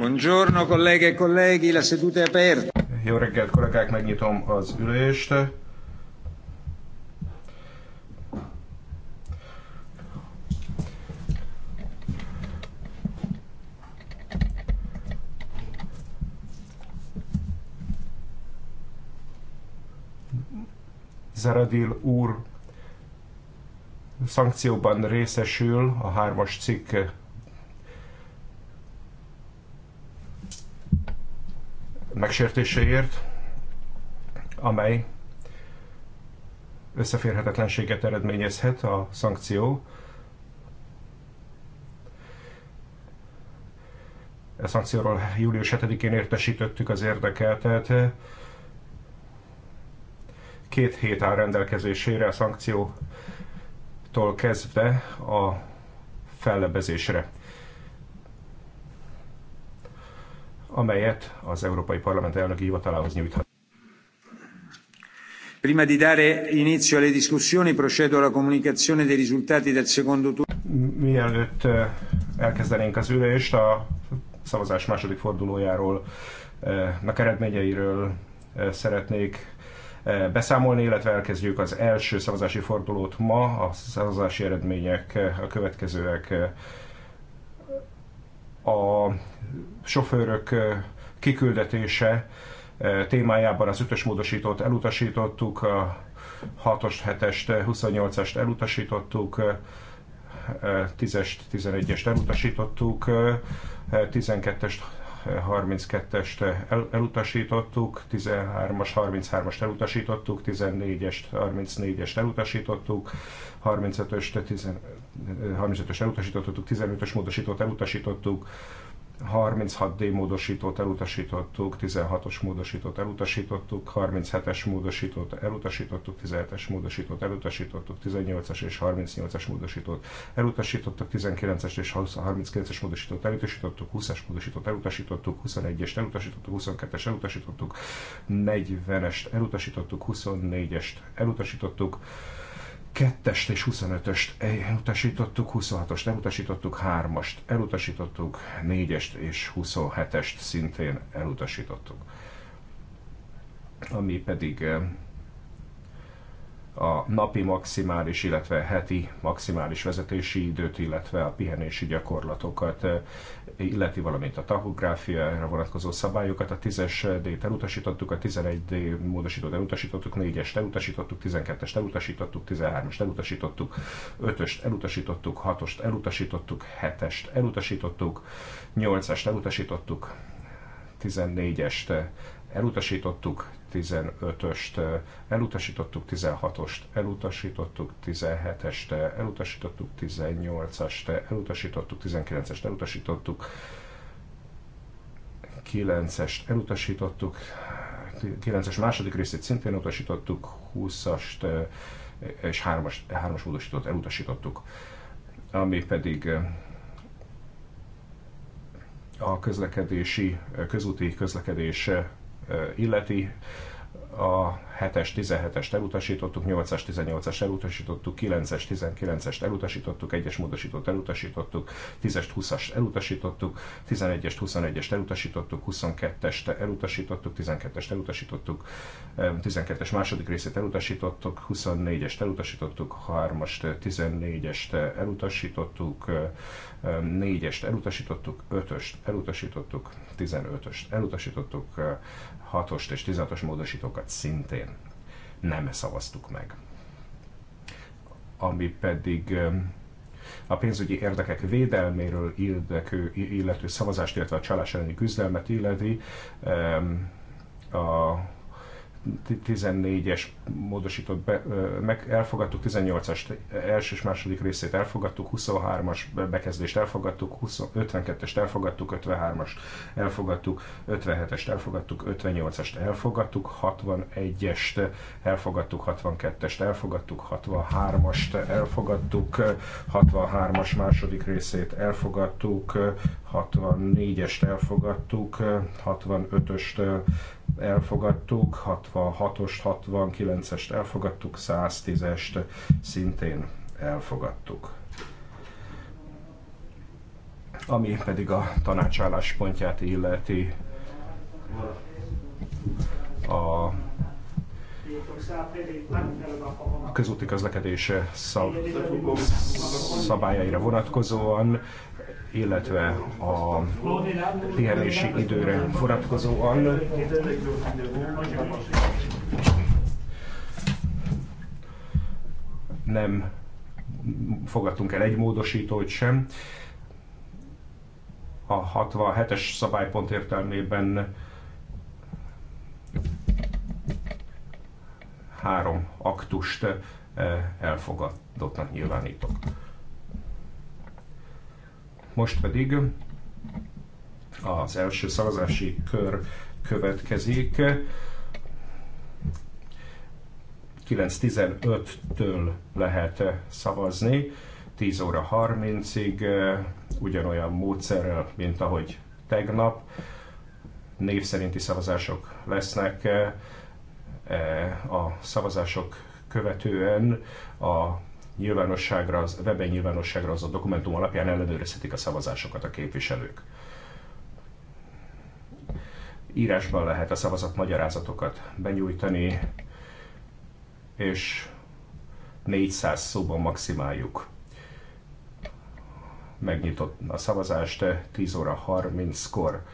Buongiorno, colleghe e colleghi, la seduta è aperta. Jó reggelt, kollégák, megnyitom az ülést. Zeradil úr szankcióban részesül a hármas cikk megsértéséért, amely összeférhetetlenséget eredményezhet a szankció. A e szankcióról július 7-én értesítettük az érdekeltet. Két hét áll rendelkezésére a szankciótól kezdve a fellebezésre. amelyet az Európai Parlament elnöki hivatalához nyújthat. Prima di dare inizio alle discussioni, procedo alla comunicazione dei risultati del secondo turno. Mielőtt eh, elkezdenénk az ülést, a szavazás második fordulójáról, a eh, eredményeiről eh, szeretnék beszámolni, illetve elkezdjük az első szavazási fordulót ma. A szavazási eredmények a következőek a sofőrök kiküldetése témájában az ötös módosítót elutasítottuk, a 6-ost, 7-est, 28-ast elutasítottuk, 10-est, 11-est elutasítottuk, 12-est, 32-est el, elutasítottuk, 13-as, 33-ast elutasítottuk, 14 es 34-est elutasítottuk, 35-öst, 35 ös elutasítottuk, 15-ös módosítót elutasítottuk, 36D módosítót elutasítottuk, 16-os módosítót elutasítottuk, 37-es módosítót elutasítottuk, 17-es módosítót elutasítottuk, 18-as és 38-as módosítót elutasítottuk, 19-es és 39-es módosítót elutasítottuk, 20-as módosítót elutasítottuk, 21-est elutasítottuk, 22-es elutasítottuk, 40-est elutasítottuk, 24-est elutasítottuk, kettest és 25-öst elutasítottuk, 26-ost elutasítottuk, 3-ast elutasítottuk, 4-est és 27-est szintén elutasítottuk. Ami pedig eh, a napi maximális, illetve heti maximális vezetési időt, illetve a pihenési gyakorlatokat eh, illeti, valamint a tahográfiára vonatkozó szabályokat. A 10-es D-t elutasítottuk, a 11 D módosítót elutasítottuk, 4-est elutasítottuk, 12-est elutasítottuk, 13-est elutasítottuk, 5-öst elutasítottuk, 6-ost elutasítottuk, 7-est elutasítottuk, 8-est elutasítottuk, 14-est elutasítottuk, 15-öst eh, elutasítottuk, 16-ost elutasítottuk, 17-est eh, elutasítottuk, 18-ast eh, elutasítottuk, 19-est elutasítottuk, 9-est elutasítottuk, 9-es második részét szintén utasítottuk, 20-ast és 3-as, 3-as módosítót elutasítottuk, ami pedig a közlekedési, közúti közlekedés illeti, a 7-es, 17-est elutasítottuk, 8-as, 18-as elutasítottuk, 9-es, 19-est elutasítottuk, 1-es módosítót elutasítottuk, 10 es 20-as elutasítottuk, 11 es 21 es elutasítottuk, 22 es elutasítottuk, 12 es elutasítottuk, 12-es második részét elutasítottuk, 24 es elutasítottuk, 3 as 14 es elutasítottuk, 4-est elutasítottuk, 5-öst elutasítottuk, 15-öst elutasítottuk, 6-ost és 16-os módosítókat szintén nem szavaztuk meg. Ami pedig a pénzügyi érdekek védelméről illető, illető szavazást, illetve a csalás elleni küzdelmet illeti, a 14-es módosított be, meg elfogadtuk, 18-as első és második részét elfogadtuk, 23-as bekezdést elfogadtuk, 52-est elfogadtuk, 53-ast elfogadtuk, 57-est elfogadtuk, 58-est elfogadtuk, 61-est elfogadtuk, 62-est elfogadtuk, 63-ast elfogadtuk, 63-as második részét elfogadtuk, 64-est elfogadtuk, 65-öst elfogadtuk, 66 os 69-est elfogadtuk, 110-est szintén elfogadtuk. Ami pedig a tanácsálláspontját illeti a a közúti közlekedés szab, szabályaira vonatkozóan illetve a pihenési időre vonatkozóan. Nem fogadtunk el egy módosítót sem. A 67-es szabálypont értelmében három aktust eh, elfogadottnak nyilvánítok. Most pedig az első szavazási kör következik. 9.15-től lehet szavazni, 10 óra 30-ig, eh, ugyanolyan módszerrel, mint ahogy tegnap. Név szerinti szavazások lesznek. Eh, eh, a szavazások követően a nyilvánosságra, az weben nyilvánosságra az a dokumentum alapján ellenőrizhetik a szavazásokat a képviselők. Írásban lehet a szavazat magyarázatokat benyújtani, és 400 szóban maximáljuk. Megnyitott a szavazást 10 óra 30-kor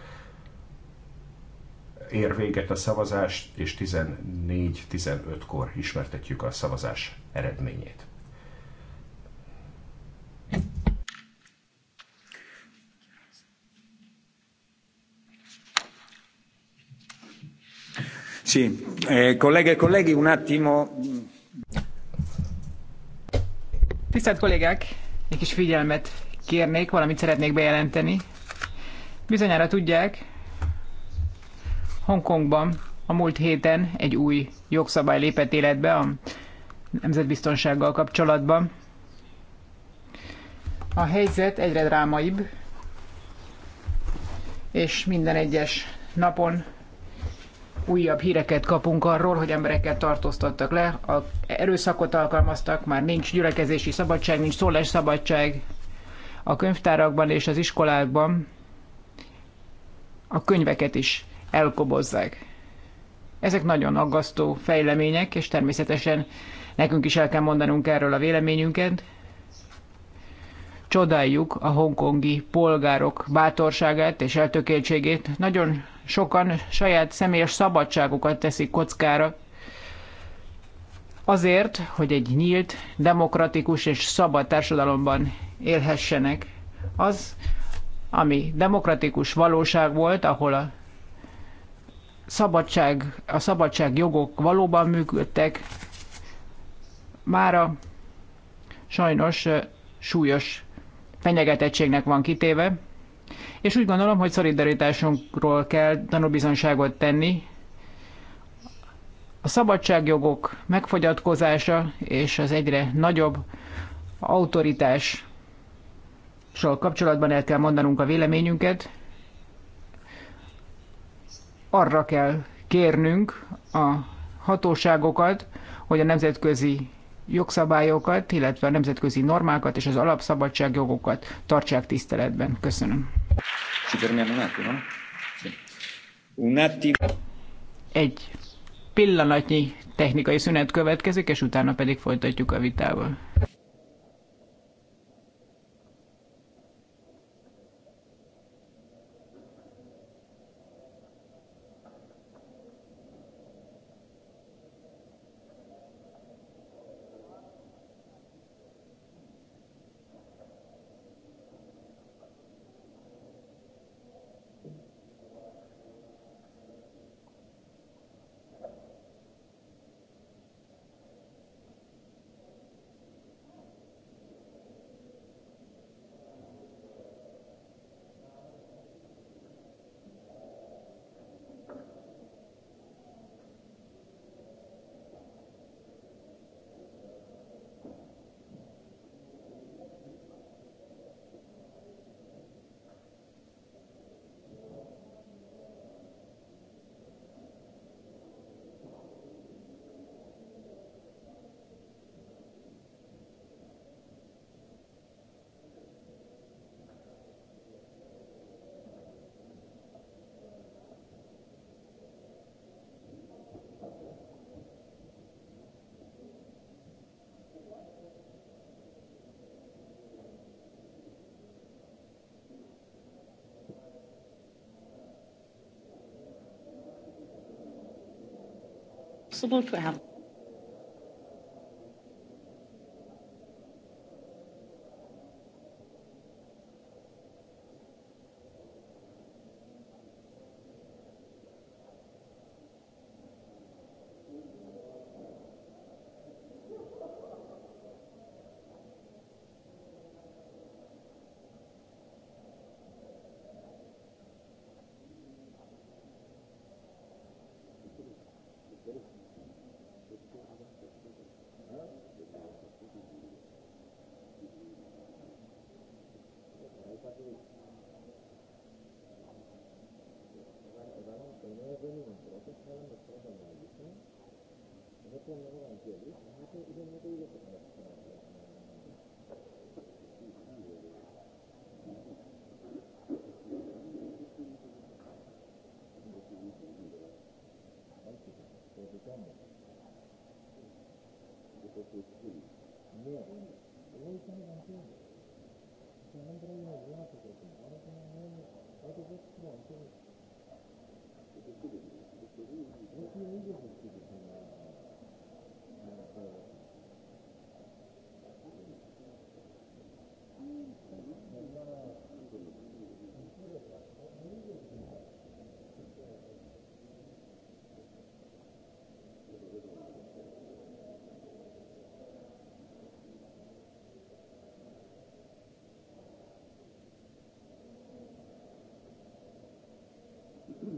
ér véget a szavazást, és 14-15-kor ismertetjük a szavazás eredményét. Sì, eh, colleghe e colleghi, un attimo. Tisztelt kollégák, egy kis figyelmet kérnék, valamit szeretnék bejelenteni. Bizonyára tudják, Hongkongban a múlt héten egy új jogszabály lépett életbe a nemzetbiztonsággal kapcsolatban. A helyzet egyre drámaibb, és minden egyes napon újabb híreket kapunk arról, hogy embereket tartóztattak le, a erőszakot alkalmaztak, már nincs gyülekezési szabadság, nincs szabadság A könyvtárakban és az iskolákban a könyveket is elkobozzák. Ezek nagyon aggasztó fejlemények, és természetesen nekünk is el kell mondanunk erről a véleményünket. Csodáljuk a hongkongi polgárok bátorságát és eltökéltségét. Nagyon sokan saját személyes szabadságukat teszik kockára azért, hogy egy nyílt, demokratikus és szabad társadalomban élhessenek. Az, ami demokratikus valóság volt, ahol a szabadság, a szabadság jogok valóban működtek, mára sajnos súlyos fenyegetettségnek van kitéve, és úgy gondolom, hogy szolidaritásunkról kell tanúbizonságot tenni. A szabadságjogok megfogyatkozása és az egyre nagyobb autoritással kapcsolatban el kell mondanunk a véleményünket. Arra kell kérnünk a hatóságokat, hogy a nemzetközi jogszabályokat, illetve a nemzetközi normákat és az alapszabadságjogokat tartsák tiszteletben. Köszönöm. Egy pillanatnyi technikai szünet következik, és utána pedig folytatjuk a vitával. possible to have Gracias.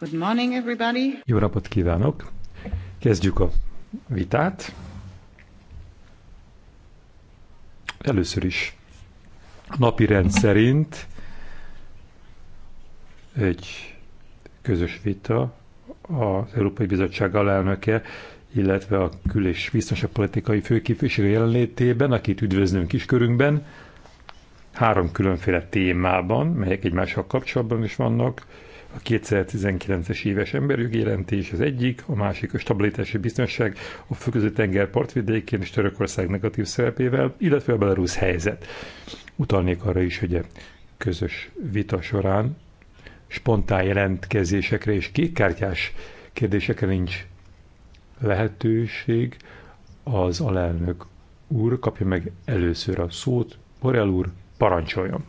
Good morning, everybody. Jó napot kívánok! Kezdjük a vitát. Először is a napi rend szerint egy közös vita az Európai Bizottság alelnöke, illetve a kül- és biztonságpolitikai főképviselő jelenlétében, akit üdvözlünk is körünkben, három különféle témában, melyek egymással kapcsolatban is vannak a 2019-es éves emberjogi jelentés az egyik, a másik a stabilitási biztonság a fölköző tenger partvidékén és Törökország negatív szerepével, illetve a belarusz helyzet. Utalnék arra is, hogy a közös vita során spontán jelentkezésekre és kékkártyás kérdésekre nincs lehetőség. Az alelnök úr kapja meg először a szót, Borel úr parancsoljon.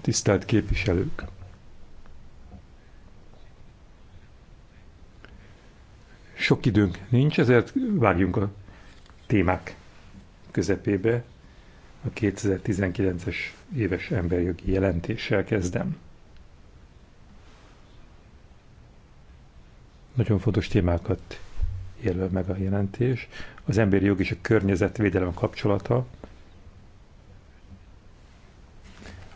Tisztelt képviselők! Sok időnk nincs, ezért vágjunk a témák közepébe. A 2019-es éves emberjogi jelentéssel kezdem. Nagyon fontos témákat jelöl meg a jelentés. Az emberi jog és a környezetvédelem kapcsolata,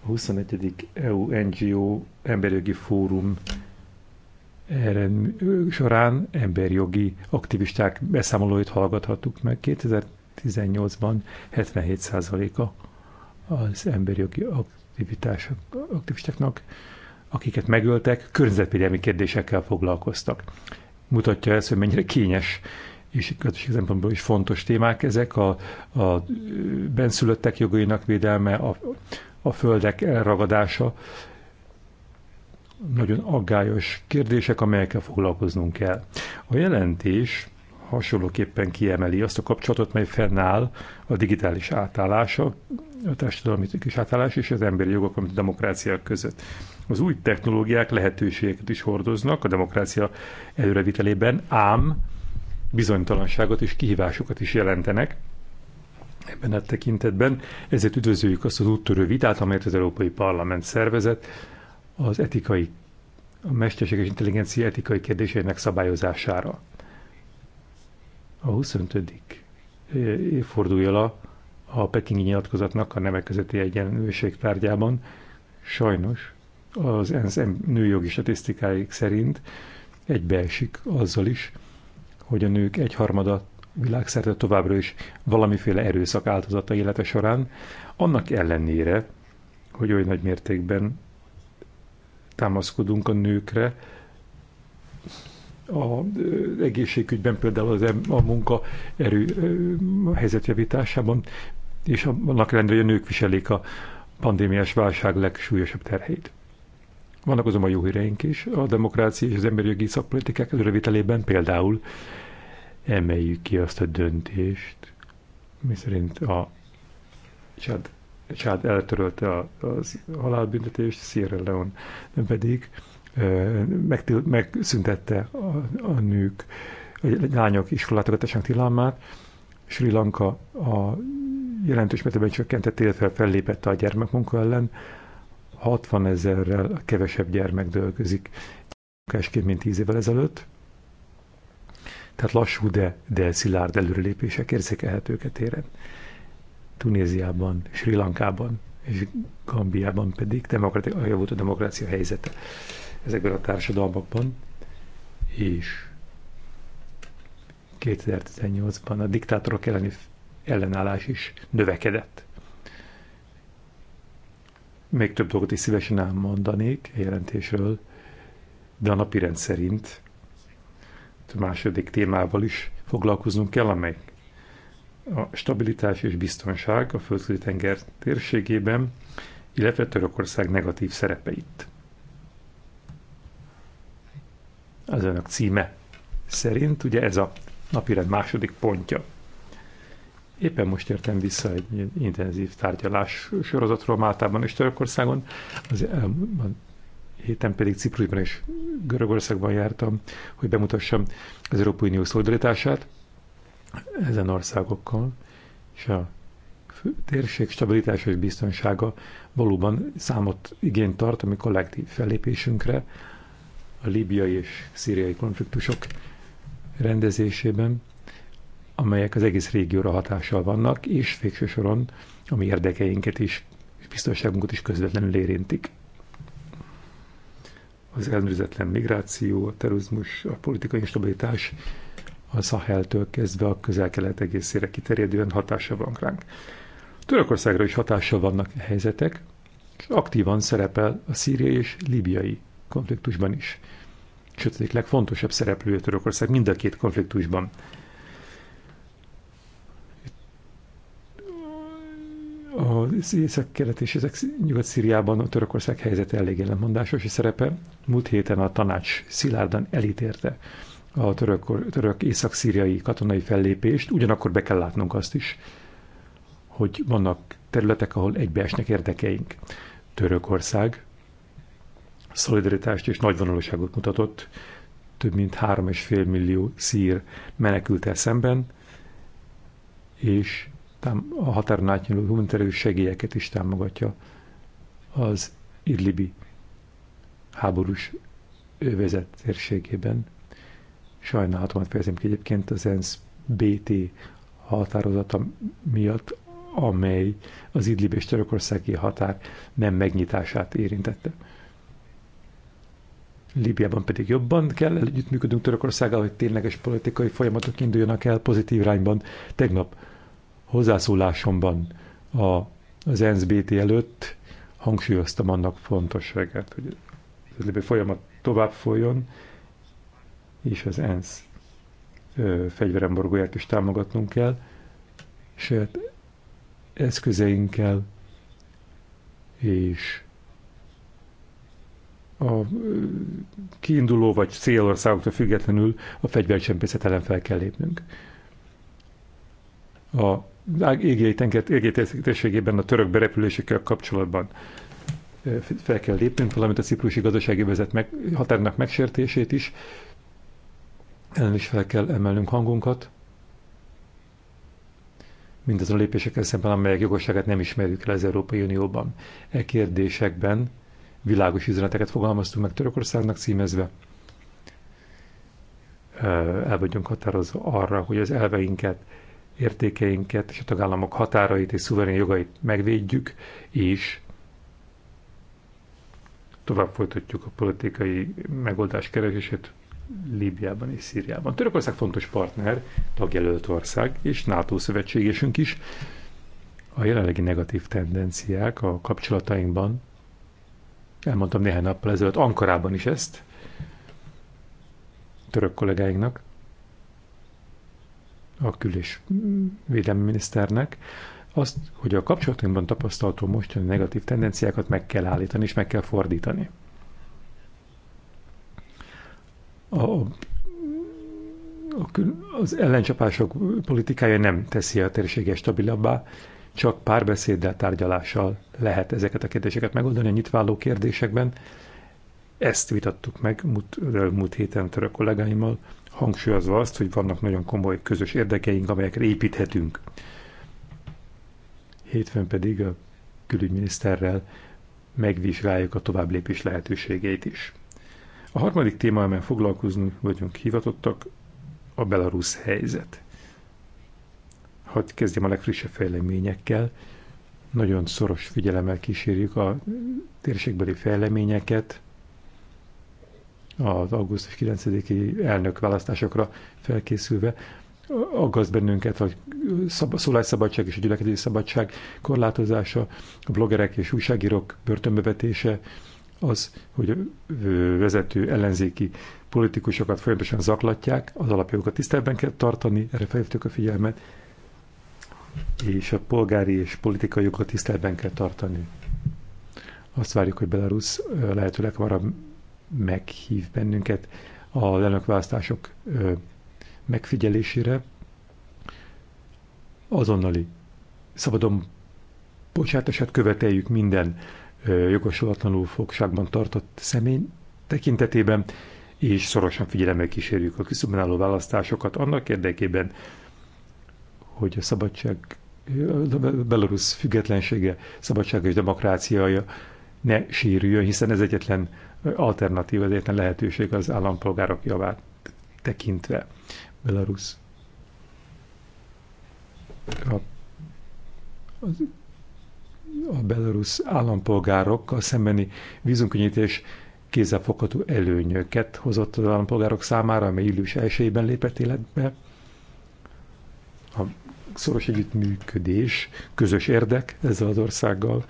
21. EU NGO emberjogi fórum során emberjogi aktivisták beszámolóit hallgathattuk meg. 2018-ban 77%-a az emberjogi aktivitások, aktivistáknak, akiket megöltek, környezetvédelmi kérdésekkel foglalkoztak. Mutatja ezt, hogy mennyire kényes és gazdasági szempontból is fontos témák ezek, a, a benszülöttek jogainak védelme, a, a földek elragadása. Nagyon aggályos kérdések, amelyekkel foglalkoznunk kell. A jelentés hasonlóképpen kiemeli azt a kapcsolatot, mely fennáll a digitális átállása, a társadalmi és átállás és az emberi jogok, amit a demokráciák között. Az új technológiák lehetőségeket is hordoznak a demokrácia előrevitelében, ám bizonytalanságot és kihívásokat is jelentenek, ebben a tekintetben. Ezért üdvözöljük azt az úttörő vitát, amelyet az Európai Parlament szervezett az etikai, a mesterséges intelligencia etikai kérdéseinek szabályozására. A 25. évfordulja a pekingi nyilatkozatnak a nemek közötti egyenlőség tárgyában. Sajnos az ENSZ nőjogi statisztikáik szerint egybeesik azzal is, hogy a nők egyharmada világszerte továbbra is valamiféle erőszak áldozata élete során, annak ellenére, hogy oly nagy mértékben támaszkodunk a nőkre, a egészségügyben, például az a munkaerő helyzetjavításában, és annak ellenére, hogy a nők viselik a pandémiás válság legsúlyosabb terheit. Vannak azonban jó híreink is a demokrácia és az emberi jogi szakpolitikák előrevitelében például emeljük ki azt a döntést, miszerint a Csád, Csád eltörölte a, az halálbüntetést, Sierra Leone pedig megtil, megszüntette a, a nők, a lányok iskolátogatásának tilalmát, Sri Lanka a jelentős mértékben csökkentett, illetve fellépette a gyermekmunka ellen, 60 ezerrel kevesebb gyermek dolgozik munkásként, mint 10 évvel ezelőtt. Tehát lassú, de, de szilárd előrelépések érzékelhetők téren. Tunéziában, Sri Lankában és Gambiában pedig javult a demokrácia helyzete ezekben a társadalmakban, és 2018-ban a diktátorok elleni ellenállás is növekedett. Még több dolgot is szívesen elmondanék a jelentésről, de a napi rend szerint második témával is foglalkoznunk kell, amely a stabilitás és biztonság a földközi tenger térségében, illetve Törökország negatív szerepeit. Az önök címe szerint, ugye ez a napirend második pontja. Éppen most értem vissza egy intenzív tárgyalás sorozatról Máltában és Törökországon. Az, héten pedig Ciprusban és Görögországban jártam, hogy bemutassam az Európai Unió szolidaritását ezen országokkal, és a térség stabilitása és biztonsága valóban számot igényt tart a mi kollektív fellépésünkre a líbiai és szíriai konfliktusok rendezésében, amelyek az egész régióra hatással vannak, és végső soron a mi érdekeinket is, és biztonságunkat is közvetlenül érintik az ellenőrizetlen migráció, a terrorizmus, a politikai instabilitás a Szaheltől kezdve a közel-kelet egészére kiterjedően hatása van ránk. Törökországra is hatása vannak e helyzetek, és aktívan szerepel a szíriai és libiai konfliktusban is. Sőt, egyik legfontosabb szereplője Törökország mind a két konfliktusban. az észak-kelet és ezek nyugat szíriában a Törökország helyzete elég ellenmondásos, és szerepe múlt héten a tanács szilárdan elítérte a török, török észak-szíriai katonai fellépést, ugyanakkor be kell látnunk azt is, hogy vannak területek, ahol egybeesnek érdekeink. Törökország szolidaritást és nagyvonalúságot mutatott több mint 3,5 millió szír menekült el szemben, és a határon átnyúló humanitárius segélyeket is támogatja az idlibi háborús övezet térségében. hogy fejezem ki egyébként az ENSZ BT határozata miatt, amely az Idlib és törökországi határ nem megnyitását érintette. Líbiában pedig jobban kell együttműködnünk Törökországgal, hogy tényleges politikai folyamatok induljanak el pozitív irányban. Tegnap hozzászólásomban a, az ENSZ-BT előtt hangsúlyoztam annak fontosságát, hogy az folyamat tovább folyjon, és az ENSZ fegyveremborgóját is támogatnunk kell, saját eszközeinkkel, és a kiinduló vagy célországoktól függetlenül a fegyvercsempészet ellen fel kell lépnünk. A égétérségében a török berepülésekkel kapcsolatban fel kell lépnünk, valamint a ciprusi gazdasági vezet meg, határnak megsértését is. Ellen is fel kell emelnünk hangunkat. Mindazon a lépésekkel szemben, amelyek jogosságát nem ismerjük el az Európai Unióban. E kérdésekben világos üzeneteket fogalmaztunk meg Törökországnak címezve. El vagyunk határozva arra, hogy az elveinket értékeinket és a tagállamok határait és szuverén jogait megvédjük, és tovább folytatjuk a politikai megoldás keresését Líbiában és Szíriában. Törökország fontos partner, tagjelölt ország, és NATO szövetségesünk is. A jelenlegi negatív tendenciák a kapcsolatainkban, elmondtam néhány nappal ezelőtt Ankarában is ezt, török kollégáinknak, a kül- és védelmi miniszternek, azt, hogy a kapcsolatunkban tapasztalható mostani negatív tendenciákat meg kell állítani és meg kell fordítani. A, a, az ellencsapások politikája nem teszi a térséget stabilabbá, csak párbeszéddel, tárgyalással lehet ezeket a kérdéseket megoldani a nyitváló kérdésekben. Ezt vitattuk meg múlt, múlt héten török kollégáimmal, hangsúlyozva azt, hogy vannak nagyon komoly közös érdekeink, amelyekre építhetünk. Hétfőn pedig a külügyminiszterrel megvizsgáljuk a tovább lépés lehetőségeit is. A harmadik téma, amelyen foglalkozni vagyunk hivatottak, a belarusz helyzet. Hadd kezdjem a legfrissebb fejleményekkel. Nagyon szoros figyelemmel kísérjük a térségbeli fejleményeket, az augusztus 9-i elnök választásokra felkészülve, aggaszt bennünket, hogy szólásszabadság és a gyülekezési szabadság korlátozása, a blogerek és újságírók börtönbevetése, az, hogy vezető ellenzéki politikusokat folyamatosan zaklatják, az alapjogokat tisztelben kell tartani, erre felhívtuk a figyelmet, és a polgári és politikai jogokat tisztelben kell tartani. Azt várjuk, hogy Belarus lehetőleg marad meghív bennünket a lelökválasztások megfigyelésére. Azonnali szabadon bocsátását követeljük minden jogosulatlanul fogságban tartott személy tekintetében, és szorosan figyelemmel kísérjük a küszöbben álló választásokat annak érdekében, hogy a szabadság, a Belarus függetlensége, szabadság és demokráciája ne sérüljön, hiszen ez egyetlen alternatív, az egyetlen lehetőség az állampolgárok javát tekintve. Belarus. A, a belarus állampolgárokkal szembeni vízunkönnyítés kézzelfogható előnyöket hozott az állampolgárok számára, amely július elsőjében lépett életbe. A szoros együttműködés, közös érdek ezzel az országgal,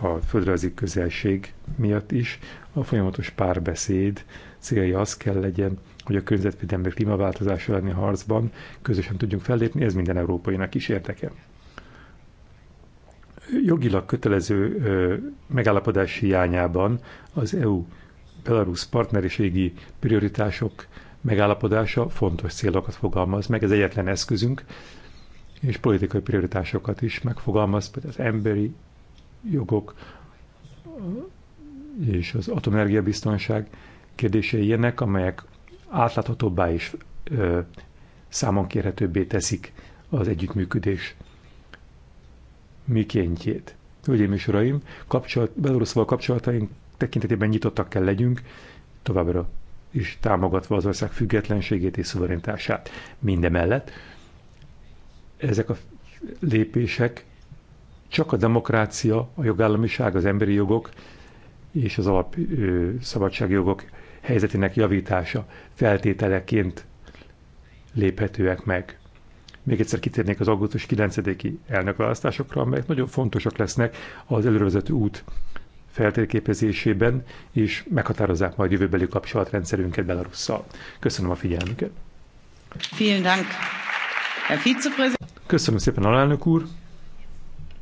a földrajzi közelség miatt is. A folyamatos párbeszéd célja az kell legyen, hogy a környezetvédelmi klímaváltozás elleni harcban közösen tudjunk fellépni, ez minden európainak is érdeke. Jogilag kötelező ö, megállapodás hiányában az EU Belarus partneriségi prioritások megállapodása fontos célokat fogalmaz meg, ez egyetlen eszközünk, és politikai prioritásokat is megfogalmaz, például az emberi jogok és az atomenergiabiztonság kérdései ilyenek, amelyek átláthatóbbá és ö, számon kérhetőbbé teszik az együttműködés mikéntjét. Hölgyeim és uraim, kapcsolat, Belorusszal kapcsolataink tekintetében nyitottak kell legyünk, továbbra is támogatva az ország függetlenségét és szuverenitását. Mindemellett ezek a lépések csak a demokrácia, a jogállamiság, az emberi jogok és az alapszabadságjogok helyzetének javítása feltételeként léphetőek meg. Még egyszer kitérnék az augusztus 9-i elnökválasztásokra, amelyek nagyon fontosak lesznek az előrevezető út feltérképezésében, és meghatározzák majd jövőbeli kapcsolatrendszerünket Belarusszal. Köszönöm a figyelmüket. Vielen Dank, Herr Köszönöm szépen, alelnök úr!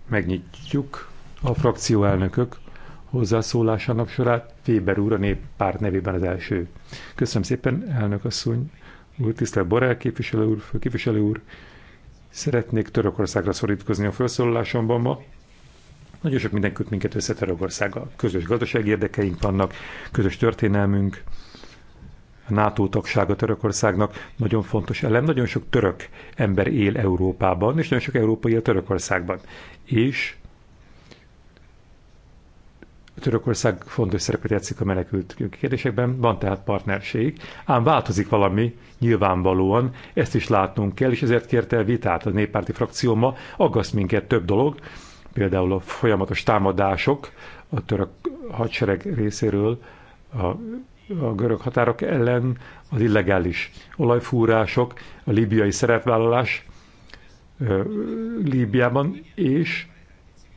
Megnyitjuk a frakcióelnökök hozzászólásának sorát. Féber úr a néppárt nevében az első. Köszönöm szépen, elnök asszony, úr, tisztelt Borel képviselő úr, főképviselő úr. Szeretnék Törökországra szorítkozni a felszólalásomban ma. Nagyon sok minden köt minket össze Törökországgal. Közös gazdasági érdekeink vannak, közös történelmünk, a NATO tagsága Törökországnak nagyon fontos elem. Nagyon sok török ember él Európában, és nagyon sok európai él Törökországban. És Törökország fontos szerepet játszik a menekült kérdésekben, van tehát partnerség, ám változik valami nyilvánvalóan, ezt is látnunk kell, és ezért kérte el vitát a néppárti frakcióma, aggaszt minket több dolog, például a folyamatos támadások a török hadsereg részéről a a görög határok ellen az illegális olajfúrások, a líbiai szerepvállalás Líbiában, és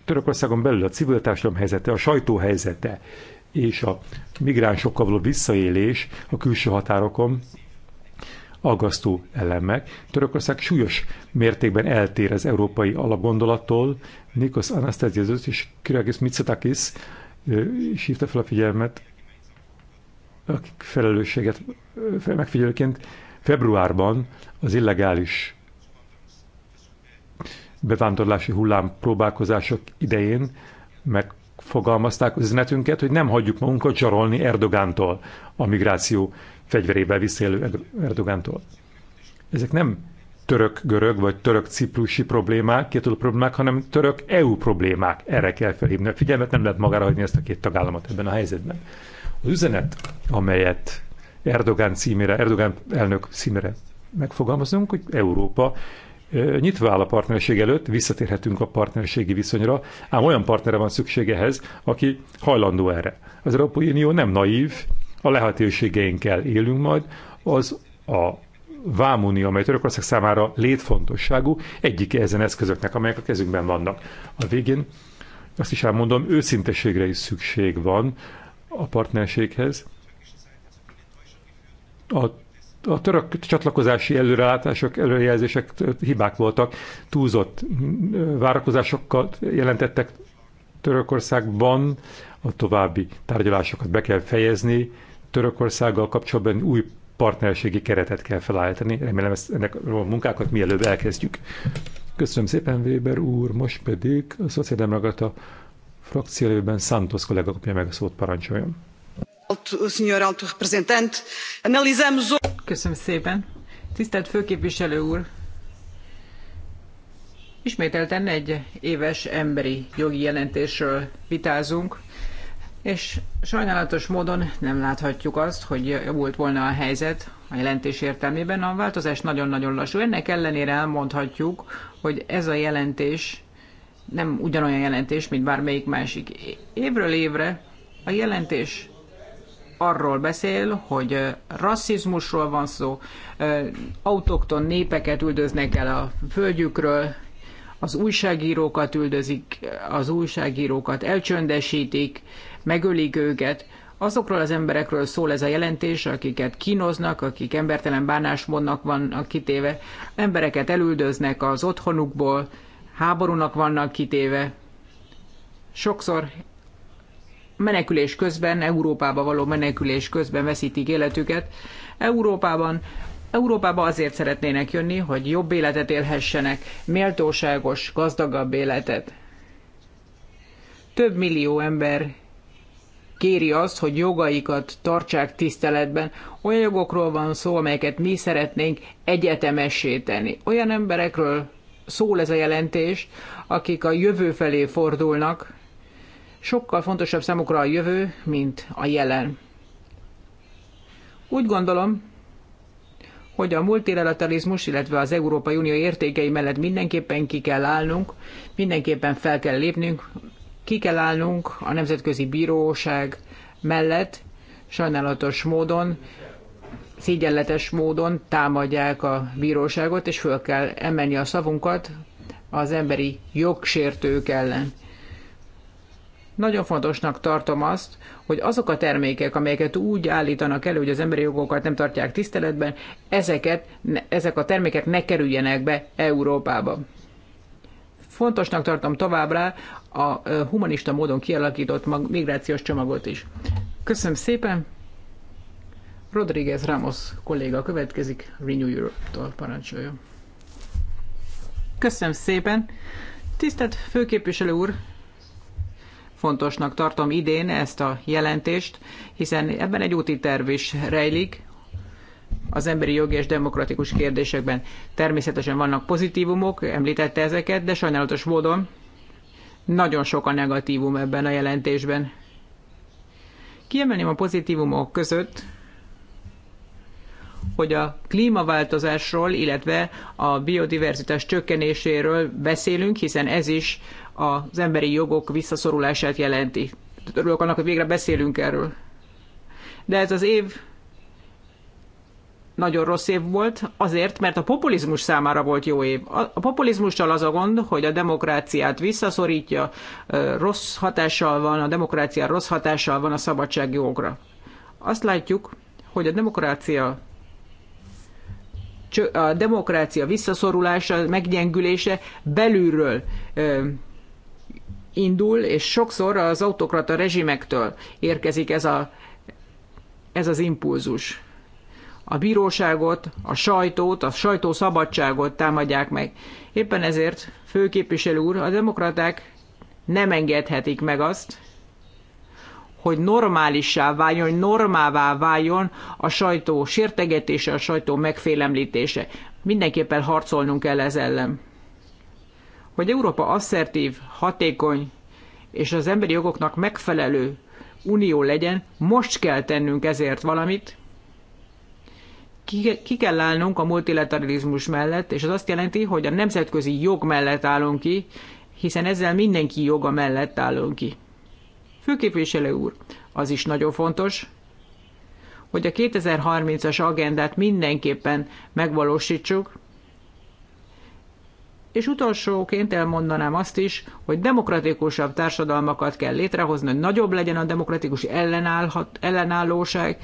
Törökországon belül a civil társadalom helyzete, a sajtó helyzete és a migránsokkal való visszaélés a külső határokon aggasztó elemek. Törökország súlyos mértékben eltér az európai alapgondolattól. Nikos Anastasiadis és Kiragis Mitsotakis is hívta fel a figyelmet akik felelősséget megfigyelőként februárban az illegális bevándorlási hullám próbálkozások idején megfogalmazták üzenetünket, hogy nem hagyjuk magunkat zsarolni Erdogántól, a migráció fegyverébe visszélő Erdogántól. Ezek nem török-görög vagy török-ciprusi problémák, két problémák, hanem török-EU problémák. Erre kell felhívni a figyelmet, nem lehet magára hagyni ezt a két tagállamot ebben a helyzetben. Az üzenet, amelyet Erdogán címére, Erdogán elnök címére megfogalmazunk, hogy Európa nyitva áll a partnerség előtt, visszatérhetünk a partnerségi viszonyra, ám olyan partnere van szüksége ehhez, aki hajlandó erre. Az Európai Unió nem naív, a lehetőségeinkkel élünk majd, az a vámunió, amely Törökország számára létfontosságú, egyik ezen eszközöknek, amelyek a kezünkben vannak. A végén azt is elmondom, őszintességre is szükség van a partnerséghez. A, a török csatlakozási előrelátások, előrejelzések hibák voltak, túlzott várakozásokkal jelentettek Törökországban, a további tárgyalásokat be kell fejezni, Törökországgal kapcsolatban új partnerségi keretet kell felállítani. Remélem ezt, ennek a munkákat mielőbb elkezdjük. Köszönöm szépen, Weber úr, most pedig a Szociáldemokrata frakciójában Santos kollega kapja meg a szót, parancsoljon. Köszönöm szépen. Tisztelt főképviselő úr, Ismételten egy éves emberi jogi jelentésről vitázunk, és sajnálatos módon nem láthatjuk azt, hogy volt volna a helyzet a jelentés értelmében. A változás nagyon-nagyon lassú. Ennek ellenére elmondhatjuk, hogy ez a jelentés nem ugyanolyan jelentés, mint bármelyik másik. Évről évre a jelentés arról beszél, hogy rasszizmusról van szó, autokton népeket üldöznek el a földjükről, az újságírókat üldözik, az újságírókat elcsöndesítik, megölik őket. Azokról az emberekről szól ez a jelentés, akiket kínoznak, akik embertelen bánásmódnak vannak kitéve, embereket elüldöznek az otthonukból, háborúnak vannak kitéve. Sokszor menekülés közben, Európába való menekülés közben veszítik életüket. Európában Európába azért szeretnének jönni, hogy jobb életet élhessenek, méltóságos, gazdagabb életet. Több millió ember kéri azt, hogy jogaikat tartsák tiszteletben. Olyan jogokról van szó, amelyeket mi szeretnénk egyetemessé tenni. Olyan emberekről szól ez a jelentés, akik a jövő felé fordulnak, sokkal fontosabb számukra a jövő, mint a jelen. Úgy gondolom, hogy a multilateralizmus, illetve az Európai Unió értékei mellett mindenképpen ki kell állnunk, mindenképpen fel kell lépnünk, ki kell állnunk a Nemzetközi Bíróság mellett, sajnálatos módon szégyenletes módon támadják a bíróságot, és föl kell emelni a szavunkat az emberi jogsértők ellen. Nagyon fontosnak tartom azt, hogy azok a termékek, amelyeket úgy állítanak elő, hogy az emberi jogokat nem tartják tiszteletben, ezeket, ezek a termékek ne kerüljenek be Európába. Fontosnak tartom továbbra a humanista módon kialakított migrációs csomagot is. Köszönöm szépen! Rodríguez Ramos kolléga következik, Renew Europe-tól parancsolja. Köszönöm szépen! Tisztelt főképviselő úr, fontosnak tartom idén ezt a jelentést, hiszen ebben egy úti terv is rejlik az emberi jogi és demokratikus kérdésekben. Természetesen vannak pozitívumok, említette ezeket, de sajnálatos módon nagyon sok a negatívum ebben a jelentésben. Kiemelném a pozitívumok között hogy a klímaváltozásról, illetve a biodiverzitás csökkenéséről beszélünk, hiszen ez is az emberi jogok visszaszorulását jelenti. Örülök annak, hogy végre beszélünk erről. De ez az év nagyon rossz év volt, azért, mert a populizmus számára volt jó év. A populizmussal az a gond, hogy a demokráciát visszaszorítja, rossz hatással van, a demokrácia rossz hatással van a jogra. Azt látjuk, hogy a demokrácia a demokrácia visszaszorulása, meggyengülése belülről indul, és sokszor az autokrata rezsimektől érkezik ez, a, ez az impulzus. A bíróságot, a sajtót, a sajtószabadságot támadják meg. Éppen ezért, főképviselő úr, a demokraták nem engedhetik meg azt, hogy normálissá váljon, hogy normává váljon a sajtó sértegetése, a sajtó megfélemlítése. Mindenképpen harcolnunk kell ez ellen. Hogy Európa asszertív, hatékony és az emberi jogoknak megfelelő unió legyen, most kell tennünk ezért valamit, ki, ki kell állnunk a multilateralizmus mellett, és az azt jelenti, hogy a nemzetközi jog mellett állunk ki, hiszen ezzel mindenki joga mellett állunk ki. Főképviselő úr, az is nagyon fontos, hogy a 2030-as agendát mindenképpen megvalósítsuk, és utolsóként elmondanám azt is, hogy demokratikusabb társadalmakat kell létrehozni, hogy nagyobb legyen a demokratikus ellenállóság,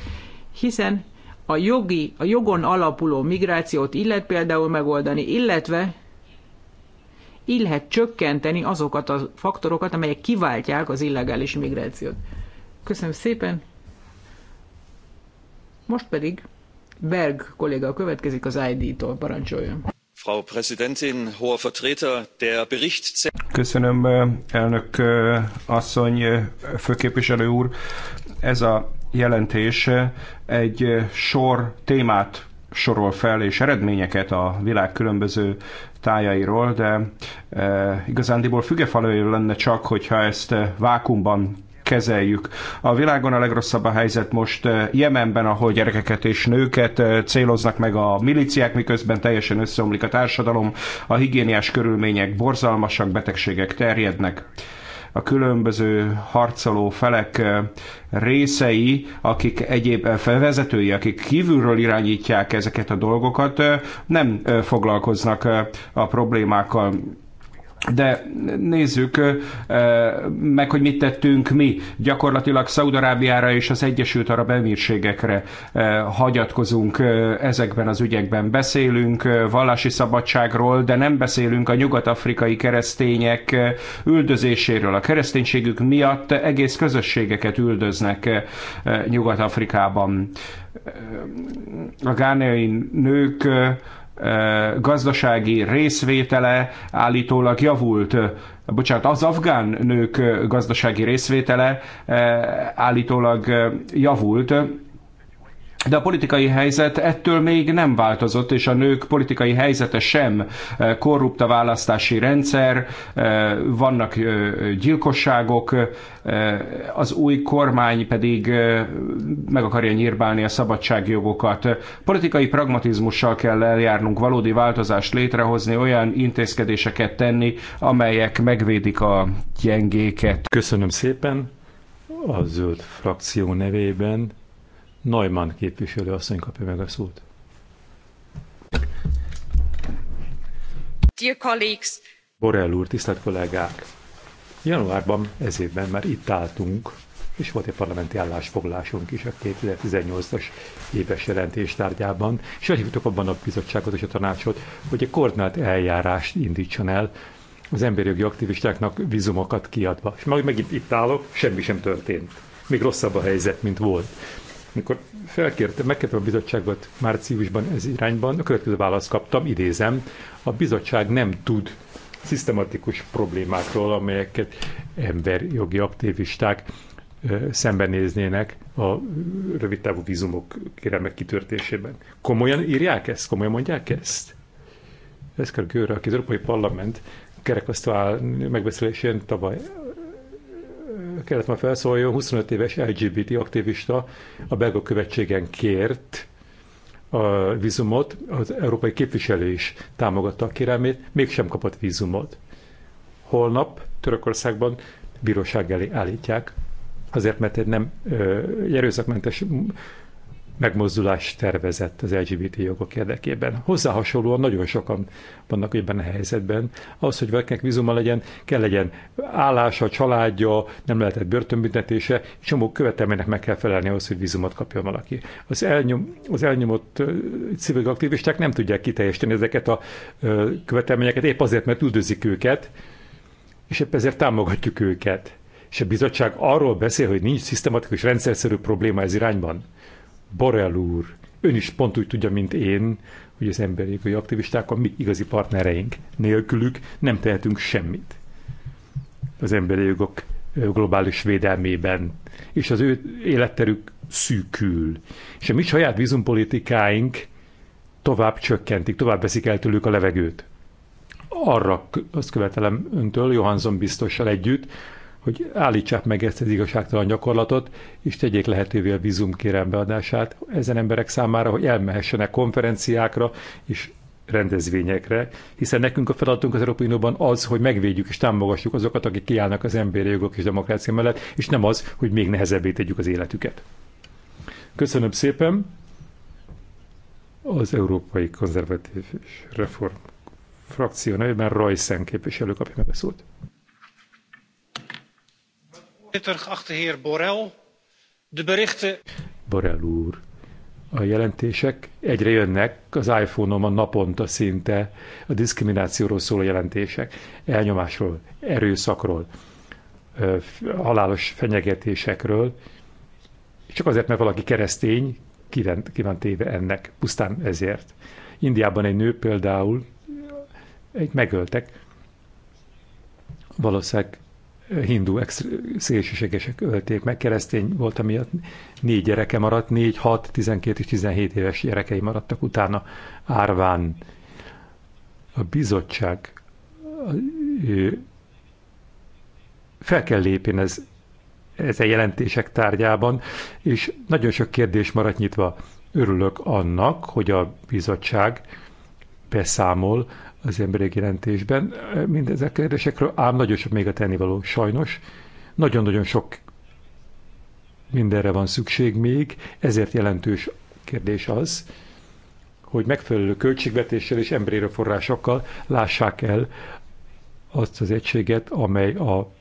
hiszen a jogi, a jogon alapuló migrációt illet például megoldani, illetve így lehet csökkenteni azokat a faktorokat, amelyek kiváltják az illegális migrációt. Köszönöm szépen! Most pedig Berg kolléga következik az ID-tól, parancsoljon. Frau Präsidentin, hoher Vertreter, der Bericht... Köszönöm, elnök asszony, főképviselő úr. Ez a jelentés egy sor témát sorol fel, és eredményeket a világ különböző tájairól, de e, igazándiból fügefalai lenne csak, hogyha ezt e, vákumban kezeljük. A világon a legrosszabb a helyzet most e, Jemenben, ahol gyerekeket és nőket e, céloznak meg a miliciák, miközben teljesen összeomlik a társadalom, a higiéniás körülmények borzalmasak, betegségek terjednek a különböző harcoló felek eh, részei, akik egyéb eh, felvezetői, akik kívülről irányítják ezeket a dolgokat, eh, nem foglalkoznak a problémákkal. De nézzük meg, hogy mit tettünk mi. Gyakorlatilag Szaudarábiára és az Egyesült Arab Emírségekre hagyatkozunk ezekben az ügyekben. Beszélünk vallási szabadságról, de nem beszélünk a nyugat-afrikai keresztények üldözéséről. A kereszténységük miatt egész közösségeket üldöznek Nyugat-Afrikában. A gáneai nők gazdasági részvétele állítólag javult. Bocsánat, az afgán nők gazdasági részvétele állítólag javult de a politikai helyzet ettől még nem változott, és a nők politikai helyzete sem. Eh, korrupt a választási rendszer, eh, vannak eh, gyilkosságok, az új kormány pedig meg akarja nyírbálni a szabadságjogokat. Politikai pragmatizmussal kell eljárnunk, valódi változást létrehozni, olyan intézkedéseket tenni, amelyek megvédik a gyengéket. Köszönöm szépen a zöld frakció nevében Neumann képviselő asszony kapja meg a szót. Dear colleagues. Borrell úr, tisztelt kollégák! Januárban ez évben már itt álltunk, és volt egy parlamenti állásfoglalásunk is a 2018-as éves jelentés tárgyában, és elhívtuk abban a bizottságot és a tanácsot, hogy egy koordinált eljárást indítson el az emberi jogi aktivistáknak vizumokat kiadva. És meg megint itt állok, semmi sem történt. Még rosszabb a helyzet, mint volt. Mikor felkértem, megkértem a bizottságot márciusban ez irányban, a következő választ kaptam, idézem, a bizottság nem tud szisztematikus problémákról, amelyeket emberjogi aktivisták szembenéznének a rövidtávú vízumok kérelmek kitörtésében. Komolyan írják ezt? Komolyan mondják ezt? Ez kell Gőre, aki az Európai Parlament kerekasztó megbeszélésén tavaly kellett már felszólaljon, 25 éves LGBT aktivista a belga követségen kért a vízumot, az európai képviselő is támogatta a kérelmét, mégsem kapott vízumot. Holnap Törökországban bíróság elé állítják, azért mert egy nem erőszakmentes megmozdulást tervezett az LGBT jogok érdekében. Hozzá hasonlóan nagyon sokan vannak ebben a helyzetben. Ahhoz, hogy valakinek vízuma legyen, kell legyen állása, családja, nem lehetett börtönbüntetése, csomó követelménynek meg kell felelni ahhoz, hogy vízumot kapjon valaki. Az, elnyom, az elnyomott civil aktivisták nem tudják kiteljesíteni ezeket a követelményeket, épp azért, mert üldözik őket, és épp ezért támogatjuk őket. És a bizottság arról beszél, hogy nincs szisztematikus rendszerszerű probléma ez irányban Borel úr, ön is pont úgy tudja, mint én, hogy az emberi jogi aktivisták a mi igazi partnereink. Nélkülük nem tehetünk semmit az emberi jogok globális védelmében, és az ő életterük szűkül. És a mi saját vízumpolitikáink tovább csökkentik, tovább veszik el tőlük a levegőt. Arra azt követelem öntől, Johansson biztossal együtt, hogy állítsák meg ezt az igazságtalan gyakorlatot, és tegyék lehetővé a vízumkérem beadását ezen emberek számára, hogy elmehessenek konferenciákra és rendezvényekre, hiszen nekünk a feladatunk az Európai Unióban az, hogy megvédjük és támogassuk azokat, akik kiállnak az emberi jogok és demokrácia mellett, és nem az, hogy még nehezebbé tegyük az életüket. Köszönöm szépen! Az Európai Konzervatív és Reform frakció nevében Rajszen képviselő kapja meg a szót voorzitter, geachte heer Borrell De berichten. Borrell úr, a jelentések egyre jönnek, az iphone a naponta szinte a diszkriminációról szóló jelentések, elnyomásról, erőszakról, halálos fenyegetésekről, csak azért, mert valaki keresztény, ki van téve ennek, pusztán ezért. Indiában egy nő például, egy megöltek, valószínűleg hindu szélsőségesek ölték meg, keresztény volt, amiatt négy gyereke maradt, négy, hat, tizenkét és tizenhét éves gyerekei maradtak utána árván. A bizottság fel kell lépni ez, ez a jelentések tárgyában, és nagyon sok kérdés maradt nyitva. Örülök annak, hogy a bizottság beszámol az emberek jelentésben. Mindezek kérdésekről ám nagyon sok még a tennivaló, sajnos. Nagyon-nagyon sok mindenre van szükség még, ezért jelentős kérdés az, hogy megfelelő költségvetéssel és emberi forrásokkal lássák el azt az egységet, amely a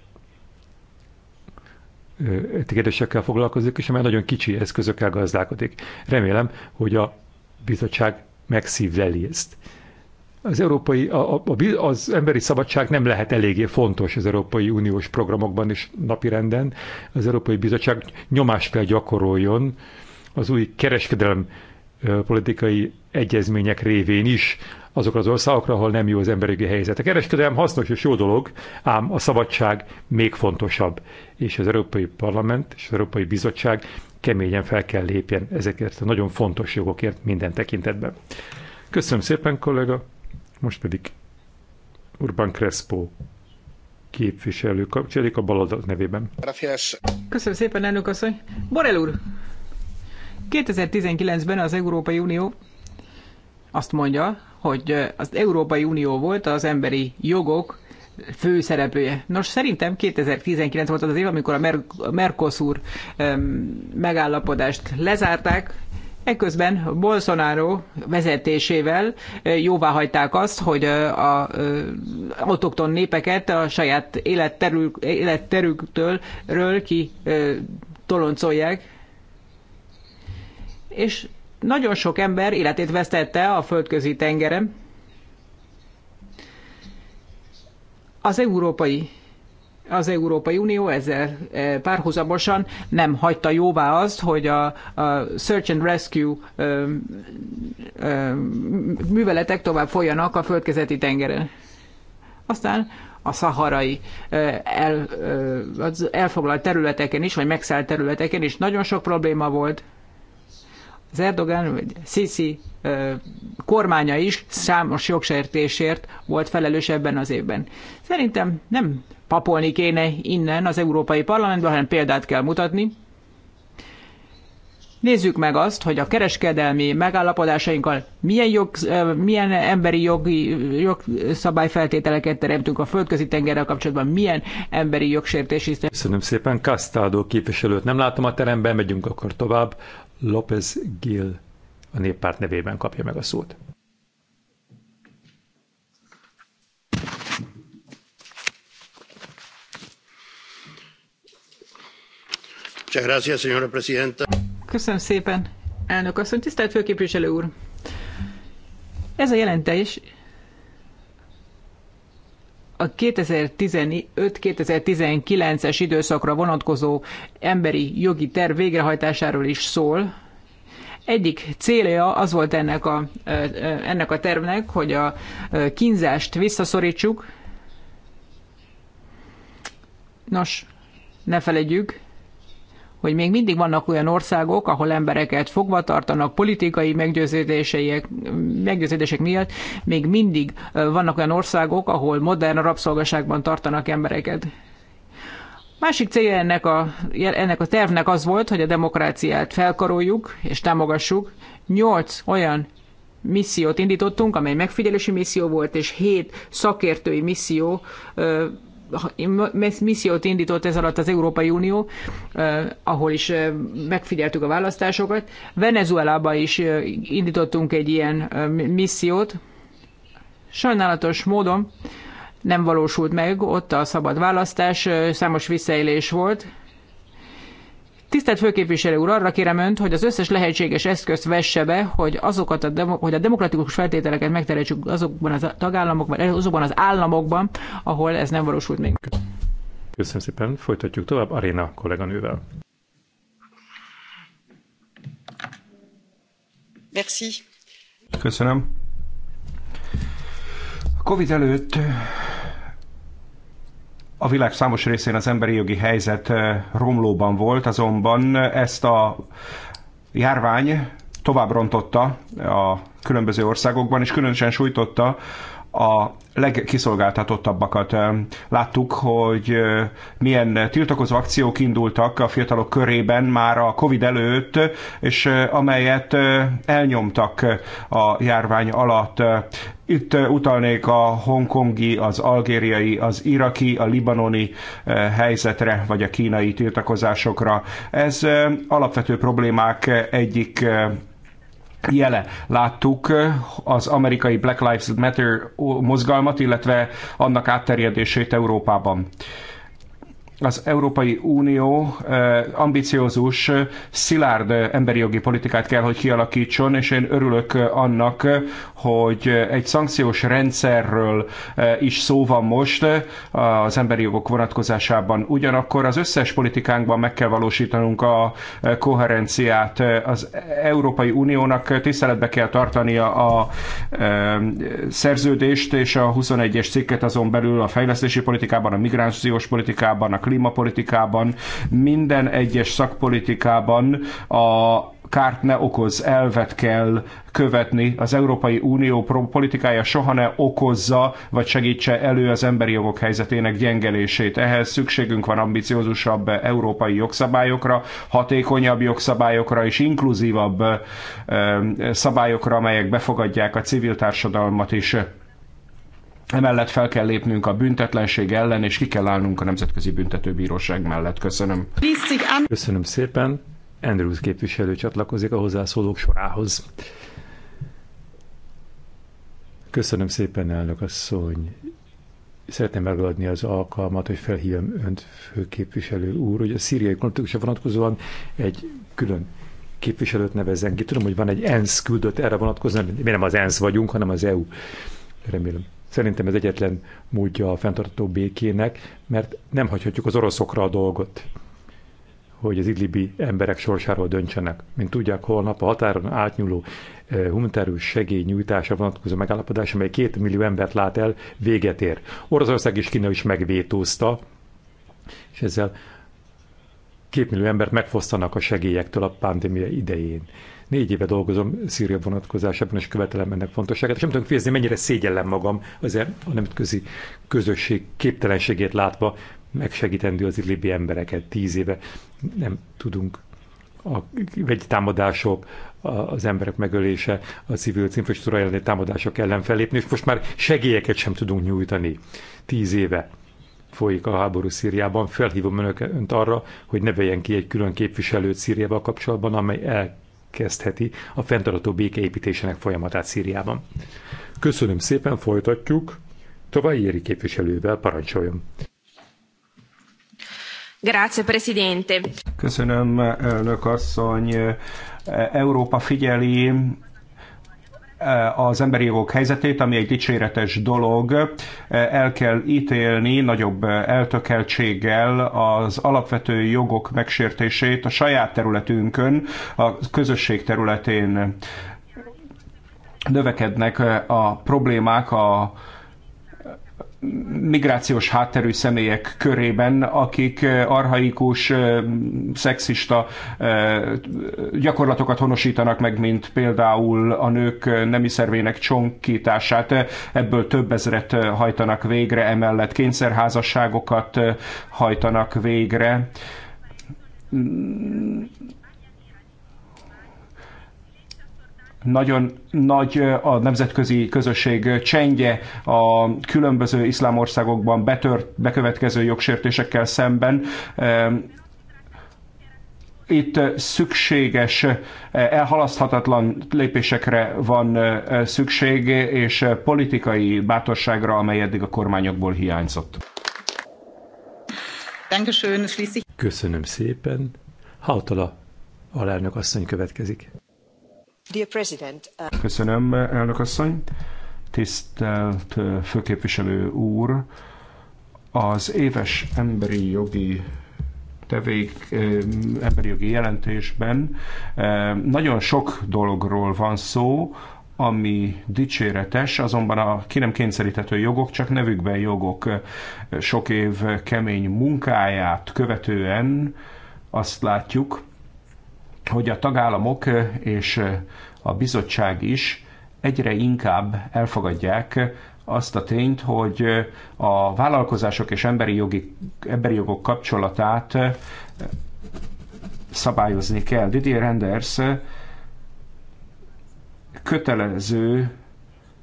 kérdésekkel foglalkozik, és amely nagyon kicsi eszközökkel gazdálkodik. Remélem, hogy a bizottság megszívleli ezt az, európai, a, a, az emberi szabadság nem lehet eléggé fontos az Európai Uniós programokban és napirenden. Az Európai Bizottság nyomást kell gyakoroljon az új kereskedelem politikai egyezmények révén is azok az országokra, ahol nem jó az emberi helyzet. A kereskedelem hasznos és jó dolog, ám a szabadság még fontosabb. És az Európai Parlament és az Európai Bizottság keményen fel kell lépjen ezekért a nagyon fontos jogokért minden tekintetben. Köszönöm szépen, kollega! Most pedig Urban Crespo képviselő kapcsolik a baloldal nevében. Köszönöm szépen, elnök asszony. Borel úr, 2019-ben az Európai Unió azt mondja, hogy az Európai Unió volt az emberi jogok fő szereplője. Nos, szerintem 2019 volt az az év, amikor a Mercosur megállapodást lezárták, Ekközben Bolsonaro vezetésével jóváhagyták azt, hogy a autokton népeket a saját életterük, életterüktől ről ki toloncolják. És nagyon sok ember életét vesztette a földközi tengeren. Az európai az Európai Unió ezzel eh, párhuzamosan nem hagyta jóvá azt, hogy a, a search and rescue ö, eh, ö, eh, műveletek tovább folyanak a földkezeti tengeren. Aztán a szaharai el, az elfoglalt területeken is, vagy megszállt területeken is nagyon sok probléma volt. Az Erdogan, vagy Sisi kormánya is számos jogsértésért volt felelős ebben az évben. Szerintem nem papolni kéne innen az Európai Parlamentben, hanem példát kell mutatni. Nézzük meg azt, hogy a kereskedelmi megállapodásainkkal milyen, jog, milyen emberi jogi, jogszabályfeltételeket teremtünk a földközi tengerrel kapcsolatban, milyen emberi is. Köszönöm szépen, Kasztádó képviselőt nem látom a teremben, megyünk akkor tovább. López Gil a néppárt nevében kapja meg a szót. Köszönöm szépen, elnök asszony, tisztelt főképviselő úr! Ez a jelentés a 2015-2019-es időszakra vonatkozó emberi jogi terv végrehajtásáról is szól. Egyik célja az volt ennek a, ennek a tervnek, hogy a kínzást visszaszorítsuk. Nos, ne felejtjük, hogy még mindig vannak olyan országok, ahol embereket fogva tartanak politikai meggyőződések, meggyőződések miatt, még mindig vannak olyan országok, ahol modern rabszolgaságban tartanak embereket. Másik célja ennek a, ennek a tervnek az volt, hogy a demokráciát felkaroljuk és támogassuk. Nyolc olyan missziót indítottunk, amely megfigyelési misszió volt, és hét szakértői misszió missziót indított ez alatt az Európai Unió, ahol is megfigyeltük a választásokat. Venezuelába is indítottunk egy ilyen missziót. Sajnálatos módon nem valósult meg, ott a szabad választás, számos visszaélés volt, Tisztelt Főképviselő úr, arra kérem önt, hogy az összes lehetséges eszközt vesse be, hogy, azokat a, demo, hogy a demokratikus feltételeket megteremtsük azokban az tagállamokban, azokban az államokban, ahol ez nem valósult még. Köszönöm szépen, folytatjuk tovább Aréna kolléganővel. Merci. Köszönöm. A Covid előtt a világ számos részén az emberi jogi helyzet eh, romlóban volt, azonban ezt a járvány tovább rontotta a különböző országokban, és különösen sújtotta a legkiszolgáltatottabbakat. Láttuk, hogy milyen tiltakozó akciók indultak a fiatalok körében már a Covid előtt, és amelyet elnyomtak a járvány alatt. Itt utalnék a hongkongi, az algériai, az iraki, a libanoni helyzetre, vagy a kínai tiltakozásokra. Ez alapvető problémák egyik jele. Láttuk az amerikai Black Lives Matter mozgalmat, illetve annak átterjedését Európában az Európai Unió ambiciózus, szilárd emberi jogi politikát kell, hogy kialakítson, és én örülök annak, hogy egy szankciós rendszerről is szó van most az emberi jogok vonatkozásában. Ugyanakkor az összes politikánkban meg kell valósítanunk a koherenciát. Az Európai Uniónak tiszteletbe kell tartania a szerződést és a 21-es cikket azon belül a fejlesztési politikában, a migrációs politikában, a klímapolitikában, minden egyes szakpolitikában a kárt ne okoz elvet kell követni. Az Európai Unió politikája soha ne okozza, vagy segítse elő az emberi jogok helyzetének gyengelését. Ehhez szükségünk van ambiciózusabb európai jogszabályokra, hatékonyabb jogszabályokra és inkluzívabb szabályokra, amelyek befogadják a civil társadalmat is. Emellett fel kell lépnünk a büntetlenség ellen, és ki kell állnunk a Nemzetközi Büntetőbíróság mellett. Köszönöm. Köszönöm szépen. Andrews képviselő csatlakozik a hozzászólók sorához. Köszönöm szépen, elnök asszony. Szeretném megadni az alkalmat, hogy felhívjam önt, főképviselő úr, hogy a szíriai konfliktusra vonatkozóan egy külön képviselőt nevezzen ki. Tudom, hogy van egy ENSZ küldött erre vonatkozóan, mi nem az ENSZ vagyunk, hanem az EU. Remélem Szerintem ez egyetlen módja a fenntartató békének, mert nem hagyhatjuk az oroszokra a dolgot, hogy az idlibi emberek sorsáról döntsenek. Mint tudják, holnap a határon átnyúló eh, humanitárius segély nyújtása vonatkozó megállapodás, amely két millió embert lát el, véget ér. Oroszország és Kína is megvétózta, és ezzel két millió embert megfosztanak a segélyektől a pandémia idején. Négy éve dolgozom Szíria vonatkozásában, és követelem ennek fontosságát, és nem tudom kifejezni, mennyire szégyellem magam azért a nemzetközi közösség képtelenségét látva megsegítendő az illibi embereket. Tíz éve nem tudunk a vegyi támadások, az emberek megölése, a civil infrastruktúra elleni támadások ellen fellépni, és most már segélyeket sem tudunk nyújtani. Tíz éve folyik a háború Szíriában. Felhívom önöket önt arra, hogy ne vegyen ki egy külön képviselőt Szíriával kapcsolatban, amely el kezdheti a fenntartó békeépítésének folyamatát Szíriában. Köszönöm szépen, folytatjuk. További éri képviselővel parancsoljon. Grazie, Presidente. Köszönöm, elnök asszony. Európa figyeli Eh, az emberi jogok helyzetét, ami egy dicséretes dolog, eh, el kell ítélni nagyobb eh, eltökeltséggel az alapvető jogok megsértését a saját területünkön, a közösség területén növekednek a problémák a migrációs hátterű személyek körében, akik arhaikus, szexista gyakorlatokat honosítanak meg, mint például a nők nemi szervének csonkítását. Ebből több ezret hajtanak végre, emellett kényszerházasságokat hajtanak végre nagyon nagy a nemzetközi közösség csendje a különböző iszlámországokban betört, bekövetkező jogsértésekkel szemben itt szükséges, elhalaszthatatlan lépésekre van szükség, és politikai bátorságra, amely eddig a kormányokból hiányzott. Köszönöm szépen. Hautala alelnök asszony következik. Uh, Köszönöm, elnök asszony. Tisztelt uh, főképviselő úr, az éves emberi jogi tevék, um, emberi jogi jelentésben uh, nagyon sok dologról van szó, ami dicséretes, azonban a ki nem kényszeríthető jogok csak nevükben jogok. Sok év kemény munkáját követően azt látjuk, hogy a tagállamok és a bizottság is egyre inkább elfogadják azt a tényt, hogy a vállalkozások és emberi, jogi, emberi jogok kapcsolatát szabályozni kell. Didier Renders kötelező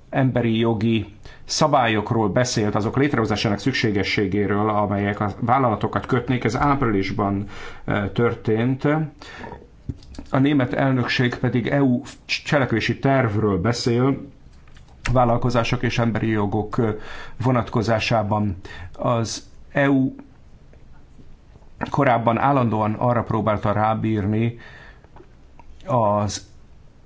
emberi jogi szabályokról beszélt, azok létrehozásának szükségességéről, amelyek a vállalatokat kötnék. Ez áprilisban történt, a német elnökség pedig EU cselekvési tervről beszél, vállalkozások és emberi jogok vonatkozásában. Az EU korábban állandóan arra próbálta rábírni az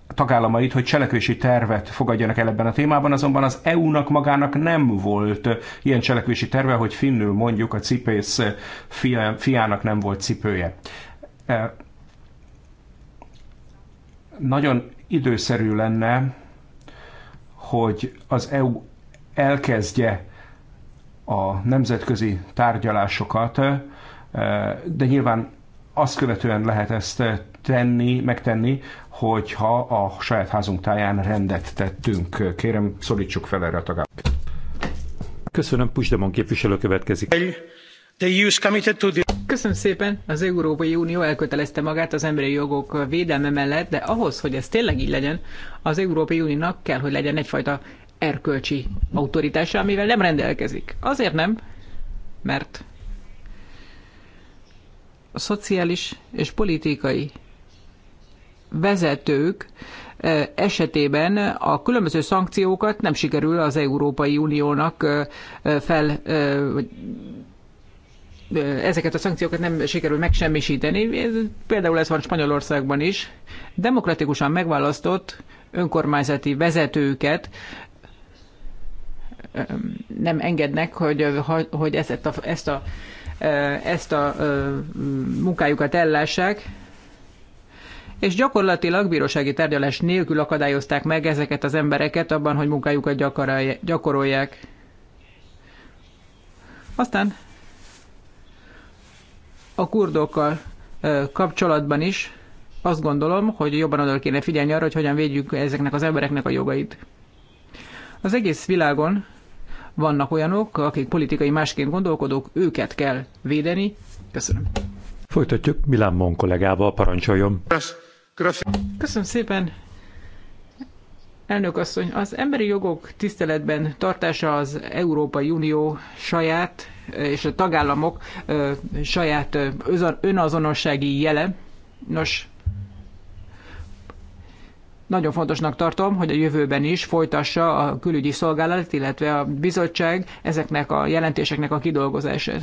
tagállamait, hogy cselekvési tervet fogadjanak el ebben a témában, azonban az EU-nak magának nem volt ilyen cselekvési terve, hogy finnül mondjuk a cipész fiának nem volt cipője. E, nagyon időszerű lenne, hogy az EU elkezdje a nemzetközi tárgyalásokat, de nyilván azt követően lehet ezt tenni, megtenni, hogyha a saját házunk táján rendet tettünk. Kérem, szólítsuk fel erre a tagállamokat. Köszönöm, Pusdemon képviselő következik. The Köszönöm szépen! Az Európai Unió elkötelezte magát az emberi jogok védelme mellett, de ahhoz, hogy ez tényleg így legyen, az Európai Uniónak kell, hogy legyen egyfajta erkölcsi autoritása, amivel nem rendelkezik. Azért nem, mert a szociális és politikai vezetők esetében a különböző szankciókat nem sikerül az Európai Uniónak fel, ezeket a szankciókat nem sikerül megsemmisíteni. Például ez van Spanyolországban is. Demokratikusan megválasztott önkormányzati vezetőket nem engednek, hogy, hogy ezt a, ezt a, ezt a munkájukat ellássák, és gyakorlatilag bírósági tárgyalás nélkül akadályozták meg ezeket az embereket abban, hogy munkájukat gyakorolják. Aztán a kurdokkal kapcsolatban is azt gondolom, hogy jobban oda kéne figyelni arra, hogy hogyan védjük ezeknek az embereknek a jogait. Az egész világon vannak olyanok, akik politikai másként gondolkodók, őket kell védeni. Köszönöm. Folytatjuk Milán Mon kollégával, parancsoljon. Köszönöm szépen, Elnök asszony, az emberi jogok tiszteletben tartása az Európai Unió saját és a tagállamok saját önazonossági jele. Nos, nagyon fontosnak tartom, hogy a jövőben is folytassa a külügyi szolgálat, illetve a bizottság ezeknek a jelentéseknek a kidolgozását.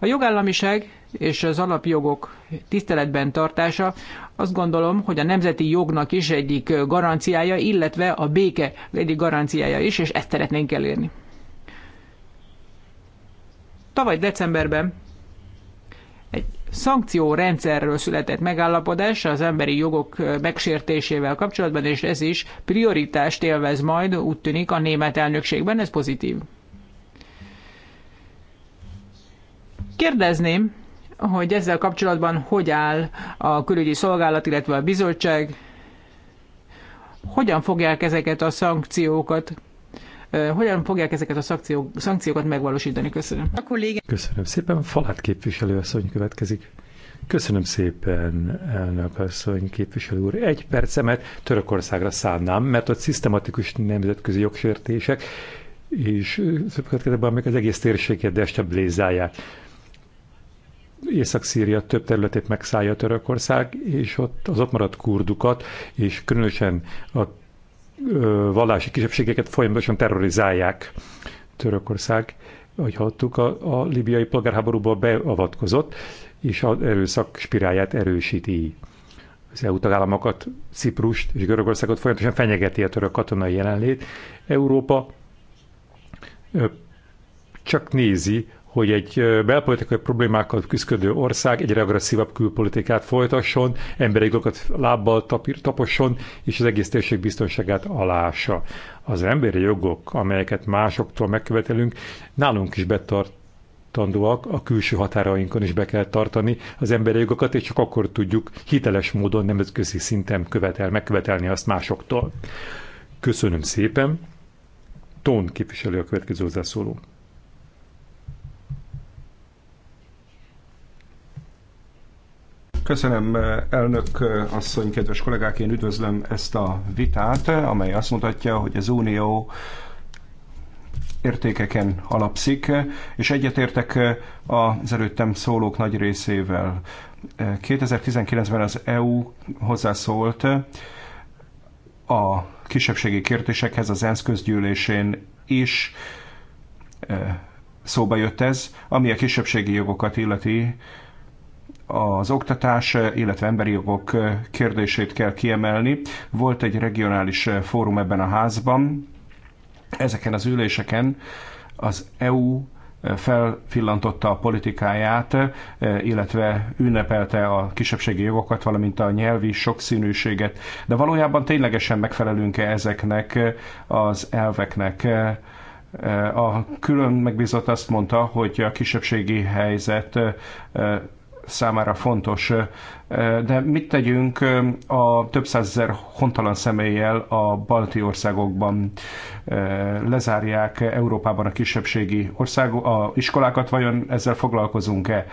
A jogállamiság és az alapjogok tiszteletben tartása azt gondolom, hogy a nemzeti jognak is egyik garanciája, illetve a béke egyik garanciája is, és ezt szeretnénk elérni. Tavaly decemberben egy szankciórendszerről született megállapodás az emberi jogok megsértésével kapcsolatban, és ez is prioritást élvez majd, úgy tűnik, a német elnökségben, ez pozitív. Kérdezném, hogy ezzel kapcsolatban hogy áll a külügyi szolgálat, illetve a bizottság, hogyan fogják ezeket a szankciókat hogyan fogják ezeket a szankciók, szankciókat megvalósítani? Köszönöm. A kollégám. Köszönöm szépen. Falát képviselő asszony következik. Köszönöm szépen, elnök asszony, képviselő úr. Egy percemet Törökországra szánnám, mert ott szisztematikus nemzetközi jogsértések, és következőben még az egész térséget destabilizálják. Észak-Szíria több területét megszállja Törökország, és ott az ott maradt kurdukat, és különösen a vallási kisebbségeket folyamatosan terrorizálják Törökország. Ahogy hallottuk, a, a libiai polgárháborúba beavatkozott, és az erőszak spiráját erősíti. Az EU tagállamokat, Ciprust és Görögországot folyamatosan fenyegeti a török katonai jelenlét. Európa csak nézi, hogy egy belpolitikai problémákkal küzdő ország egyre agresszívabb külpolitikát folytasson, emberi jogokat lábbal tapir, taposson, és az egész térség biztonságát alása. Az emberi jogok, amelyeket másoktól megkövetelünk, nálunk is betart tandóak, a külső határainkon is be kell tartani az emberi jogokat, és csak akkor tudjuk hiteles módon nemzetközi szinten követel, megkövetelni azt másoktól. Köszönöm szépen. Tón képviselő a következő hozzászóló. Köszönöm, elnök asszony, kedves kollégák, én üdvözlöm ezt a vitát, amely azt mutatja, hogy az Unió értékeken alapszik, és egyetértek az előttem szólók nagy részével. 2019-ben az EU hozzászólt a kisebbségi kérdésekhez az ENSZ közgyűlésén is eh, szóba jött ez, ami a kisebbségi jogokat illeti, az oktatás, illetve emberi jogok kérdését kell kiemelni. Volt egy regionális fórum ebben a házban. Ezeken az üléseken az EU felfillantotta a politikáját, illetve ünnepelte a kisebbségi jogokat, valamint a nyelvi sokszínűséget. De valójában ténylegesen megfelelünk-e ezeknek az elveknek? A külön megbízott azt mondta, hogy a kisebbségi helyzet számára fontos. De mit tegyünk a több százezer hontalan személlyel a balti országokban? Lezárják Európában a kisebbségi országok, a iskolákat, vajon ezzel foglalkozunk-e?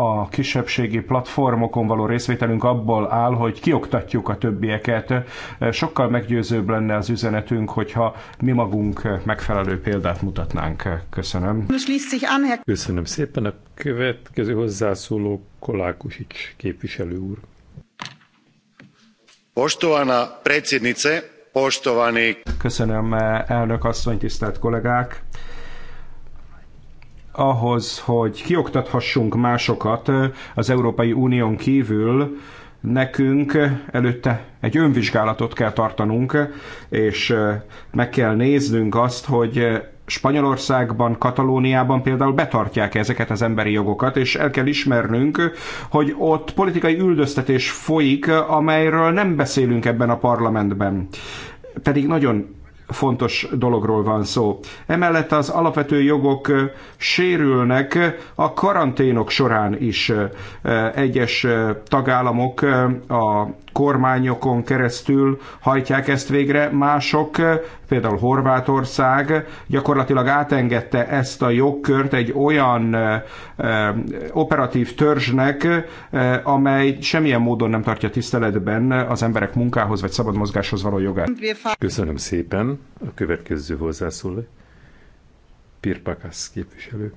a kisebbségi platformokon való részvételünk abból áll, hogy kioktatjuk a többieket. Sokkal meggyőzőbb lenne az üzenetünk, hogyha mi magunk megfelelő példát mutatnánk. Köszönöm. Köszönöm szépen. A következő hozzászóló Kolákusics képviselő úr. Poštovana predsjednice, poštovani... Köszönöm, elnök asszony, tisztelt kollégák! ahhoz, hogy kioktathassunk másokat az Európai Unión kívül, nekünk előtte egy önvizsgálatot kell tartanunk, és meg kell néznünk azt, hogy Spanyolországban, Katalóniában például betartják ezeket az emberi jogokat, és el kell ismernünk, hogy ott politikai üldöztetés folyik, amelyről nem beszélünk ebben a parlamentben. Pedig nagyon fontos dologról van szó. Emellett az alapvető jogok sérülnek a karanténok során is. Egyes tagállamok a kormányokon keresztül hajtják ezt végre, mások, például Horvátország gyakorlatilag átengedte ezt a jogkört egy olyan operatív törzsnek, amely semmilyen módon nem tartja tiszteletben az emberek munkához vagy szabad mozgáshoz való jogát. Köszönöm szépen. A következő hozzászól Pirpakász képviselő.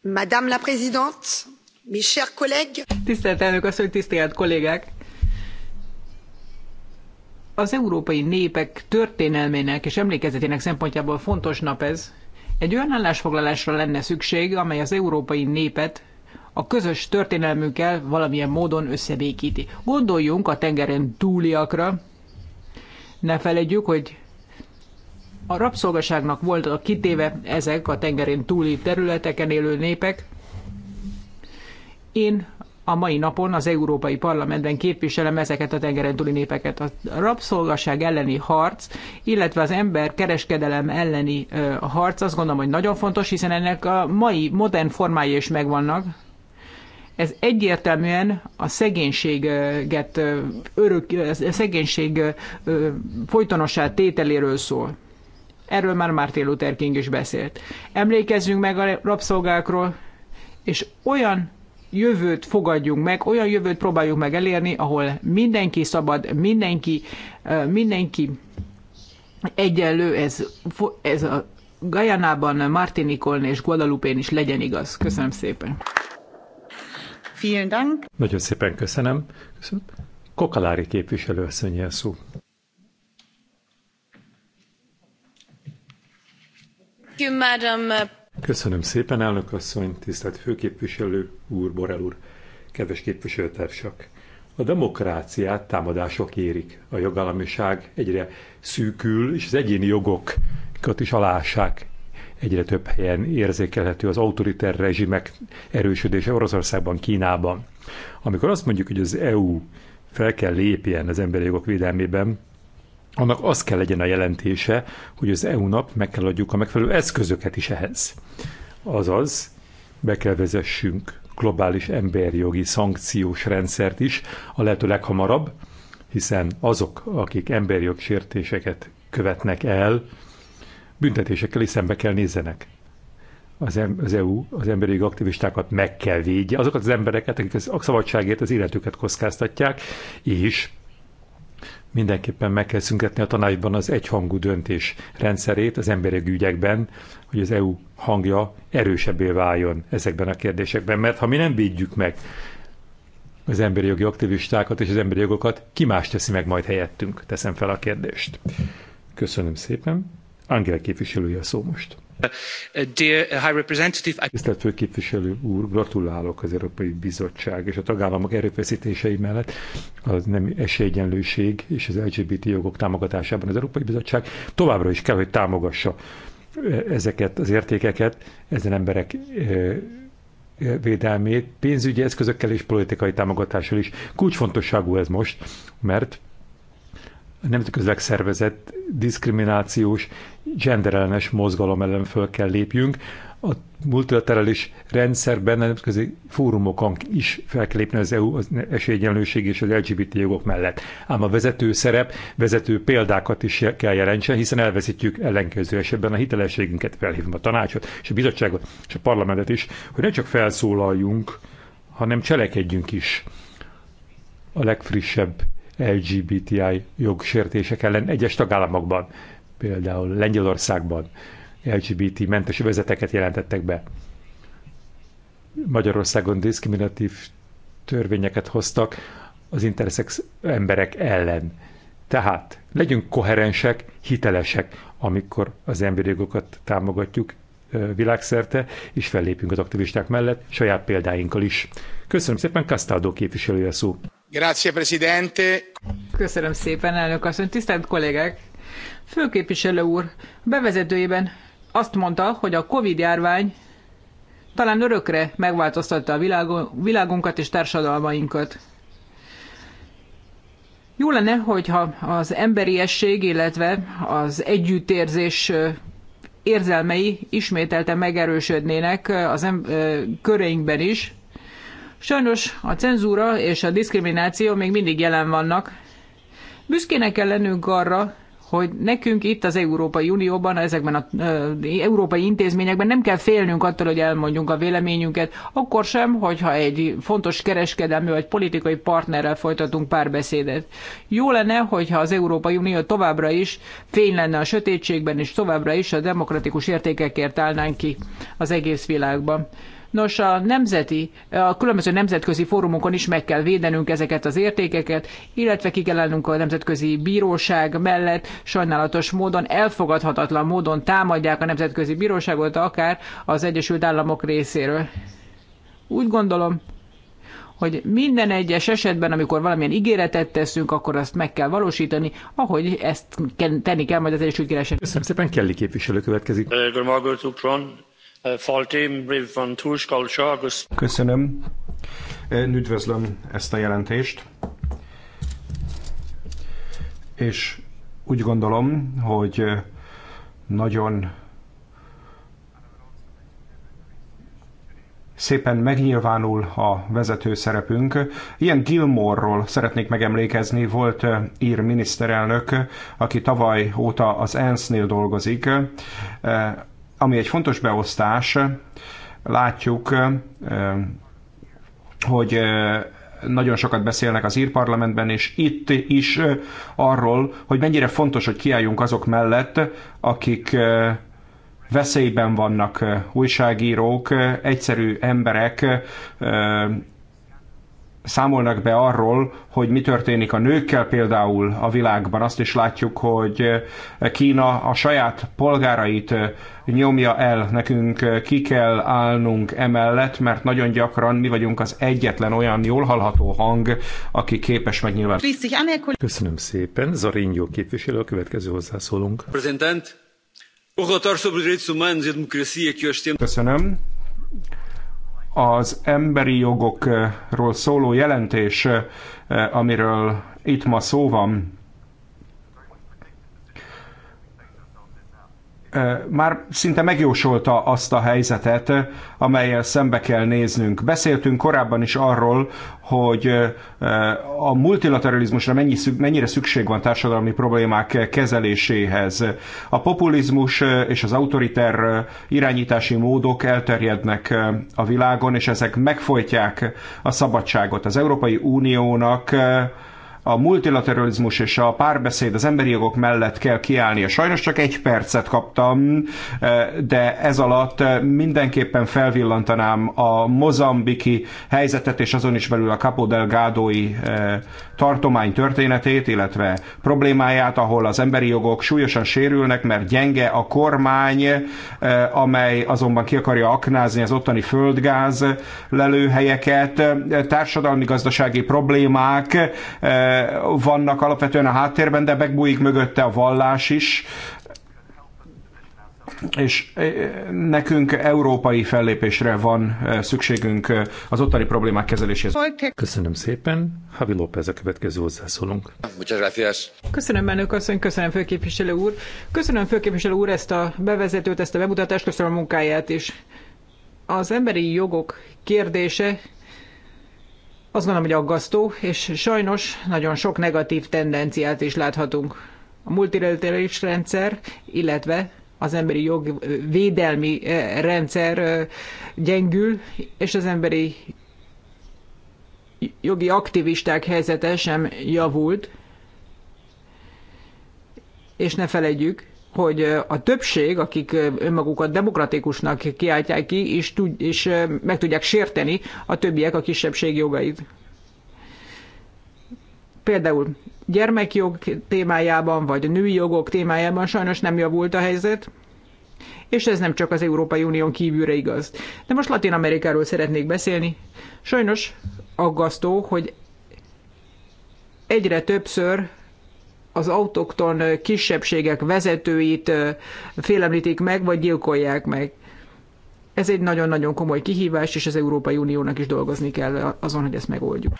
Madame la Présidente, mes chers collègues. Tisztelt elnök asszony, tisztelt kollégák! Az európai népek történelmének és emlékezetének szempontjából fontos nap ez. Egy olyan állásfoglalásra lenne szükség, amely az európai népet a közös történelmünkkel valamilyen módon összebékíti. Gondoljunk a tengeren túliakra, ne felejtjük, hogy a rabszolgaságnak volt a kitéve ezek a tengerén túli területeken élő népek. Én a mai napon az Európai Parlamentben képviselem ezeket a tengeren túli népeket. A rabszolgaság elleni harc, illetve az ember kereskedelem elleni harc azt gondolom, hogy nagyon fontos, hiszen ennek a mai modern formái is megvannak. Ez egyértelműen a szegénységet örök, a szegénység folytonosát tételéről szól. Erről már Martin Luther King is beszélt. Emlékezzünk meg a rabszolgákról, és olyan jövőt fogadjunk meg, olyan jövőt próbáljuk meg elérni, ahol mindenki szabad, mindenki, mindenki egyenlő, ez, ez a Gajanában, Martinikon és Guadalupén is legyen igaz. Köszönöm szépen! Vielen Dank. Nagyon szépen köszönöm. köszönöm. Kokalári képviselő a szó. Köszönöm szépen, elnök asszony, tisztelt főképviselő, úr Borel úr, kedves képviselőtársak! A demokráciát támadások érik, a jogállamiság egyre szűkül, és az egyéni jogokat is alássák Egyre több helyen érzékelhető az autoriter rezsimek erősödése Oroszországban, Kínában. Amikor azt mondjuk, hogy az EU fel kell lépjen az emberi jogok védelmében, annak az kell legyen a jelentése, hogy az EU-nak meg kell adjuk a megfelelő eszközöket is ehhez. Azaz, be kell vezessünk globális emberjogi szankciós rendszert is a lehető leghamarabb, hiszen azok, akik emberjog sértéseket követnek el, büntetésekkel is szembe kell nézzenek. Az, em, az EU az emberi aktivistákat meg kell védje, azokat az embereket, akik a szabadságért az életüket kockáztatják, és mindenképpen meg kell szüntetni a tanácsban az egyhangú döntés rendszerét az emberi ügyekben, hogy az EU hangja erősebbé váljon ezekben a kérdésekben, mert ha mi nem védjük meg az emberi jogi aktivistákat és az emberi jogokat, ki más teszi meg majd helyettünk? Teszem fel a kérdést. Köszönöm szépen. Angela képviselője szó most. Uh, dear uh, High Representative, Tisztelt főképviselő úr, gratulálok az Európai Bizottság és a tagállamok erőfeszítései mellett az nem esélyegyenlőség és az LGBT jogok támogatásában az Európai Bizottság továbbra is kell, hogy támogassa uh, ezeket az értékeket, ezen emberek védelmét pénzügyi eszközökkel és politikai támogatással is. Kulcsfontosságú ez most, mert a nemzetközileg szervezett diszkriminációs, genderellenes mozgalom ellen föl kell lépjünk. A multilaterális rendszerben, a nemzetközi fórumokon is fel kell lépni az EU az esélyegyenlőség és az LGBT jogok mellett. Ám a vezető szerep, vezető példákat is kell jelentsen, hiszen elveszítjük ellenkező esetben a hitelességünket, felhívom a tanácsot, és a bizottságot, és a parlamentet is, hogy ne csak felszólaljunk, hanem cselekedjünk is. A legfrissebb LGBTI jogsértések ellen egyes tagállamokban, például Lengyelországban LGBT mentes övezeteket jelentettek be. Magyarországon diszkriminatív törvényeket hoztak az interszex emberek ellen. Tehát legyünk koherensek, hitelesek, amikor az emberi jogokat támogatjuk világszerte, és fellépünk az aktivisták mellett saját példáinkkal is. Köszönöm szépen, Kasztáldó képviselője szó. Grazie, Presidente. Köszönöm szépen, elnök asszony. Tisztelt kollégák! Főképviselő úr, bevezetőjében azt mondta, hogy a Covid-járvány talán örökre megváltoztatta a világunkat és társadalmainkat. Jó lenne, hogyha az emberiesség, illetve az együttérzés érzelmei ismételten megerősödnének az em- köreinkben is. Sajnos a cenzúra és a diszkrimináció még mindig jelen vannak. Büszkének kell lennünk arra, hogy nekünk itt az Európai Unióban, ezekben az európai intézményekben nem kell félnünk attól, hogy elmondjunk a véleményünket, akkor sem, hogyha egy fontos kereskedelmi vagy politikai partnerrel folytatunk párbeszédet. Jó lenne, hogyha az Európai Unió továbbra is fény lenne a sötétségben, és továbbra is a demokratikus értékekért állnánk ki az egész világban. Nos, a nemzeti, a különböző nemzetközi fórumokon is meg kell védenünk ezeket az értékeket, illetve ki kell állnunk a nemzetközi bíróság mellett. Sajnálatos módon, elfogadhatatlan módon támadják a nemzetközi bíróságot, akár az Egyesült Államok részéről. Úgy gondolom, hogy minden egyes esetben, amikor valamilyen ígéretet teszünk, akkor azt meg kell valósítani, ahogy ezt tenni kell majd az Egyesült Királyság. Köszönöm szépen, Kelly képviselő következik. Uh, good morning, Köszönöm. üdvözlöm ezt a jelentést. És úgy gondolom, hogy nagyon szépen megnyilvánul a vezető szerepünk. Ilyen Gilmore-ról szeretnék megemlékezni, volt ír miniszterelnök, aki tavaly óta az ENSZ-nél dolgozik ami egy fontos beosztás, látjuk, hogy nagyon sokat beszélnek az írparlamentben, és itt is arról, hogy mennyire fontos, hogy kiálljunk azok mellett, akik veszélyben vannak újságírók, egyszerű emberek, számolnak be arról, hogy mi történik a nőkkel például a világban. Azt is látjuk, hogy Kína a saját polgárait nyomja el, nekünk ki kell állnunk emellett, mert nagyon gyakran mi vagyunk az egyetlen olyan jól hallható hang, aki képes megnyilván. Köszönöm szépen. Zarinyó képviselő, a következő hozzászólunk. President, Köszönöm az emberi jogokról szóló jelentés, eh, amiről itt ma szó van, már szinte megjósolta azt a helyzetet, amelyel szembe kell néznünk. Beszéltünk korábban is arról, hogy a multilateralizmusra mennyi, mennyire szükség van társadalmi problémák kezeléséhez. A populizmus és az autoriter irányítási módok elterjednek a világon, és ezek megfojtják a szabadságot. Az Európai Uniónak a multilateralizmus és a párbeszéd az emberi jogok mellett kell kiállnia. Sajnos csak egy percet kaptam, eh, de ez alatt eh, mindenképpen felvillantanám a mozambiki helyzetet, és azon is belül a Capo Delgado-i eh, tartomány történetét, illetve problémáját, ahol az emberi jogok súlyosan sérülnek, mert gyenge a kormány, amely azonban ki akarja aknázni az ottani földgáz lelőhelyeket, társadalmi-gazdasági problémák, vannak alapvetően a háttérben, de megbújik mögötte a vallás is, és eh, nekünk európai fellépésre van eh, szükségünk eh, az ottani problémák kezeléséhez. Köszönöm szépen. Havi López a következő hozzászólunk. Köszönöm, elnök asszony, köszönöm, főképviselő úr. Köszönöm, főképviselő úr, ezt a bevezetőt, ezt a bemutatást, köszönöm a munkáját is. Az emberi jogok kérdése azt gondolom, hogy aggasztó, és sajnos nagyon sok negatív tendenciát is láthatunk. A multilaterális rendszer, illetve az emberi jog védelmi eh, rendszer eh, gyengül, és az emberi jogi aktivisták helyzete sem javult. És ne felejtjük, hogy a többség, akik önmagukat demokratikusnak kiáltják ki, és, tud, és meg tudják sérteni a többiek a kisebbség jogait. Például gyermekjog témájában, vagy női jogok témájában sajnos nem javult a helyzet, és ez nem csak az Európai Unión kívülre igaz. De most Latin Amerikáról szeretnék beszélni. Sajnos aggasztó, hogy egyre többször az autokton kisebbségek vezetőit félemlítik meg, vagy gyilkolják meg. Ez egy nagyon-nagyon komoly kihívás, és az Európai Uniónak is dolgozni kell azon, hogy ezt megoldjuk.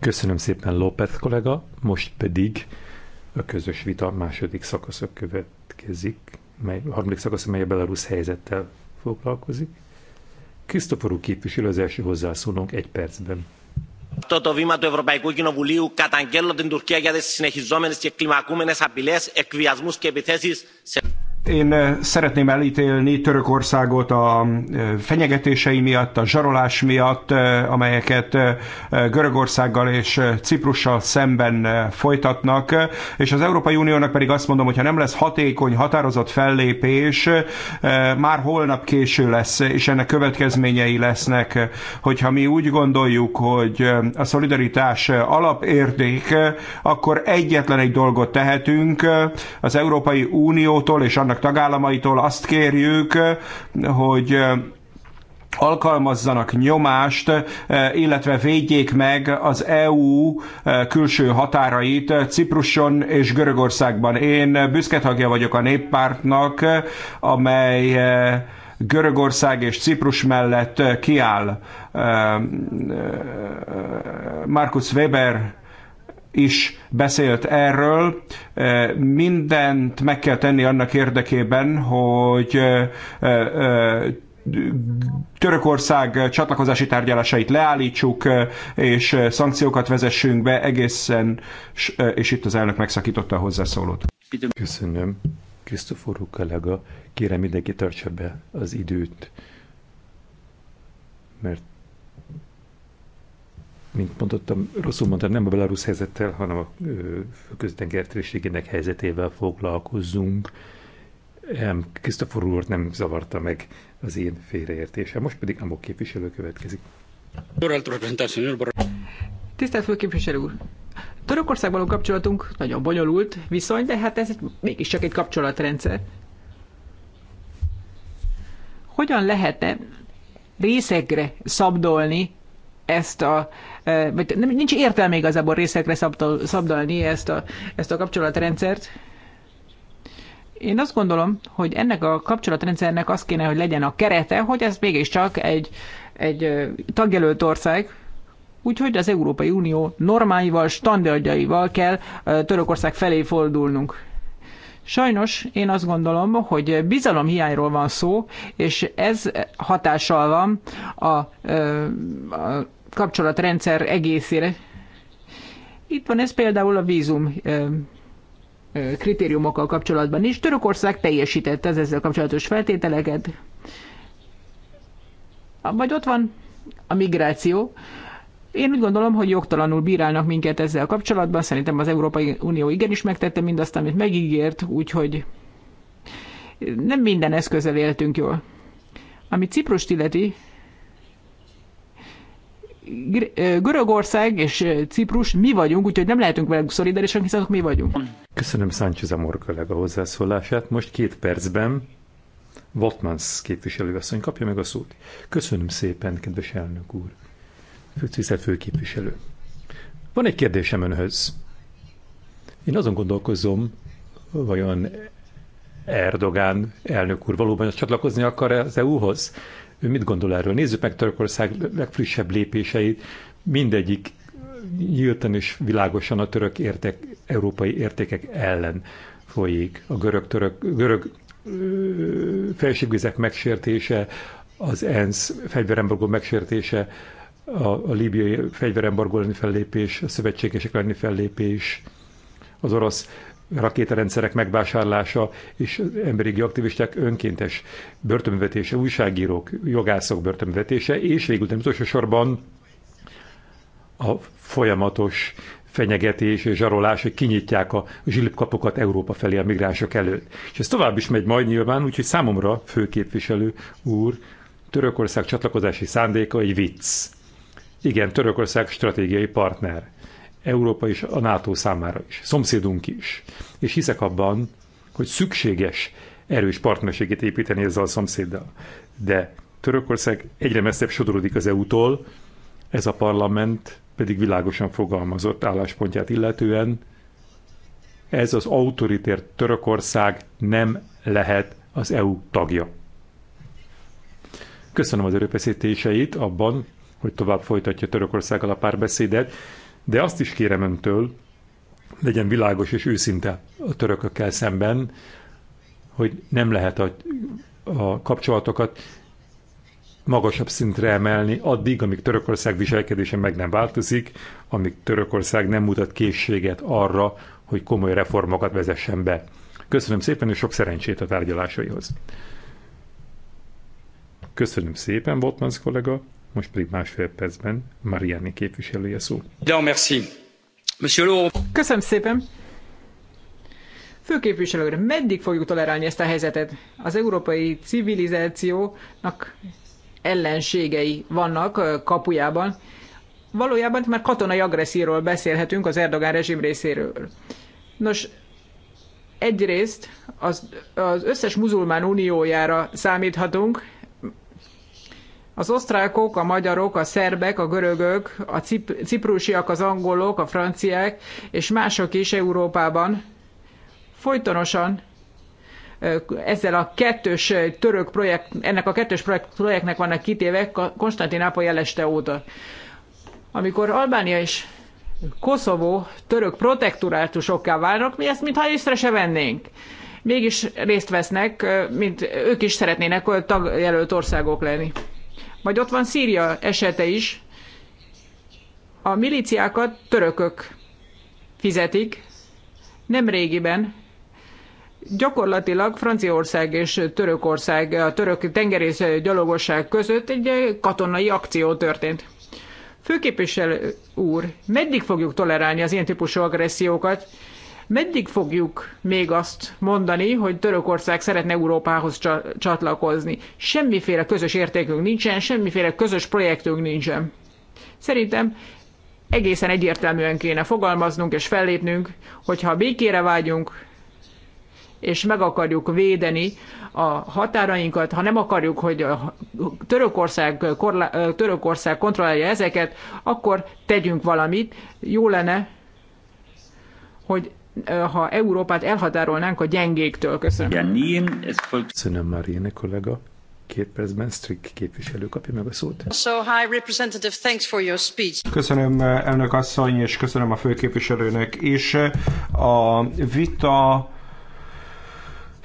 Köszönöm szépen López kollega, most pedig a közös vita második szakasza következik, mely, a harmadik szakasz, mely a belarusz helyzettel foglalkozik. Krisztoforú képviselő az első hozzászólónk egy percben. Αυτό το βήμα του Ευρωπαϊκού Κοινοβουλίου καταγγέλλω την Τουρκία για τις συνεχιζόμενες και κλιμακούμενες απειλές, εκβιασμούς και επιθέσεις σε... Én szeretném elítélni Törökországot a fenyegetései miatt, a zsarolás miatt, amelyeket Görögországgal és Ciprussal szemben folytatnak, és az Európai Uniónak pedig azt mondom, hogy ha nem lesz hatékony, határozott fellépés, már holnap késő lesz, és ennek következményei lesznek, hogyha mi úgy gondoljuk, hogy a szolidaritás alapérték, akkor egyetlen egy dolgot tehetünk, az Európai Uniótól és annak vannak tagállamaitól azt kérjük, hogy alkalmazzanak nyomást, illetve védjék meg az EU külső határait Cipruson és Görögországban. Én büszke tagja vagyok a néppártnak, amely Görögország és Ciprus mellett kiáll. Markus Weber is beszélt erről. E, mindent meg kell tenni annak érdekében, hogy e, e, Törökország csatlakozási tárgyalásait leállítsuk, és szankciókat vezessünk be egészen, és itt az elnök megszakította a hozzászólót. Köszönöm. Krisztofor kollega, kérem mindenki tartsa be az időt, mert mint mondottam, rosszul mondtam, nem a belarusz helyzettel, hanem a köztenger térségének helyzetével foglalkozzunk. Krisztofor úr nem zavarta meg az én félreértése. Most pedig Amok képviselő következik. Tisztelt főképviselő úr! Törökországban a kapcsolatunk nagyon bonyolult viszony, de hát ez mégiscsak egy kapcsolatrendszer. Hogyan lehetne részekre szabdolni ezt a vagy nem, nincs értelme igazából részekre szabdal, szabdalni ezt a, ezt a kapcsolatrendszert. Én azt gondolom, hogy ennek a kapcsolatrendszernek az kéne, hogy legyen a kerete, hogy ez mégiscsak egy, egy tagjelölt ország, úgyhogy az Európai Unió normáival, standardjaival kell Törökország felé fordulnunk. Sajnos én azt gondolom, hogy bizalomhiányról van szó, és ez hatással van a, a, a kapcsolatrendszer egészére. Itt van ez például a vízum kritériumokkal kapcsolatban is. Törökország teljesítette az ezzel kapcsolatos feltételeket. Vagy ott van a migráció. Én úgy gondolom, hogy jogtalanul bírálnak minket ezzel kapcsolatban. Szerintem az Európai Unió igenis megtette mindazt, amit megígért, úgyhogy nem minden eszközzel éltünk jól. Ami Ciprust illeti, Görögország és Ciprus mi vagyunk, úgyhogy nem lehetünk velük szolidárisak, hiszen mi vagyunk. Köszönöm Sánchez Amor kollega hozzászólását. Most két percben Votmans képviselőasszony kapja meg a szót. Köszönöm szépen, kedves elnök úr. Főtisztelt főképviselő. Van egy kérdésem önhöz. Én azon gondolkozom, vajon Erdogán elnök úr valóban csatlakozni akar az EU-hoz? Ő mit gondol erről? Nézzük meg Törökország legfrissebb lépéseit. Mindegyik nyíltan és világosan a török értek, európai értékek ellen folyik. A görög-török, görög, felségvizek megsértése, az ENSZ fegyverembargó megsértése, a, a líbiai fegyverembargó lenni fellépés, a szövetségesek lenni fellépés, az orosz rakétarendszerek megvásárlása és emberi aktivisták önkéntes börtönvetése, újságírók, jogászok börtönvetése, és végül nem utolsó sorban a folyamatos fenyegetés és zsarolás, hogy kinyitják a zsilipkapokat Európa felé a migránsok előtt. És ez tovább is megy majd nyilván, úgyhogy számomra, főképviselő úr, Törökország csatlakozási szándéka egy vicc. Igen, Törökország stratégiai partner. Európa és a NATO számára is, szomszédunk is. És hiszek abban, hogy szükséges erős partnerséget építeni ezzel a szomszéddal. De Törökország egyre messzebb sodorodik az EU-tól, ez a parlament pedig világosan fogalmazott álláspontját illetően, ez az autoritér Törökország nem lehet az EU tagja. Köszönöm az erőfeszítéseit abban, hogy tovább folytatja Törökországgal a párbeszédet, de azt is kérem öntől, legyen világos és őszinte a törökökkel szemben, hogy nem lehet a, a kapcsolatokat magasabb szintre emelni addig, amíg Törökország viselkedése meg nem változik, amíg Törökország nem mutat készséget arra, hogy komoly reformokat vezessen be. Köszönöm szépen, és sok szerencsét a tárgyalásaihoz. Köszönöm szépen, Botmans kollega. Most pedig másfél percben Mariani képviselője szó. De merci. Monsieur Köszönöm szépen. Főképviselőre, meddig fogjuk tolerálni ezt a helyzetet? Az európai civilizációnak ellenségei vannak kapujában. Valójában már katonai agresszióról beszélhetünk az Erdogán rezsim részéről. Nos, egyrészt az, az összes muzulmán uniójára számíthatunk, az osztrákok, a magyarok, a szerbek, a görögök, a cip- ciprusiak, az angolok, a franciák és mások is Európában folytonosan ezzel a kettős török projekt, ennek a kettős projekt, projektnek vannak kitéve Konstantinápoly eleste óta. Amikor Albánia és Koszovó török protektorátusokká válnak, mi ezt mintha észre se vennénk. Mégis részt vesznek, mint ők is szeretnének tagjelölt országok lenni. Majd ott van Szíria esete is. A milíciákat törökök fizetik. Nem régiben gyakorlatilag Franciaország és Törökország, a török tengerész gyalogosság között egy katonai akció történt. Főképviselő úr, meddig fogjuk tolerálni az ilyen típusú agressziókat? Meddig fogjuk még azt mondani, hogy Törökország szeretne Európához csatlakozni? Semmiféle közös értékünk nincsen, semmiféle közös projektünk nincsen. Szerintem egészen egyértelműen kéne fogalmaznunk és fellépnünk, hogyha békére vágyunk, és meg akarjuk védeni a határainkat, ha nem akarjuk, hogy a Törökország, korla, Törökország kontrollálja ezeket, akkor tegyünk valamit. Jó lenne, hogy ha Európát elhatárolnánk a gyengéktől. Köszönöm. Köszönöm, Marianne kollega. Két percben Strick képviselő kapja meg a szót. So, high representative, thanks for your speech. Köszönöm elnök asszony, és köszönöm a főképviselőnek és A vita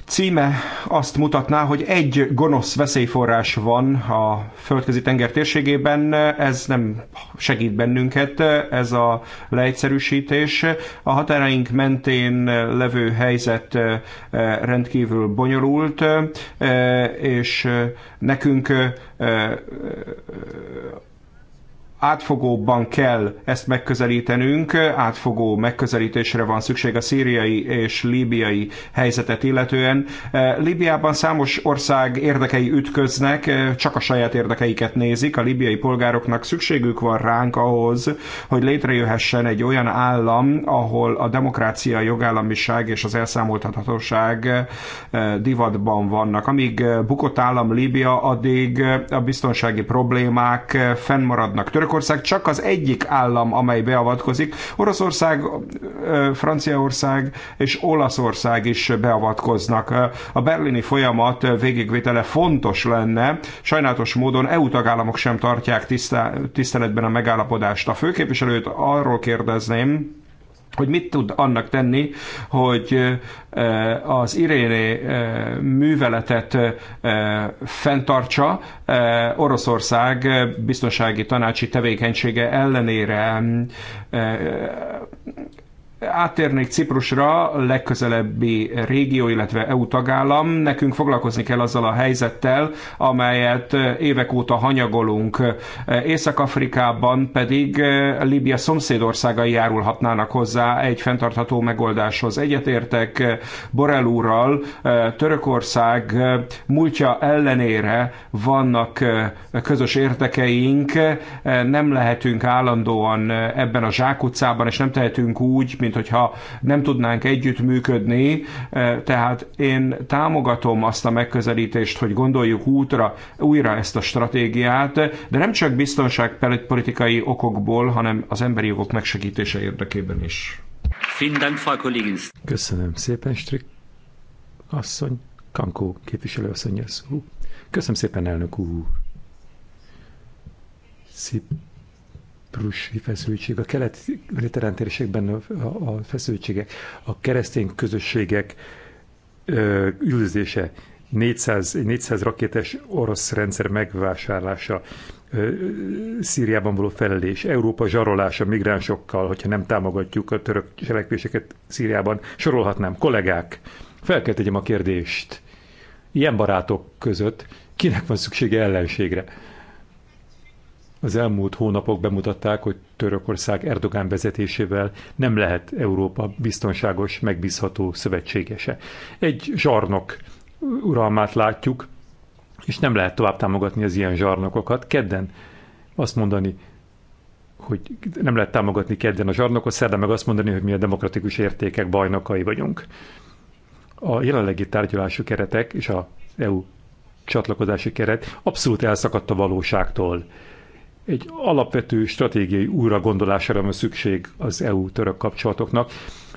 címe azt mutatná, hogy egy gonosz veszélyforrás van a földközi tenger térségében, ez nem segít bennünket, ez a leegyszerűsítés. A határaink mentén levő helyzet eh, rendkívül bonyolult, eh, és eh, nekünk átfogóbban kell ezt megközelítenünk, átfogó megközelítésre van szükség a szíriai és líbiai helyzetet illetően. Eh, Líbiában számos ország érdekei ütköznek, eh, csak a saját érdekeiket nézik. A líbiai polgároknak szükségük van ránk ahhoz, hogy létrejöhessen egy olyan állam, ahol a demokrácia, a jogállamiság és az elszámoltathatóság eh, divatban vannak. Amíg bukott állam Líbia, addig a biztonsági problémák fennmaradnak. Török Törökország csak az egyik állam, amely beavatkozik. Oroszország, Franciaország és Olaszország is beavatkoznak. A berlini folyamat végigvétele fontos lenne. Sajnálatos módon EU tagállamok sem tartják tiszteletben a megállapodást. A főképviselőt arról kérdezném, hogy mit tud annak tenni, hogy az iréni műveletet fenntartsa Oroszország biztonsági tanácsi tevékenysége ellenére Átérnék Ciprusra, legközelebbi régió, illetve EU tagállam. Nekünk foglalkozni kell azzal a helyzettel, amelyet évek óta hanyagolunk. Észak-Afrikában pedig Líbia szomszédországai járulhatnának hozzá egy fenntartható megoldáshoz. Egyetértek Borel úrral, Törökország múltja ellenére vannak közös érdekeink. nem lehetünk állandóan ebben a zsákutcában, és nem tehetünk úgy, mint hogyha nem tudnánk együttműködni. E, tehát én támogatom azt a megközelítést, hogy gondoljuk útra, újra ezt a stratégiát, de nem csak biztonságpolitikai okokból, hanem az emberi jogok megsegítése érdekében is. Köszönöm szépen, Strik asszony. Kankó képviselő asszony, Köszönöm szépen, elnök úr. Szép ciprusi feszültség, a keleti mediterrán térségben a, a feszültségek, a keresztény közösségek ö, üldözése, 400, 400 rakétes orosz rendszer megvásárlása, Szíriában való felelés, Európa zsarolása migránsokkal, hogyha nem támogatjuk a török cselekvéseket Szíriában, sorolhatnám. Kollégák, fel kell tegyem a kérdést. Ilyen barátok között kinek van szüksége ellenségre? Az elmúlt hónapok bemutatták, hogy Törökország Erdogán vezetésével nem lehet Európa biztonságos, megbízható szövetségese. Egy zsarnok uralmát látjuk, és nem lehet tovább támogatni az ilyen zsarnokokat. Kedden azt mondani, hogy nem lehet támogatni kedden a zsarnokot, szerdán meg azt mondani, hogy mi a demokratikus értékek bajnokai vagyunk. A jelenlegi tárgyalási keretek és a EU csatlakozási keret abszolút elszakadt a valóságtól egy alapvető stratégiai újragondolására van szükség az EU-török kapcsolatoknak.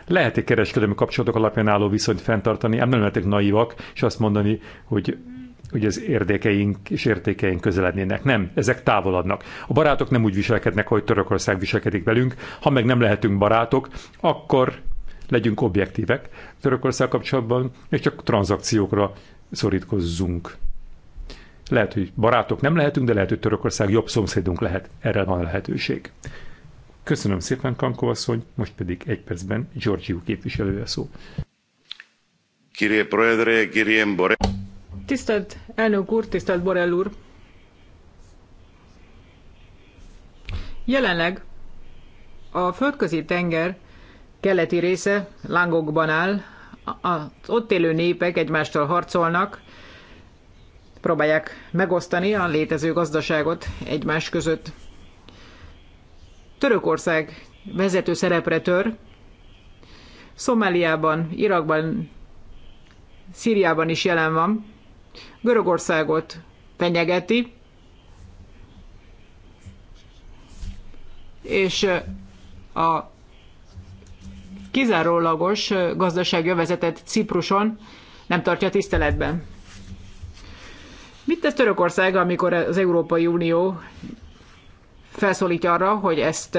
lehet egy kereskedelmi kapcsolatok alapján álló viszonyt fenntartani, nem lehetek naivak, és azt mondani, hogy hogy az érdekeink és értékeink közelednének. Nem, ezek távoladnak. A barátok nem úgy viselkednek, hogy Törökország viselkedik velünk. Ha meg nem lehetünk barátok, akkor legyünk objektívek Törökország kapcsolatban, és csak tranzakciókra szorítkozzunk. Lehet, hogy barátok nem lehetünk, de lehet, hogy Törökország jobb szomszédunk lehet. Erre van lehetőség. Köszönöm szépen, Kankó asszony, most pedig egy percben Georgiou képviselője szó. Tisztelt elnök úr, tisztelt Borrell úr! Jelenleg a földközi tenger keleti része lángokban áll, az ott élő népek egymástól harcolnak, próbálják megosztani a létező gazdaságot egymás között. Törökország vezető szerepre tör, Szomáliában, Irakban, Szíriában is jelen van, Görögországot fenyegeti, és a kizárólagos gazdaságjövezetet Cipruson nem tartja tiszteletben. Mit tesz Törökország, amikor az Európai Unió felszólítja arra, hogy ezt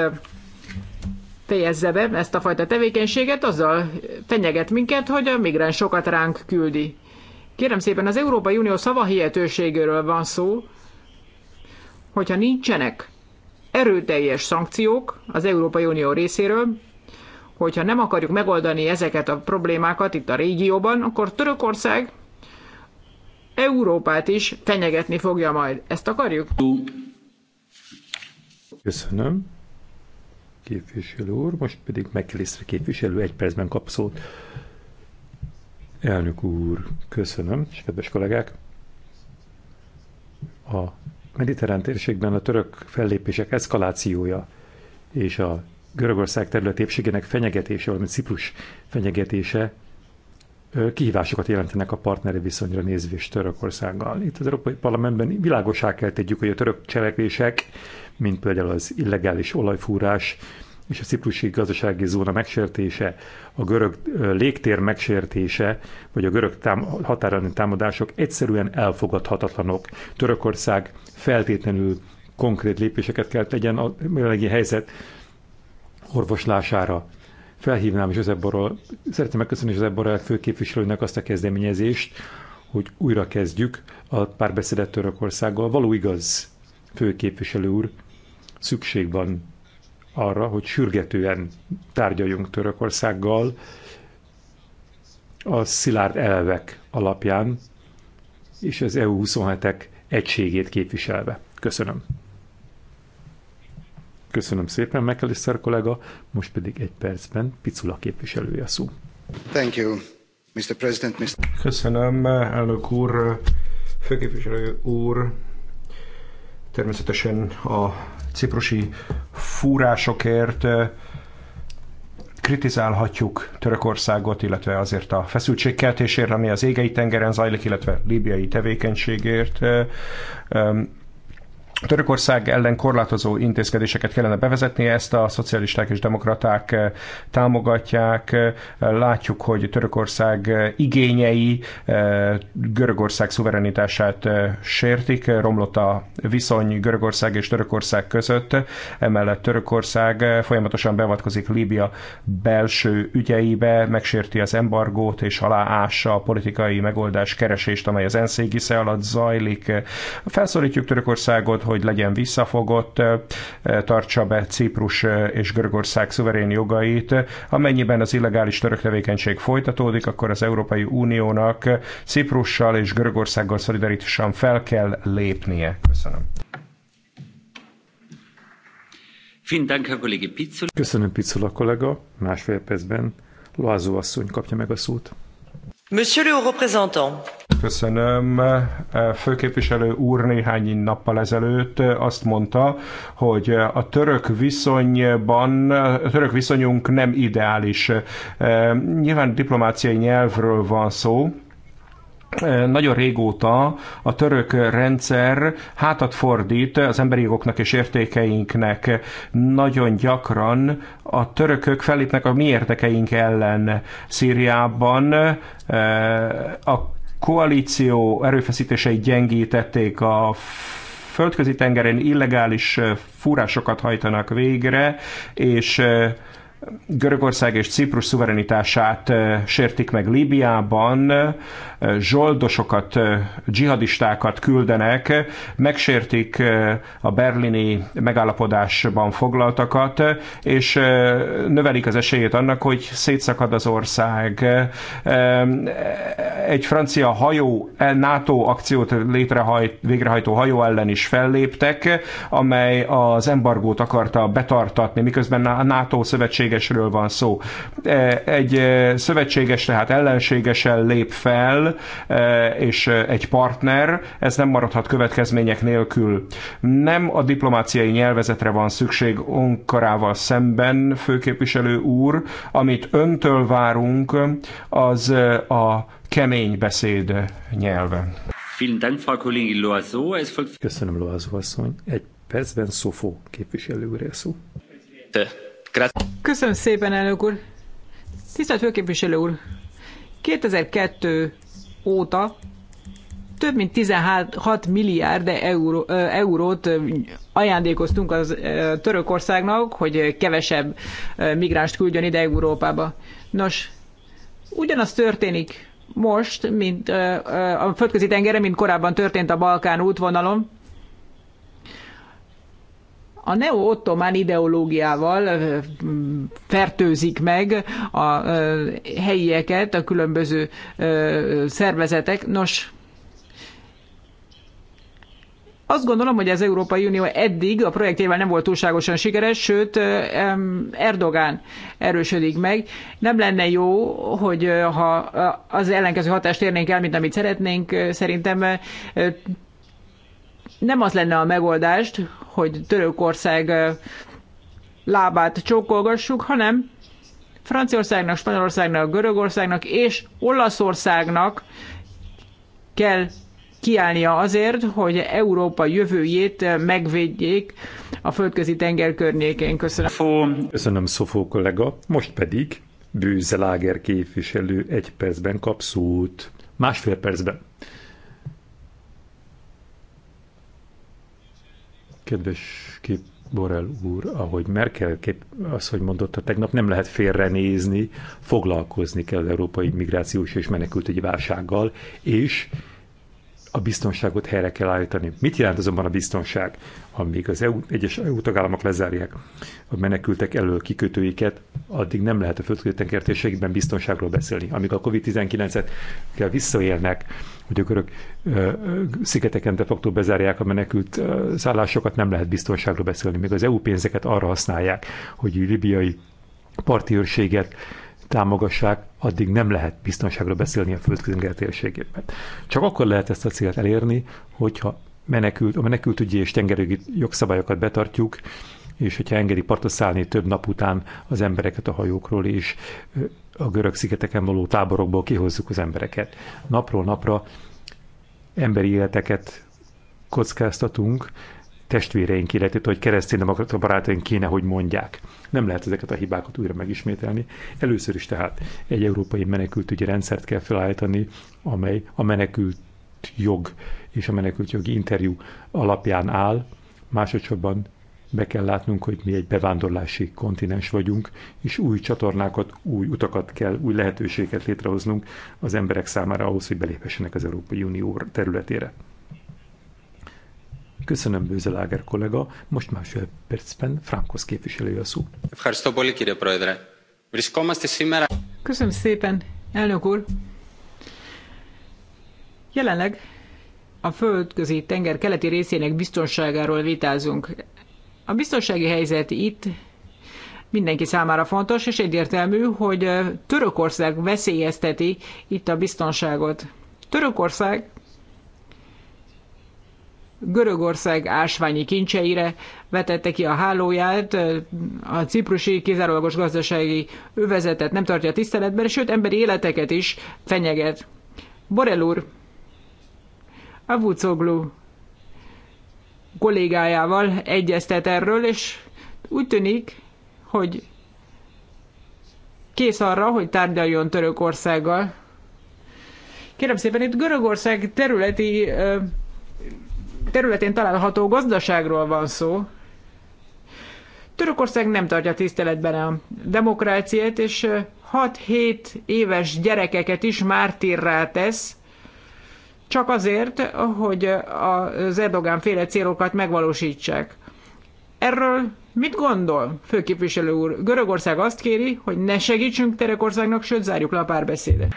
fejezze be, ezt a fajta tevékenységet, azzal fenyeget minket, hogy a migránsokat ránk küldi. Kérem szépen, az Európai Unió szavahihetőségéről van szó, hogyha nincsenek erőteljes szankciók az Európai Unió részéről, hogyha nem akarjuk megoldani ezeket a problémákat itt a régióban, akkor Törökország Európát is fenyegetni fogja majd. Ezt akarjuk? Köszönöm. Képviselő úr, most pedig megkérdezte képviselő, egy percben kap szót. Elnök úr, köszönöm, és kedves kollégák! A mediterrán térségben a török fellépések eszkalációja és a Görögország terület épségének fenyegetése, valamint Ciprus fenyegetése kihívásokat jelentenek a partneri viszonyra nézvést Törökországgal. Itt az Európai Parlamentben világosá kell tegyük, hogy a török cselekvések, mint például az illegális olajfúrás és a ciprusi gazdasági zóna megsértése, a görög légtér megsértése, vagy a görög tám- határani támadások egyszerűen elfogadhatatlanok. Törökország feltétlenül konkrét lépéseket kell tegyen a jelenlegi helyzet orvoslására felhívnám Josep Borrell, szeretném megköszönni Josep Borrell főképviselőnek azt a kezdeményezést, hogy újra kezdjük a párbeszédet Törökországgal. Való igaz, főképviselő úr, szükség van arra, hogy sürgetően tárgyaljunk Törökországgal a szilárd elvek alapján és az EU 27-ek egységét képviselve. Köszönöm. Köszönöm szépen, McAllister kollega, most pedig egy percben Picula képviselője szó. Thank you, Mr. President. Mr. Köszönöm, elnök úr, főképviselő úr, természetesen a ciprusi fúrásokért eh, kritizálhatjuk Törökországot, illetve azért a feszültségkeltésért, ami az égei tengeren zajlik, illetve líbiai tevékenységért. Eh, Törökország ellen korlátozó intézkedéseket kellene bevezetni, ezt a szocialisták és demokraták eh, támogatják. Eh, látjuk, hogy Törökország eh, igényei Görögország szuverenitását sértik, romlott a viszony Görögország és Törökország között, emellett Törökország folyamatosan beavatkozik Líbia belső ügyeibe, megsérti az embargót és aláássa a politikai megoldás keresést, amely az ENSZ alatt zajlik. Felszólítjuk Törökországot, hogy legyen visszafogott, tartsa be Ciprus és Görögország szuverén jogait. Amennyiben az illegális török tevékenység folytatódik, akkor az Európai Uniónak Ciprussal és Görögországgal szolidaritásan fel kell lépnie. Köszönöm. Köszönöm, Picula kollega. Másfél percben Lázó asszony kapja meg a szót. Monsieur le haut représentant. Köszönöm. Eh, főképviselő úr néhány nappal ezelőtt eh, azt mondta, hogy eh, a török viszonyban, a török viszonyunk nem ideális. Nyilván diplomáciai nyelvről van szó, nagyon régóta a török rendszer hátat fordít az emberi jogoknak és értékeinknek. Nagyon gyakran a törökök felépnek a mi érdekeink ellen Szíriában. A koalíció erőfeszítései gyengítették a földközi tengeren illegális fúrásokat hajtanak végre, és Görögország és Ciprus szuverenitását sértik meg Líbiában, zsoldosokat, dzsihadistákat küldenek, megsértik a berlini megállapodásban foglaltakat, és növelik az esélyét annak, hogy szétszakad az ország. Egy francia hajó, e, NATO akciót létrehajt, végrehajtó hajó ellen is felléptek, amely az embargót akarta betartatni, miközben a NATO szövetségesről van szó. Egy szövetséges tehát ellenségesen lép fel, és egy partner, ez nem maradhat következmények nélkül. Nem a diplomáciai nyelvezetre van szükség Onkarával szemben, főképviselő úr, amit öntől várunk, az a kemény beszéd nyelve. Köszönöm, Loazó asszony. Egy percben Szofó képviselő úr szó. Köszönöm szépen, elnök úr. Tisztelt főképviselő úr, 2002 óta több mint 16 milliárd euró, eurót ajándékoztunk az Törökországnak, hogy kevesebb migránst küldjön ide Európába. Nos, ugyanaz történik most, mint a földközi tengeren, mint korábban történt a Balkán útvonalon a neo-ottomán ideológiával fertőzik meg a helyieket, a különböző szervezetek. Nos, azt gondolom, hogy az Európai Unió eddig a projektjével nem volt túlságosan sikeres, sőt Erdogán erősödik meg. Nem lenne jó, hogy ha az ellenkező hatást érnénk el, mint amit szeretnénk, szerintem nem az lenne a megoldást, hogy Törökország lábát csókolgassuk, hanem Franciaországnak, Spanyolországnak, Görögországnak és Olaszországnak kell kiállnia azért, hogy Európa jövőjét megvédjék a földközi tenger környékén. Köszönöm. Köszönöm, Szofó kollega. Most pedig Bőzeláger képviselő egy percben kap szót. Másfél percben. Kedves kép Borel úr, ahogy Merkel kép, az, hogy mondotta tegnap, nem lehet félrenézni, foglalkozni kell az európai migrációs és menekültügyi válsággal, és a biztonságot helyre kell állítani. Mit jelent azonban a biztonság, amíg az EU, egyes EU tagállamok lezárják a menekültek elől kikötőiket, addig nem lehet a földközi tengertérségben biztonságról beszélni. Amíg a COVID-19-et kell visszaélnek, hogy a görög szigeteken de facto bezárják a menekült szállásokat, nem lehet biztonságról beszélni. Még az EU pénzeket arra használják, hogy libiai parti őrséget támogassák, addig nem lehet biztonságról beszélni a földközi térségében. Csak akkor lehet ezt a célt elérni, hogyha menekült, a ügyi és tengerügyi jogszabályokat betartjuk, és hogyha engedi partra szállni több nap után az embereket a hajókról, és a görög szigeteken való táborokból kihozzuk az embereket. Napról napra emberi életeket kockáztatunk, testvéreink életét, hogy kereszténydemokrata barátaink kéne, hogy mondják. Nem lehet ezeket a hibákat újra megismételni. Először is tehát egy európai menekültügyi rendszert kell felállítani, amely a menekült jog és a menekült jogi interjú alapján áll, másodszorban be kell látnunk, hogy mi egy bevándorlási kontinens vagyunk, és új csatornákat, új utakat kell, új lehetőséget létrehoznunk az emberek számára ahhoz, hogy beléphessenek az Európai Unió területére. Köszönöm Bőzeláger kollega, most másfél percben Frankos képviselő a szó. Köszönöm szépen, elnök úr! Jelenleg a földközi tenger keleti részének biztonságáról vitázunk. A biztonsági helyzet itt mindenki számára fontos, és egyértelmű, hogy Törökország veszélyezteti itt a biztonságot. Törökország Görögország ásványi kincseire vetette ki a hálóját, a ciprusi kizárólagos gazdasági övezetet nem tartja a tiszteletben, sőt emberi életeket is fenyeget. Borel úr, Avucoglu kollégájával egyeztet erről, és úgy tűnik, hogy kész arra, hogy tárgyaljon Törökországgal. Kérem szépen, itt Görögország területi, területén található gazdaságról van szó. Törökország nem tartja tiszteletben a demokráciát, és 6-7 éves gyerekeket is mártírrá tesz, csak azért, hogy az Erdogán féle célokat megvalósítsák. Erről mit gondol, főképviselő úr? Görögország azt kéri, hogy ne segítsünk Terekországnak, sőt zárjuk le a párbeszédet.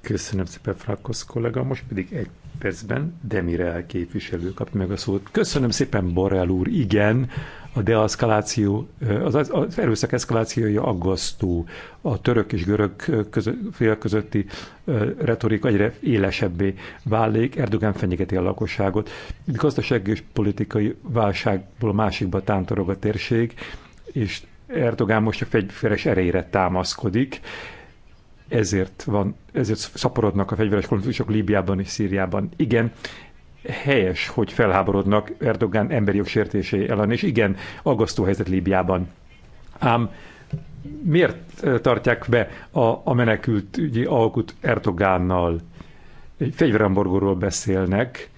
Köszönöm szépen, Frakosz kollega. Most pedig egy percben Demirel képviselő kap meg a szót. Köszönöm szépen, Borrell úr, igen, a deeszkaláció, az, az erőszak eszkalációja aggasztó. A török és görög között, fél közötti retorika egyre élesebbé válik, Erdogan fenyegeti a lakosságot. Gazdasági és politikai válságból a másikba tántorog a térség, és Erdogan most a fegyveres erejére támaszkodik, ezért, van, ezért szaporodnak a fegyveres konfliktusok Líbiában és Szíriában. Igen, helyes, hogy felháborodnak Erdogán emberi jogsértései ellen, és igen, aggasztó helyzet Líbiában. Ám miért tartják be a, a menekült ügyi alkut Erdogánnal? Egy fegyveremborgóról beszélnek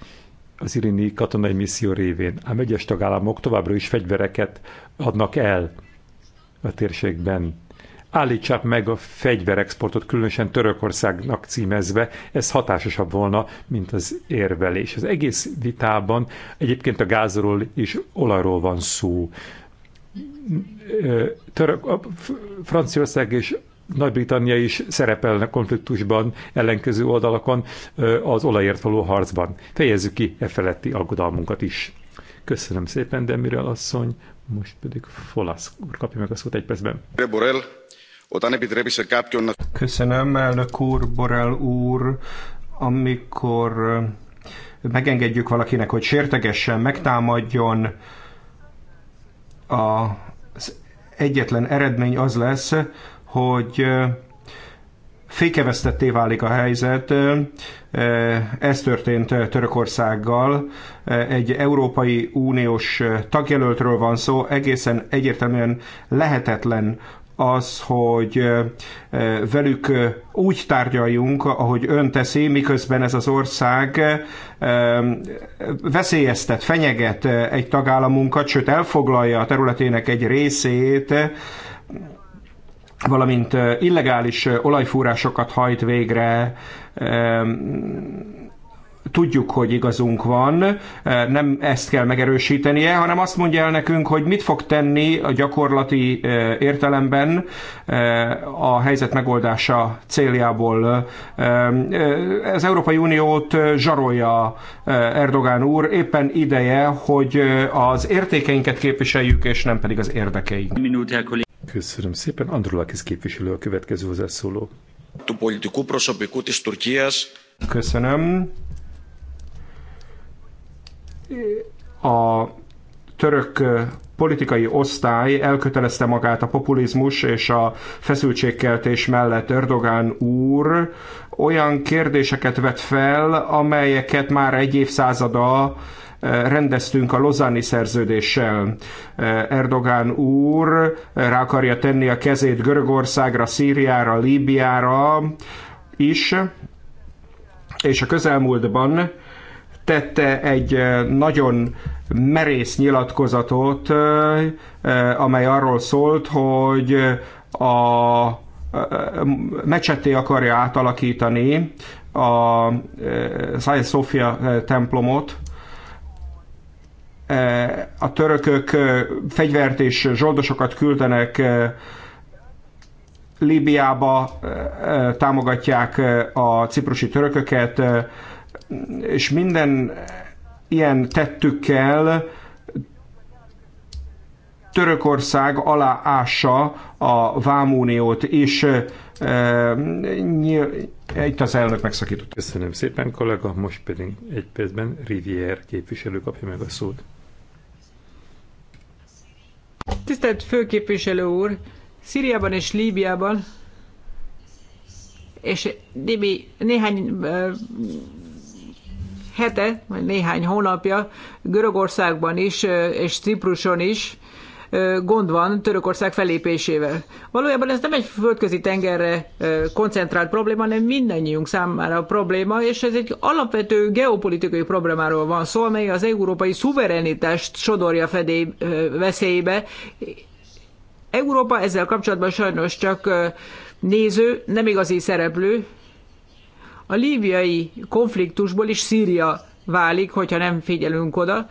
az irini katonai misszió révén, ám egyes tagállamok továbbra is fegyvereket adnak el a térségben állítsák meg a fegyverexportot, különösen Törökországnak címezve, ez hatásosabb volna, mint az érvelés. Az egész vitában egyébként a gázról és olajról van szó. Török, Franciaország és nagy-Britannia is szerepelne konfliktusban, ellenkező oldalakon az olajért való harcban. Fejezzük ki e feletti aggodalmunkat is. Köszönöm szépen, Demirel asszony, most pedig Folasz úr kapja meg a szót egy percben. Borrell. Όταν επιτρέπει σε κάποιον να... Köszönöm, elnök úr, Borel úr, amikor eh, megengedjük valakinek, hogy sértegessen, megtámadjon, az egyetlen eredmény az lesz, hogy eh, fékevesztetté válik a helyzet. Eh, ez történt Törökországgal. Egy Európai Uniós tagjelöltről van szó, egészen egyértelműen lehetetlen az, hogy velük úgy tárgyaljunk, ahogy ön teszi, miközben ez az ország veszélyeztet, fenyeget egy tagállamunkat, sőt elfoglalja a területének egy részét, valamint illegális olajfúrásokat hajt végre, tudjuk, hogy igazunk van, nem ezt kell megerősítenie, hanem azt mondja el nekünk, hogy mit fog tenni a gyakorlati értelemben a helyzet megoldása céljából. Az Európai Uniót zsarolja Erdogán úr, éppen ideje, hogy az értékeinket képviseljük, és nem pedig az érdekeinket. Köszönöm szépen. Andrulakis képviselő a következő hozzászóló. Köszönöm a török politikai osztály elkötelezte magát a populizmus és a feszültségkeltés mellett Erdogán úr olyan kérdéseket vett fel, amelyeket már egy évszázada rendeztünk a lozáni szerződéssel. Erdogán úr rá akarja tenni a kezét Görögországra, Szíriára, Líbiára is, és a közelmúltban tette egy nagyon merész nyilatkozatot, amely arról szólt, hogy a mecseté akarja átalakítani a Hagia Sophia templomot, a törökök fegyvert és zsoldosokat küldenek Líbiába, támogatják a ciprusi törököket, és minden ilyen tettükkel Törökország aláássa a Vámuniót, és e, e, itt az elnök megszakított. Köszönöm szépen, kollega. Most pedig egy percben Rivière képviselő kapja meg a szót. Tisztelt főképviselő úr! Szíriában és Líbiában és némi, néhány hete, vagy néhány hónapja Görögországban is és Cipruson is gond van Törökország felépésével. Valójában ez nem egy földközi tengerre koncentrált probléma, hanem mindannyiunk számára probléma, és ez egy alapvető geopolitikai problémáról van szó, amely az európai szuverenitást sodorja fedé veszélybe. Európa ezzel kapcsolatban sajnos csak néző, nem igazi szereplő, a Líviai konfliktusból is Szíria válik, hogyha nem figyelünk oda.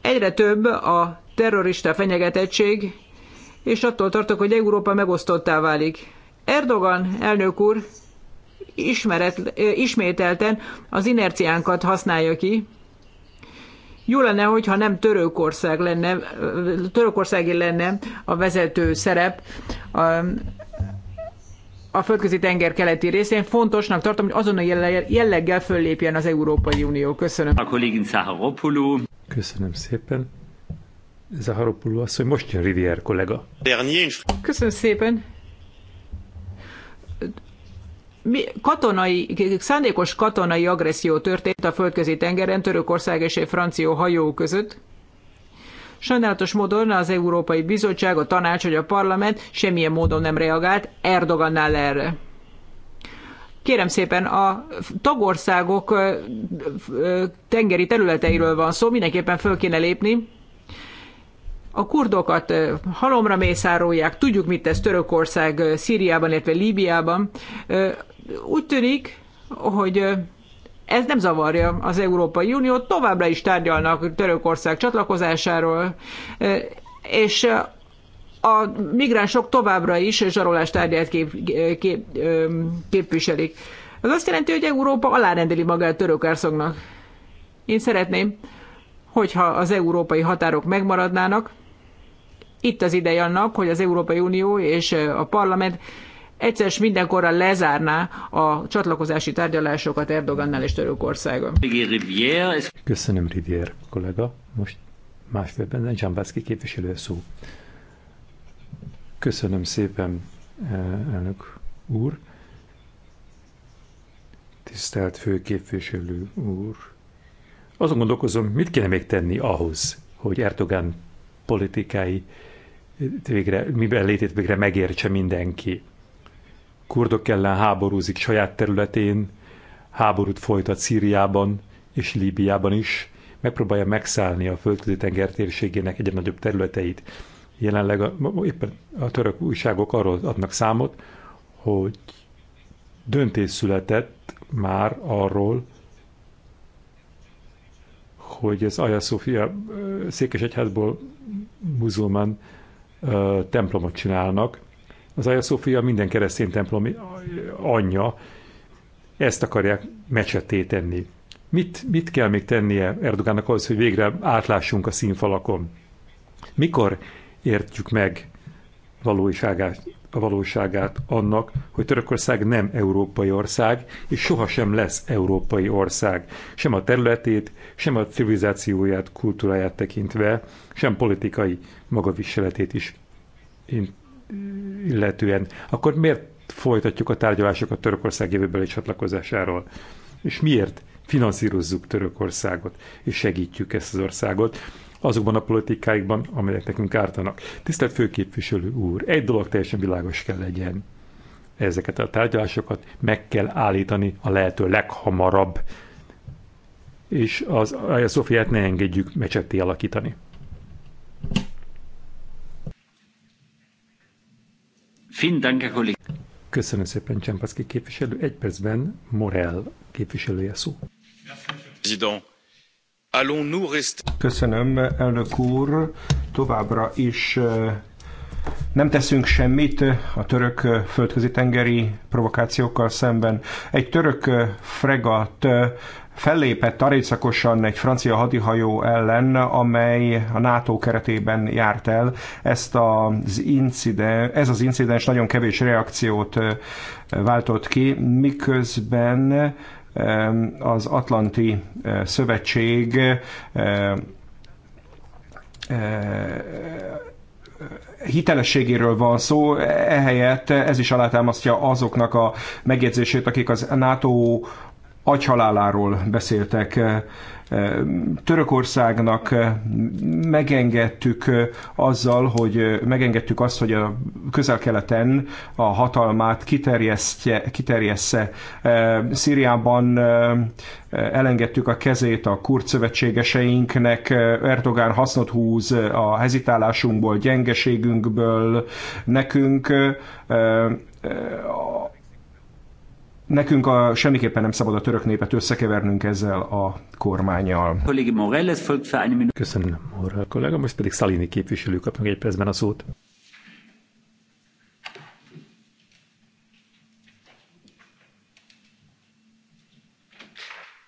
Egyre több a terrorista fenyegetettség, és attól tartok, hogy Európa megosztottá válik. Erdogan elnök úr ismeret, ismételten az inerciánkat használja ki. Jó lenne, hogyha nem Törökország lenne, Törökországi lenne a vezető szerep a földközi tenger keleti részén. Fontosnak tartom, hogy azon a jelleggel föllépjen az Európai Unió. Köszönöm. A kollégin Szaharopoulou. Köszönöm szépen. Zaharopoulou asszony, most jön Rivière kollega. Köszönöm szépen. Mi, katonai, szándékos katonai agresszió történt a földközi tengeren Törökország és egy francia hajó között Sajnálatos módon az Európai Bizottság, a tanács vagy a parlament semmilyen módon nem reagált Erdogannál erre kérem szépen a tagországok tengeri területeiről van szó, mindenképpen föl kéne lépni. A kurdokat halomra mészárolják, tudjuk mit tesz Törökország Szíriában, illetve Líbiában. Úgy tűnik, hogy ez nem zavarja az Európai Uniót, továbbra is tárgyalnak Törökország csatlakozásáról, és a migránsok továbbra is zsarolás tárgyát kép, kép, képviselik. Ez azt jelenti, hogy Európa alárendeli magát Törökországnak. Én szeretném, hogyha az európai határok megmaradnának, itt az ideje annak, hogy az Európai Unió és a parlament egyszer s mindenkorra lezárná a csatlakozási tárgyalásokat Erdogannal és Törökországon. Köszönöm, Rivier kollega. Most másfélben Zsambászki képviselő szó. Köszönöm szépen, eh, elnök úr. Tisztelt főképviselő úr. Azon gondolkozom, mit kéne még tenni ahhoz, hogy Erdogan politikái végre, miben létét végre megértse mindenki kurdok ellen háborúzik saját területén, háborút folytat Szíriában és Líbiában is, megpróbálja megszállni a földközi tenger térségének egyre nagyobb területeit. Jelenleg a, éppen a török újságok arról adnak számot, hogy döntés született már arról, hogy az Aja Szófia székesegyházból muzulmán templomot csinálnak, az Hagia Szófia minden keresztény templom anyja, ezt akarják mecseté tenni. Mit, mit kell még tennie Erdogának ahhoz, hogy végre átlássunk a színfalakon? Mikor értjük meg valóságát, a valóságát annak, hogy Törökország nem európai ország, és sohasem lesz európai ország, sem a területét, sem a civilizációját, kultúráját tekintve, sem politikai magaviseletét is illetően, akkor miért folytatjuk a tárgyalásokat Törökország jövőbeli csatlakozásáról? És miért finanszírozzuk Törökországot, és segítjük ezt az országot azokban a politikáikban, amelyek nekünk ártanak? Tisztelt főképviselő úr, egy dolog teljesen világos kell legyen. Ezeket a tárgyalásokat meg kell állítani a lehető leghamarabb, és az, a Szofiát ne engedjük mecseté alakítani. Köszönöm szépen, Csámpaszki képviselő. Egy percben Morel képviselője szó. Köszönöm, elnök úr. Továbbra is eh, nem teszünk semmit a török eh, földközi tengeri provokációkkal szemben. Egy török eh, fregat fellépett arrécsakosan egy francia hadihajó ellen, amely a NATO keretében járt el. Ezt az inciden, ez az incidens nagyon kevés reakciót váltott ki, miközben az Atlanti Szövetség hitelességéről van szó, ehelyett ez is alátámasztja azoknak a megjegyzését, akik az NATO agyhaláláról beszéltek. Eh, Törökországnak eh, megengedtük eh, azzal, hogy megengedtük azt, hogy a közel-keleten a hatalmát kiterjessze. Szíriában elengedtük a kezét a kurd szövetségeseinknek, Erdogán hasznot húz a hezitálásunkból, gyengeségünkből, nekünk Nekünk a, semmiképpen nem szabad a török népet összekevernünk ezzel a kormányjal. Köszönöm, Morel kollega. Most pedig Szalini képviselő kapnak egy percben a szót.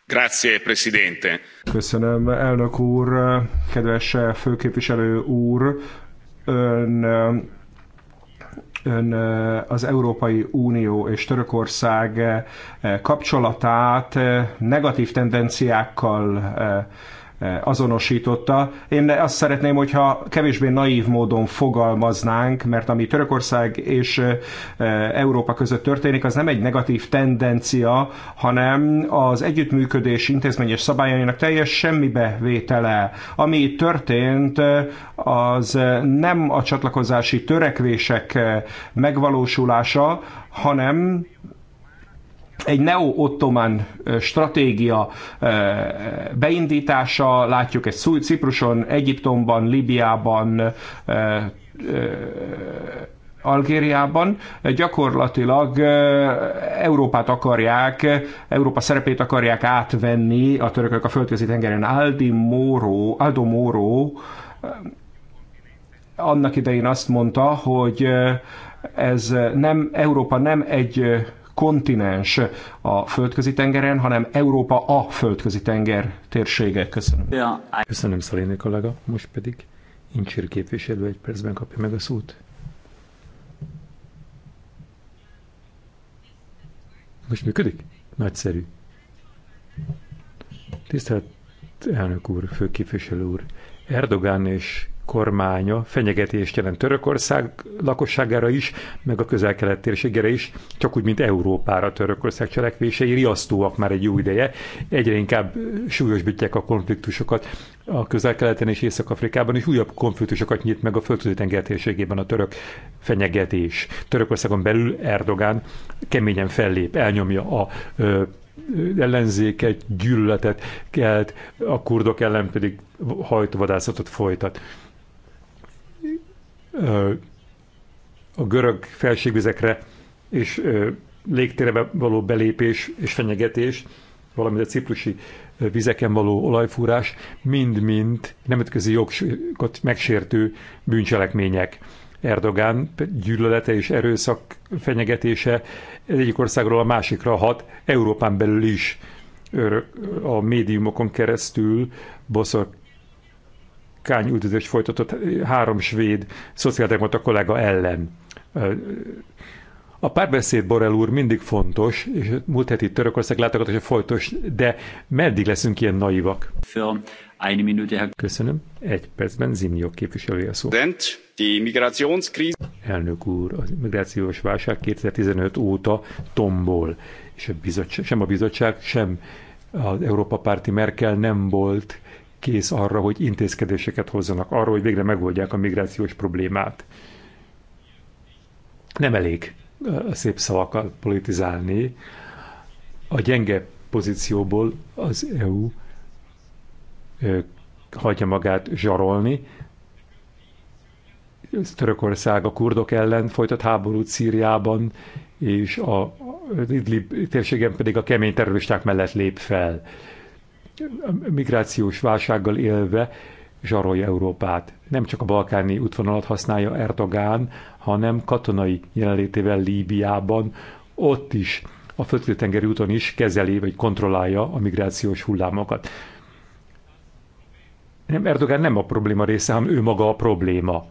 Grazie, Presidente. Köszönöm, elnök úr, kedves főképviselő úr. Ön ön az Európai Unió és Törökország kapcsolatát negatív tendenciákkal Eh, azonosította. Én azt szeretném, hogyha kevésbé naív módon fogalmaznánk, mert ami Törökország és eh, Európa között történik, az nem egy negatív tendencia, hanem az együttműködés intézményes szabályainak teljes semmibe vétele. Ami itt történt, eh, az nem a csatlakozási törekvések megvalósulása, hanem egy neo-ottomán stratégia beindítása, látjuk ezt Cipruson, Egyiptomban, Libiában, Algériában gyakorlatilag Európát akarják, Európa szerepét akarják átvenni a törökök a földközi tengeren. Aldi Moro, Aldo Moro annak idején azt mondta, hogy ez nem, Európa nem egy kontinens a földközi tengeren, hanem Európa a földközi tenger térsége. Köszönöm. Köszönöm, Szaléni kollega. Most pedig Incsir képviselő egy percben kapja meg a szót. Most működik? Nagyszerű. Tisztelt elnök úr, főképviselő úr, Erdogán és kormánya fenyegetést jelent Törökország lakosságára is, meg a közel-kelet térségére is, csak úgy, mint Európára Törökország cselekvései riasztóak már egy jó ideje, egyre inkább súlyosbítják a konfliktusokat a közel-keleten és Észak-Afrikában, és újabb konfliktusokat nyit meg a földközi tenger térségében a török fenyegetés. Törökországon belül Erdogán keményen fellép, elnyomja a ö, ellenzéket, gyűlöletet kelt, a kurdok ellen pedig hajtóvadászatot folytat a görög felségvizekre és légtérebe való belépés és fenyegetés, valamint a ciprusi vizeken való olajfúrás mind-mind nemzetközi jogokat megsértő bűncselekmények. Erdogán gyűlölete és erőszak fenyegetése egyik országról a másikra hat, Európán belül is a médiumokon keresztül boszor kány kányüldözést folytatott három svéd szociáldemokrata kollega ellen. A párbeszéd, Borel úr, mindig fontos, és múlt heti Törökország látogatása fontos, de meddig leszünk ilyen naivak? Köszönöm. Egy percben Zimnyó képviselője szó. Elnök úr, a migrációs válság 2015 óta tombol, és a bizottság, sem a bizottság, sem az Európa Párti Merkel nem volt kész arra, hogy intézkedéseket hozzanak, arra, hogy végre megoldják a migrációs problémát. Nem elég szép szavakkal politizálni. A gyenge pozícióból az EU hagyja magát zsarolni. Törökország a kurdok ellen folytat háborút Szíriában, és a Idlib térségen pedig a kemény terroristák mellett lép fel migrációs válsággal élve zsarolja Európát. Nem csak a balkáni útvonalat használja Erdogán, hanem katonai jelenlétével Líbiában, ott is a földtengeri úton is kezeli vagy kontrollálja a migrációs hullámokat. Nem, Erdogán nem a probléma része, hanem ő maga a probléma.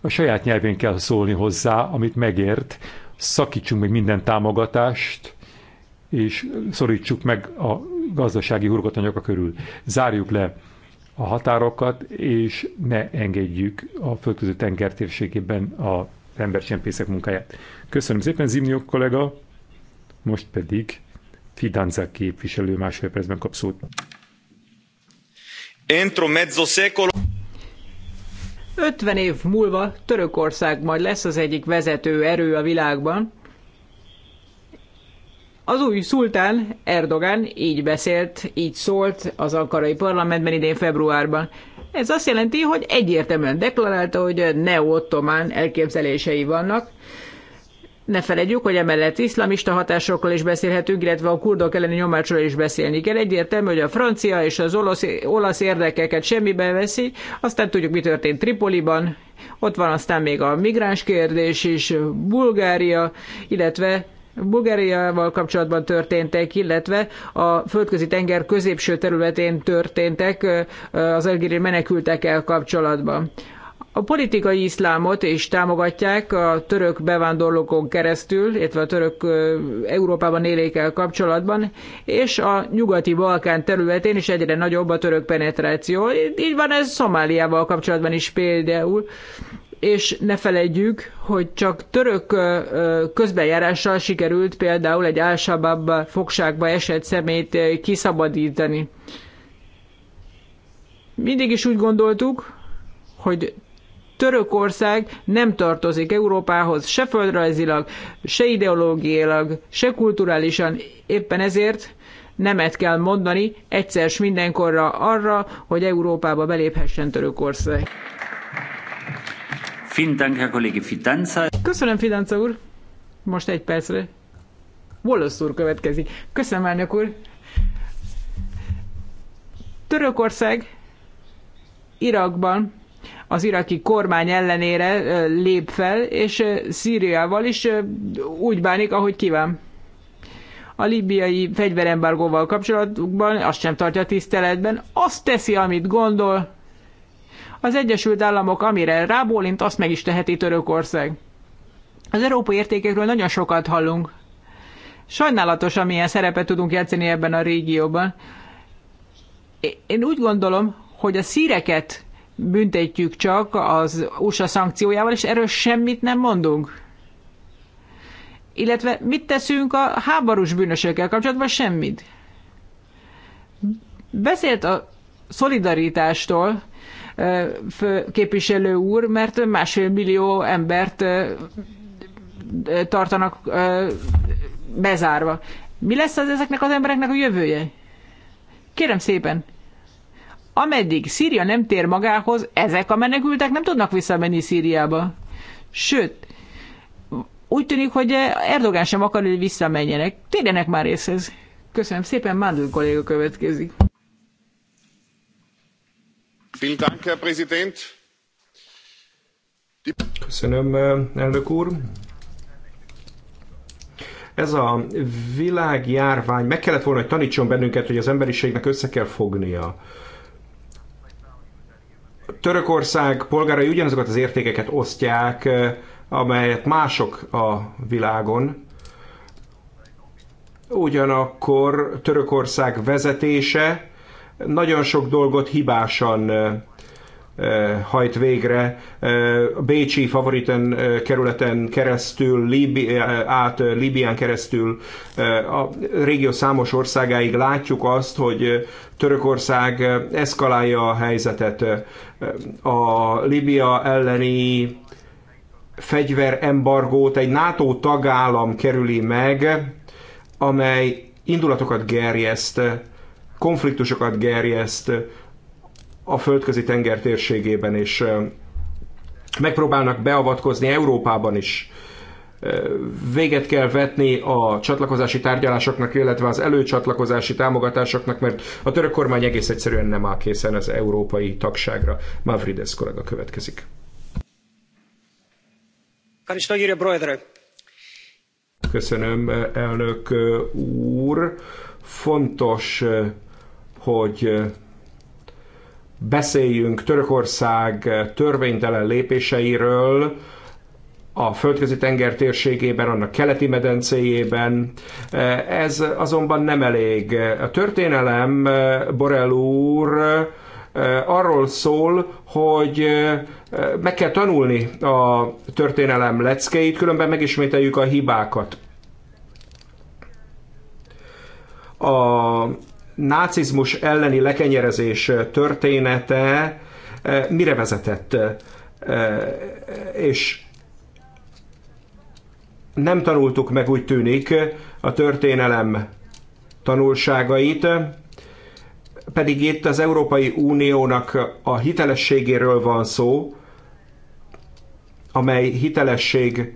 A saját nyelvén kell szólni hozzá, amit megért, szakítsunk meg minden támogatást, és szorítsuk meg a gazdasági hurgatanyaga körül. Zárjuk le a határokat, és ne engedjük a földközi tenger térségében a embercsempészek munkáját. Köszönöm szépen, Zimniok kollega, most pedig Fidanza képviselő másfél percben kap szót. Entro mezzo secolo. 50 év múlva Törökország majd lesz az egyik vezető erő a világban, az új szultán, Erdogan így beszélt, így szólt az ankarai parlamentben idén februárban. Ez azt jelenti, hogy egyértelműen deklarálta, hogy neo-ottomán elképzelései vannak. Ne felejtjük, hogy emellett iszlamista hatásokról is beszélhetünk, illetve a kurdok elleni nyomásról is beszélni kell. Egyértelmű, hogy a francia és az olasz, olasz érdekeket semmibe veszi, aztán tudjuk, mi történt Tripoliban, ott van aztán még a migráns kérdés is, Bulgária, illetve Bulgáriával kapcsolatban történtek, illetve a földközi tenger középső területén történtek az algéri menekültekkel kapcsolatban. A politikai iszlámot is támogatják a török bevándorlókon keresztül, illetve a török Európában élékel kapcsolatban, és a nyugati Balkán területén is egyre nagyobb a török penetráció. Így van ez Szomáliával kapcsolatban is például és ne felejtjük, hogy csak török közbejárással sikerült például egy álsabab fogságba esett szemét kiszabadítani. Mindig is úgy gondoltuk, hogy Törökország nem tartozik Európához se földrajzilag, se ideológiailag, se kulturálisan, éppen ezért nemet kell mondani egyszer s mindenkorra arra, hogy Európába beléphessen Törökország. Köszönöm, Fidanza úr. Most egy percre. Wallace úr következik. Köszönöm, elnök úr. Törökország Irakban az iraki kormány ellenére lép fel, és Szíriával is úgy bánik, ahogy kíván. A libiai fegyverembargóval kapcsolatban azt sem tartja tiszteletben, azt teszi, amit gondol, az Egyesült Államok, amire rábólint, azt meg is teheti Törökország. Az európai értékekről nagyon sokat hallunk. Sajnálatos, amilyen szerepet tudunk játszani ebben a régióban. Én úgy gondolom, hogy a szíreket büntetjük csak az USA szankciójával, és erről semmit nem mondunk. Illetve mit teszünk a háborús bűnösökkel kapcsolatban? Semmit. Beszélt a szolidaritástól, képviselő úr, mert másfél millió embert tartanak bezárva. Mi lesz az ezeknek az embereknek a jövője? Kérem szépen, ameddig Szíria nem tér magához, ezek a menekültek nem tudnak visszamenni Szíriába. Sőt, úgy tűnik, hogy Erdogán sem akar, hogy visszamenjenek. Térjenek már részhez. Köszönöm szépen, Mándul kolléga következik. Köszönöm, eh, elnök úr. Ez a világjárvány meg kellett volna, hogy tanítson bennünket, hogy az emberiségnek össze kell fognia. Törökország polgárai ugyanazokat az értékeket osztják, eh, amelyet mások a világon. Ugyanakkor Törökország vezetése nagyon sok dolgot hibásan hajt végre. Bécsi favoriten kerületen keresztül, Libi, át Líbián keresztül a régió számos országáig látjuk azt, hogy Törökország eszkalálja a helyzetet. A Líbia elleni fegyverembargót egy NATO tagállam kerüli meg, amely indulatokat gerjeszt konfliktusokat gerjeszt a földközi tenger térségében, és megpróbálnak beavatkozni Európában is. Véget kell vetni a csatlakozási tárgyalásoknak, illetve az előcsatlakozási támogatásoknak, mert a török kormány egész egyszerűen nem áll készen az európai tagságra. Mavrides kollega következik. Köszönöm, elnök úr. Fontos hogy beszéljünk Törökország törvénytelen lépéseiről, a földközi tenger térségében, annak keleti medencéjében. Ez azonban nem elég. A történelem, Borel úr, arról szól, hogy meg kell tanulni a történelem leckeit, különben megismételjük a hibákat. A nácizmus elleni lekenyerezés története eh, mire vezetett. Eh, eh, és nem tanultuk meg úgy tűnik a történelem tanulságait, pedig itt az Európai Uniónak a hitelességéről van szó, amely hitelesség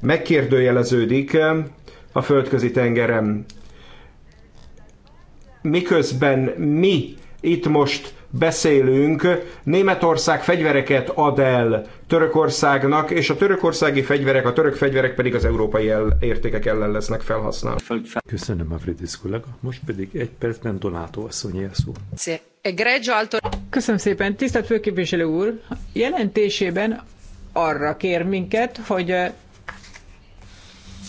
megkérdőjeleződik a földközi tengeren miközben mi itt most beszélünk, Németország fegyvereket ad el Törökországnak, és a törökországi fegyverek, a török fegyverek pedig az európai értékek ellen lesznek felhasználva. Köszönöm, Mavridis kollega. Most pedig egy percben Donátó asszony szó. Köszönöm szépen. Tisztelt főképviselő úr, jelentésében arra kér minket, hogy eh,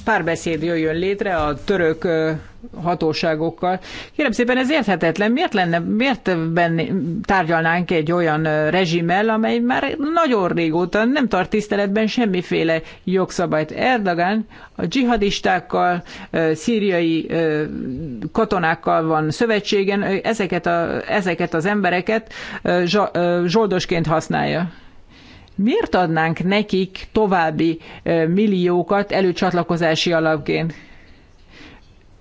párbeszéd jöjjön létre a török eh, hatóságokkal. Kérem szépen, ez érthetetlen. Miért, lenne, miért benni, tárgyalnánk egy olyan rezsimmel, amely már nagyon régóta nem tart tiszteletben semmiféle jogszabályt. Erdogan a dzsihadistákkal, szíriai katonákkal van szövetségen, ezeket, a, ezeket az embereket zsoldosként használja miért adnánk nekik további milliókat előcsatlakozási alapként?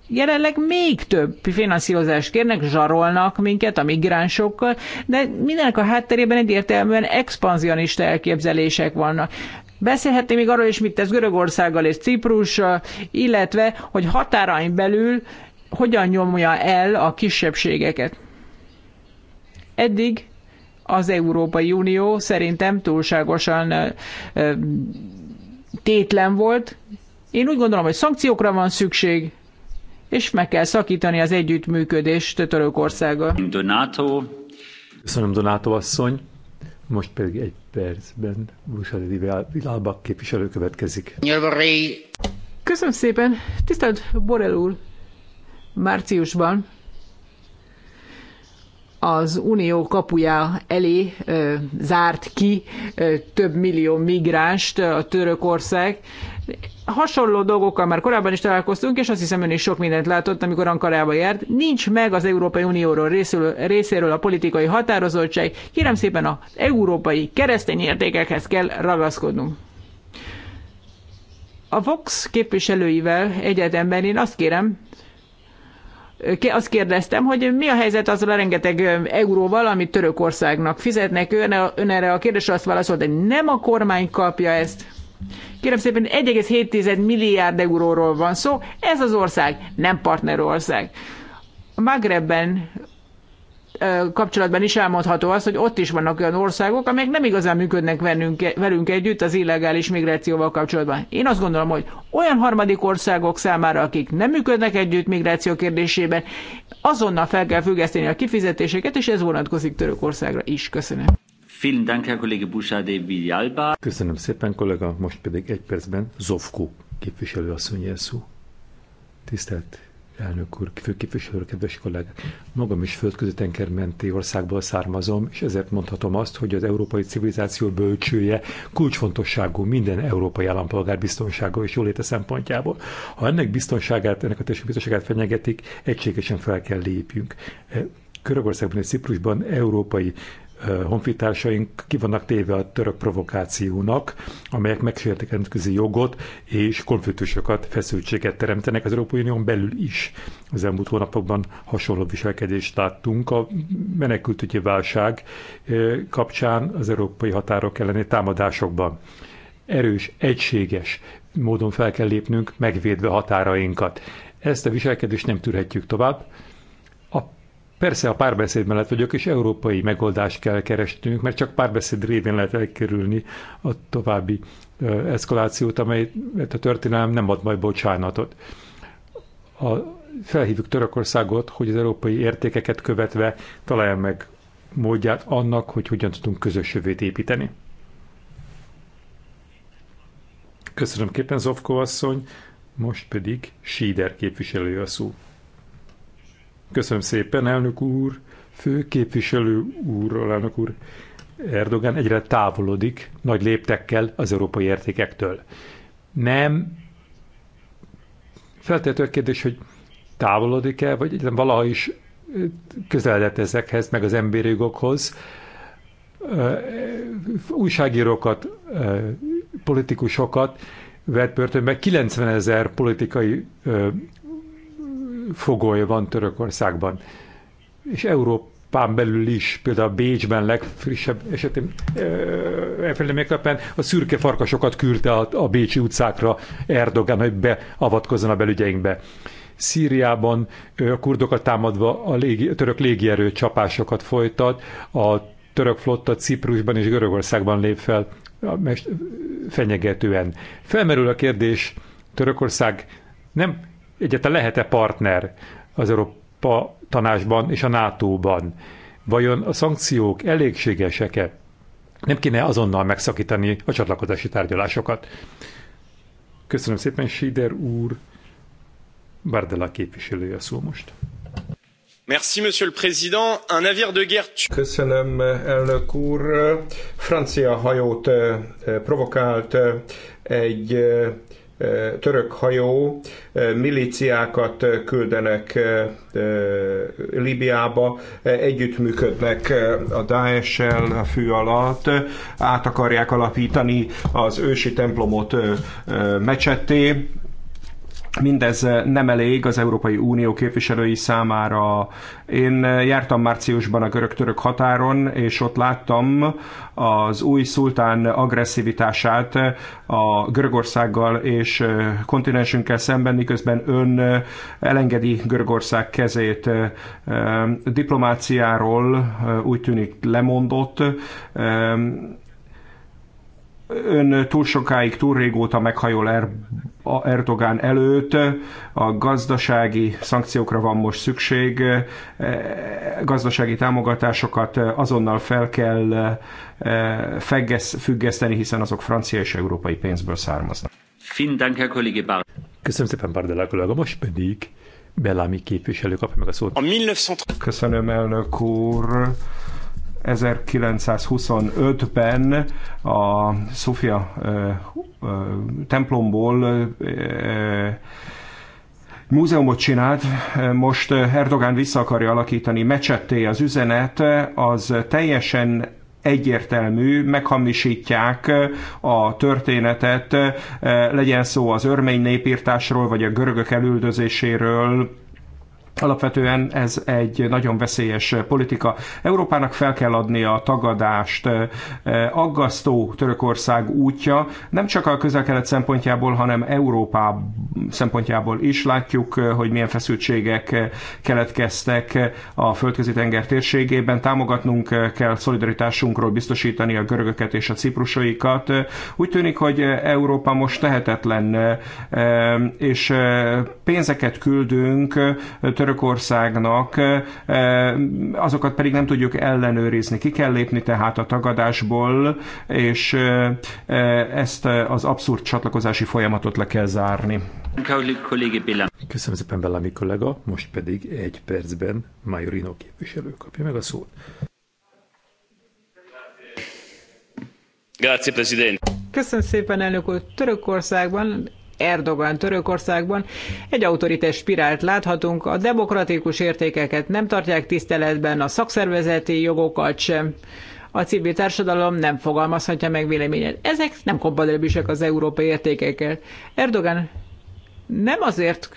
jelenleg még több finanszírozást kérnek, zsarolnak minket a migránsokkal, de mindenek a hátterében egyértelműen expanzionista elképzelések vannak. Beszélhetnénk még arról is, mit tesz Görögországgal és Ciprussal, illetve, hogy határain belül hogyan nyomja el a kisebbségeket. Eddig az Európai Unió szerintem túlságosan tétlen volt. Én úgy gondolom, hogy szankciókra van szükség, és meg kell szakítani az együttműködést Törökországgal. Donato. Köszönöm, Donato asszony. Most pedig egy percben Busadi Vilába képviselő következik. Köszönöm szépen. Tisztelt Borel úr, márciusban az Unió kapuja elé ö, zárt ki ö, több millió migránst a Törökország hasonló dolgokkal már korábban is találkoztunk, és azt hiszem ön is sok mindent látott, amikor Ankarába járt. Nincs meg az Európai Unióról részül, részéről a politikai határozottság. Kérem szépen az európai keresztény értékekhez kell ragaszkodnunk. A Vox képviselőivel egyetemben én azt kérem, azt kérdeztem, hogy mi a helyzet azzal a rengeteg euróval, amit Törökországnak fizetnek. Ön, e- ön erre a kérdésre azt válaszolta, hogy nem a kormány kapja ezt, Kérem szépen 1,7 milliárd euróról van szó, ez az ország nem partnerország. A Magrebben kapcsolatban is elmondható az, hogy ott is vannak olyan országok, amelyek nem igazán működnek velünk, velünk együtt az illegális migrációval kapcsolatban. Én azt gondolom, hogy olyan harmadik országok számára, akik nem működnek együtt migráció kérdésében, azonnal fel kell függeszteni a kifizetéseket, és ez vonatkozik Törökországra is. Köszönöm. Köszönöm szépen, kollega. Most pedig egy percben képviselő asszony jelszó. Tisztelt elnök úr, főképviselő, kedves kollégák! Magam is földközi tenger országból származom, és ezért mondhatom azt, hogy az európai civilizáció bölcsője kulcsfontosságú minden európai állampolgár biztonsága és jóléte szempontjából. Ha ennek biztonságát, ennek a térség biztonságát fenyegetik, egységesen fel kell lépjünk. Körögországban és Ciprusban európai honfitársaink ki vannak téve a török provokációnak, amelyek megsértik rendközi jogot és konfliktusokat, feszültséget teremtenek az Európai Unión belül is. Az elmúlt hónapokban hasonló viselkedést láttunk. A menekültügyi válság kapcsán az európai határok elleni támadásokban. Erős, egységes módon fel kell lépnünk, megvédve határainkat. Ezt a viselkedést nem tűrhetjük tovább. A Persze a párbeszéd mellett vagyok, és európai megoldást kell keresnünk, mert csak párbeszéd révén lehet elkerülni a további eszkalációt, amelyet a történelem nem ad majd bocsánatot. A, felhívjuk Törökországot, hogy az európai értékeket követve találja meg módját annak, hogy hogyan tudunk közös jövőt építeni. Köszönöm képen, Zovko asszony, most pedig Síder képviselő a szó. Köszönöm szépen, elnök úr, főképviselő úr, elnök úr. Erdogan egyre távolodik nagy léptekkel az európai értékektől. Nem feltétlenül a kérdés, hogy távolodik-e, vagy valaha is közeledett ezekhez, meg az emberi jogokhoz. Újságírókat, politikusokat vett börtönbe 90 ezer politikai fogoly van Törökországban. És Európán belül is, például Bécsben legfrissebb esetén, efeleményekappen a szürke farkasokat küldte a, a bécsi utcákra Erdogan, hogy beavatkozzon a belügyeinkbe. Szíriában a kurdokat támadva a, légi, a török légierő csapásokat folytat, a török flotta Ciprusban és Görögországban lép fel fenyegetően. Felmerül a kérdés, Törökország nem egyáltalán lehet-e partner az Európa tanácsban és a NATO-ban? Vajon a szankciók elégségesek-e? Nem kéne azonnal megszakítani a csatlakozási tárgyalásokat. Köszönöm szépen, Sider úr. Bardella képviselője a szó most. Merci, monsieur le président. Un navire de guerre... Köszönöm, elnök úr. Francia hajót eh, eh, provokált eh, egy török hajó milíciákat küldenek Libiába, együttműködnek a daesh a fű alatt, át akarják alapítani az ősi templomot mecsetté, Mindez eh, nem elég az Európai Unió képviselői számára. Én eh, jártam márciusban a görög-török határon, és ott láttam az új szultán agresszivitását eh, a Görögországgal és kontinensünkkel szemben, miközben ön elengedi Görögország kezét. Diplomáciáról úgy tűnik lemondott ön túl sokáig, túl régóta meghajol er, Erdogán előtt, a gazdasági szankciókra van most szükség, e, gazdasági támogatásokat azonnal fel kell e, függeszteni, hiszen azok francia és európai pénzből származnak. Köszönöm szépen, Bardella kollega, most pedig Bellamy képviselő kapja meg a szót. Köszönöm, elnök úr. 1925-ben a Sofia templomból múzeumot csinált, most Erdogán vissza akarja alakítani mecsetté az üzenet, az teljesen egyértelmű, meghamisítják a történetet, legyen szó az örmény népírtásról, vagy a görögök elüldözéséről, Alapvetően ez egy nagyon veszélyes politika. Európának fel kell adni a tagadást. Aggasztó Törökország útja nem csak a közel-kelet szempontjából, hanem Európá szempontjából is látjuk, hogy milyen feszültségek keletkeztek a földközi tenger térségében. Támogatnunk kell szolidaritásunkról biztosítani a görögöket és a ciprusaikat. Úgy tűnik, hogy Európa most tehetetlen, és pénzeket küldünk Törökország Törökországnak, azokat pedig nem tudjuk ellenőrizni. Ki kell lépni tehát a tagadásból, és ezt az abszurd csatlakozási folyamatot le kell zárni. Köszönöm szépen Bellami kollega, most pedig egy percben Majorino képviselő kapja meg a szót. Grazie, Presidente. Köszönöm szépen, elnök úr. Törökországban Erdogan Törökországban. Egy autoritás spirált láthatunk, a demokratikus értékeket nem tartják tiszteletben, a szakszervezeti jogokat sem a civil társadalom nem fogalmazhatja meg véleményet. Ezek nem kompatibilisek az európai értékekkel. Erdogan nem azért,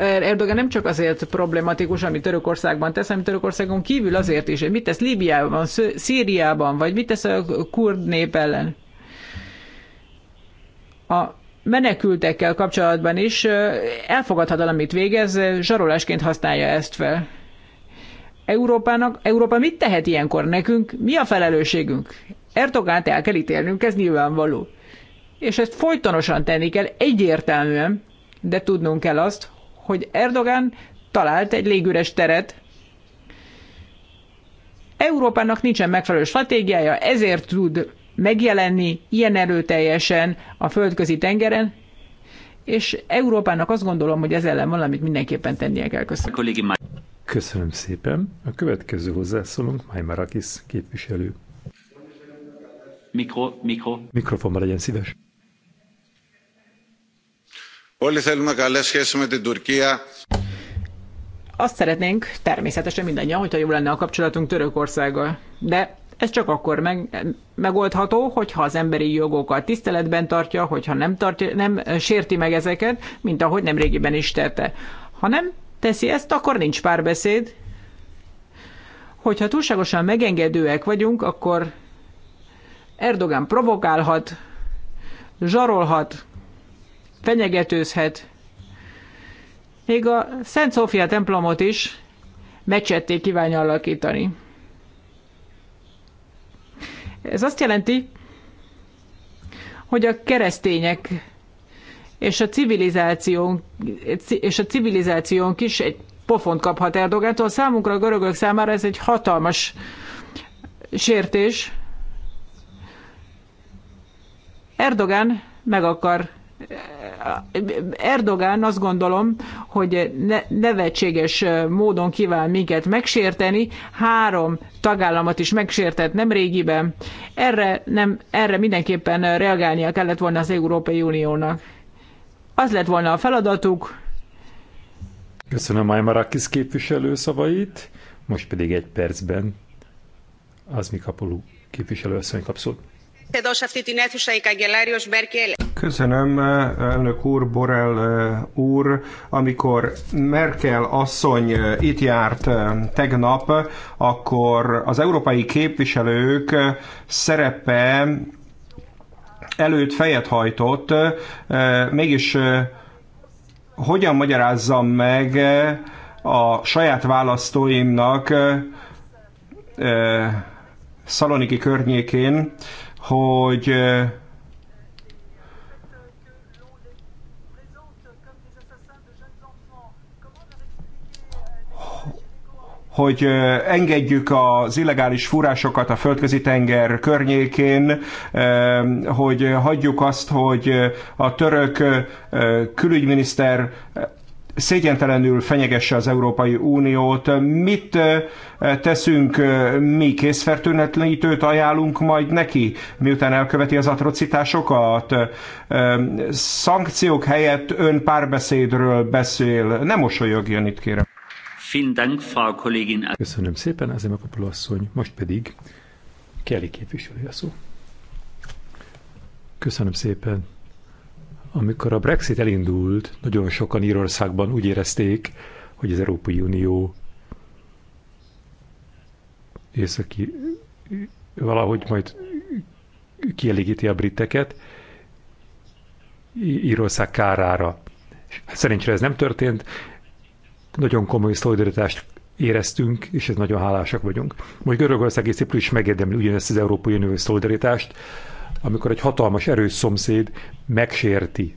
Erdogan nem csak azért problematikus, amit Törökországban tesz, amit Törökországon kívül azért is, hogy mit tesz Líbiában, Szíriában, vagy mit tesz a kurd nép ellen. A menekültekkel kapcsolatban is elfogadhatatlan, amit végez, zsarolásként használja ezt fel. Európának, Európa mit tehet ilyenkor nekünk? Mi a felelősségünk? Erdogánt el kell ítélnünk, ez nyilvánvaló. És ezt folytonosan tenni kell, egyértelműen, de tudnunk kell azt, hogy Erdogán talált egy légüres teret. Európának nincsen megfelelő stratégiája, ezért tud megjelenni ilyen erőteljesen a földközi tengeren, és Európának azt gondolom, hogy ez ellen valamit mindenképpen tennie kell. Köszönöm. Köszönöm szépen. A következő hozzászólunk Majmarakis képviselő. Mikro, mikro. Mikrofonban legyen szíves. Azt szeretnénk, természetesen mindannyian, hogyha jó lenne a kapcsolatunk Törökországgal. De ez csak akkor meg, megoldható, hogyha az emberi jogokat tiszteletben tartja, hogyha nem, tartja, nem sérti meg ezeket, mint ahogy nem régiben is tette. Ha nem teszi ezt, akkor nincs párbeszéd. Hogyha túlságosan megengedőek vagyunk, akkor Erdogán provokálhat, zsarolhat, fenyegetőzhet. Még a Szent Szófia templomot is mecsetté kívánja alakítani. Ez azt jelenti, hogy a keresztények és a civilizáción, és a civilizáción is egy pofont kaphat Erdogántól. Számunkra, a görögök számára ez egy hatalmas sértés. Erdogan meg akar Erdogán azt gondolom, hogy nevetséges módon kíván minket megsérteni, három tagállamot is megsértett nem régiben. Erre, nem, erre mindenképpen reagálnia kellett volna az Európai Uniónak. Az lett volna a feladatuk. Köszönöm Aymarakis képviselő szavait, most pedig egy percben az Mikapolú képviselő szavait kap Köszönöm, Εδώ σε αυτή την Köszönöm, eh, elnök úr, Borel eh, úr. Amikor Merkel asszony eh, itt járt tegnap, akkor az európai képviselők szerepe előtt fejet hajtott, mégis hogyan magyarázzam meg a saját választóimnak Szaloniki környékén, hogy hogy engedjük az illegális fúrásokat a földközi tenger környékén, hogy hagyjuk azt, hogy a török külügyminiszter szégyentelenül fenyegesse az Európai Uniót. Mit teszünk mi? Készfertőnetlenítőt ajánlunk majd neki, miután elköveti az atrocitásokat? Szankciók helyett ön párbeszédről beszél. Nem mosolyogjon itt, kérem. Köszönöm szépen, az Emekopoló asszony. Most pedig Kelly képviselő a szó. Köszönöm szépen. Amikor a Brexit elindult, nagyon sokan Írországban úgy érezték, hogy az Európai Unió északi valahogy majd kielégíti a briteket Írország kárára. Hát szerencsére ez nem történt, nagyon komoly szolidaritást éreztünk, és ez nagyon hálásak vagyunk. Most Görögország és Ciprus megérdemli ugyanezt az Európai Unió szolidaritást, amikor egy hatalmas erős szomszéd megsérti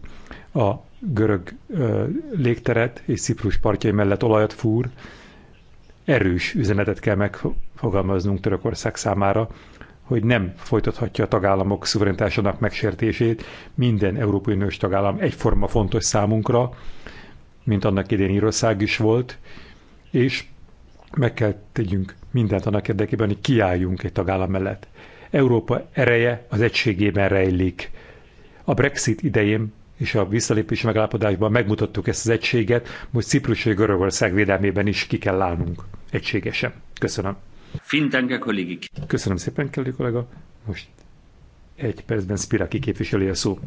a görög ö, légteret és Ciprus partjai mellett olajat fúr, erős üzenetet kell megfogalmaznunk Törökország számára, hogy nem folytathatja a tagállamok szuverenitásának megsértését. Minden Európai Uniós tagállam egyforma fontos számunkra, mint annak idén Írország is volt, és meg kell tegyünk mindent annak érdekében, hogy kiálljunk egy tagállam mellett. Európa ereje az egységében rejlik. A Brexit idején és a visszalépés megállapodásban megmutattuk ezt az egységet, most Ciprus és Görögország védelmében is ki kell állnunk egységesen. Köszönöm. Fintenke kollégik. Köszönöm szépen, kellő kollega. Most egy percben Spiraki képviseli a szó.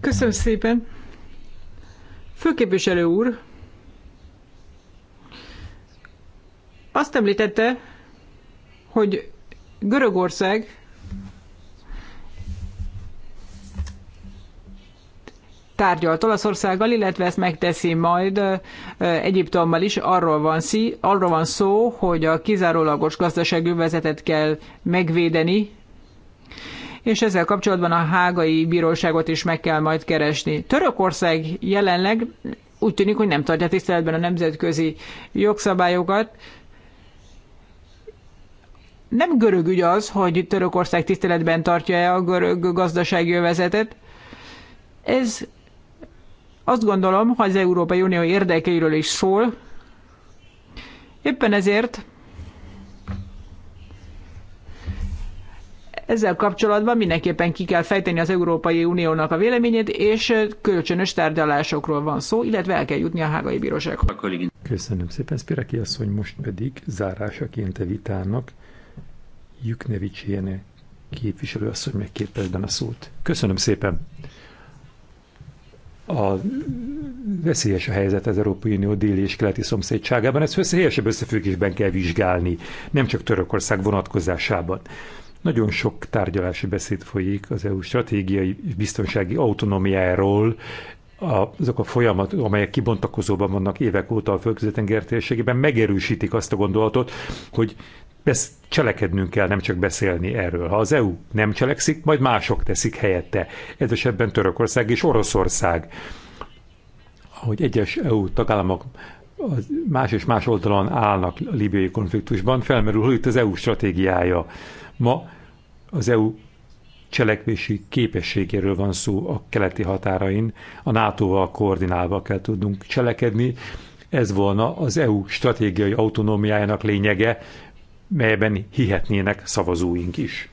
Köszönöm szépen. Főképviselő úr azt említette, hogy Görögország tárgyalt Olaszországgal, illetve ezt megteszi majd Egyiptommal is. Arról van, szí, arról van szó, hogy a kizárólagos gazdaságű vezetet kell megvédeni, és ezzel kapcsolatban a hágai bíróságot is meg kell majd keresni. Törökország jelenleg úgy tűnik, hogy nem tartja tiszteletben a nemzetközi jogszabályokat, nem görög ügy az, hogy Törökország tiszteletben tartja-e a görög gazdasági övezetet. Ez azt gondolom, hogy az Európai Unió érdekeiről is szól. Éppen ezért Ezzel kapcsolatban mindenképpen ki kell fejteni az Európai Uniónak a véleményét, és kölcsönös tárgyalásokról van szó, illetve el kell jutni a hágai bírósághoz. Köszönöm szépen, Spiraki asszony, most pedig zárásaként a vitának Juknevics Jene képviselő asszony meg a szót. Köszönöm szépen! A veszélyes a helyzet az Európai Unió déli és keleti szomszédságában, ezt veszélyesebb összefüggésben kell vizsgálni, nem csak Törökország vonatkozásában. Nagyon sok tárgyalási beszéd folyik az EU stratégiai és biztonsági autonómiáról, a, azok a folyamat, amelyek kibontakozóban vannak évek óta a földközi-tenger térségében, megerősítik azt a gondolatot, hogy ezt cselekednünk kell, nem csak beszélni erről. Ha az EU nem cselekszik, majd mások teszik helyette. Ez esetben Törökország és Oroszország. Ahogy egyes EU tagállamok más és más oldalon állnak a libiai konfliktusban, felmerül, hogy itt az EU stratégiája Ma az EU cselekvési képességéről van szó a keleti határain, a NATO-val koordinálva kell tudnunk cselekedni. Ez volna az EU stratégiai autonómiájának lényege, melyben hihetnének szavazóink is.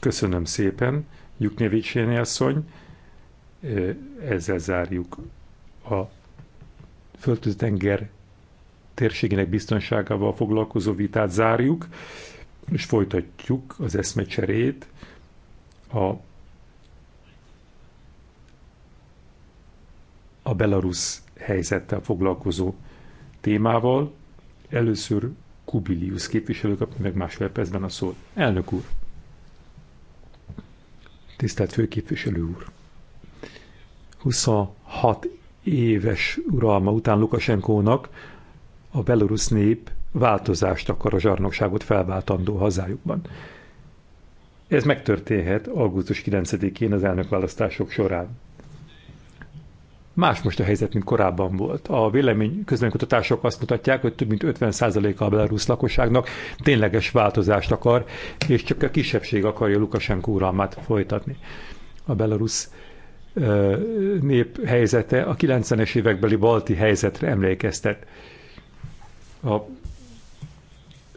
Köszönöm szépen, Juknevicséni asszony. Ezzel zárjuk a földtengeri térségének biztonságával foglalkozó vitát zárjuk, és folytatjuk az eszmecserét a, a Belarus helyzettel foglalkozó témával. Először Kubilius képviselő kapja meg másfél percben a szót. Elnök úr! Tisztelt főképviselő úr! 26 éves uralma után Lukasenkónak a belorusz nép változást akar a zsarnokságot felváltandó hazájukban. Ez megtörténhet augusztus 9-én az elnökválasztások során. Más most a helyzet, mint korábban volt. A vélemény közvénykutatások azt mutatják, hogy több mint 50%-a a belarusz lakosságnak tényleges változást akar, és csak a kisebbség akarja Lukasenko uralmát folytatni. A belarusz nép helyzete a 90-es évekbeli balti helyzetre emlékeztet a,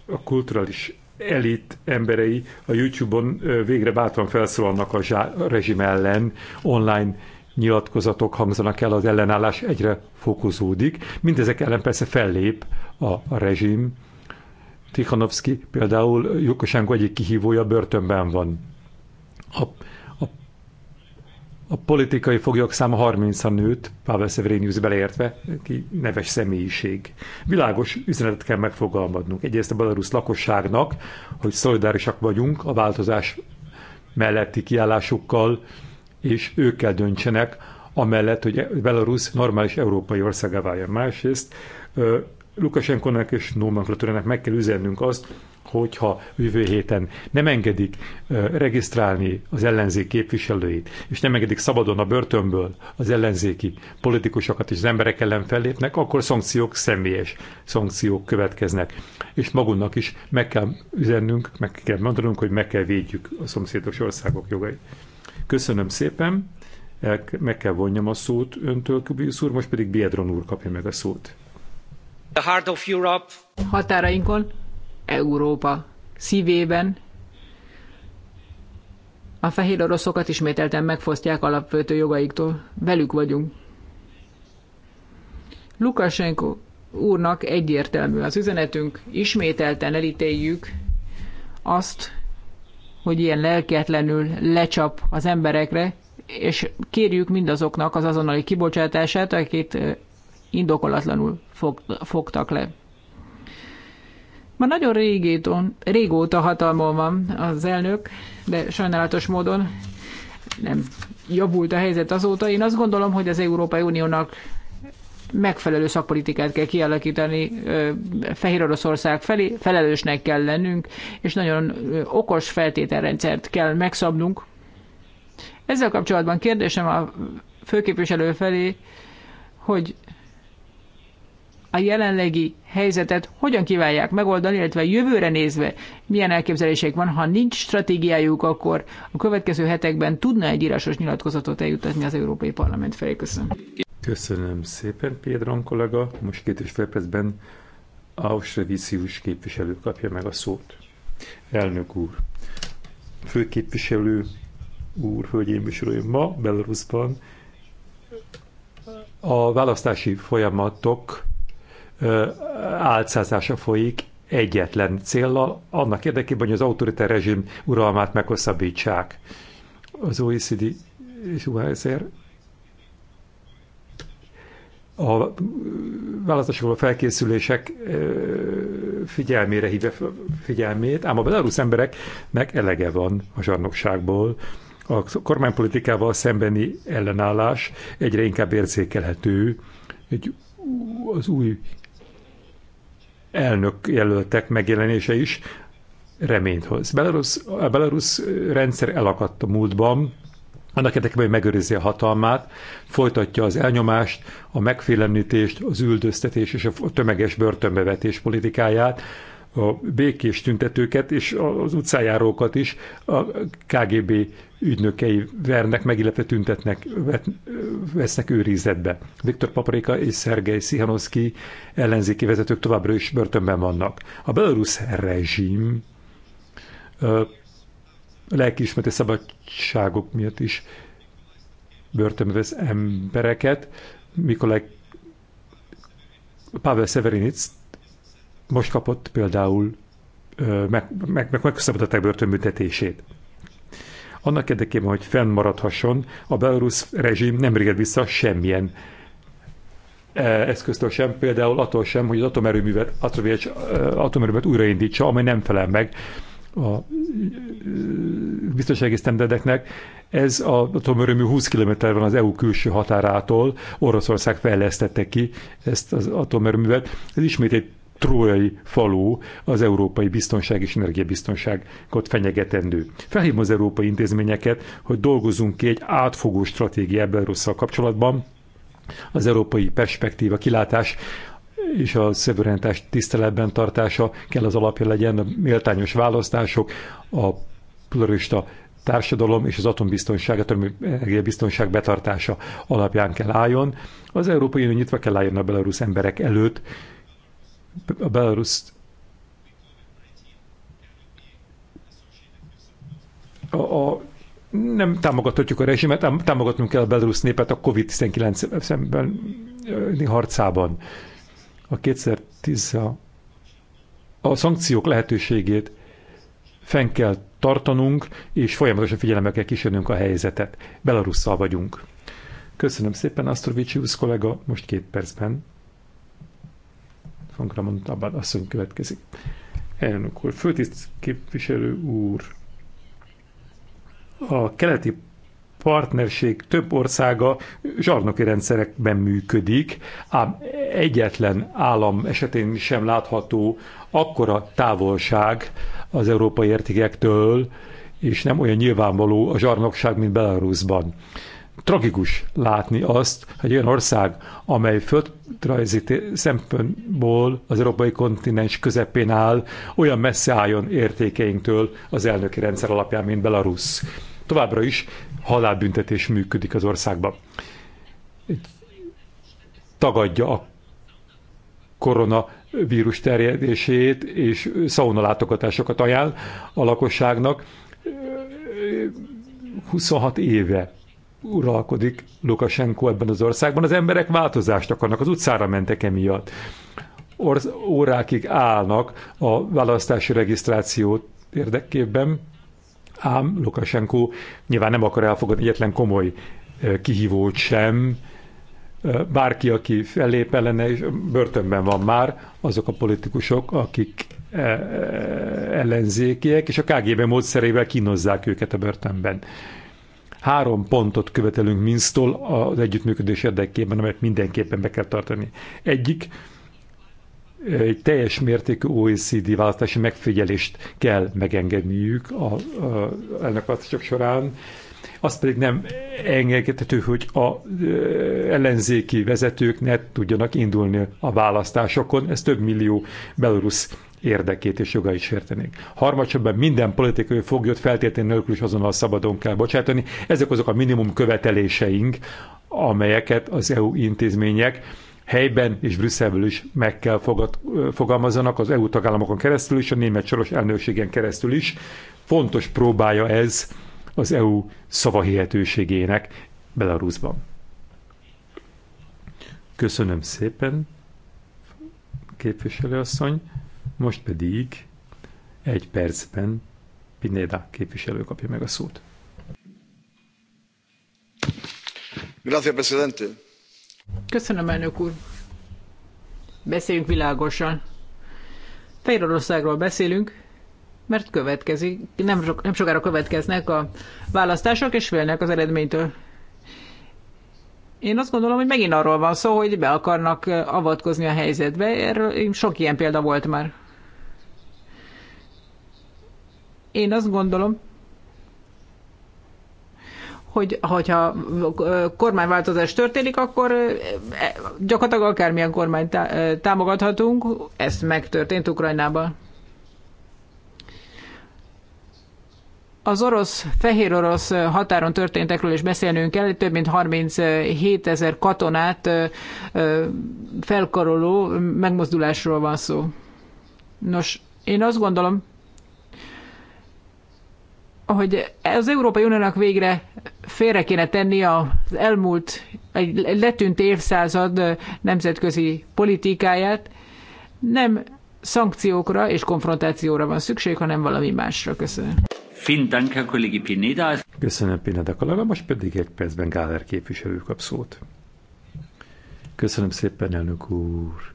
a kulturális elit emberei a YouTube-on végre bátran felszólalnak a, zsá, a rezsim ellen, online nyilatkozatok hangzanak el, az ellenállás egyre fokozódik. Mindezek ellen persze fellép a, a rezsim. Tichanovsky például Jukosánk egyik kihívója börtönben van. A a politikai foglyok száma 30-a nőtt, Pavel Severinius beleértve, ki neves személyiség. Világos üzenetet kell megfogalmaznunk. Egyrészt a belarusz lakosságnak, hogy szolidárisak vagyunk a változás melletti kiállásukkal, és ők kell döntsenek, amellett, hogy Belarus normális európai országá váljon. Másrészt Lukasenkonak és nomenklatúrának meg kell üzennünk azt, hogyha jövő héten nem engedik regisztrálni az ellenzék képviselőit, és nem engedik szabadon a börtönből az ellenzéki politikusokat és az emberek ellen fellépnek, akkor szankciók személyes szankciók következnek. És magunknak is meg kell üzennünk, meg kell mondanunk, hogy meg kell védjük a szomszédos országok jogait. Köszönöm szépen, El, meg kell vonjam a szót öntől, Kubius úr, most pedig Biedron úr kapja meg a szót. The heart of Europe. Határainkon Európa szívében. A fehér oroszokat ismételten megfosztják alapvető jogaiktól. Velük vagyunk. Lukashenko úrnak egyértelmű az üzenetünk, ismételten elítéljük azt, hogy ilyen lelketlenül lecsap az emberekre, és kérjük mindazoknak az azonnali kibocsátását, akit indokolatlanul fogtak le. Már nagyon régéton, régóta hatalmon van az elnök, de sajnálatos módon nem javult a helyzet azóta. Én azt gondolom, hogy az Európai Uniónak megfelelő szakpolitikát kell kialakítani Fehér Oroszország felé, felelősnek kell lennünk, és nagyon okos feltételrendszert kell megszabnunk. Ezzel kapcsolatban kérdésem a főképviselő felé, hogy a jelenlegi helyzetet hogyan kívánják megoldani, illetve jövőre nézve milyen elképzelések van. Ha nincs stratégiájuk, akkor a következő hetekben tudna egy írásos nyilatkozatot eljutatni az Európai Parlament felé. Köszönöm. Köszönöm szépen, Pédron kollega. Most két és fél percben Ausztravicius képviselő kapja meg a szót. Elnök úr, főképviselő úr, hölgyeim és uraim, ma Belarusban a választási folyamatok álcázása folyik egyetlen céllal, annak érdekében, hogy az autoritár rezsim uralmát meghosszabbítsák. Az OECD és UHSR a választásokról felkészülések figyelmére hívja figyelmét, ám a belarusz embereknek elege van a zsarnokságból. A kormánypolitikával szembeni ellenállás egyre inkább érzékelhető. Egy, az új elnök jelöltek megjelenése is reményt hoz. Belarus, a Belarus rendszer elakadt a múltban, annak érdekében, hogy megőrizi a hatalmát, folytatja az elnyomást, a megfélemlítést, az üldöztetés és a tömeges börtönbevetés politikáját, a békés tüntetőket és az utcájárókat is a KGB ügynökei vernek meg, illetve tüntetnek, vesznek őrizetbe. Viktor Paprika és Szergej Szihanovszki ellenzéki vezetők továbbra is börtönben vannak. A belarusz rezsim lelkiismereti szabadságok miatt is börtönbe vesz embereket. Mikolaj Pavel Severinitz most kapott például meg, meg, meg a börtönbüntetését. Annak érdekében, hogy fennmaradhasson, a belorusz rezsim nem réged vissza semmilyen eszköztől sem, például attól sem, hogy az atomerőművet, atomerőművet újraindítsa, amely nem felel meg a biztonsági sztenderdeknek. Ez az atomerőmű 20 km van az EU külső határától, Oroszország fejlesztette ki ezt az atomerőművet. Ez ismét egy trójai falu az európai biztonság és energiabiztonságot fenyegetendő. Felhívom az európai intézményeket, hogy dolgozzunk ki egy átfogó stratégia Belarusszal kapcsolatban, az európai perspektíva, kilátás és a szövőrendtás tiszteletben tartása kell az alapja legyen, a méltányos választások, a plurista társadalom és az atombiztonság, biztonság betartása alapján kell álljon. Az Európai Unió nyitva kell álljon a belarusz emberek előtt, a belarus a, a nem támogathatjuk a rezsimet, támogatnunk kell a belarus népet a COVID-19 szemben harcában. A 2010 a, a szankciók lehetőségét fenn kell tartanunk, és folyamatosan figyelembe kell kísérnünk a helyzetet. Belarusszal vagyunk. Köszönöm szépen, Astrovicius kollega, most két percben von Kramon Abad asszony következik. Elnök úr, főtiszt képviselő úr, a keleti partnerség több országa zsarnoki rendszerekben működik, ám egyetlen állam esetén sem látható akkora távolság az európai értékektől, és nem olyan nyilvánvaló a zsarnokság, mint Belarusban tragikus látni azt, hogy olyan ország, amely földrajzi szempontból az európai kontinens közepén áll, olyan messze álljon értékeinktől az elnöki rendszer alapján, mint Belarus. Továbbra is halálbüntetés működik az országban. Tagadja a koronavírus terjedését, és szaunalátogatásokat ajánl a lakosságnak. 26 éve uralkodik Lukasenko ebben az országban. Az emberek változást akarnak, az utcára mentek emiatt. Orz, órákig állnak a választási regisztráció érdekében, ám Lukasenko nyilván nem akar elfogadni egyetlen komoly kihívót sem, bárki, aki fellép ellene, és börtönben van már, azok a politikusok, akik ellenzékiek, és a KGB módszerével kínozzák őket a börtönben. Három pontot követelünk Minsztól az együttműködés érdekében, amelyet mindenképpen be kell tartani. Egyik, egy teljes mértékű OECD választási megfigyelést kell megengedniük a, a, ennek választások során. Azt pedig nem engedhető, hogy a e, ellenzéki vezetők ne tudjanak indulni a választásokon. Ez több millió belorusz érdekét és jogait sértenék. Harmadsorban minden politikai foglyot feltétlenül nélkül is azonnal szabadon kell bocsátani. Ezek azok a minimum követeléseink, amelyeket az EU intézmények helyben és Brüsszelből is meg kell fogad, fogalmazanak az EU tagállamokon keresztül is, a német soros elnökségen keresztül is. Fontos próbája ez az EU szavahihetőségének Belarusban. Köszönöm szépen, képviselőasszony. Most pedig egy percben Pineda képviselő kapja meg a szót. presidente. Köszönöm, elnök úr. Beszéljünk világosan. Fehéroroszágról beszélünk, mert következik, nem, sok, nem sokára következnek a választások, és félnek az eredménytől. Én azt gondolom, hogy megint arról van szó, hogy be akarnak avatkozni a helyzetbe. Erről sok ilyen példa volt már. Én azt gondolom, hogy ha kormányváltozás történik, akkor e, gyakorlatilag akármilyen kormányt támogathatunk. Ez megtörtént Ukrajnában. Az orosz, fehér orosz határon történtekről is beszélnünk kell, több mint 37 ezer katonát felkaroló megmozdulásról van szó. Nos, én azt gondolom, hogy az Európai Uniónak végre félre kéne tenni az elmúlt, egy letűnt évszázad nemzetközi politikáját. Nem szankciókra és konfrontációra van szükség, hanem valami másra. Köszönöm. Köszönöm, Pineda kollega. Most pedig egy percben Gáler képviselő kap szót. Köszönöm szépen, elnök úr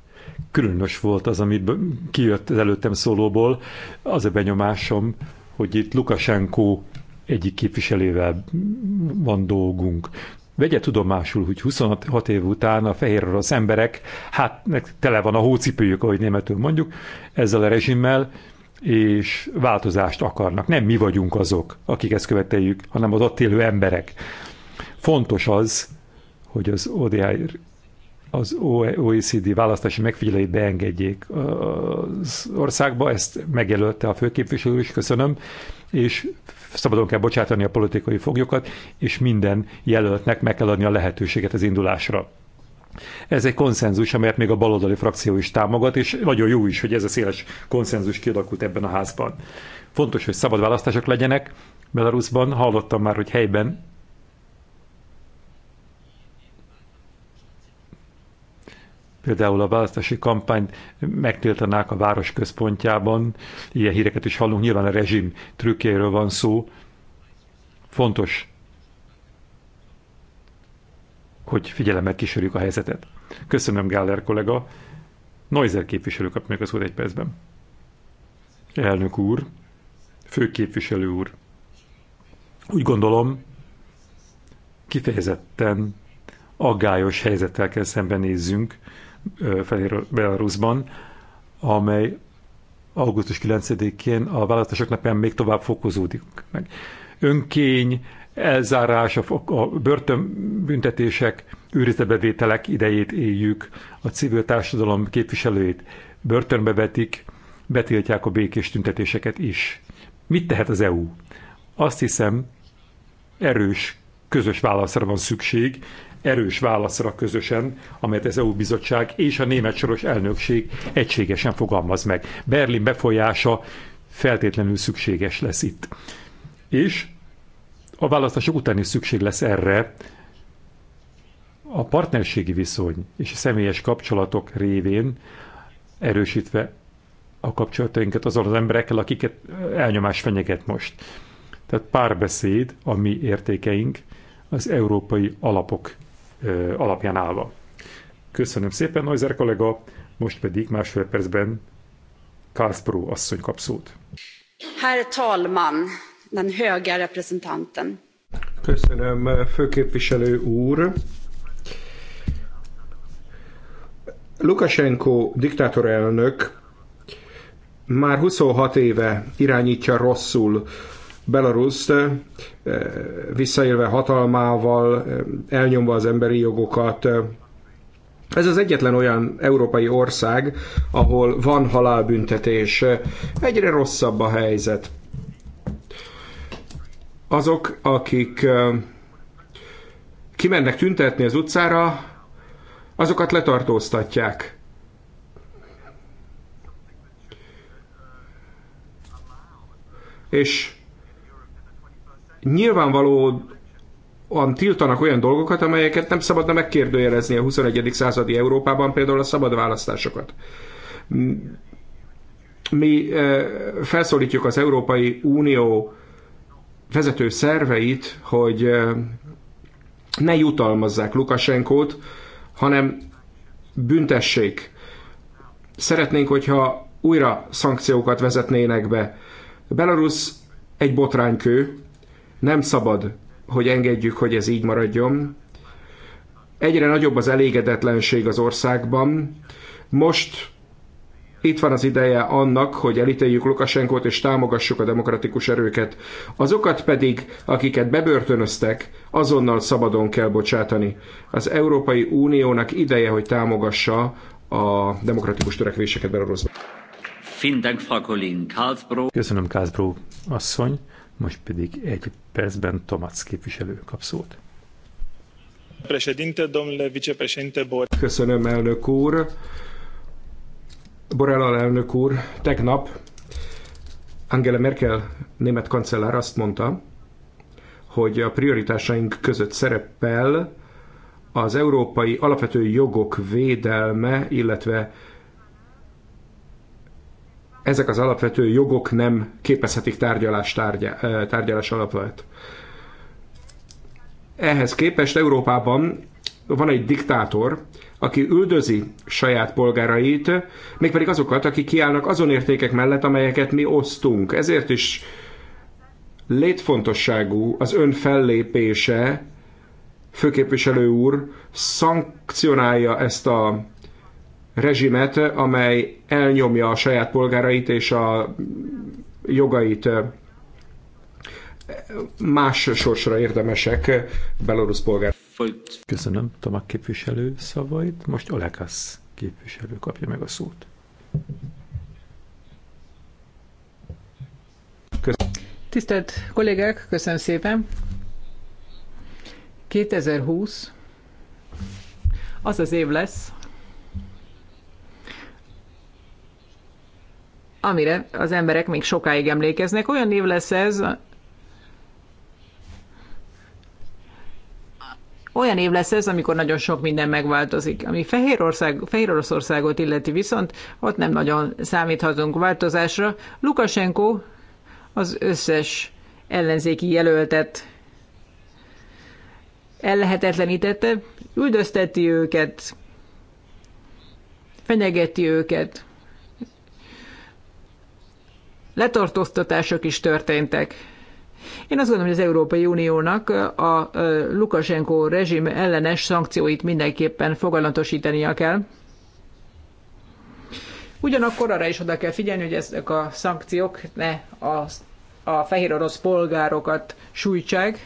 különös volt az, amit kijött az előttem szólóból, az a benyomásom, hogy itt Lukasenko egyik képviselővel van dolgunk. Vegye tudomásul, hogy 26 év után a fehér orosz emberek, hát tele van a hócipőjük, ahogy németül mondjuk, ezzel a rezsimmel, és változást akarnak. Nem mi vagyunk azok, akik ezt követeljük, hanem az ott élő emberek. Fontos az, hogy az ODI az OECD e választási megfigyelői beengedjék az országba, ezt megjelölte a főképviselő is, köszönöm, és szabadon kell bocsátani a politikai foglyokat, és minden jelöltnek meg kell adni a lehetőséget az indulásra. Ez egy konszenzus, amelyet még a baloldali frakció is támogat, és nagyon jó is, hogy ez a széles konszenzus kialakult ebben a házban. Fontos, hogy szabad választások legyenek. Belarusban hallottam már, hogy helyben például a választási kampányt megtiltanák a város központjában, ilyen híreket is hallunk, nyilván a rezsim trükkjeiről van szó. Fontos, hogy figyelemmel kísérjük a helyzetet. Köszönöm, Gáler kollega. Noizer képviselő kap még az úr egy percben. Elnök úr, főképviselő úr, úgy gondolom, kifejezetten aggályos helyzettel kell szembenézzünk, Fehér Belarusban, amely augusztus 9-én a választások napján még tovább fokozódik meg. Önkény, elzárás, a börtönbüntetések, őrizetbevételek idejét éljük, a civil társadalom képviselőjét börtönbe vetik, betiltják a békés tüntetéseket is. Mit tehet az EU? Azt hiszem, erős közös válaszra van szükség, erős válaszra közösen, amelyet az EU bizottság és a német soros elnökség egységesen fogalmaz meg. Berlin befolyása feltétlenül szükséges lesz itt. És a választások után is szükség lesz erre, a partnerségi viszony és a személyes kapcsolatok révén erősítve a kapcsolatainkat azon az emberekkel, akiket elnyomás fenyeget most. Tehát párbeszéd, a mi értékeink, az európai alapok alapján állva. Köszönöm szépen, Neuser kollega, most pedig másfél percben Kászpró asszony kap szót. Herr talman, den höga representanten. Köszönöm, főképviselő úr. Lukashenko diktátorelnök már 26 éve irányítja rosszul Belarus eh, visszaélve hatalmával, eh, elnyomva az emberi jogokat. Eh. Ez az egyetlen olyan európai ország, ahol van halálbüntetés. Egyre rosszabb a helyzet. Azok, akik kimennek tüntetni az utcára, azokat letartóztatják. És nyilvánvaló olyan tiltanak olyan dolgokat, amelyeket nem szabadna megkérdőjelezni a 21. századi Európában, például a szabad választásokat. Mi eh, felszólítjuk az Európai Unió vezető szerveit, hogy eh, ne jutalmazzák Lukasenkót, hanem büntessék. Szeretnénk, hogyha újra szankciókat vezetnének be. Belarus egy botránykő, nem szabad, hogy engedjük, hogy ez így maradjon. Egyre nagyobb az elégedetlenség az országban. Most itt van az ideje annak, hogy elítéljük Lukasenkót és támogassuk a demokratikus erőket. Azokat pedig, akiket bebörtönöztek, azonnal szabadon kell bocsátani. Az Európai Uniónak ideje, hogy támogassa a demokratikus törekvéseket Belarusban. Köszönöm, Kázbró asszony. Most pedig egy percben Tomac képviselő kap szót. Köszönöm, elnök úr. Borrell alelnök úr, tegnap Angela Merkel német kancellár azt mondta, hogy a prioritásaink között szerepel az európai alapvető jogok védelme, illetve ezek az alapvető jogok nem képezhetik tárgyalás, tárgya, tárgyalás alapvet. Ehhez képest Európában van egy diktátor, aki üldözi saját polgárait, mégpedig azokat, akik kiállnak azon értékek mellett, amelyeket mi osztunk. Ezért is létfontosságú az ön fellépése, főképviselő úr, szankcionálja ezt a rezsimet, amely elnyomja a saját polgárait és a jogait más sorsra érdemesek belorusz polgár. Köszönöm Tomak képviselő szavait. Most Olekasz képviselő kapja meg a szót. Köszönöm. Tisztelt kollégák, köszönöm szépen. 2020 az az év lesz, amire az emberek még sokáig emlékeznek. Olyan név lesz ez, olyan év lesz ez, amikor nagyon sok minden megváltozik. Ami Fehérország, Fehér illeti viszont, ott nem nagyon számíthatunk változásra. Lukasenko az összes ellenzéki jelöltet ellehetetlenítette, üldözteti őket, fenyegeti őket, letartóztatások is történtek. Én azt gondolom, hogy az Európai Uniónak a Lukashenko rezsim ellenes szankcióit mindenképpen fogalmatosítania kell. Ugyanakkor arra is oda kell figyelni, hogy ezek a szankciók ne a, a fehér orosz polgárokat sújtsák.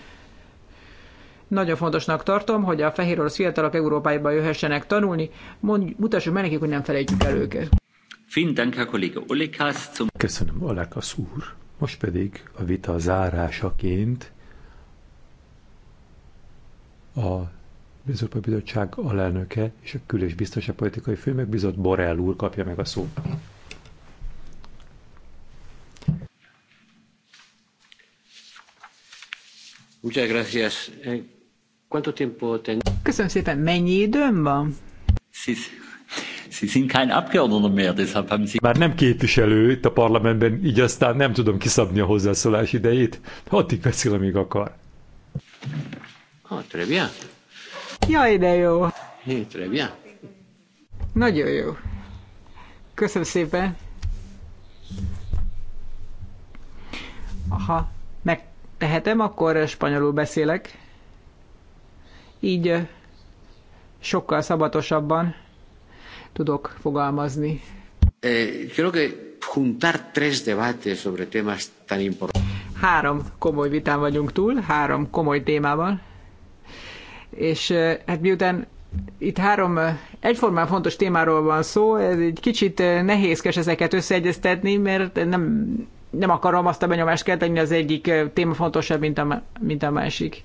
Nagyon fontosnak tartom, hogy a fehér orosz fiatalok Európába jöhessenek tanulni. Mond, mutassuk meg nekik, hogy nem felejtjük el őket. Köszönöm, Olekasz úr. Most pedig a vita zárásaként a Bizottság Bizottság alelnöke és a Kül- és Biztonságpolitikai Főmegbízott Borel úr kapja meg a szót. Eh, Köszönöm szépen. Mennyi időm van? Sie sind kein Abgeordneter mehr, deshalb haben Sie... Már nem képviselő itt a parlamentben, így aztán nem tudom kiszabni a hozzászólás idejét. Addig beszél, amíg akar. Ah, très bien. Jaj, de jó. Hé, eh, très bien. Nagyon jó. Köszönöm szépen. Ha megtehetem, akkor spanyolul beszélek. Így sokkal szabatosabban tudok fogalmazni. Eh, három komoly vitán vagyunk túl, három komoly témával. És eh, hát miután itt három eh, egyformán fontos témáról van szó, ez egy kicsit nehézkes ezeket összeegyeztetni, mert nem, nem akarom azt a benyomást kelteni, az egyik téma fontosabb, mint a, mint a másik.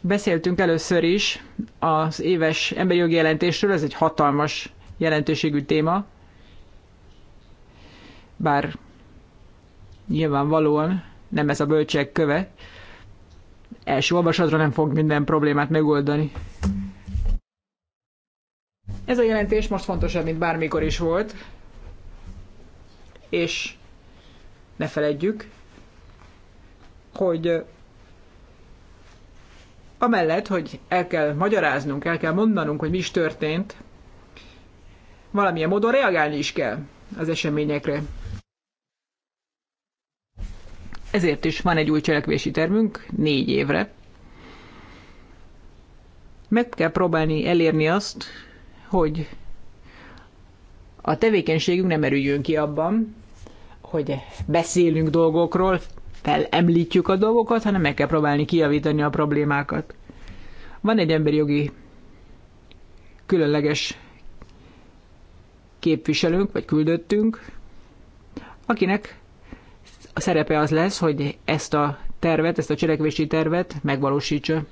Beszéltünk először is az éves emberi jogi jelentésről, ez egy hatalmas jelentőségű téma, bár nyilvánvalóan nem ez a bölcsek köve, első olvasatra nem fog minden problémát megoldani. Ez a jelentés most fontosabb, mint bármikor is volt, és ne feledjük, hogy amellett, hogy el kell magyaráznunk, el kell mondanunk, hogy mi is történt, valamilyen módon reagálni is kell az eseményekre. Ezért is van egy új cselekvési termünk négy évre. Meg kell próbálni elérni azt, hogy a tevékenységünk nem erüljön ki abban, hogy beszélünk dolgokról, felemlítjük a dolgokat, hanem meg kell próbálni kijavítani a problémákat. Van egy emberi jogi különleges képviselőnk, vagy küldöttünk, akinek a szerepe az lesz, hogy ezt a tervet, ezt a cselekvési tervet megvalósítsa.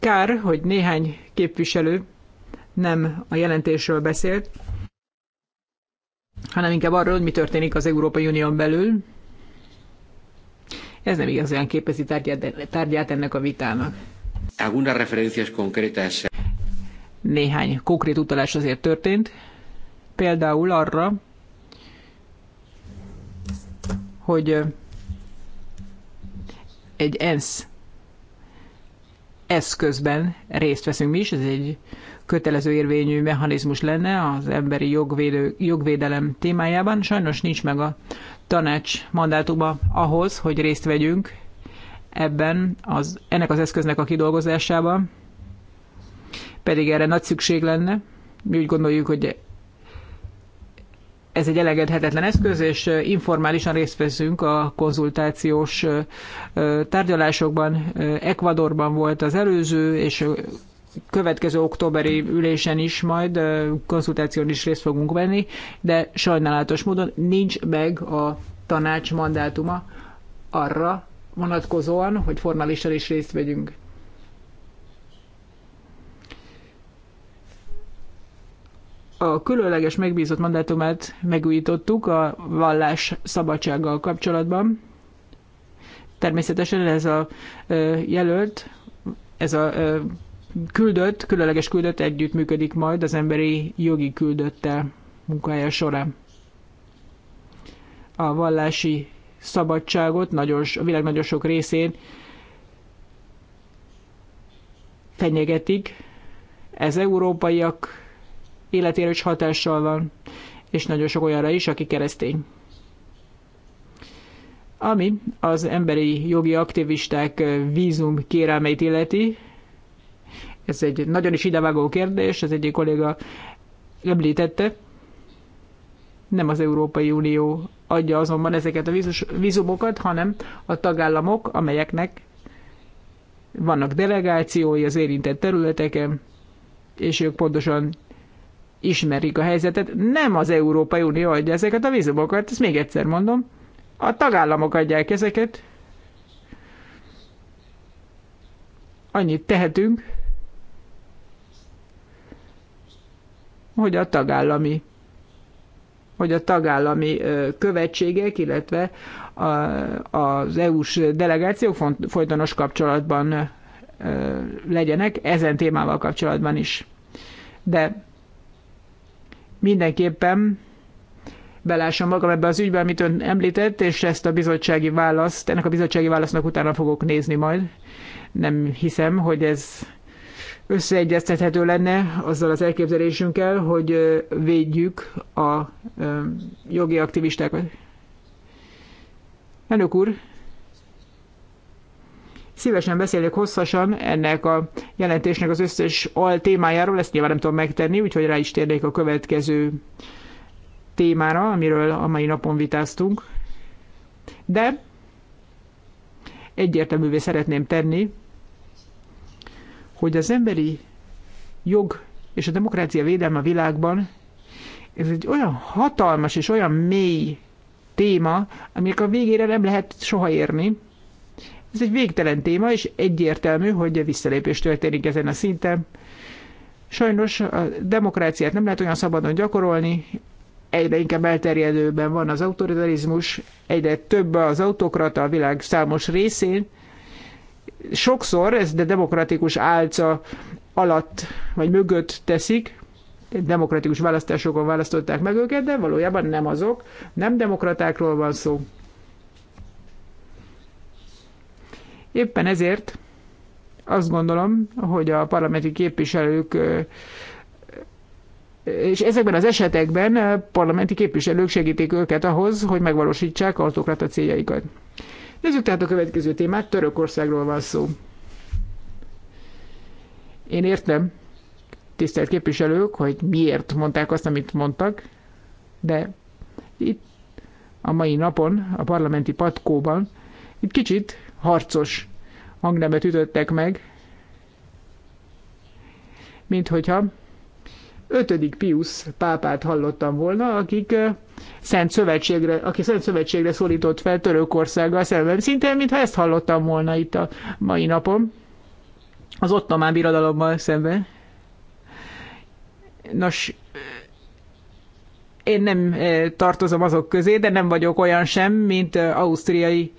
Kár, hogy néhány képviselő nem a jelentésről beszélt, hanem inkább arról, hogy mi történik az Európai Unión belül. Ez nem igazán képezi tárgyát, tárgyát ennek a vitának. Algunas referencias concretas. Néhány konkrét utalás azért történt. Például arra, hogy egy ENSZ eszközben részt veszünk mi is, ez egy kötelező érvényű mechanizmus lenne az emberi jogvédő, jogvédelem témájában. Sajnos nincs meg a tanács mandátuma ahhoz, hogy részt vegyünk ebben az, ennek az eszköznek a kidolgozásában, pedig erre nagy szükség lenne. Mi úgy gondoljuk, hogy ez egy elegedhetetlen eszköz, és informálisan részt veszünk a konzultációs tárgyalásokban. Ecuadorban volt az előző, és következő októberi ülésen is majd konzultáción is részt fogunk venni, de sajnálatos módon nincs meg a tanács mandátuma arra vonatkozóan, hogy formálisan is részt vegyünk. A különleges megbízott mandátumát megújítottuk a vallás szabadsággal kapcsolatban. Természetesen ez a jelölt, ez a küldött, különleges küldött együtt működik majd az emberi jogi küldöttel munkája során. A vallási szabadságot nagyon, a világ nagyon sok részén fenyegetik. Ez európaiak életére is hatással van, és nagyon sok olyanra is, aki keresztény. Ami az emberi jogi aktivisták vízum kérelmeit illeti, ez egy nagyon is idevágó kérdés, ez egyik kolléga említette. Nem az Európai Unió adja azonban ezeket a vízumokat, hanem a tagállamok, amelyeknek vannak delegációi az érintett területeken, és ők pontosan ismerik a helyzetet. Nem az Európai Unió adja ezeket a vízumokat, ezt még egyszer mondom. A tagállamok adják ezeket. Annyit tehetünk, hogy a tagállami hogy a tagállami követségek, illetve a, az EU-s delegációk folytonos kapcsolatban legyenek, ezen témával kapcsolatban is. De mindenképpen belássam magam ebbe az ügybe, amit ön említett, és ezt a bizottsági választ, ennek a bizottsági válasznak utána fogok nézni majd. Nem hiszem, hogy ez összeegyeztethető lenne azzal az elképzelésünkkel, hogy védjük a jogi aktivistákat. Elnök úr, szívesen beszélek hosszasan ennek a jelentésnek az összes al témájáról, ezt nyilván nem tudom megtenni, úgyhogy rá is térnék a következő témára, amiről a mai napon vitáztunk. De egyértelművé szeretném tenni, hogy az emberi jog és a demokrácia védelme a világban, ez egy olyan hatalmas és olyan mély téma, aminek a végére nem lehet soha érni. Ez egy végtelen téma, és egyértelmű, hogy visszalépés történik ezen a szinten. Sajnos a demokráciát nem lehet olyan szabadon gyakorolni, egyre inkább elterjedőben van az autoritarizmus, egyre több az autokrata a világ számos részén, sokszor ez, de demokratikus álca alatt vagy mögött teszik, demokratikus választásokon választották meg őket, de valójában nem azok, nem demokratákról van szó. Éppen ezért azt gondolom, hogy a parlamenti képviselők és ezekben az esetekben parlamenti képviselők segítik őket ahhoz, hogy megvalósítsák autokrata céljaikat. Nézzük tehát a következő témát, Törökországról van szó. Én értem, tisztelt képviselők, hogy miért mondták azt, amit mondtak, de itt a mai napon, a parlamenti patkóban, itt kicsit harcos hangnemet ütöttek meg, mint hogyha ötödik Pius pápát hallottam volna, akik Szent Szövetségre, aki Szent Szövetségre szólított fel Törökországgal szemben. Szinte, mintha ezt hallottam volna itt a mai napon, az ottomán birodalommal szemben. Nos, én nem tartozom azok közé, de nem vagyok olyan sem, mint ausztriai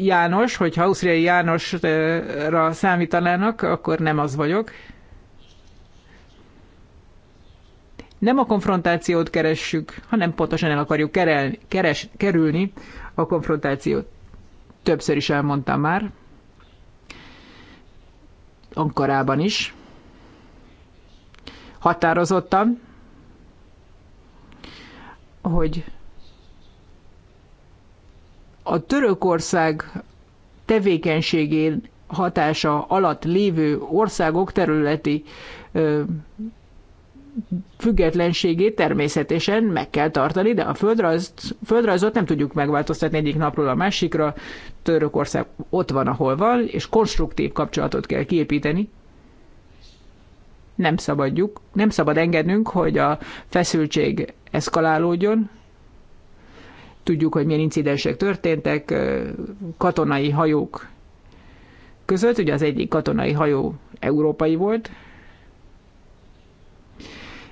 János. Hogyha ausztriai Jánosra számítanának, akkor nem az vagyok. nem a konfrontációt keressük, hanem pontosan el akarjuk kerel, keres, kerülni a konfrontációt. Többször is elmondtam már, Ankarában is. Határozottan, hogy a Törökország tevékenységén hatása alatt lévő országok területi ö, függetlenségét természetesen meg kell tartani, de a földrajzt, földrajzot nem tudjuk megváltoztatni egyik napról a másikra. Törökország ott van, ahol van, és konstruktív kapcsolatot kell kiépíteni. Nem szabadjuk, nem szabad engednünk, hogy a feszültség eszkalálódjon. Tudjuk, hogy milyen incidensek történtek, katonai hajók között, ugye az egyik katonai hajó európai volt,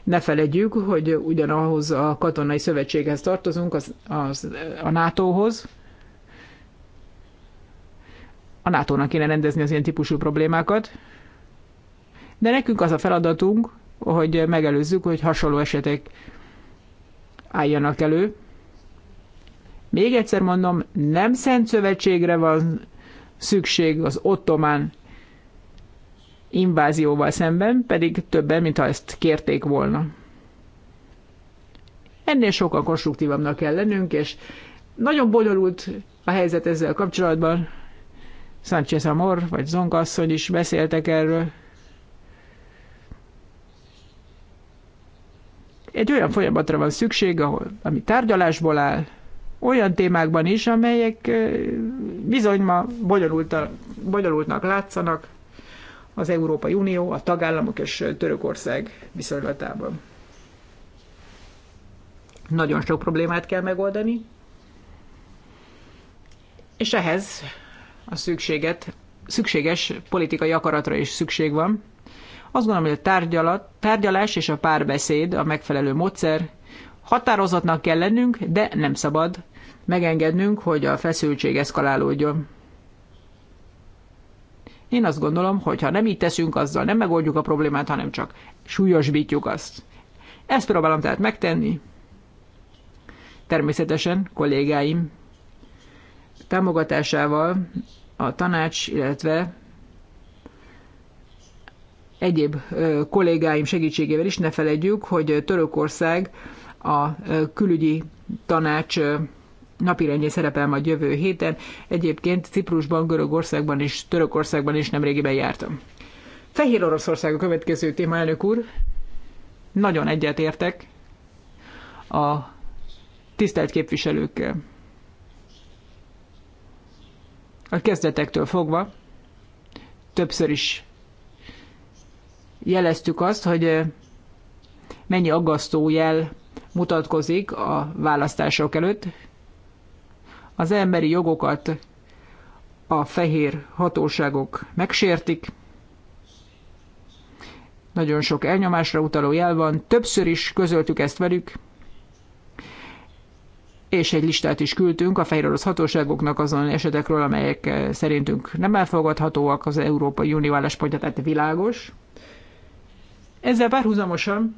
ne feledjük, hogy ugyanahoz a katonai szövetséghez tartozunk, az, az, a NATO-hoz. A NATO-nak kéne rendezni az ilyen típusú problémákat. De nekünk az a feladatunk, hogy megelőzzük, hogy hasonló esetek álljanak elő. Még egyszer mondom, nem szent szövetségre van szükség az ottomán invázióval szemben, pedig többen, mint ha ezt kérték volna. Ennél sokkal konstruktívabbnak kell lennünk, és nagyon bonyolult a helyzet ezzel kapcsolatban. Sánchez Amor vagy Zongasszony is beszéltek erről. Egy olyan folyamatra van szükség, ahol, ami tárgyalásból áll, olyan témákban is, amelyek eh, bizony ma bonyolultnak látszanak, az Európai Unió, a tagállamok és Törökország viszonylatában. Nagyon sok problémát kell megoldani, és ehhez a szükséget, szükséges politikai akaratra is szükség van. Azt gondolom, hogy a tárgyalat, tárgyalás és a párbeszéd a megfelelő módszer. Határozatnak kell lennünk, de nem szabad megengednünk, hogy a feszültség eszkalálódjon. Én azt gondolom, hogy ha nem így teszünk, azzal nem megoldjuk a problémát, hanem csak súlyosbítjuk azt. Ezt próbálom tehát megtenni. Természetesen kollégáim támogatásával a tanács, illetve egyéb kollégáim segítségével is ne felejtjük, hogy Törökország a külügyi tanács napirendjén szerepel majd jövő héten. Egyébként Ciprusban, Görögországban és Törökországban is nemrégiben jártam. Fehér Oroszország a következő téma, elnök úr. Nagyon egyetértek a tisztelt képviselőkkel. A kezdetektől fogva többször is jeleztük azt, hogy mennyi aggasztó jel mutatkozik a választások előtt az emberi jogokat a fehér hatóságok megsértik. Nagyon sok elnyomásra utaló jel van, többször is közöltük ezt velük, és egy listát is küldtünk a fehér orosz hatóságoknak azon esetekről, amelyek eh, szerintünk nem elfogadhatóak az Európai Unió álláspontja, tehát világos. Ezzel párhuzamosan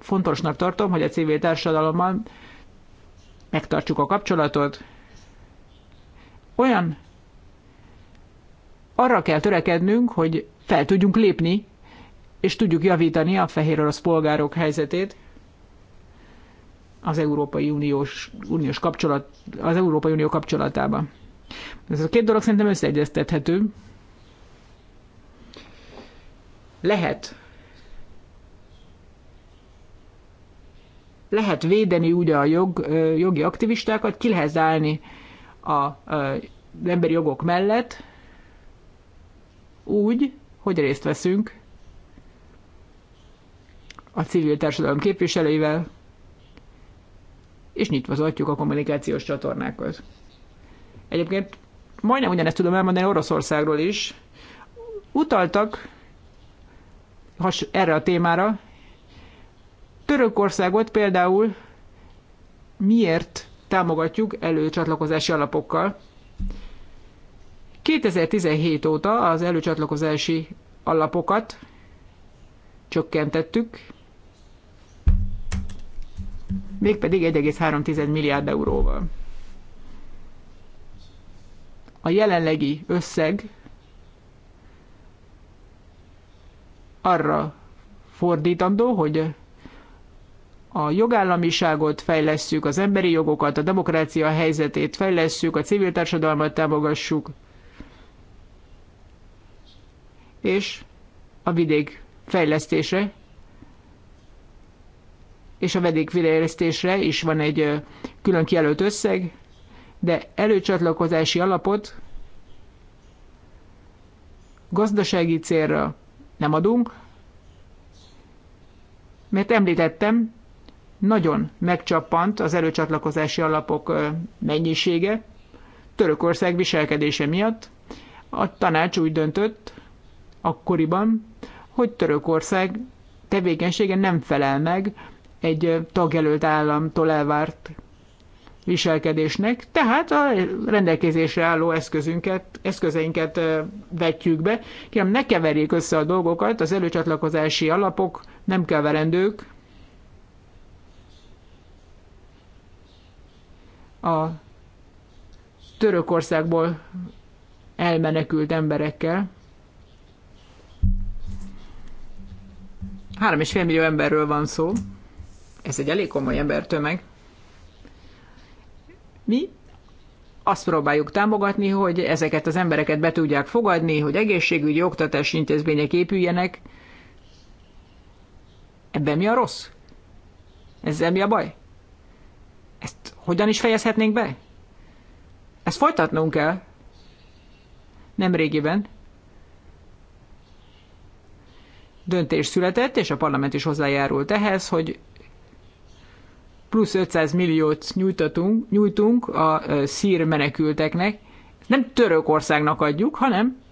fontosnak tartom, hogy a civil társadalommal megtartsuk a kapcsolatot. Olyan arra kell törekednünk, hogy fel tudjunk lépni, és tudjuk javítani a fehér orosz polgárok helyzetét az Európai Uniós, uniós kapcsolat, az Európai Unió kapcsolatában. Ez a két dolog szerintem összeegyeztethető. Lehet, lehet védeni ugye a jog, jogi aktivistákat, ki lehet állni a, a, az emberi jogok mellett úgy, hogy részt veszünk a civil társadalom képviselőivel, és nyitva zajtjuk a kommunikációs csatornákat. Egyébként majdnem ugyanezt tudom elmondani Oroszországról is. Utaltak has, erre a témára, Törökországot például miért támogatjuk előcsatlakozási alapokkal? 2017 óta az előcsatlakozási alapokat csökkentettük, mégpedig 1,3 milliárd euróval. A jelenlegi összeg arra fordítandó, hogy a jogállamiságot fejlesszük, az emberi jogokat, a demokrácia helyzetét fejlesszük, a civil társadalmat támogassuk, és a vidék fejlesztése, és a vidék fejlesztésre is van egy külön kijelölt összeg, de előcsatlakozási alapot gazdasági célra nem adunk, mert említettem, nagyon megcsappant az előcsatlakozási alapok mennyisége Törökország viselkedése miatt. A tanács úgy döntött akkoriban, hogy Törökország tevékenysége nem felel meg egy tagjelölt államtól elvárt viselkedésnek, tehát a rendelkezésre álló eszközünket, eszközeinket vetjük be. Kérem, ne keverjék össze a dolgokat, az előcsatlakozási alapok nem keverendők, a Törökországból elmenekült emberekkel. 3,5 millió emberről van szó. Ez egy elég komoly embertömeg. Mi azt próbáljuk támogatni, hogy ezeket az embereket be tudják fogadni, hogy egészségügyi, oktatási intézmények épüljenek. Ebben mi a rossz? Ezzel mi a baj? Ezt hogyan is fejezhetnénk be? Ezt folytatnunk kell. Nem régiben. Döntés született, és a parlament is hozzájárult ehhez, hogy plusz 500 milliót nyújtatunk, nyújtunk a szír menekülteknek. Nem Törökországnak adjuk, hanem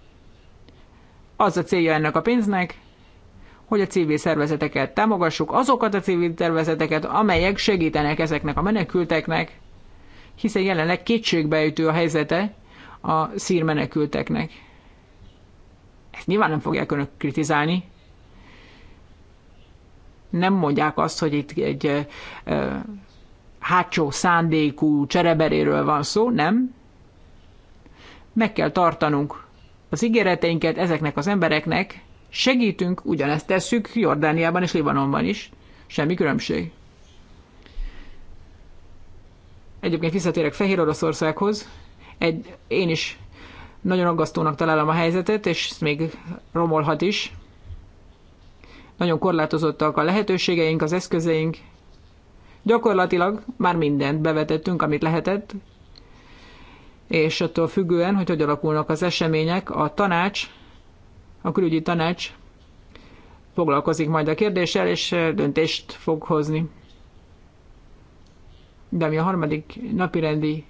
az a célja ennek a pénznek, hogy a civil szervezeteket támogassuk, azokat a civil szervezeteket, amelyek segítenek ezeknek a menekülteknek, hiszen jelenleg kétségbejtő a helyzete a szír menekülteknek. Ezt nyilván nem fogják önök kritizálni. Nem mondják azt, hogy itt egy e, e, hátsó szándékú csereberéről van szó, nem. Meg kell tartanunk az ígéreteinket ezeknek az embereknek, segítünk, ugyanezt tesszük Jordániában és Libanonban is. Semmi különbség. Egyébként visszatérek Fehér Oroszországhoz. Egy, én is nagyon aggasztónak találom a helyzetet, és még romolhat is. Nagyon korlátozottak a lehetőségeink, az eszközeink. Gyakorlatilag már mindent bevetettünk, amit lehetett, és attól függően, hogy hogy alakulnak az események, a tanács a külügyi tanács foglalkozik majd a kérdéssel, és döntést fog hozni. De ami a harmadik napirendi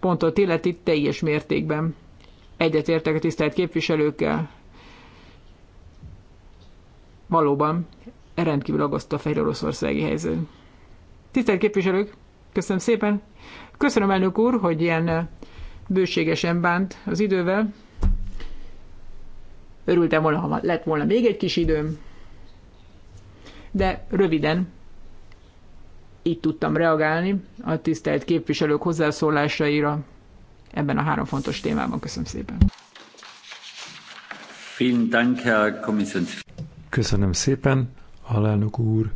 pontot illeti, teljes mértékben egyetértek a tisztelt képviselőkkel. Valóban rendkívül aggasztó a fehér oroszországi helyzet. Tisztelt képviselők, köszönöm szépen. Köszönöm elnök úr, hogy ilyen bőségesen bánt az idővel. Örültem volna, ha lett volna még egy kis időm, de röviden így tudtam reagálni a tisztelt képviselők hozzászólásaira ebben a három fontos témában. Köszönöm szépen. Köszönöm szépen, alelnök úr.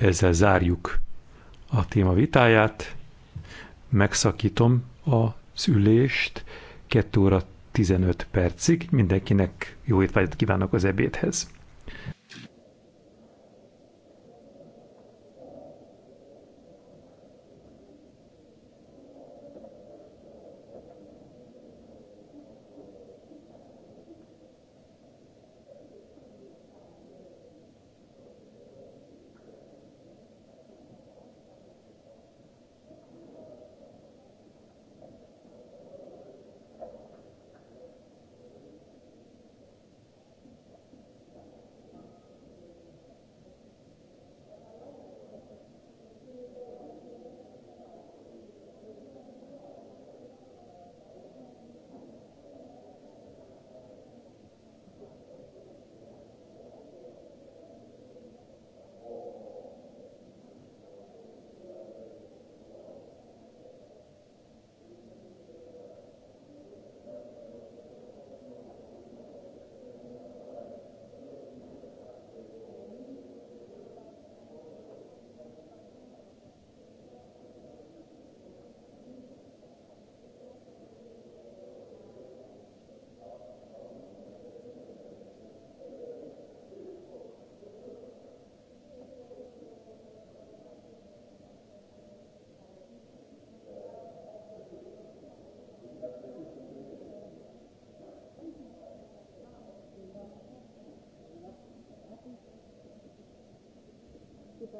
Ezzel zárjuk a téma vitáját. Megszakítom a ülést. 2 óra 15 percig. Mindenkinek jó étvágyat kívánok az ebédhez.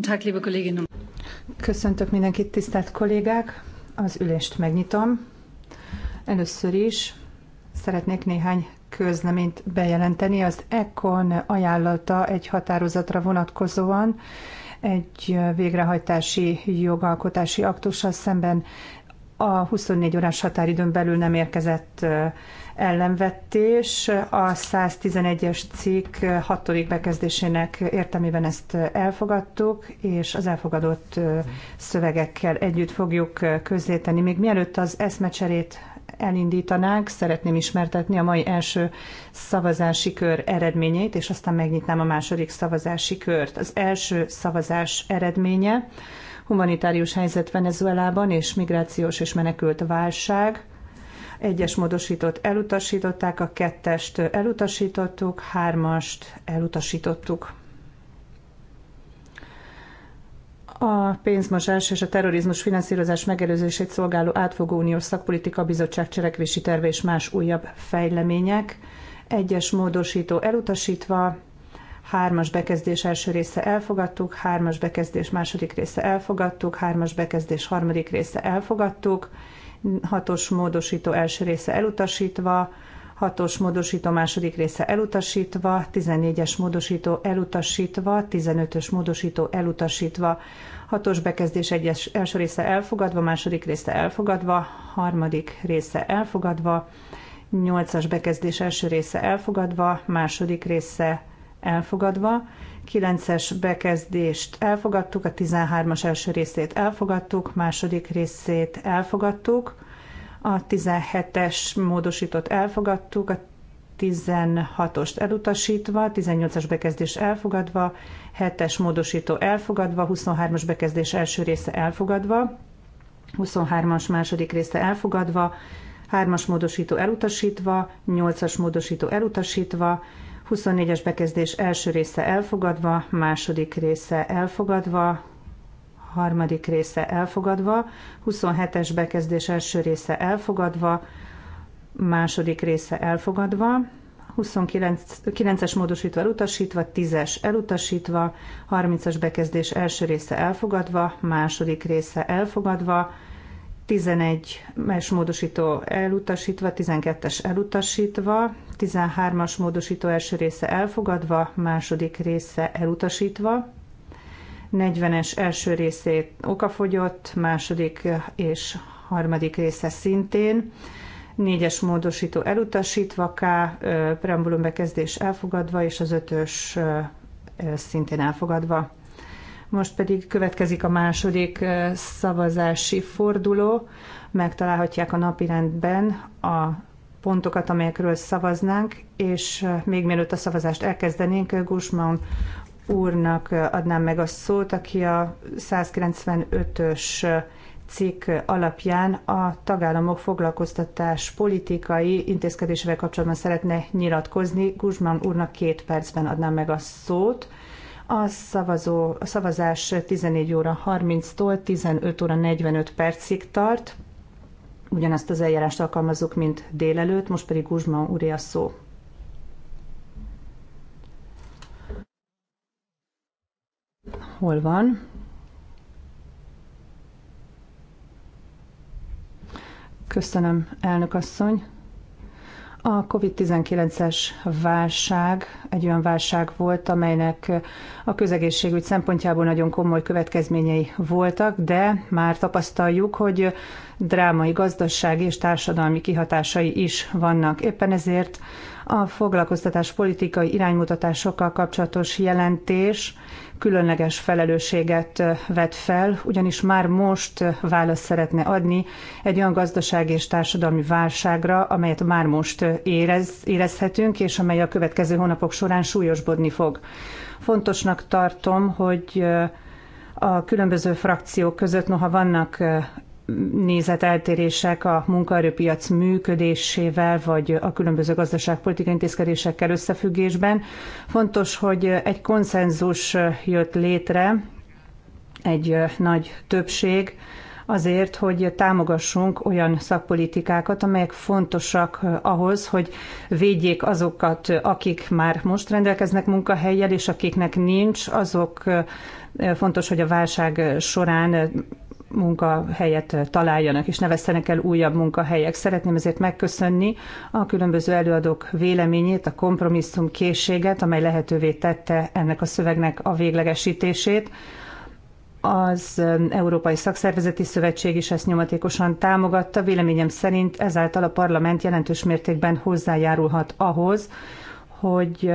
Guten Tag, liebe Kolleginnen. Köszöntök mindenkit, tisztelt kollégák! Az ülést megnyitom. Először is szeretnék néhány közleményt bejelenteni. Az ECON ajánlata egy határozatra vonatkozóan egy végrehajtási jogalkotási aktussal szemben a 24 órás határidőn belül nem érkezett ellenvetés. A 111-es cikk 6. bekezdésének értelmében ezt elfogadtuk, és az elfogadott szövegekkel együtt fogjuk közzétenni. Még mielőtt az eszmecserét elindítanánk, szeretném ismertetni a mai első szavazási kör eredményét, és aztán megnyitnám a második szavazási kört. Az első szavazás eredménye humanitárius helyzet Venezuelában és migrációs és menekült válság. Egyes módosítót elutasították, a kettest elutasítottuk, hármast elutasítottuk. A pénzmosás és a terrorizmus finanszírozás megelőzését szolgáló átfogó uniós szakpolitika bizottság cselekvési terve és más újabb fejlemények. Egyes módosító elutasítva, hármas bekezdés első része elfogadtuk, hármas bekezdés második része elfogadtuk, hármas bekezdés harmadik része elfogadtuk, hatos módosító első része elutasítva, hatos módosító második része elutasítva, 14-es módosító elutasítva, 15-ös módosító elutasítva, hatos bekezdés egyes első része elfogadva, második része elfogadva, harmadik része elfogadva, 8-as bekezdés első része elfogadva, második része elfogadva, 9-es bekezdést elfogadtuk, a 13-as első részét elfogadtuk, második részét elfogadtuk, a 17-es módosított elfogadtuk, a 16-ost elutasítva, 18-as bekezdés elfogadva, 7-es módosító elfogadva, 23-as bekezdés első része elfogadva, 23-as második része elfogadva, 3-as módosító elutasítva, 8-as módosító elutasítva, 24-es bekezdés első része elfogadva, második része elfogadva, harmadik része elfogadva, 27-es bekezdés első része elfogadva, második része elfogadva, 29-es módosítva elutasítva, 10-es elutasítva, 30-as bekezdés első része elfogadva, második része elfogadva, 11-es módosító elutasítva, 12-es elutasítva, 13-as módosító első része elfogadva, második része elutasítva, 40-es első részét okafogyott, második és harmadik része szintén, 4-es módosító elutasítva, K preambulum bekezdés elfogadva, és az 5-ös szintén elfogadva. Most pedig következik a második szavazási forduló. Megtalálhatják a napirendben a pontokat, amelyekről szavaznánk, és még mielőtt a szavazást elkezdenénk, Gusman úrnak adnám meg a szót, aki a 195-ös cikk alapján a tagállamok foglalkoztatás politikai intézkedésével kapcsolatban szeretne nyilatkozni. Guzmán úrnak két percben adnám meg a szót a, szavazó, a szavazás 14 óra 30-tól 15 óra 45 percig tart. Ugyanazt az eljárást alkalmazzuk, mint délelőtt, most pedig Guzsma úré a szó. Hol van? Köszönöm, elnök asszony. A COVID-19-es válság egy olyan válság volt, amelynek a közegészségügy szempontjából nagyon komoly következményei voltak, de már tapasztaljuk, hogy drámai gazdasági és társadalmi kihatásai is vannak. Éppen ezért a foglalkoztatás politikai iránymutatásokkal kapcsolatos jelentés különleges felelősséget vet fel, ugyanis már most választ szeretne adni egy olyan gazdasági és társadalmi válságra, amelyet már most érez, érezhetünk, és amely a következő hónapok során súlyosbodni fog. Fontosnak tartom, hogy a különböző frakciók között, noha vannak nézeteltérések a munkaerőpiac működésével, vagy a különböző gazdaságpolitikai intézkedésekkel összefüggésben. Fontos, hogy egy konszenzus jött létre, egy nagy többség, azért, hogy támogassunk olyan szakpolitikákat, amelyek fontosak ahhoz, hogy védjék azokat, akik már most rendelkeznek munkahelyjel, és akiknek nincs, azok fontos, hogy a válság során munkahelyet találjanak és ne vesztenek el újabb munkahelyek. Szeretném ezért megköszönni a különböző előadók véleményét, a kompromisszum készséget, amely lehetővé tette ennek a szövegnek a véglegesítését. Az Európai Szakszervezeti Szövetség is ezt nyomatékosan támogatta. Véleményem szerint ezáltal a parlament jelentős mértékben hozzájárulhat ahhoz, hogy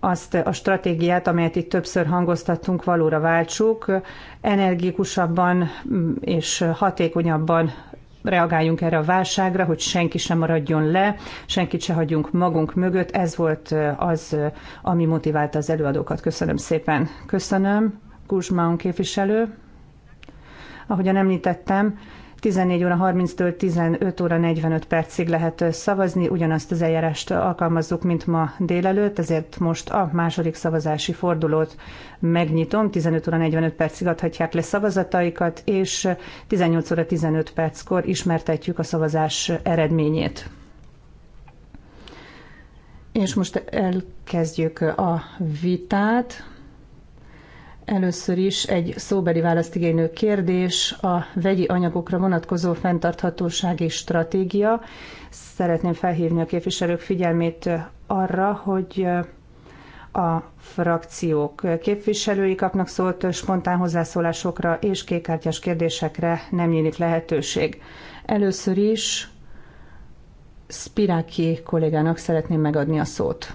azt a stratégiát, amelyet itt többször hangoztattunk, valóra váltsuk, energikusabban mm, és hatékonyabban reagáljunk erre a válságra, hogy senki sem maradjon le, senkit se hagyjunk magunk mögött. Ez volt az, ami motiválta az előadókat. Köszönöm szépen. Köszönöm. Guzmán képviselő. Ahogyan említettem, 14 óra 30-től 15 óra 45 percig lehet szavazni, ugyanazt az eljárást alkalmazzuk, mint ma délelőtt, ezért most a második szavazási fordulót megnyitom, 15 óra 45 percig adhatják le szavazataikat, és 18 óra 15 perckor ismertetjük a szavazás eredményét. És most elkezdjük a vitát. Először is egy szóbeli választ igénylő kérdés, a vegyi anyagokra vonatkozó fenntarthatósági stratégia. Szeretném felhívni a képviselők figyelmét arra, hogy a frakciók képviselői kapnak szót spontán hozzászólásokra és kékártyás kérdésekre nem nyílik lehetőség. Először is Spiráki kollégának szeretném megadni a szót.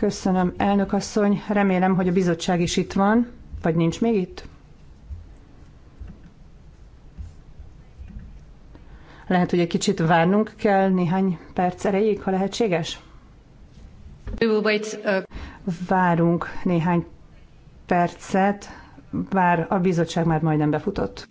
Köszönöm, elnök asszony. Remélem, hogy a bizottság is itt van, vagy nincs még itt? Lehet, hogy egy kicsit várnunk kell néhány perc erejéig, ha lehetséges? Uh, Várunk néhány percet, bár a bizottság már majdnem befutott.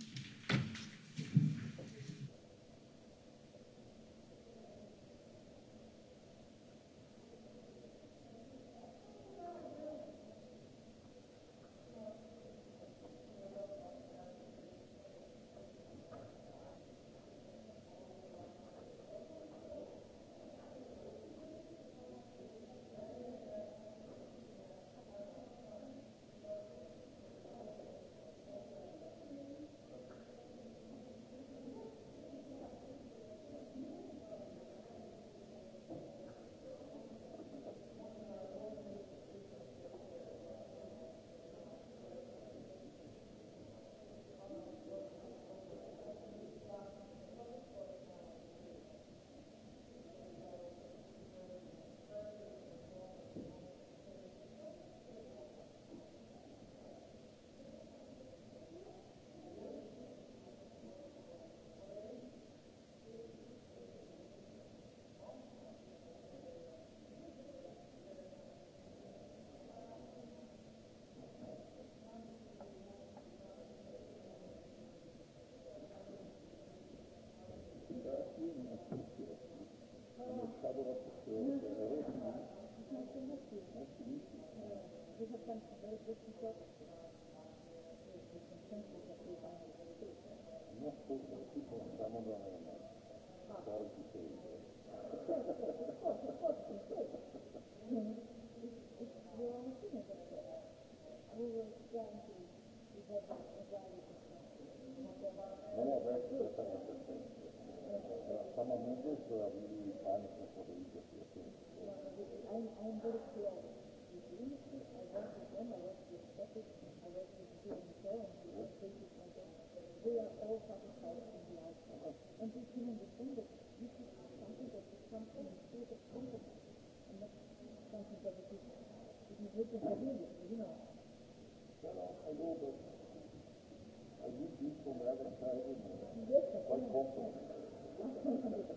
Vagy fontos.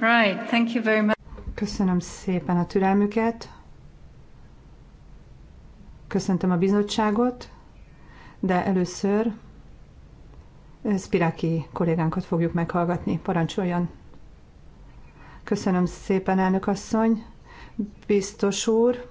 Right, thank you very much. Köszönöm szépen a türelmüket. Köszöntöm a bizottságot, de először eh, Spiraki kollégánkat fogjuk meghallgatni. Parancsoljon! Köszönöm szépen, elnök asszony, biztos úr.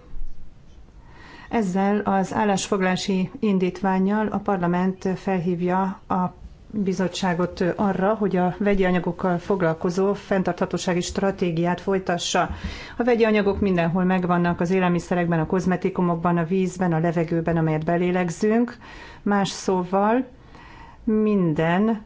Ezzel az állásfoglási indítványjal a parlament felhívja a bizottságot arra, hogy a vegyi anyagokkal foglalkozó fenntarthatósági stratégiát folytassa. A vegyi anyagok mindenhol megvannak az élelmiszerekben, a kozmetikumokban, a vízben, a levegőben, amelyet belélegzünk. Más szóval minden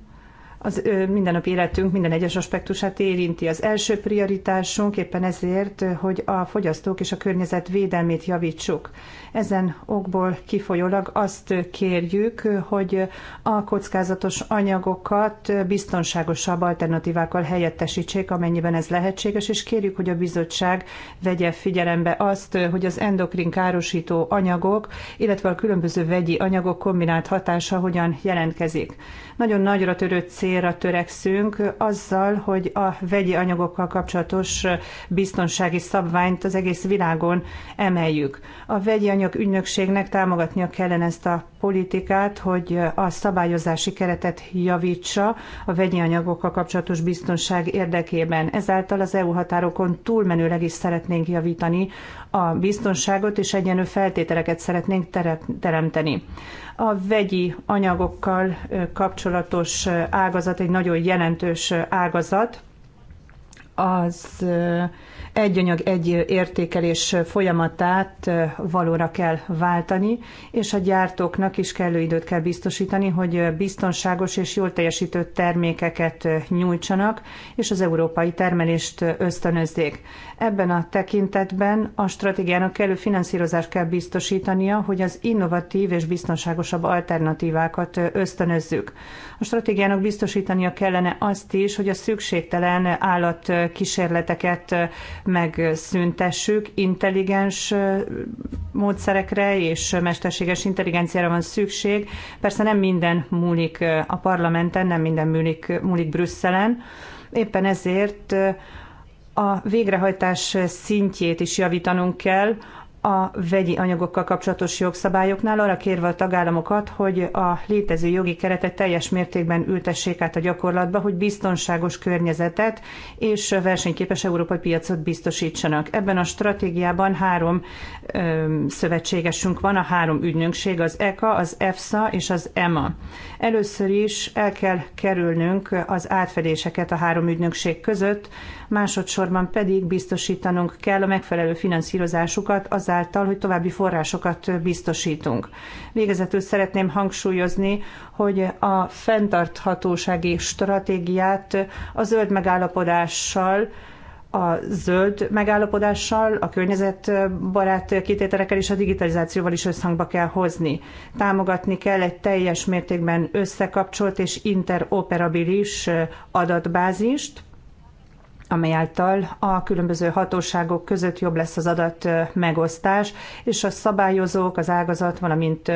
az mindennapi életünk minden egyes aspektusát érinti. Az első prioritásunk éppen ezért, hogy a fogyasztók és a környezet védelmét javítsuk. Ezen okból kifolyólag azt kérjük, hogy a kockázatos anyagokat biztonságosabb alternatívákkal helyettesítsék, amennyiben ez lehetséges, és kérjük, hogy a bizottság vegye figyelembe azt, hogy az endokrin károsító anyagok, illetve a különböző vegyi anyagok kombinált hatása hogyan jelentkezik. Nagyon nagyra törő cél célra törekszünk azzal, hogy a vegyi anyagokkal kapcsolatos biztonsági szabványt az egész világon emeljük. A vegyi anyag ügynökségnek támogatnia kellene ezt a politikát, hogy a szabályozási keretet javítsa a vegyi anyagokkal kapcsolatos biztonság érdekében. Ezáltal az EU határokon túlmenőleg is szeretnénk javítani a biztonságot, és egyenlő feltételeket szeretnénk teremteni. A vegyi anyagokkal kapcsolatos ágazat egy nagyon jelentős ágazat, az egy anyag egy értékelés folyamatát valóra kell váltani, és a gyártóknak is kellő időt kell biztosítani, hogy biztonságos és jól teljesítő termékeket nyújtsanak, és az európai termelést ösztönözzék. Ebben a tekintetben a stratégiának kellő finanszírozást kell biztosítania, hogy az innovatív és biztonságosabb alternatívákat ösztönözzük. A stratégiának biztosítania kellene azt is, hogy a szükségtelen állatkísérleteket megszüntessük, intelligens módszerekre és mesterséges intelligenciára van szükség. Persze nem minden múlik a parlamenten, nem minden múlik, múlik Brüsszelen. Éppen ezért a végrehajtás szintjét is javítanunk kell, a vegyi anyagokkal kapcsolatos jogszabályoknál, arra kérve a tagállamokat, hogy a létező jogi keretet teljes mértékben ültessék át a gyakorlatba, hogy biztonságos környezetet és versenyképes európai piacot biztosítsanak. Ebben a stratégiában három ö, szövetségesünk van, a három ügynökség, az ECA, az EFSA és az EMA. Először is el kell kerülnünk az átfedéseket a három ügynökség között, másodszorban pedig biztosítanunk kell a megfelelő finanszírozásukat azáltal, hogy további forrásokat biztosítunk. Végezetül szeretném hangsúlyozni, hogy a fenntarthatósági stratégiát a zöld megállapodással a zöld megállapodással, a környezetbarát kitételekkel és a digitalizációval is összhangba kell hozni. Támogatni kell egy teljes mértékben összekapcsolt és interoperabilis adatbázist, amely által a különböző hatóságok között jobb lesz az adat megosztás, és a szabályozók, az ágazat, valamint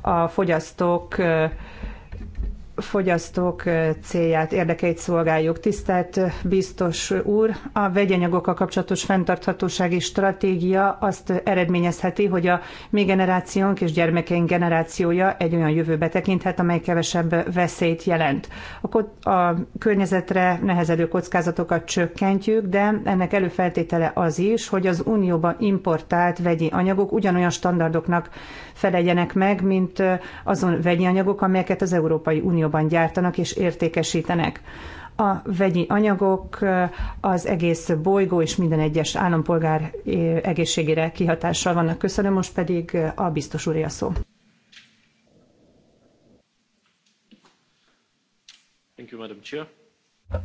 a fogyasztók fogyasztók célját, érdekeit szolgáljuk. Tisztelt biztos úr, a vegyanyagokkal kapcsolatos fenntarthatósági stratégia azt eredményezheti, hogy a mi generációnk és gyermekeink generációja egy olyan jövőbe tekinthet, amely kevesebb veszélyt jelent. A, a környezetre nehezedő kockázatokat csökkentjük, de ennek előfeltétele az is, hogy az unióba importált vegyi anyagok ugyanolyan standardoknak feleljenek meg, mint azon vegyi anyagok, amelyeket az Európai Unióban gyártanak és értékesítenek a vegyi anyagok az egész bolygó és minden egyes állampolgár egészségére kihatással vannak. Köszönöm, most pedig a biztos úr a szó.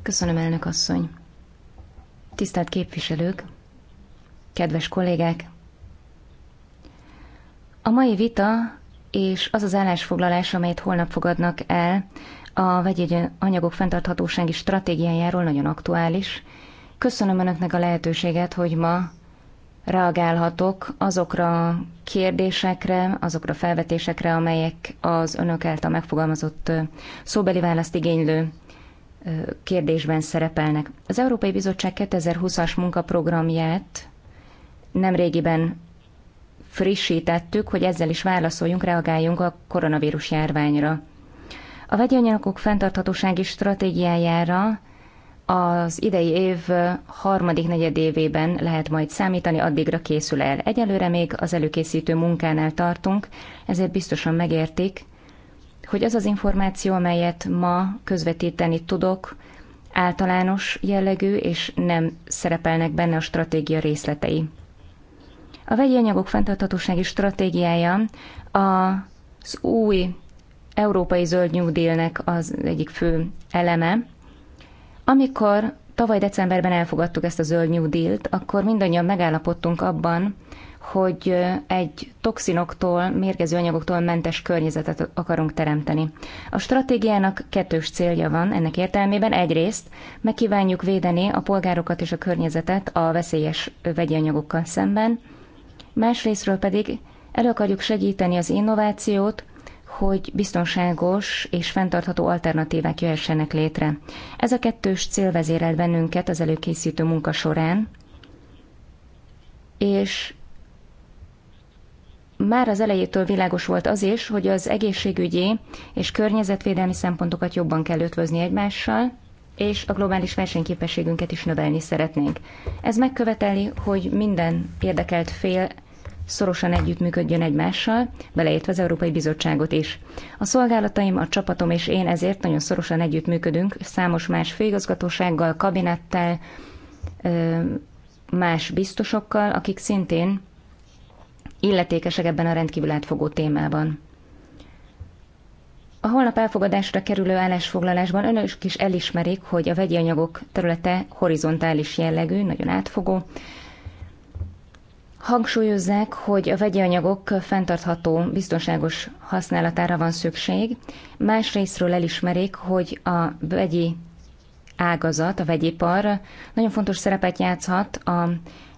Köszönöm, elnök asszony. Tisztelt képviselők, kedves kollégák, a mai vita és az az állásfoglalás, amelyet holnap fogadnak el, a vegyi anyagok fenntarthatósági stratégiájáról nagyon aktuális. Köszönöm Önöknek a lehetőséget, hogy ma reagálhatok azokra a kérdésekre, azokra a felvetésekre, amelyek az Önök által megfogalmazott szóbeli választ igénylő kérdésben szerepelnek. Az Európai Bizottság 2020-as munkaprogramját nemrégiben frissítettük, hogy ezzel is válaszoljunk, reagáljunk a koronavírus járványra. A vegyi anyagok fenntarthatósági stratégiájára az idei év harmadik negyedévében lehet majd számítani, addigra készül el. Egyelőre még az előkészítő munkánál tartunk, ezért biztosan megértik, hogy az az információ, amelyet ma közvetíteni tudok, általános jellegű, és nem szerepelnek benne a stratégia részletei. A vegyi anyagok fenntarthatósági stratégiája az új európai zöld nek az egyik fő eleme. Amikor tavaly decemberben elfogadtuk ezt a zöld Deal-t, akkor mindannyian megállapodtunk abban, hogy egy toxinoktól, mérgező anyagoktól mentes környezetet akarunk teremteni. A stratégiának kettős célja van ennek értelmében. Egyrészt megkívánjuk védeni a polgárokat és a környezetet a veszélyes vegyi anyagokkal szemben, másrésztről pedig el akarjuk segíteni az innovációt, hogy biztonságos és fenntartható alternatívák jöhessenek létre. Ez a kettős cél vezérel bennünket az előkészítő munka során, és már az elejétől világos volt az is, hogy az egészségügyi és környezetvédelmi szempontokat jobban kell ötvözni egymással, és a globális versenyképességünket is növelni szeretnénk. Ez megköveteli, hogy minden érdekelt fél szorosan együttműködjön egymással, beleértve az Európai Bizottságot is. A szolgálataim, a csapatom és én ezért nagyon szorosan együttműködünk számos más főigazgatósággal, kabinettel, más biztosokkal, akik szintén illetékesek ebben a rendkívül átfogó témában. A holnap elfogadásra kerülő állásfoglalásban önök is elismerik, hogy a vegyi anyagok területe horizontális jellegű, nagyon átfogó, hangsúlyozzák, hogy a vegyi anyagok fenntartható, biztonságos használatára van szükség. Másrésztről elismerik, hogy a vegyi ágazat, a vegyipar nagyon fontos szerepet játszhat a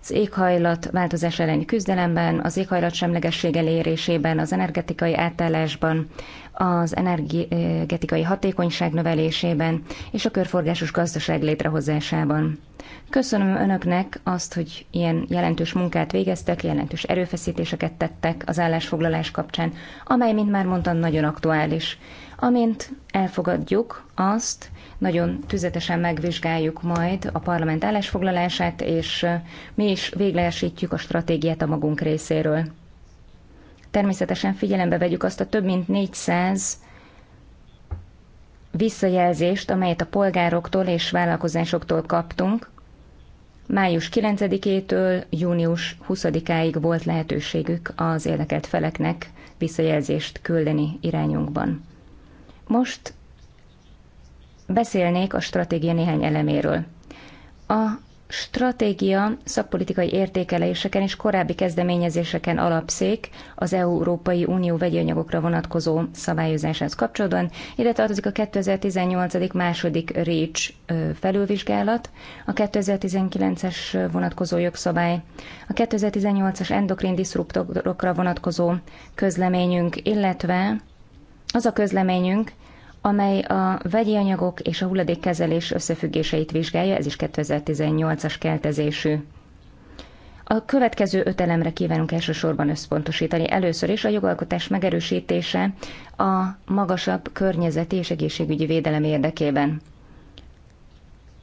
az éghajlat változás elleni küzdelemben, az éghajlat semlegesség elérésében, az energetikai átállásban, az energetikai hatékonyság növelésében és a körforgásos gazdaság létrehozásában. Köszönöm önöknek azt, hogy ilyen jelentős munkát végeztek, jelentős erőfeszítéseket tettek az állásfoglalás kapcsán, amely, mint már mondtam, nagyon aktuális. Amint elfogadjuk azt, nagyon tüzetesen megvizsgáljuk majd a parlament állásfoglalását, és mi is véglegesítjük a stratégiát a magunk részéről. Természetesen figyelembe vegyük azt a több mint 400 visszajelzést, amelyet a polgároktól és vállalkozásoktól kaptunk. Május 9-től június 20-áig volt lehetőségük az érdekelt feleknek visszajelzést küldeni irányunkban. Most beszélnék a stratégia néhány eleméről. A stratégia szakpolitikai értékeléseken és korábbi kezdeményezéseken alapszik az Európai Unió vegyi anyagokra vonatkozó szabályozáshoz kapcsolatban. Ide tartozik a 2018. második REACH felülvizsgálat, a 2019-es vonatkozó jogszabály, a 2018-as endokrin diszruptorokra vonatkozó közleményünk, illetve az a közleményünk, amely a vegyi anyagok és a hulladékkezelés összefüggéseit vizsgálja, ez is 2018-as keltezésű. A következő öt elemre kívánunk elsősorban összpontosítani. Először is a jogalkotás megerősítése a magasabb környezeti és egészségügyi védelem érdekében.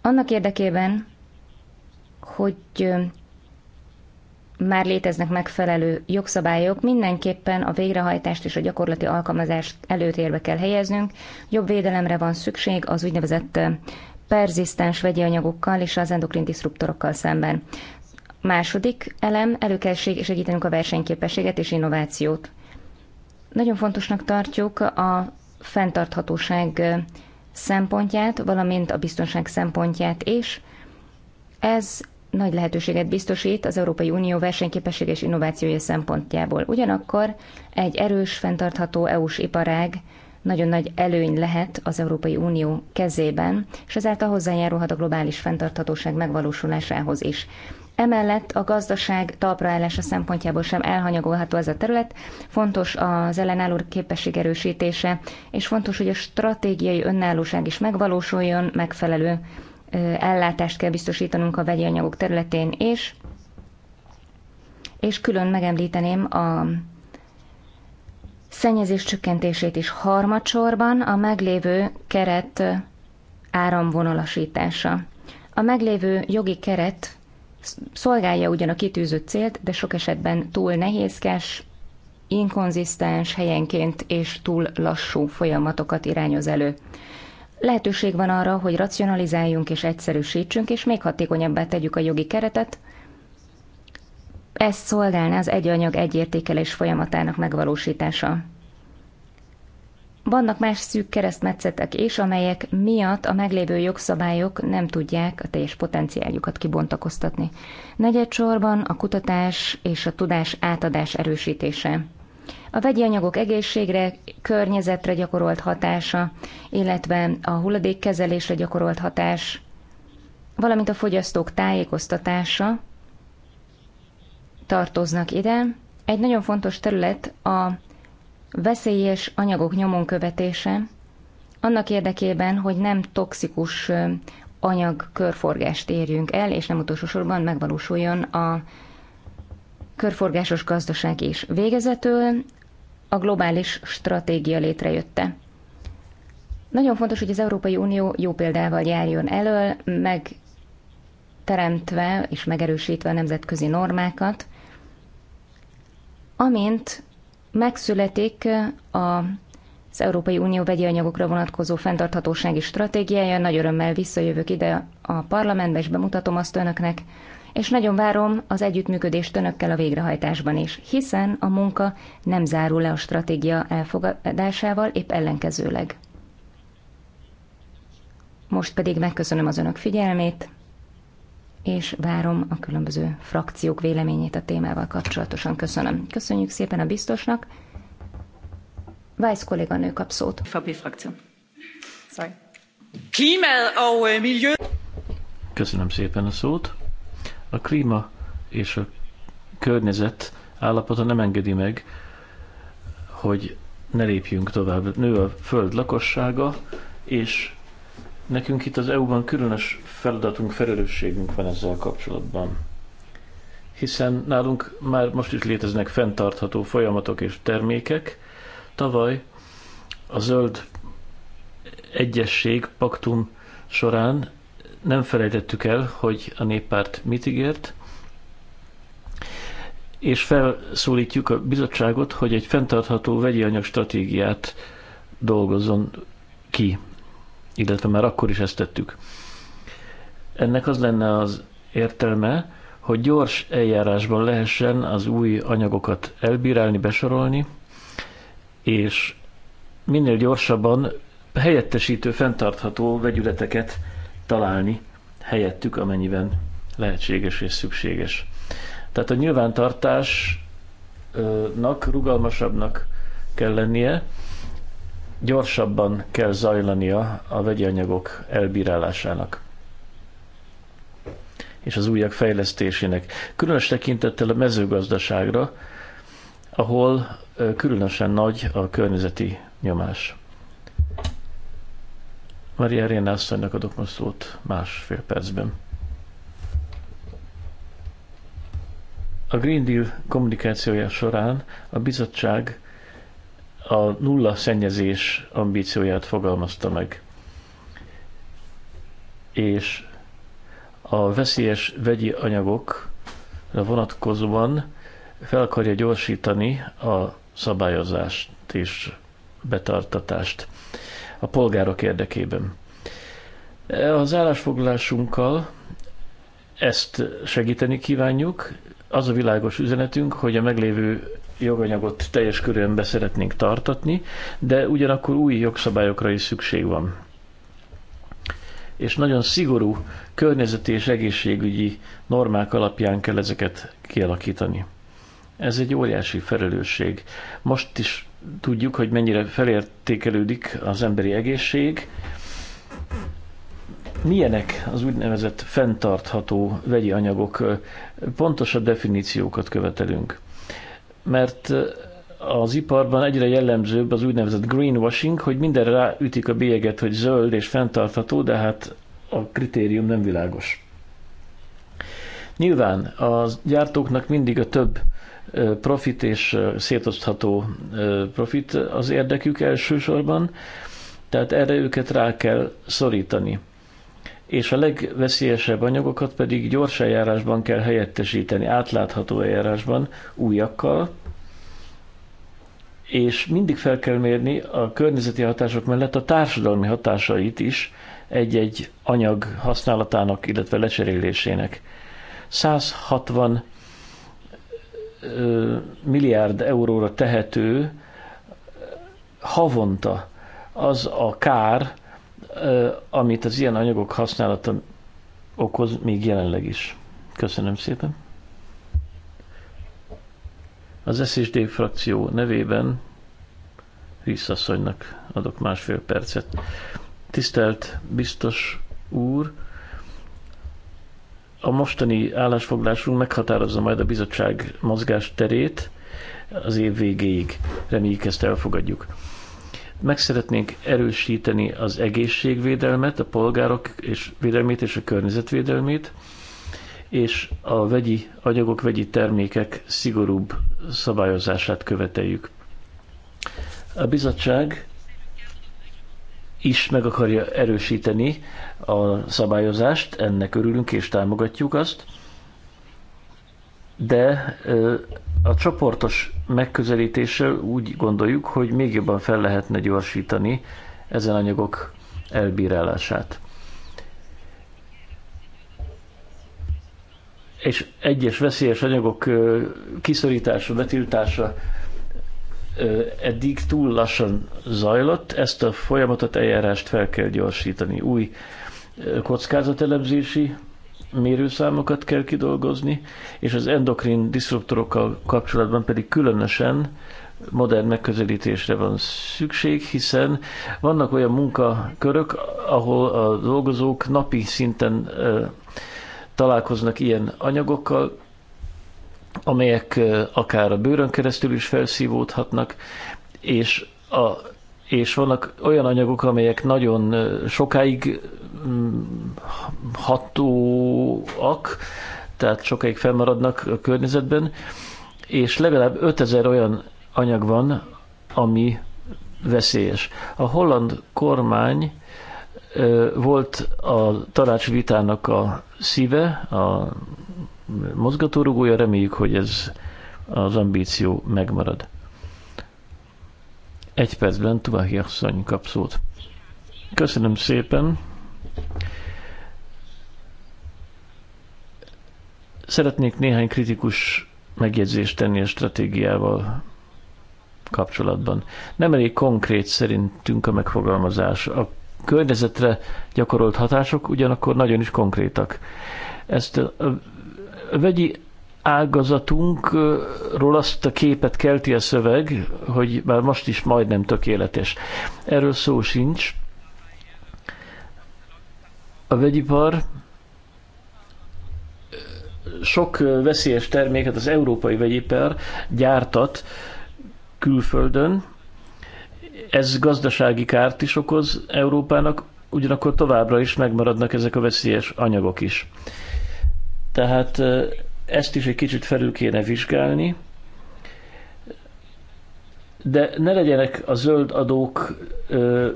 Annak érdekében, hogy már léteznek megfelelő jogszabályok, mindenképpen a végrehajtást és a gyakorlati alkalmazást előtérbe kell helyeznünk. Jobb védelemre van szükség az úgynevezett perzisztens vegyi anyagokkal és az endokrin diszruptorokkal szemben. Második elem, elő kell segítenünk a versenyképességet és innovációt. Nagyon fontosnak tartjuk a fenntarthatóság szempontját, valamint a biztonság szempontját is. Ez nagy lehetőséget biztosít az Európai Unió versenyképessége és innovációja szempontjából. Ugyanakkor egy erős, fenntartható EU-s iparág nagyon nagy előny lehet az Európai Unió kezében, és ezáltal hozzájárulhat a globális fenntarthatóság megvalósulásához is. Emellett a gazdaság talpraállása szempontjából sem elhanyagolható ez a terület, fontos az ellenálló képesség erősítése, és fontos, hogy a stratégiai önállóság is megvalósuljon megfelelő ellátást kell biztosítanunk a vegyi anyagok területén és és külön megemlíteném a szennyezés csökkentését is harmadsorban a meglévő keret áramvonalasítása. A meglévő jogi keret szolgálja ugyan a kitűzött célt, de sok esetben túl nehézkes, inkonzisztens, helyenként és túl lassú folyamatokat irányoz elő. Lehetőség van arra, hogy racionalizáljunk és egyszerűsítsünk, és még hatékonyabbá tegyük a jogi keretet. Ezt szolgálná az egyanyag egyértékelés folyamatának megvalósítása. Vannak más szűk keresztmetszetek és amelyek miatt a meglévő jogszabályok nem tudják a teljes potenciáljukat kibontakoztatni. Negyedsorban a kutatás és a tudás átadás erősítése a vegyi anyagok egészségre, környezetre gyakorolt hatása, illetve a hulladékkezelésre gyakorolt hatás, valamint a fogyasztók tájékoztatása tartoznak ide. Egy nagyon fontos terület a veszélyes anyagok nyomon követése, annak érdekében, hogy nem toxikus anyag körforgást érjünk el, és nem utolsó sorban megvalósuljon a körforgásos gazdaság is. Végezetül a globális stratégia létrejötte. Nagyon fontos, hogy az Európai Unió jó példával járjon elől, megteremtve és megerősítve a nemzetközi normákat, amint megszületik a az Európai Unió vegyi anyagokra vonatkozó fenntarthatósági stratégiája. Nagy örömmel visszajövök ide a parlamentbe, és bemutatom azt önöknek és nagyon várom az együttműködést önökkel a végrehajtásban is, hiszen a munka nem zárul le a stratégia elfogadásával, épp ellenkezőleg. Most pedig megköszönöm az önök figyelmét, és várom a különböző frakciók véleményét a témával kapcsolatosan. Köszönöm. Köszönjük szépen a biztosnak. Weiss kolléganő kap szót. Sorry. frakció. Eh, Köszönöm szépen a szót a klíma és a környezet állapota nem engedi meg, hogy ne lépjünk tovább. Nő a föld lakossága, és nekünk itt az EU-ban különös feladatunk, felelősségünk van ezzel kapcsolatban. Hiszen nálunk már most is léteznek fenntartható folyamatok és termékek. Tavaly a zöld egyesség paktum során nem felejtettük el, hogy a néppárt mit ígért, és felszólítjuk a bizottságot, hogy egy fenntartható vegyi anyag stratégiát dolgozzon ki, illetve már akkor is ezt tettük. Ennek az lenne az értelme, hogy gyors eljárásban lehessen az új anyagokat elbírálni, besorolni, és minél gyorsabban helyettesítő, fenntartható vegyületeket találni helyettük, amennyiben lehetséges és szükséges. Tehát a nyilvántartásnak rugalmasabbnak kell lennie, gyorsabban kell zajlania a vegyi anyagok elbírálásának és az újak fejlesztésének. Különös tekintettel a mezőgazdaságra, ahol különösen nagy a környezeti nyomás. Maria Réna asszonynak adok most szót másfél percben. A Green Deal kommunikációja során a bizottság a nulla szennyezés ambícióját fogalmazta meg. És a veszélyes vegyi anyagokra vonatkozóan fel akarja gyorsítani a szabályozást és betartatást a polgárok érdekében. Az állásfoglalásunkkal ezt segíteni kívánjuk. Az a világos üzenetünk, hogy a meglévő joganyagot teljes körülön be szeretnénk tartatni, de ugyanakkor új jogszabályokra is szükség van. És nagyon szigorú környezeti és egészségügyi normák alapján kell ezeket kialakítani. Ez egy óriási felelősség. Most is tudjuk, hogy mennyire felértékelődik az emberi egészség. Milyenek az úgynevezett fenntartható vegyi anyagok? Pontosabb definíciókat követelünk. Mert eh, az iparban egyre jellemzőbb az úgynevezett greenwashing, hogy minden ráütik a bélyeget, hogy zöld és fenntartható, de hát a kritérium nem világos. Nyilván a gyártóknak mindig a több profit és szétosztható profit az érdekük elsősorban, tehát erre őket rá kell szorítani. És a legveszélyesebb anyagokat pedig gyors eljárásban kell helyettesíteni, átlátható eljárásban, újakkal, és mindig fel kell mérni a környezeti hatások mellett a társadalmi hatásait is egy-egy anyag használatának, illetve lecserélésének. 160 milliárd euróra tehető havonta az a kár, amit az ilyen anyagok használata okoz még jelenleg is. Köszönöm szépen. Az SSD frakció nevében visszaszonynak adok másfél percet. Tisztelt biztos úr, a mostani állásfoglásunk meghatározza majd a bizottság terét az év végéig. Reméljük ezt elfogadjuk. Meg szeretnénk erősíteni az egészségvédelmet, a polgárok és védelmét és a környezetvédelmét, és a vegyi anyagok, vegyi termékek szigorúbb szabályozását követeljük. A bizottság is meg akarja erősíteni a szabályozást, ennek örülünk és támogatjuk azt, de a csoportos megközelítéssel úgy gondoljuk, hogy még jobban fel lehetne gyorsítani ezen anyagok elbírálását. És egyes veszélyes anyagok kiszorítása, betiltása eddig túl lassan zajlott, ezt a folyamatot, eljárást fel kell gyorsítani. Új kockázatelemzési mérőszámokat kell kidolgozni, és az endokrin diszruptorokkal kapcsolatban pedig különösen modern megközelítésre van szükség, hiszen vannak olyan munkakörök, ahol a dolgozók napi szinten találkoznak ilyen anyagokkal, amelyek akár a bőrön keresztül is felszívódhatnak, és a és vannak olyan anyagok, amelyek nagyon sokáig mm, hatóak, tehát sokáig fennmaradnak a környezetben, és legalább 5000 olyan anyag van, ami veszélyes. A holland kormány volt a tanácsvitának a szíve, a mozgatórugója, reméljük, hogy ez az ambíció megmarad. Egy percben Tuvahi asszony kap szót. Köszönöm szépen. Szeretnék néhány kritikus megjegyzést tenni a stratégiával kapcsolatban. Nem elég konkrét szerintünk a megfogalmazás. A környezetre gyakorolt hatások ugyanakkor nagyon is konkrétak. Ezt a vegyi ágazatunkról azt a képet kelti a szöveg, hogy már most is majdnem tökéletes. Erről szó sincs. A vegyipar sok veszélyes terméket az európai vegyipar gyártat külföldön. Ez gazdasági kárt is okoz Európának, ugyanakkor továbbra is megmaradnak ezek a veszélyes anyagok is. Tehát ezt is egy kicsit felül kéne vizsgálni, de ne legyenek a zöld adók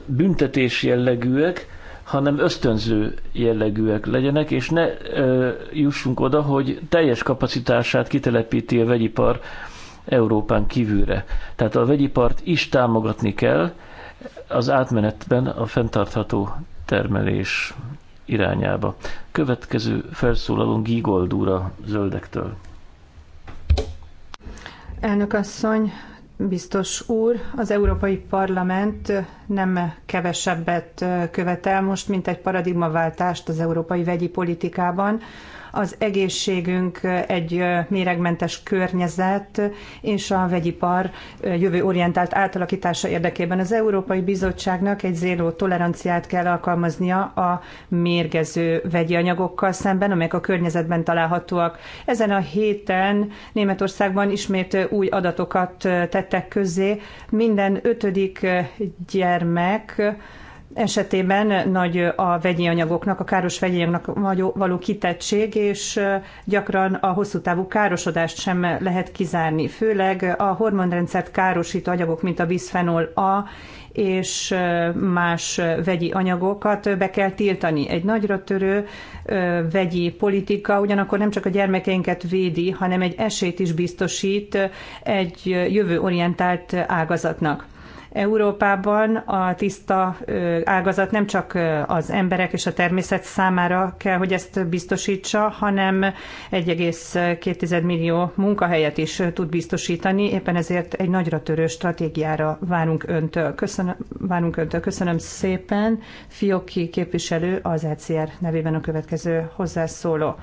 büntetés jellegűek, hanem ösztönző jellegűek legyenek, és ne jussunk oda, hogy teljes kapacitását kitelepíti a vegyipar Európán kívülre. Tehát a vegyipart is támogatni kell az átmenetben a fenntartható termelés irányába. Következő felszólalón Gigold úr a zöldektől. Elnök asszony, biztos úr, az Európai Parlament nem kevesebbet követel most, mint egy paradigmaváltást az európai vegyi politikában, az egészségünk egy méregmentes környezet és a vegyipar orientált átalakítása érdekében. Az Európai Bizottságnak egy zéró toleranciát kell alkalmaznia a mérgező vegyi anyagokkal szemben, amelyek a környezetben találhatóak. Ezen a héten Németországban ismét új adatokat tettek közzé. Minden ötödik gyermek esetében nagy a vegyi anyagoknak, a káros vegyi anyagoknak való kitettség, és gyakran a hosszú távú károsodást sem lehet kizárni, főleg a hormonrendszert károsító anyagok, mint a bisphenol A és más vegyi anyagokat be kell tiltani. Egy nagyra törő vegyi politika ugyanakkor nem csak a gyermekeinket védi, hanem egy esélyt is biztosít egy jövőorientált ágazatnak. Európában a tiszta ágazat nem csak az emberek és a természet számára kell, hogy ezt biztosítsa, hanem 1,2 millió munkahelyet is tud biztosítani. Éppen ezért egy nagyra törő stratégiára várunk öntől. Köszönöm, várunk öntől. Köszönöm szépen. Fioki képviselő az ECR nevében a következő hozzászóló.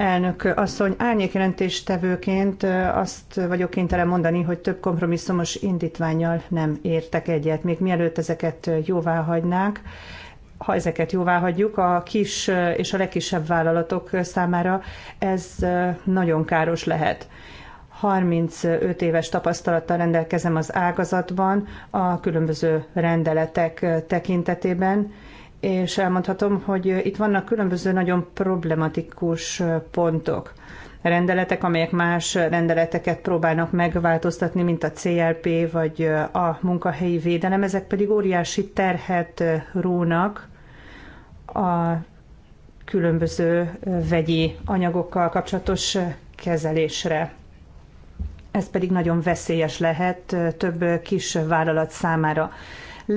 Elnök asszony, árnyékjelentéstevőként eh, azt vagyok kénytelen mondani, hogy több kompromisszumos indítványjal nem értek egyet. Még mielőtt ezeket jóvá hagynák, ha ezeket jóvá hagyjuk, a kis eh, és a legkisebb vállalatok számára ez eh, nagyon káros lehet. 35 éves tapasztalattal rendelkezem az ágazatban, a különböző rendeletek tekintetében, és elmondhatom, hogy itt vannak különböző nagyon problematikus pontok. Rendeletek, amelyek más rendeleteket próbálnak megváltoztatni, mint a CLP vagy a munkahelyi védelem, ezek pedig óriási terhet rónak a különböző vegyi anyagokkal kapcsolatos kezelésre. Ez pedig nagyon veszélyes lehet több kis vállalat számára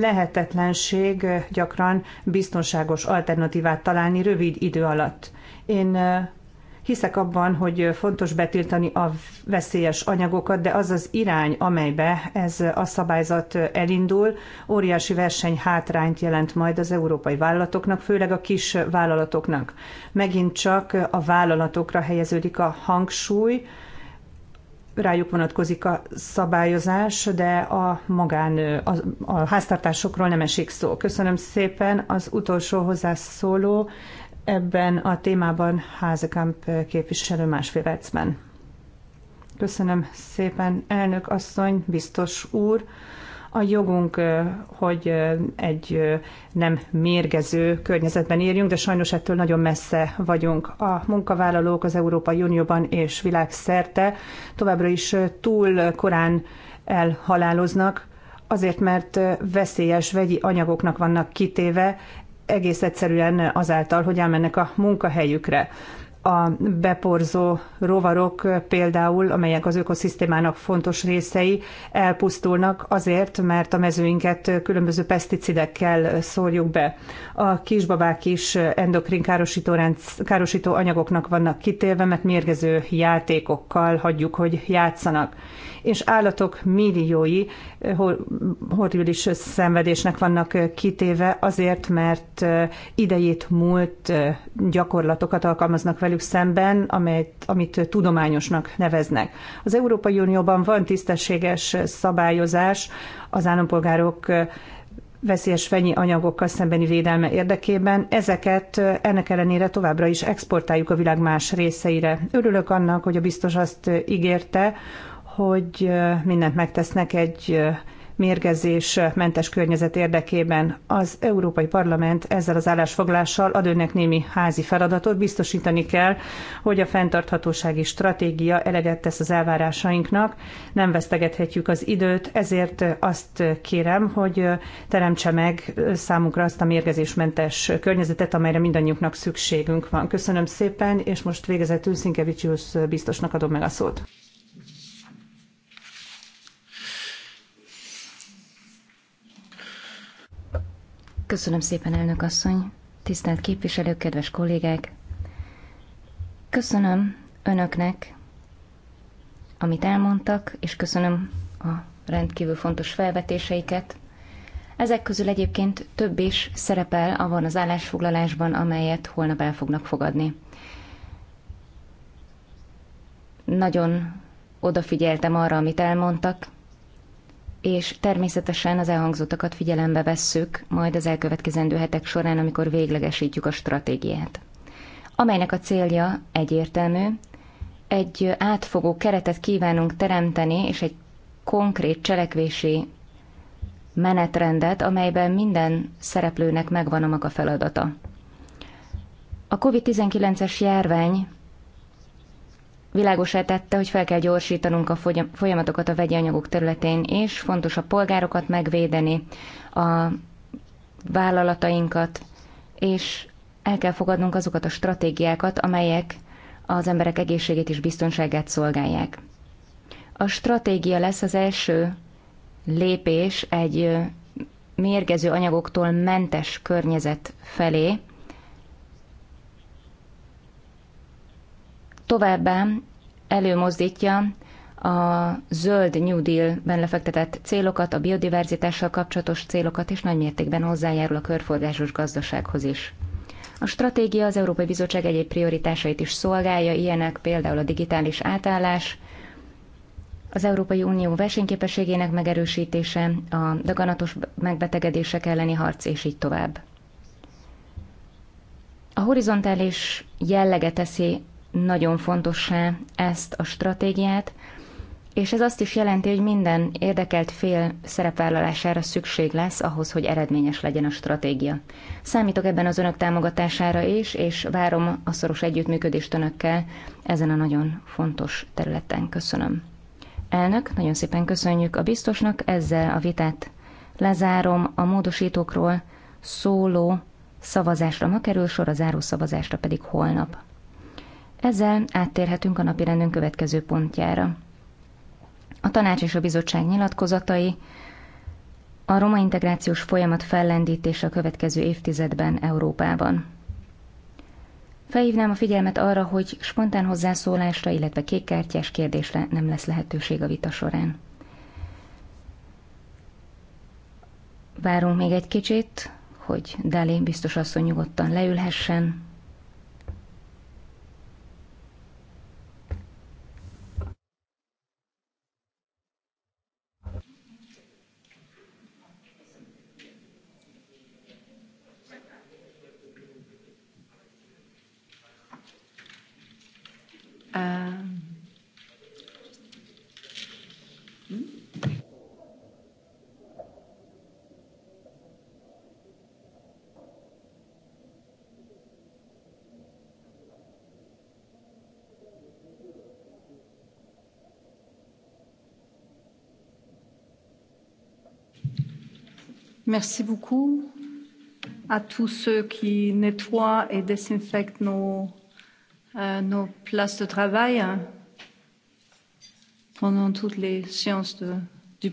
lehetetlenség gyakran biztonságos alternatívát találni rövid idő alatt. Én hiszek abban, hogy fontos betiltani a veszélyes anyagokat, de az az irány, amelybe ez a szabályzat elindul, óriási verseny hátrányt jelent majd az európai vállalatoknak, főleg a kis vállalatoknak. Megint csak a vállalatokra helyeződik a hangsúly, rájuk vonatkozik a szabályozás, de a magán, a, a háztartásokról nem esik szó. Köszönöm szépen az utolsó hozzászóló ebben a témában Házekamp képviselő másfél percben. Köszönöm szépen, elnök asszony, biztos úr a jogunk, hogy egy nem mérgező környezetben érjünk, de sajnos ettől nagyon messze vagyunk. A munkavállalók az Európai Unióban és világszerte továbbra is túl korán elhaláloznak, azért mert veszélyes vegyi anyagoknak vannak kitéve, egész egyszerűen azáltal, hogy elmennek a munkahelyükre a beporzó rovarok például, amelyek az ökoszisztémának fontos részei, elpusztulnak azért, mert a mezőinket különböző peszticidekkel szórjuk be. A kisbabák is endokrin károsító, rendsz, károsító anyagoknak vannak kitéve, mert mérgező játékokkal hagyjuk, hogy játszanak és állatok milliói eh, horribilis szenvedésnek vannak eh, kitéve azért, mert eh, idejét múlt gyakorlatokat alkalmaznak velük szemben, amelyet, amit tudományosnak neveznek. Az Európai Unióban van tisztességes szabályozás az állampolgárok veszélyes fenyi anyagokkal szembeni védelme érdekében. Ezeket ennek ellenére továbbra is exportáljuk a világ más részeire. Örülök annak, hogy a biztos azt ígérte, hogy mindent megtesznek egy mérgezés mentes környezet érdekében. Az Európai Parlament ezzel az állásfoglással ad önnek némi házi feladatot, biztosítani kell, hogy a fenntarthatósági stratégia eleget tesz az elvárásainknak, nem vesztegethetjük az időt, ezért azt kérem, hogy teremtse meg számunkra azt a mérgezésmentes környezetet, amelyre mindannyiunknak szükségünk van. Köszönöm szépen, és most végezetül Szinkevicsius biztosnak adom meg a szót. Köszönöm szépen, elnök asszony, tisztelt képviselők, kedves kollégák. Köszönöm önöknek, amit elmondtak, és köszönöm a rendkívül fontos felvetéseiket. Ezek közül egyébként több is szerepel avon az állásfoglalásban, amelyet holnap el fognak fogadni. Nagyon odafigyeltem arra, amit elmondtak, és természetesen az elhangzottakat figyelembe vesszük majd az elkövetkezendő hetek során, amikor véglegesítjük a stratégiát, amelynek a célja egyértelmű, egy átfogó keretet kívánunk teremteni, és egy konkrét cselekvési menetrendet, amelyben minden szereplőnek megvan a maga feladata. A COVID-19-es járvány világosá tette, hogy fel kell gyorsítanunk a folyamatokat a vegyi anyagok területén, és fontos a polgárokat megvédeni, a vállalatainkat, és el kell fogadnunk azokat a stratégiákat, amelyek az emberek egészségét és biztonságát szolgálják. A stratégia lesz az első lépés egy mérgező anyagoktól mentes környezet felé, Továbbá előmozdítja a zöld New Deal-ben lefektetett célokat, a biodiverzitással kapcsolatos célokat, és nagymértékben hozzájárul a körforgásos gazdasághoz is. A stratégia az Európai Bizottság egyéb prioritásait is szolgálja, ilyenek például a digitális átállás, az Európai Unió versenyképességének megerősítése, a daganatos megbetegedések elleni harc, és így tovább. A horizontális jellege teszi nagyon fontossá ezt a stratégiát, és ez azt is jelenti, hogy minden érdekelt fél szerepvállalására szükség lesz ahhoz, hogy eredményes legyen a stratégia. Számítok ebben az önök támogatására is, és várom a szoros együttműködést önökkel ezen a nagyon fontos területen. Köszönöm. Elnök, nagyon szépen köszönjük a biztosnak, ezzel a vitát lezárom a módosítókról szóló szavazásra ma kerül sor, a záró szavazásra pedig holnap. Ezzel áttérhetünk a napirendünk következő pontjára. A tanács és a bizottság nyilatkozatai a roma integrációs folyamat fellendítése a következő évtizedben Európában. Felhívnám a figyelmet arra, hogy spontán hozzászólásra, illetve kékkártyás kérdésre nem lesz lehetőség a vita során. Várunk még egy kicsit, hogy Dali biztos asszony nyugodtan leülhessen, Merci beaucoup à tous ceux qui nettoient et désinfectent nos nos places de travail pendant toutes les séances de, du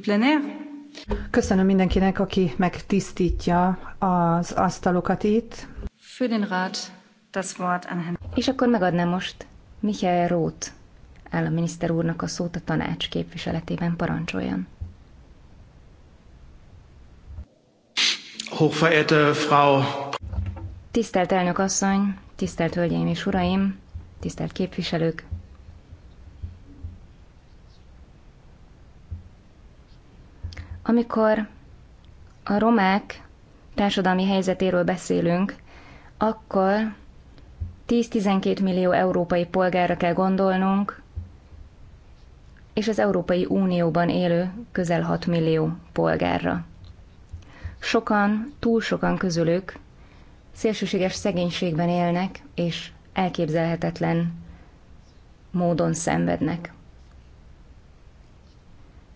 Köszönöm mindenkinek, aki megtisztítja az asztalokat itt. Für den Rat das Wort an Herrn. És akkor megadnám most Michael Roth államminiszter úrnak a szót a tanács képviseletében parancsoljon. Hochverehrte Frau Tisztelt elnök asszony, tisztelt hölgyeim és uraim, tisztelt képviselők! Amikor a romák társadalmi helyzetéről beszélünk, akkor 10-12 millió európai polgárra kell gondolnunk, és az Európai Unióban élő közel 6 millió polgárra. Sokan, túl sokan közülük szélsőséges szegénységben élnek, és elképzelhetetlen módon szenvednek.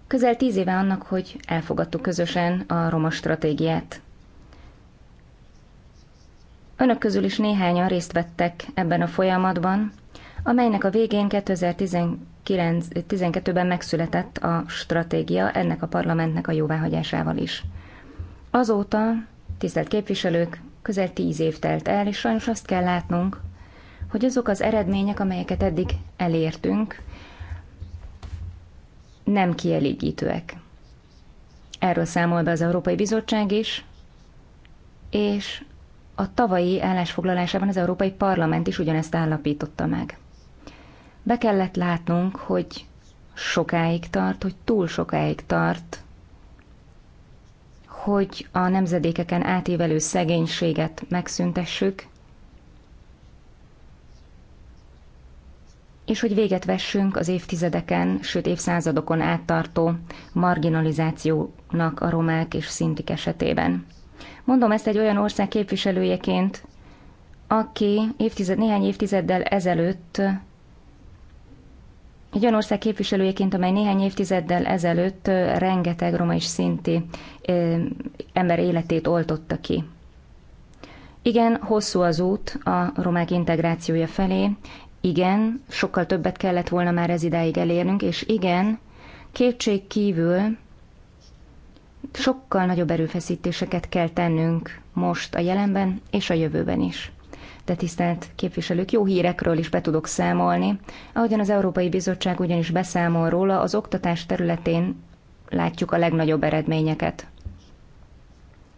Közel tíz éve annak, hogy elfogadtuk közösen a roma stratégiát. Önök közül is néhányan részt vettek ebben a folyamatban, amelynek a végén 2012-ben megszületett a stratégia ennek a parlamentnek a jóváhagyásával is. Azóta, tisztelt képviselők, közel tíz év telt el, és sajnos azt kell látnunk, hogy azok az eredmények, amelyeket eddig elértünk, nem kielégítőek. Erről számol be az Európai Bizottság is, és a tavalyi állásfoglalásában az Európai Parlament is ugyanezt állapította meg. Be kellett látnunk, hogy sokáig tart, hogy túl sokáig tart, hogy a nemzedékeken átívelő szegénységet megszüntessük, és hogy véget vessünk az évtizedeken, sőt évszázadokon áttartó marginalizációnak a romák és szintik esetében. Mondom ezt egy olyan ország képviselőjeként, aki évtized, néhány évtizeddel ezelőtt egy olyan ország képviselőjeként, amely néhány évtizeddel ezelőtt rengeteg roma és szinti ö, ember életét oltotta ki. Igen, hosszú az út a romák integrációja felé, igen, sokkal többet kellett volna már ez idáig elérnünk, és igen, kétség kívül sokkal nagyobb erőfeszítéseket kell tennünk most a jelenben és a jövőben is. De tisztelt képviselők, jó hírekről is be tudok számolni. Ahogyan az Európai Bizottság ugyanis beszámol róla, az oktatás területén látjuk a legnagyobb eredményeket.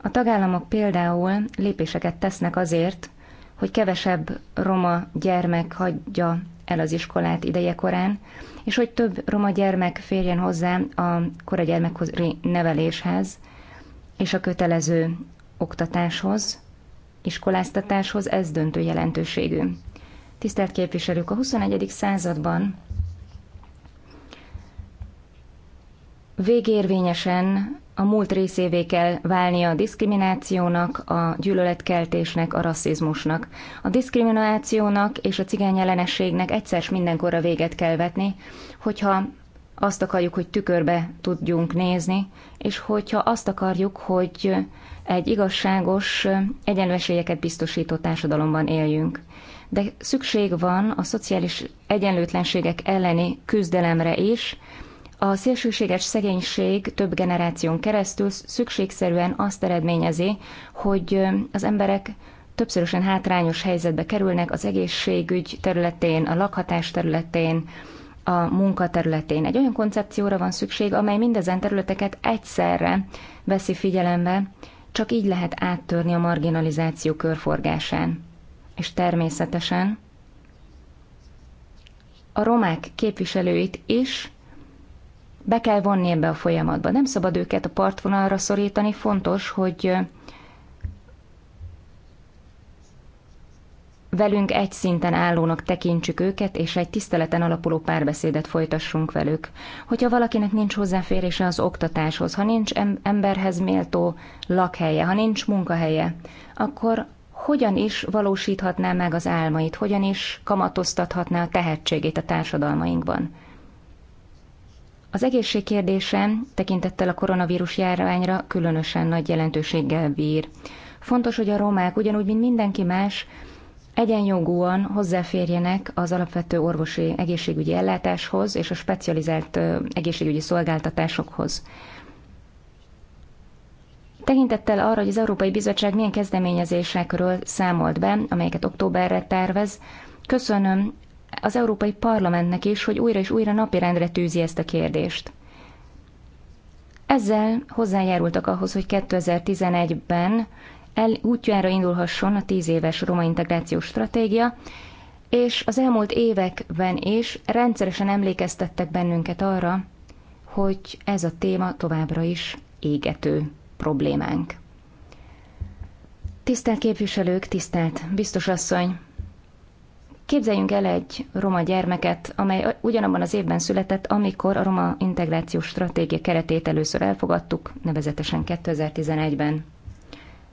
A tagállamok például lépéseket tesznek azért, hogy kevesebb roma gyermek hagyja el az iskolát ideje korán, és hogy több roma gyermek férjen hozzá a kora gyermekkori neveléshez és a kötelező oktatáshoz, iskoláztatáshoz, ez döntő jelentőségű. Tisztelt képviselők, a 21. században végérvényesen a múlt részévé kell válnia a diszkriminációnak, a gyűlöletkeltésnek, a rasszizmusnak. A diszkriminációnak és a cigány ellenességnek egyszer s mindenkorra véget kell vetni, hogyha azt akarjuk, hogy tükörbe tudjunk nézni, és hogyha azt akarjuk, hogy egy igazságos, egyenlőségeket biztosító társadalomban éljünk. De szükség van a szociális egyenlőtlenségek elleni küzdelemre is, a szélsőséges szegénység több generáción keresztül szükségszerűen azt eredményezi, hogy az emberek többszörösen hátrányos helyzetbe kerülnek az egészségügy területén, a lakhatás területén, a munka területén. Egy olyan koncepcióra van szükség, amely mindezen területeket egyszerre veszi figyelembe, csak így lehet áttörni a marginalizáció körforgásán. És természetesen a romák képviselőit is be kell vonni ebbe a folyamatba. Nem szabad őket a partvonalra szorítani, fontos, hogy velünk egy szinten állónak tekintsük őket, és egy tiszteleten alapuló párbeszédet folytassunk velük. Hogyha valakinek nincs hozzáférése az oktatáshoz, ha nincs emberhez méltó lakhelye, ha nincs munkahelye, akkor hogyan is valósíthatná meg az álmait, hogyan is kamatoztathatná a tehetségét a társadalmainkban. Az egészség kérdése tekintettel a koronavírus járványra különösen nagy jelentőséggel bír. Fontos, hogy a romák ugyanúgy, mint mindenki más, egyenjogúan hozzáférjenek az alapvető orvosi egészségügyi ellátáshoz és a specializált egészségügyi szolgáltatásokhoz. Tekintettel arra, hogy az Európai Bizottság milyen kezdeményezésekről számolt be, amelyeket októberre tervez, köszönöm az Európai Parlamentnek is, hogy újra és újra napirendre tűzi ezt a kérdést. Ezzel hozzájárultak ahhoz, hogy 2011-ben el, útjára indulhasson a 10 éves roma integrációs stratégia, és az elmúlt években is rendszeresen emlékeztettek bennünket arra, hogy ez a téma továbbra is égető problémánk. Tisztelt képviselők, tisztelt biztosasszony! Képzeljünk el egy roma gyermeket, amely ugyanabban az évben született, amikor a roma integrációs stratégia keretét először elfogadtuk, nevezetesen 2011-ben.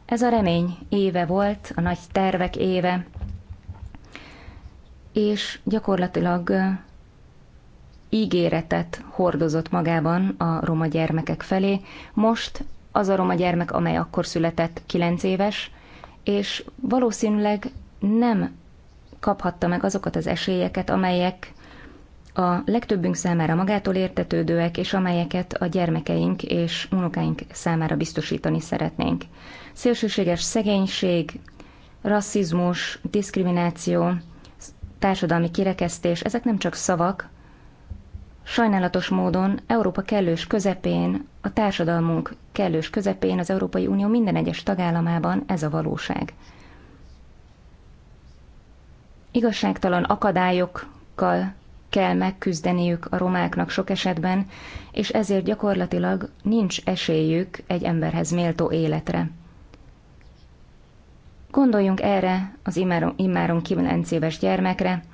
Ez a remény éve volt, a nagy tervek éve, és gyakorlatilag ígéretet hordozott magában a roma gyermekek felé. Most az a roma gyermek, amely akkor született, 9 éves, és valószínűleg nem kaphatta meg azokat az esélyeket, amelyek a legtöbbünk számára magától értetődőek, és amelyeket a gyermekeink és unokáink számára biztosítani szeretnénk. Szélsőséges szegénység, rasszizmus, diszkrimináció, társadalmi kirekesztés, ezek nem csak szavak, Sajnálatos módon Európa kellős közepén, a társadalmunk kellős közepén, az Európai Unió minden egyes tagállamában ez a valóság igazságtalan akadályokkal kell megküzdeniük a romáknak sok esetben, és ezért gyakorlatilag nincs esélyük egy emberhez méltó életre. Gondoljunk erre az immáron, immáron 9 éves gyermekre,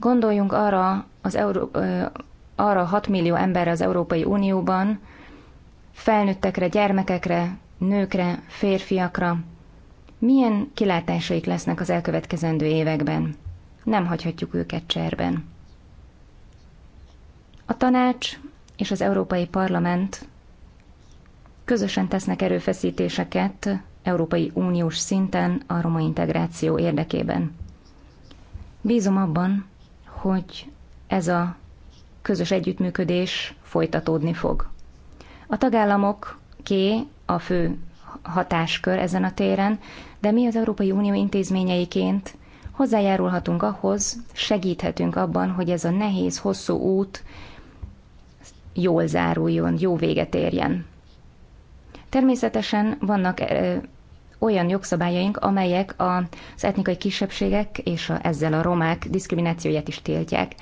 gondoljunk arra, az Euró- arra 6 millió emberre az Európai Unióban, felnőttekre, gyermekekre, nőkre, férfiakra, milyen kilátásaik lesznek az elkövetkezendő években nem hagyhatjuk őket cserben. A tanács és az Európai Parlament közösen tesznek erőfeszítéseket Európai Uniós szinten a roma integráció érdekében. Bízom abban, hogy ez a közös együttműködés folytatódni fog. A tagállamok ké a fő hatáskör ezen a téren, de mi az Európai Unió intézményeiként hozzájárulhatunk ahhoz, segíthetünk abban, hogy ez a nehéz, hosszú út jól záruljon, jó véget érjen. Természetesen vannak olyan jogszabályaink, amelyek az etnikai kisebbségek és a, ezzel a romák diszkriminációját is tiltják.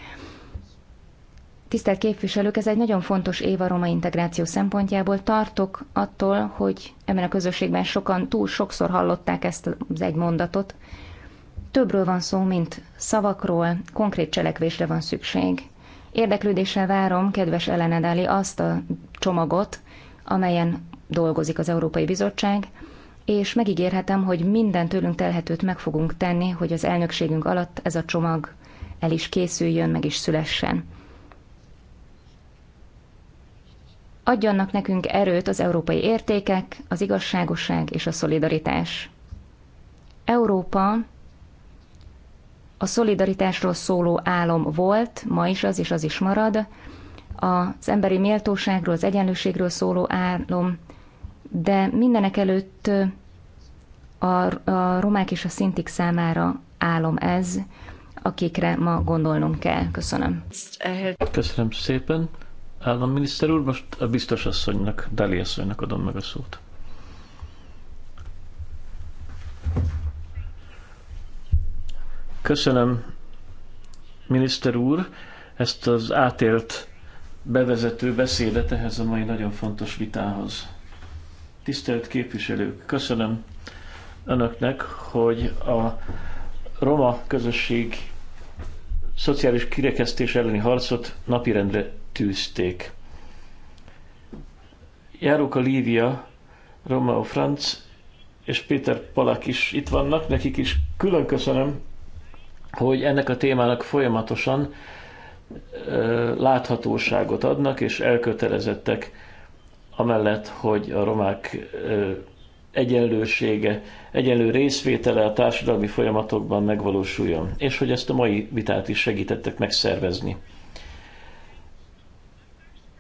Tisztelt képviselők, ez egy nagyon fontos év a roma integráció szempontjából. Tartok attól, hogy ebben a közösségben sokan túl sokszor hallották ezt az egy mondatot, Többről van szó, mint szavakról, konkrét cselekvésre van szükség. Érdeklődéssel várom, kedves Ellenedáli, azt a csomagot, amelyen dolgozik az Európai Bizottság, és megígérhetem, hogy minden tőlünk telhetőt meg fogunk tenni, hogy az elnökségünk alatt ez a csomag el is készüljön, meg is szülessen. Adjanak nekünk erőt az európai értékek, az igazságosság és a szolidaritás. Európa a szolidaritásról szóló álom volt, ma is az, és az is marad, az emberi méltóságról, az egyenlőségről szóló álom, de mindenek előtt a, a romák és a szintik számára álom ez, akikre ma gondolnunk kell. Köszönöm. Köszönöm szépen. Államminiszter úr, most a biztos asszonynak, Dali asszonynak adom meg a szót. Köszönöm, miniszter úr, ezt az átélt bevezető beszédet ehhez a mai nagyon fontos vitához. Tisztelt képviselők, köszönöm önöknek, hogy a roma közösség szociális kirekesztés elleni harcot napirendre tűzték. Járóka Lívia, Romeo Franz és Péter Palak is itt vannak, nekik is külön köszönöm hogy ennek a témának folyamatosan láthatóságot adnak, és elkötelezettek amellett, hogy a romák egyenlősége, egyenlő részvétele a társadalmi folyamatokban megvalósuljon, és hogy ezt a mai vitát is segítettek megszervezni.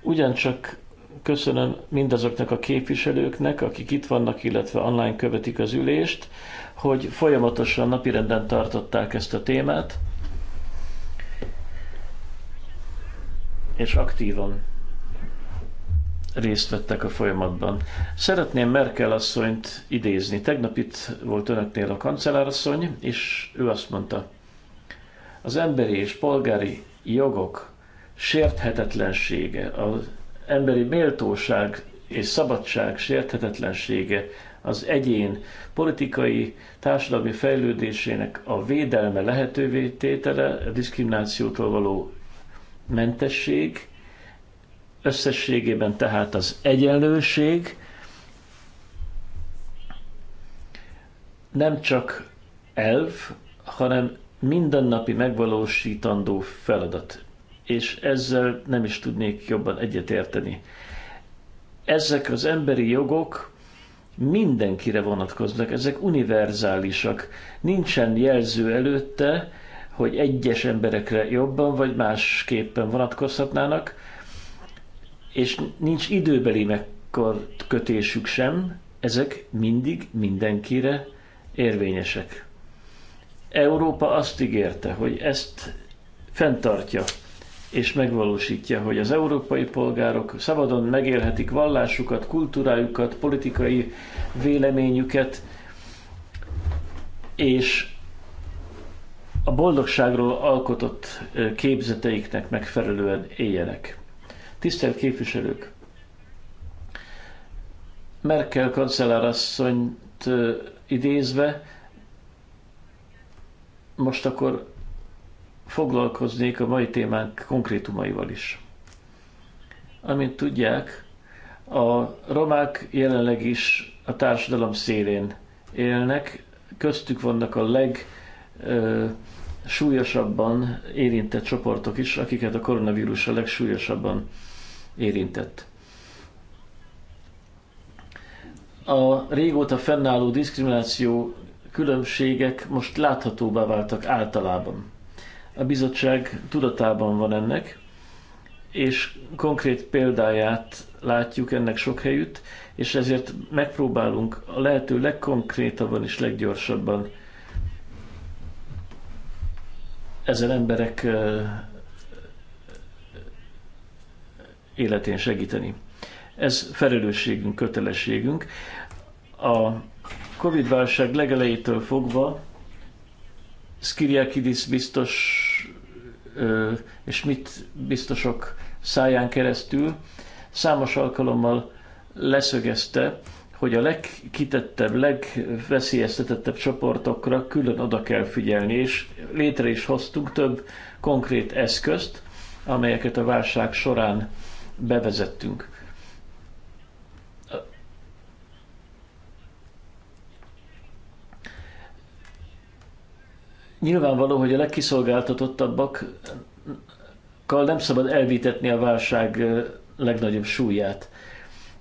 Ugyancsak köszönöm mindazoknak a képviselőknek, akik itt vannak, illetve online követik az ülést, hogy folyamatosan napirenden tartották ezt a témát, és aktívan részt vettek a folyamatban. Szeretném Merkel asszonyt idézni. Tegnap itt volt önöknél a kancellárasszony, és ő azt mondta, az emberi és polgári jogok sérthetetlensége, az emberi méltóság és szabadság sérthetetlensége az egyén politikai, társadalmi fejlődésének a védelme lehetővé tétele, a diszkriminációtól való mentesség, összességében tehát az egyenlőség, nem csak elv, hanem mindennapi megvalósítandó feladat. És ezzel nem is tudnék jobban egyetérteni. Ezek az emberi jogok mindenkire vonatkoznak, ezek univerzálisak. Nincsen jelző előtte, hogy egyes emberekre jobban vagy másképpen vonatkozhatnának, és nincs időbeli megkötésük sem, ezek mindig mindenkire érvényesek. Európa azt ígérte, hogy ezt fenntartja és megvalósítja, hogy az európai polgárok szabadon megélhetik vallásukat, kultúrájukat, politikai véleményüket, és a boldogságról alkotott képzeteiknek megfelelően éljenek. Tisztelt képviselők! Merkel kancellárasszonyt idézve, most akkor foglalkoznék a mai témánk konkrétumaival is. Amint tudják, a romák jelenleg is a társadalom szélén élnek, köztük vannak a leg ö, súlyosabban érintett csoportok is, akiket a koronavírus a legsúlyosabban érintett. A régóta fennálló diszkrimináció különbségek most láthatóbbá váltak általában. A bizottság tudatában van ennek, és konkrét példáját látjuk ennek sok helyütt, és ezért megpróbálunk a lehető legkonkrétabban és leggyorsabban ezen emberek életén segíteni. Ez felelősségünk, kötelességünk. A Covid-válság legelejétől fogva Skiriakidis biztos és mit biztosok száján keresztül számos alkalommal leszögezte, hogy a legkitettebb, legveszélyeztetettebb csoportokra külön oda kell figyelni, és létre is hoztunk több konkrét eszközt, amelyeket a válság során bevezettünk. Nyilvánvaló, hogy a legkiszolgáltatottabbakkal nem szabad elvitetni a válság legnagyobb súlyát.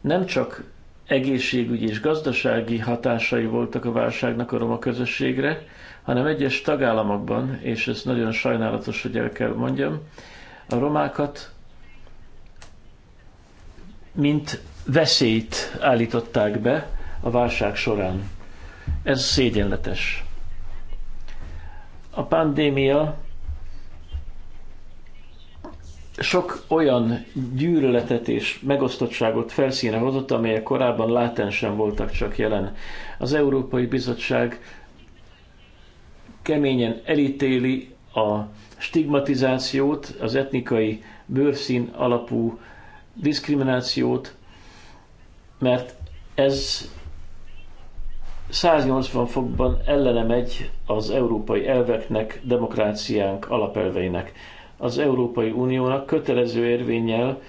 Nem csak egészségügyi és gazdasági hatásai voltak a válságnak a roma közösségre, hanem egyes tagállamokban, és ez nagyon sajnálatos, hogy el kell mondjam, a romákat mint veszélyt állították be a válság során. Ez szégyenletes. A pandémia sok olyan gyűlöletet és megosztottságot felszínre hozott, amelyek korábban látensen voltak csak jelen. Az Európai Bizottság keményen elítéli a stigmatizációt, az etnikai bőrszín alapú diszkriminációt, mert ez 180 fokban ellene megy az európai elveknek, demokráciánk alapelveinek. Az Európai Uniónak kötelező érvényel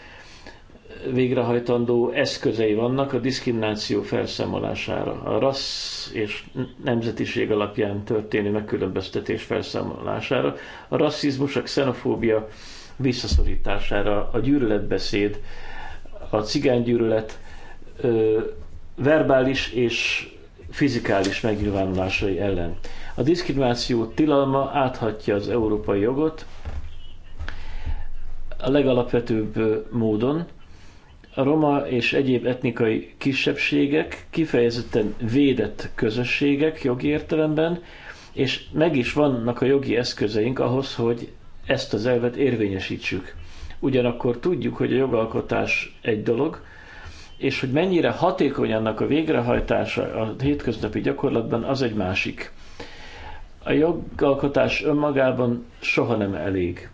végrehajtandó eszközei vannak a diszkrimináció felszámolására, a rassz és nemzetiség alapján történő megkülönböztetés felszámolására, a rasszizmus, a xenofóbia visszaszorítására, a gyűlöletbeszéd, a cigánygyűlölet, verbális és fizikális megnyilvánulásai ellen. A diszkrimináció tilalma áthatja az európai jogot a legalapvetőbb módon. A roma és egyéb etnikai kisebbségek kifejezetten védett közösségek jogi értelemben, és meg is vannak a jogi eszközeink ahhoz, hogy ezt az elvet érvényesítsük. Ugyanakkor tudjuk, hogy a jogalkotás egy dolog, és hogy mennyire hatékony annak a végrehajtása a hétköznapi gyakorlatban, az egy másik. A jogalkotás önmagában soha nem elég.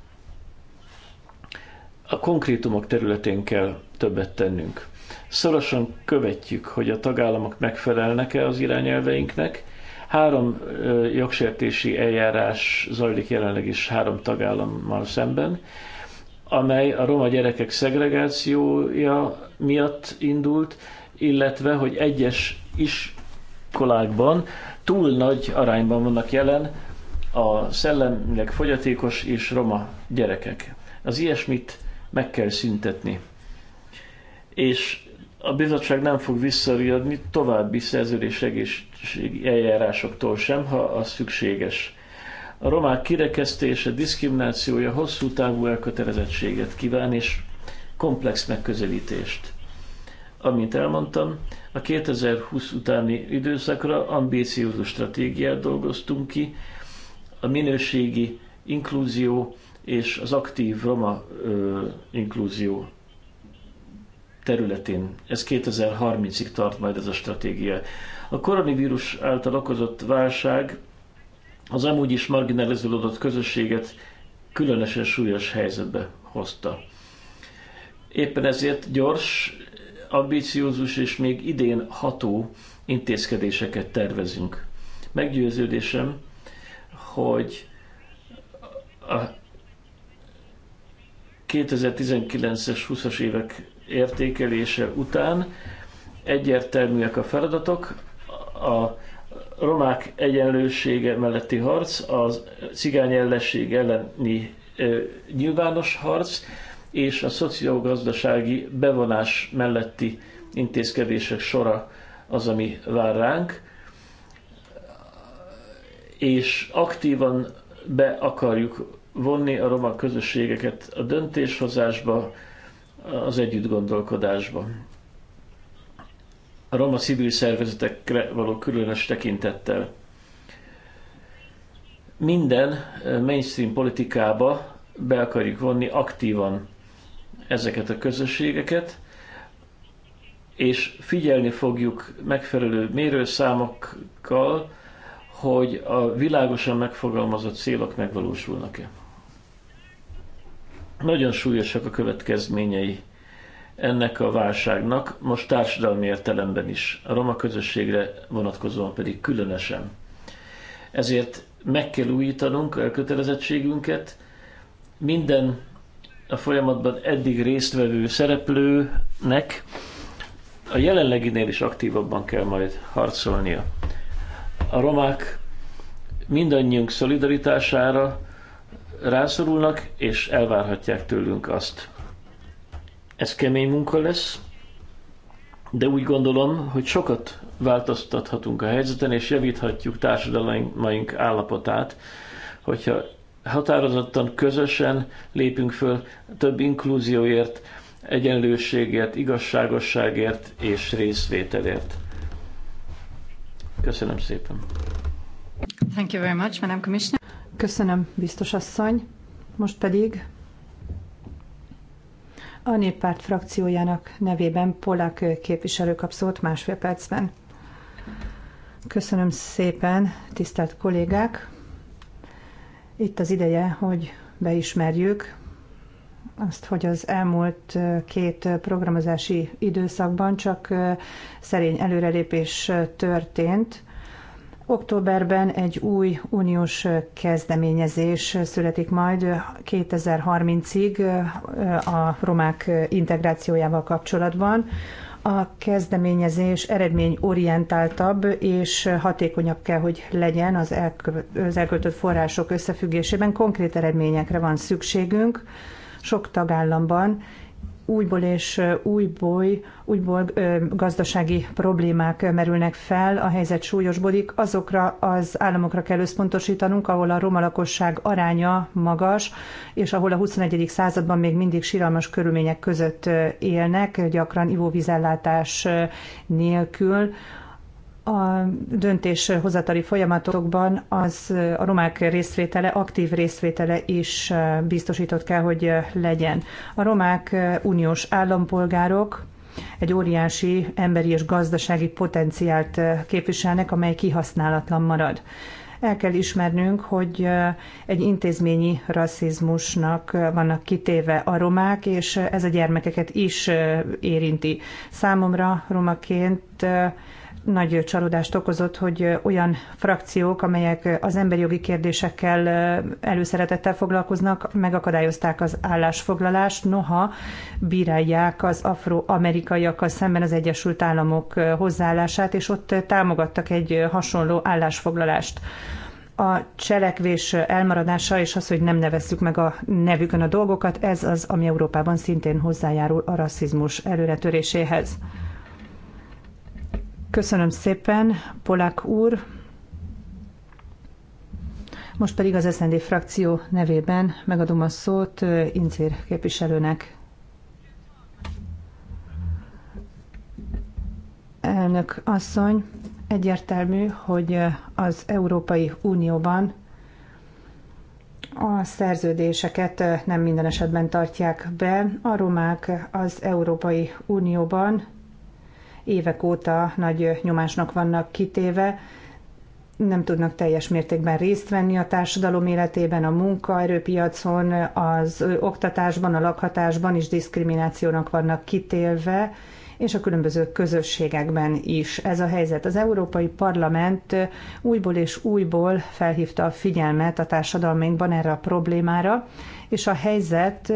A konkrétumok területén kell többet tennünk. Szorosan követjük, hogy a tagállamok megfelelnek-e az irányelveinknek. Három jogsértési eljárás zajlik jelenleg is három tagállammal szemben amely a roma gyerekek szegregációja miatt indult, illetve hogy egyes iskolákban túl nagy arányban vannak jelen a szellemileg fogyatékos és roma gyerekek. Az ilyesmit meg kell szüntetni. És a bizottság nem fog visszariadni további egészségi eljárásoktól sem, ha az szükséges. A romák kirekesztése, diszkriminációja hosszú távú elkötelezettséget kíván, és komplex megközelítést. Amint elmondtam, a 2020 utáni időszakra ambíciózus stratégiát dolgoztunk ki, a minőségi inkluzió és az aktív roma ö, inkluzió területén. Ez 2030-ig tart majd ez a stratégia. A koronavírus által okozott válság az amúgy is marginalizálódott közösséget különösen súlyos helyzetbe hozta. Éppen ezért gyors, ambíciózus és még idén ható intézkedéseket tervezünk. Meggyőződésem, hogy a 2019-es 20-as évek értékelése után egyértelműek a feladatok, a romák egyenlősége melletti harc, az cigány ellenség elleni nyilvános harc, és a szociogazdasági bevonás melletti intézkedések sora az, ami vár ránk, és aktívan be akarjuk vonni a roma közösségeket a döntéshozásba, az együttgondolkodásba a roma civil szervezetekre való különös tekintettel. Minden eh, mainstream politikába be akarjuk vonni aktívan ezeket a közösségeket, és figyelni fogjuk megfelelő mérőszámokkal, hogy a világosan megfogalmazott célok megvalósulnak-e. Nagyon súlyosak a következményei ennek a válságnak, most társadalmi értelemben is, a roma közösségre vonatkozóan pedig különösen. Ezért meg kell újítanunk elkötelezettségünket, minden a folyamatban eddig résztvevő szereplőnek a jelenleginél is aktívabban kell majd harcolnia. A romák mindannyiunk szolidaritására rászorulnak, és elvárhatják tőlünk azt. Ez kemény munka lesz, de úgy gondolom, hogy sokat változtathatunk a helyzeten, és javíthatjuk társadalmaink állapotát, hogyha határozottan, közösen lépünk föl több inkluzióért, egyenlőségért, igazságosságért és részvételért. Köszönöm szépen. Thank you very much, Madam Commissioner. Köszönöm, biztos asszony. Most pedig a néppárt frakciójának nevében Polák képviselő kap szót másfél percben. Köszönöm szépen, tisztelt kollégák! Itt az ideje, hogy beismerjük azt, hogy az elmúlt két programozási időszakban csak szerény előrelépés történt, Októberben egy új uniós kezdeményezés születik majd 2030-ig eh, a romák integrációjával kapcsolatban. A kezdeményezés eredményorientáltabb és hatékonyabb kell, hogy legyen az, az elköltött források összefüggésében. Konkrét eredményekre van szükségünk sok tagállamban újból és újból, újból gazdasági problémák merülnek fel, a helyzet súlyosbodik, azokra az államokra kell összpontosítanunk, ahol a roma lakosság aránya magas, és ahol a 21. században még mindig síralmas körülmények között élnek, gyakran ivóvízellátás nélkül, a döntéshozatali folyamatokban az a romák részvétele, aktív részvétele is biztosított kell, hogy legyen. A romák uniós állampolgárok egy óriási emberi és gazdasági potenciált képviselnek, amely kihasználatlan marad. El kell ismernünk, hogy egy intézményi rasszizmusnak vannak kitéve a romák, és ez a gyermekeket is érinti. Számomra romaként nagy csalódást okozott, hogy olyan frakciók, amelyek az emberi jogi kérdésekkel előszeretettel foglalkoznak, megakadályozták az állásfoglalást, noha bírálják az afroamerikaiakkal szemben az Egyesült Államok hozzáállását, és ott támogattak egy hasonló állásfoglalást a cselekvés elmaradása és az, hogy nem nevezzük meg a nevükön a dolgokat, ez az, ami Európában szintén hozzájárul a rasszizmus előretöréséhez. Köszönöm szépen, Polák úr. Most pedig az SZND frakció nevében megadom a szót Incér képviselőnek. Elnök asszony, egyértelmű, hogy az Európai Unióban a szerződéseket nem minden esetben tartják be. A romák az Európai Unióban évek óta nagy nyomásnak vannak kitéve, nem tudnak teljes mértékben részt venni a társadalom életében, a munkaerőpiacon, az oktatásban, a lakhatásban is diszkriminációnak vannak kitélve, és a különböző közösségekben is ez a helyzet. Az Európai Parlament újból és újból felhívta a figyelmet a társadalmainkban erre a problémára, és a helyzet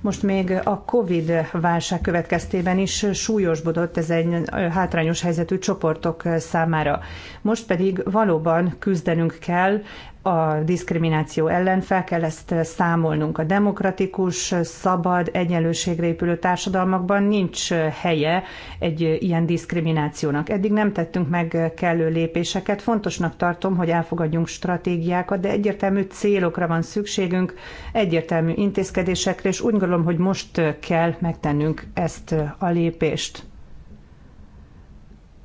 most még a Covid válság következtében is súlyosbodott ez egy hátrányos helyzetű csoportok számára. Most pedig valóban küzdenünk kell a diszkrimináció ellen fel kell ezt számolnunk. A demokratikus, szabad, egyenlőségre épülő társadalmakban nincs helye egy ilyen diszkriminációnak. Eddig nem tettünk meg kellő lépéseket. Fontosnak tartom, hogy elfogadjunk stratégiákat, de egyértelmű célokra van szükségünk, egyértelmű intézkedésekre, és úgy gondolom, hogy most kell megtennünk ezt a lépést.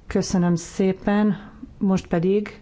Köszönöm szépen, most pedig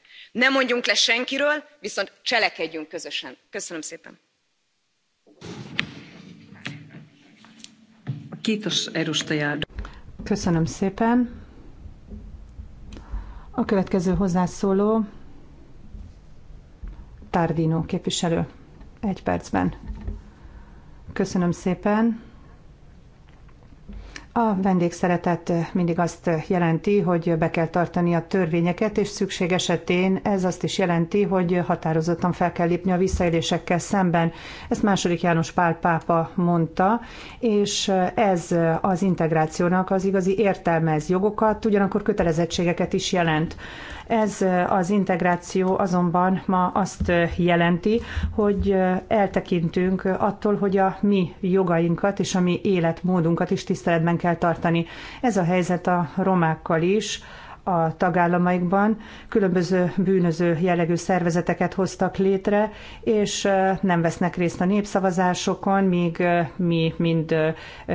ne mondjunk le senkiről viszont cselekedjünk közösen. köszönöm szépen! Köszönöm szépen. A következő hozzászóló Tardino képviselő. Egy percben. Köszönöm szépen. A vendégszeretet mindig azt jelenti, hogy be kell tartani a törvényeket, és szükség esetén ez azt is jelenti, hogy határozottan fel kell lépni a visszaélésekkel szemben. Ezt második János Pál pápa mondta, és ez az integrációnak az igazi értelme, ez jogokat, ugyanakkor kötelezettségeket is jelent. Ez az integráció azonban ma azt jelenti, hogy eltekintünk attól, hogy a mi jogainkat és a mi életmódunkat is tiszteletben kell tartani. Ez a helyzet a romákkal is, a tagállamaikban különböző bűnöző jellegű szervezeteket hoztak létre, és nem vesznek részt a népszavazásokon, míg mi mind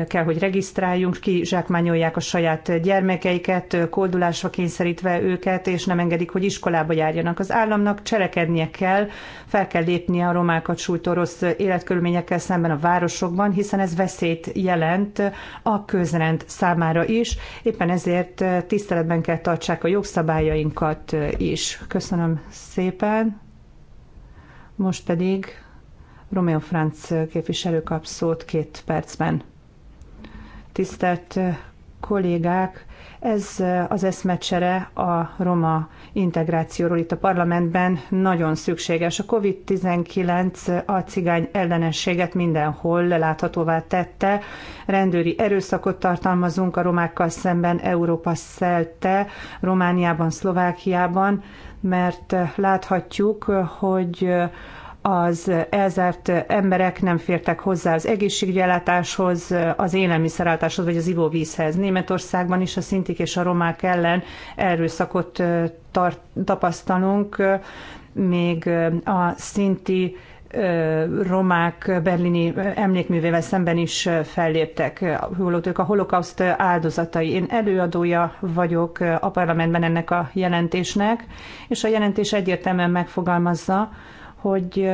kell, hogy regisztráljunk, kizsákmányolják a saját gyermekeiket, koldulásra kényszerítve őket, és nem engedik, hogy iskolába járjanak. Az államnak cselekednie kell, fel kell lépnie a romákat sújtó rossz életkörülményekkel szemben a városokban, hiszen ez veszélyt jelent a közrend számára is. Éppen ezért tiszteletben kell tartani betartsák a jogszabályainkat is. Köszönöm szépen. Most pedig Romeo Franz képviselő kap szót két percben. Tisztelt kollégák, ez az eszmecsere a roma integrációról itt a parlamentben nagyon szükséges. A COVID-19 a cigány ellenességet mindenhol láthatóvá tette. Rendőri erőszakot tartalmazunk a romákkal szemben Európa szelte, Romániában, Szlovákiában, mert láthatjuk, hogy az elzárt emberek nem fértek hozzá az egészségügyi ellátáshoz, az élelmiszerállátáshoz vagy az ivóvízhez. Németországban is a szintik és a romák ellen erőszakot tart, tapasztalunk, még a szinti romák berlini emlékművével szemben is felléptek, holott ők a holokauszt áldozatai. Én előadója vagyok a parlamentben ennek a jelentésnek, és a jelentés egyértelműen megfogalmazza, hogy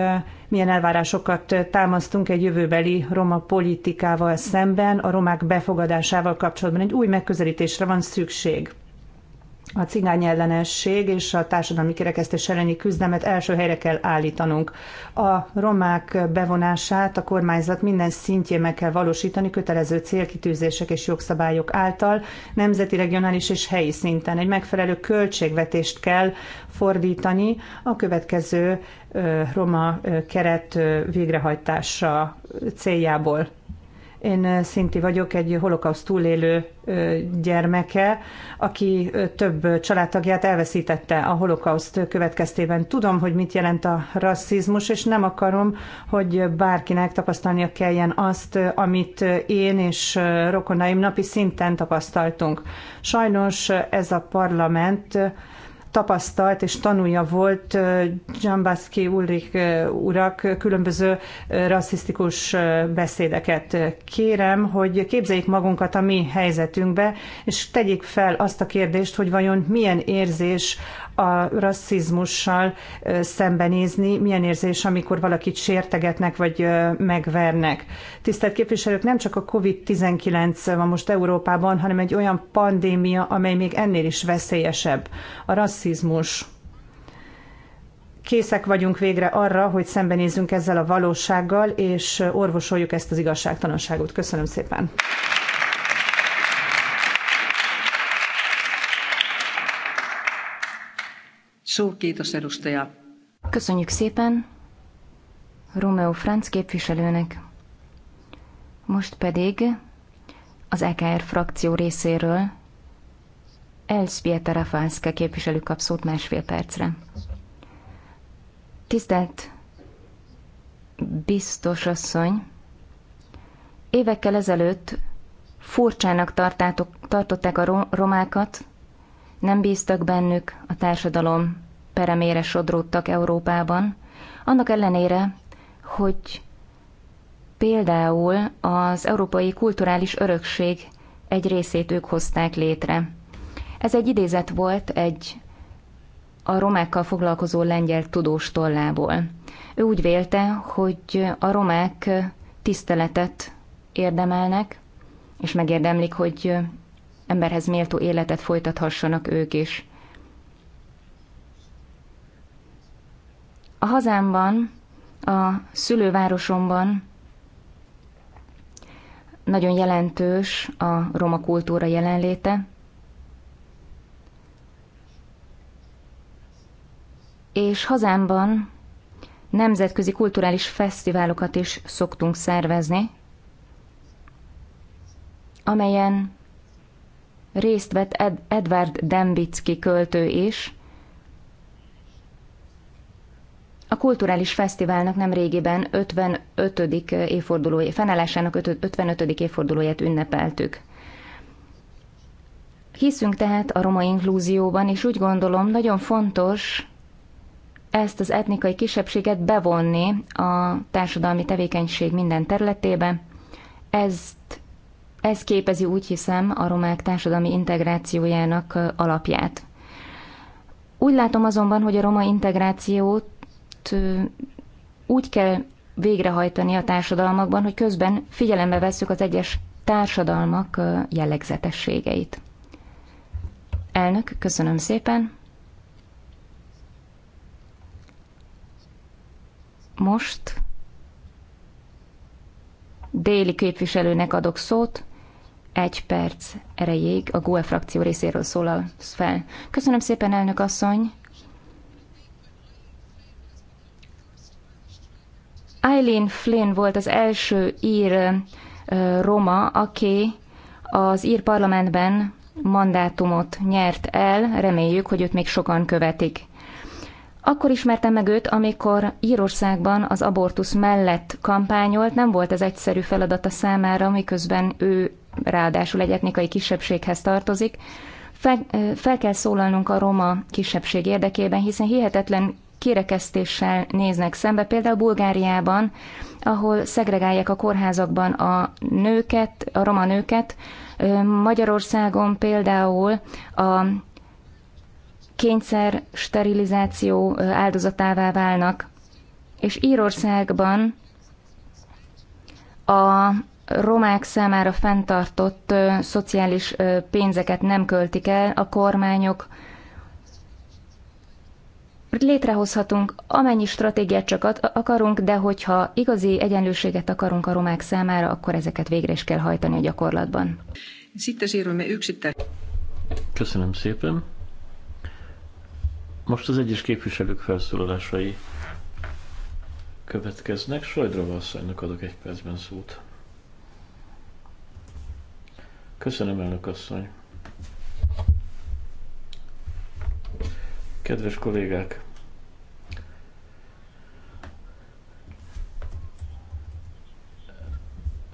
milyen elvárásokat támasztunk egy jövőbeli roma politikával szemben, a romák befogadásával kapcsolatban. Egy új megközelítésre van szükség a cigány ellenesség és a társadalmi kirekesztés elleni küzdelmet első helyre kell állítanunk. A romák bevonását a kormányzat minden szintjén meg kell valósítani kötelező célkitűzések és jogszabályok által, nemzeti, regionális és helyi szinten. Egy megfelelő költségvetést kell fordítani a következő roma keret végrehajtása céljából. Én eh, Szinti vagyok, egy holokauszt túlélő eh, gyermeke, aki eh, több családtagját elveszítette a holokauszt következtében. Tudom, hogy mit jelent a rasszizmus, és nem akarom, hogy bárkinek tapasztalnia kelljen azt, amit én és rokonaim napi szinten tapasztaltunk. Sajnos ez a parlament tapasztalt és tanulja volt Dzsambaszki Ulrik urak különböző rasszisztikus beszédeket. Kérem, hogy képzeljék magunkat a mi helyzetünkbe, és tegyék fel azt a kérdést, hogy vajon milyen érzés a rasszizmussal szembenézni, milyen érzés, amikor valakit sértegetnek vagy megvernek. Tisztelt képviselők, nem csak a COVID-19 van most Európában, hanem egy olyan pandémia, amely még ennél is veszélyesebb. A rasszizmus készek vagyunk végre arra, hogy szembenézzünk ezzel a valósággal, és orvosoljuk ezt az igazságtalanságot. Köszönöm szépen! Suurkiitos edustaja. Köszönjük szépen Romeo Franz képviselőnek. Most pedig az EKR frakció részéről Elspieta Rafalszka képviselő kap szót másfél percre. Tisztelt biztos asszony, évekkel ezelőtt furcsának tartátok, tartották a romákat, nem bíztak bennük, a társadalom peremére sodródtak Európában, annak ellenére, hogy például az európai kulturális örökség egy részét ők hozták létre. Ez egy idézet volt egy a romákkal foglalkozó lengyel tudós tollából. Ő úgy vélte, hogy a romák tiszteletet érdemelnek, és megérdemlik, hogy emberhez méltó életet folytathassanak ők is. A hazámban, a szülővárosomban nagyon jelentős a roma kultúra jelenléte, és hazámban nemzetközi kulturális fesztiválokat is szoktunk szervezni, amelyen részt vett Ed- Edward Dembicki költő is, A kulturális fesztiválnak nem régiben 55. évfordulója, fennállásának 55. évfordulóját ünnepeltük. Hiszünk tehát a roma inklúzióban, és úgy gondolom nagyon fontos ezt az etnikai kisebbséget bevonni a társadalmi tevékenység minden területébe. Ezt, ez képezi úgy hiszem a romák társadalmi integrációjának alapját. Úgy látom azonban, hogy a roma integrációt jogot úgy kell végrehajtani a társadalmakban, hogy közben figyelembe vesszük az egyes társadalmak jellegzetességeit. Elnök, köszönöm szépen. Most déli képviselőnek adok szót, egy perc erejéig a GUE frakció részéről szólal fel. Köszönöm szépen, elnök asszony! Eileen Flynn volt az első ír roma, aki az ír parlamentben mandátumot nyert el, reméljük, hogy őt még sokan követik. Akkor ismertem meg őt, amikor Írországban az abortusz mellett kampányolt, nem volt ez egyszerű feladata számára, miközben ő ráadásul egy etnikai kisebbséghez tartozik. Fel, fel kell szólalnunk a roma kisebbség érdekében, hiszen hihetetlen kirekesztéssel néznek szembe, például Bulgáriában, ahol szegregálják a kórházakban a nőket, a roma nőket. Magyarországon például a kényszer sterilizáció áldozatává válnak, és Írországban a romák számára fenntartott ö, szociális ö, pénzeket nem költik el, a kormányok Létrehozhatunk amennyi stratégiát csak akarunk, de hogyha igazi egyenlőséget akarunk a romák számára, akkor ezeket végre is kell hajtani a gyakorlatban. Köszönöm szépen. Most az egyes képviselők felszólalásai következnek. Sajdra asszonynak adok egy percben szót. Köszönöm, elnök asszony. Kedves kollégák!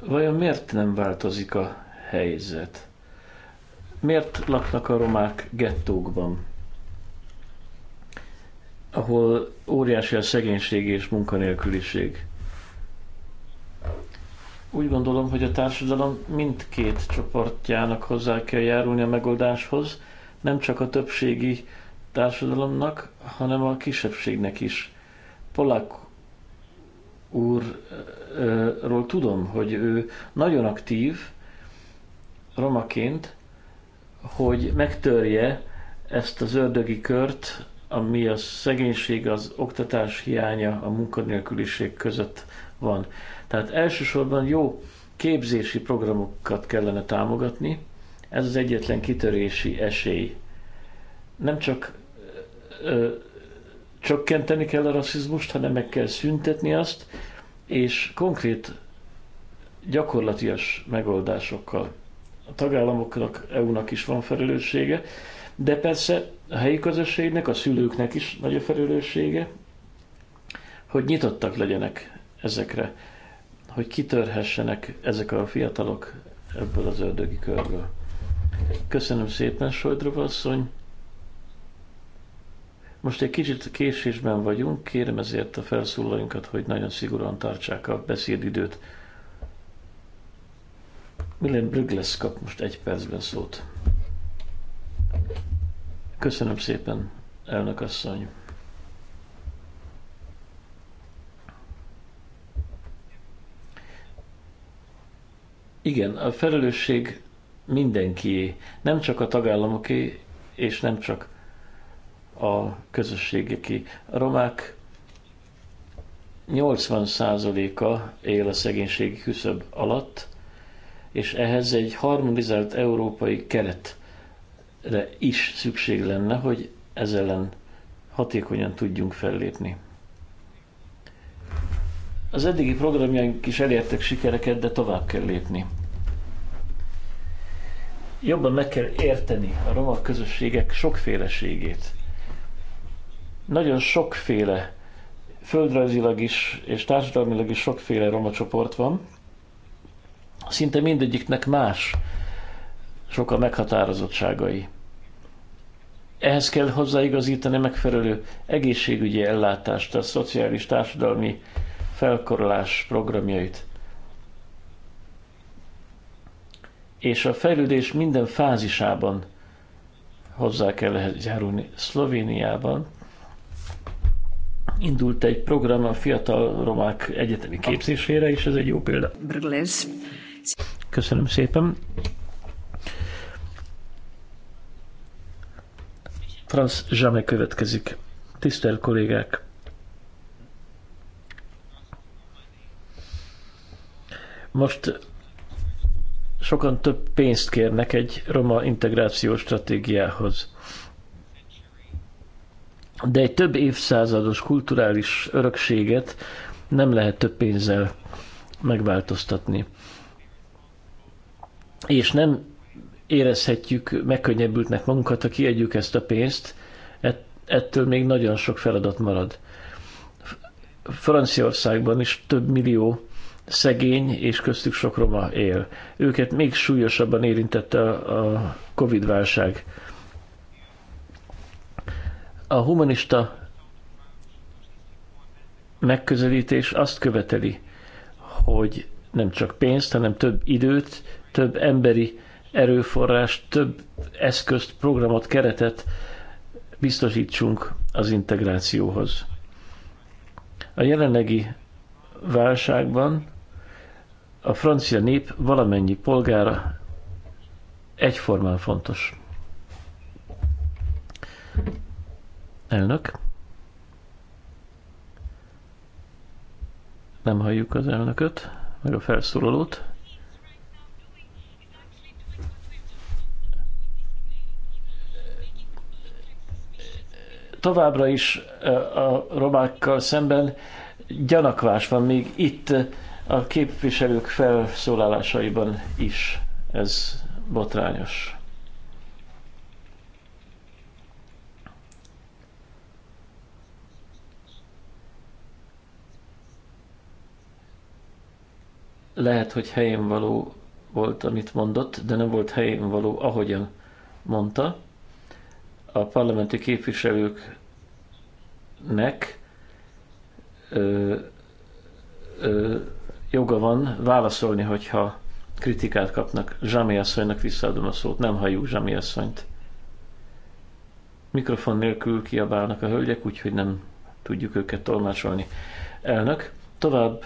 Vajon miért nem változik a helyzet? Miért laknak a romák gettókban, ahol óriási a szegénység és munkanélküliség? Úgy gondolom, hogy a társadalom mindkét csoportjának hozzá kell járulni a megoldáshoz, nem csak a többségi társadalomnak, hanem a kisebbségnek is. Polák úrról tudom, hogy ő nagyon aktív romaként, hogy megtörje ezt az ördögi kört, ami a szegénység, az oktatás hiánya, a munkanélküliség között van. Tehát elsősorban jó képzési programokat kellene támogatni, ez az egyetlen kitörési esély. Nem csak csökkenteni kell a rasszizmust, hanem meg kell szüntetni azt, és konkrét gyakorlatias megoldásokkal. A tagállamoknak, EU-nak is van felelőssége, de persze a helyi közösségnek, a szülőknek is nagy a felelőssége, hogy nyitottak legyenek ezekre, hogy kitörhessenek ezek a fiatalok ebből az ördögi körből. Köszönöm szépen, Sojdrova asszony! Most egy kicsit késésben vagyunk, kérem ezért a felszólalóinkat, hogy nagyon szigorúan tartsák a beszédidőt. Milyen Brüggles kap most egy percben szót. Köszönöm szépen, elnök asszony. Igen, a felelősség mindenkié, nem csak a tagállamoké, és nem csak a közösségeké. A romák 80%-a él a szegénységi küszöb alatt, és ehhez egy harmonizált európai keretre is szükség lenne, hogy ez ellen hatékonyan tudjunk fellépni. Az eddigi programjaink is elértek sikereket, de tovább kell lépni. Jobban meg kell érteni a roma közösségek sokféleségét nagyon sokféle, földrajzilag is és társadalmilag is sokféle roma csoport van. Szinte mindegyiknek más sok a meghatározottságai. Ehhez kell hozzáigazítani megfelelő egészségügyi ellátást, a szociális társadalmi felkorolás programjait. És a fejlődés minden fázisában hozzá kell ehhez járulni. Szlovéniában indult egy program a fiatal romák egyetemi képzésére, és ez egy jó példa. Köszönöm szépen. Franz Zsame következik. Tisztelt kollégák! Most sokan több pénzt kérnek egy roma integrációs stratégiához de egy több évszázados kulturális örökséget nem lehet több pénzzel megváltoztatni. És nem érezhetjük megkönnyebbültnek magunkat, ha kiadjuk ezt a pénzt, ettől még nagyon sok feladat marad. Franciaországban is több millió szegény és köztük sok roma él. Őket még súlyosabban érintette a COVID-válság a humanista megközelítés azt követeli, hogy nem csak pénzt, hanem több időt, több emberi erőforrást, több eszközt, programot, keretet biztosítsunk az integrációhoz. A jelenlegi válságban a francia nép valamennyi polgára egyformán fontos. Elnök? Nem halljuk az elnököt, meg a felszólalót. Továbbra is a romákkal szemben gyanakvás van még itt a képviselők felszólalásaiban is. Ez botrányos. lehet, hogy helyén való volt, amit mondott, de nem volt helyén való, ahogyan mondta. A parlamenti képviselőknek ö, ö, joga van válaszolni, hogyha kritikát kapnak. Zsami asszonynak visszaadom a szót, nem halljuk Zsami asszonyt. Mikrofon nélkül kiabálnak a hölgyek, úgyhogy nem tudjuk őket tolmácsolni. Elnök, tovább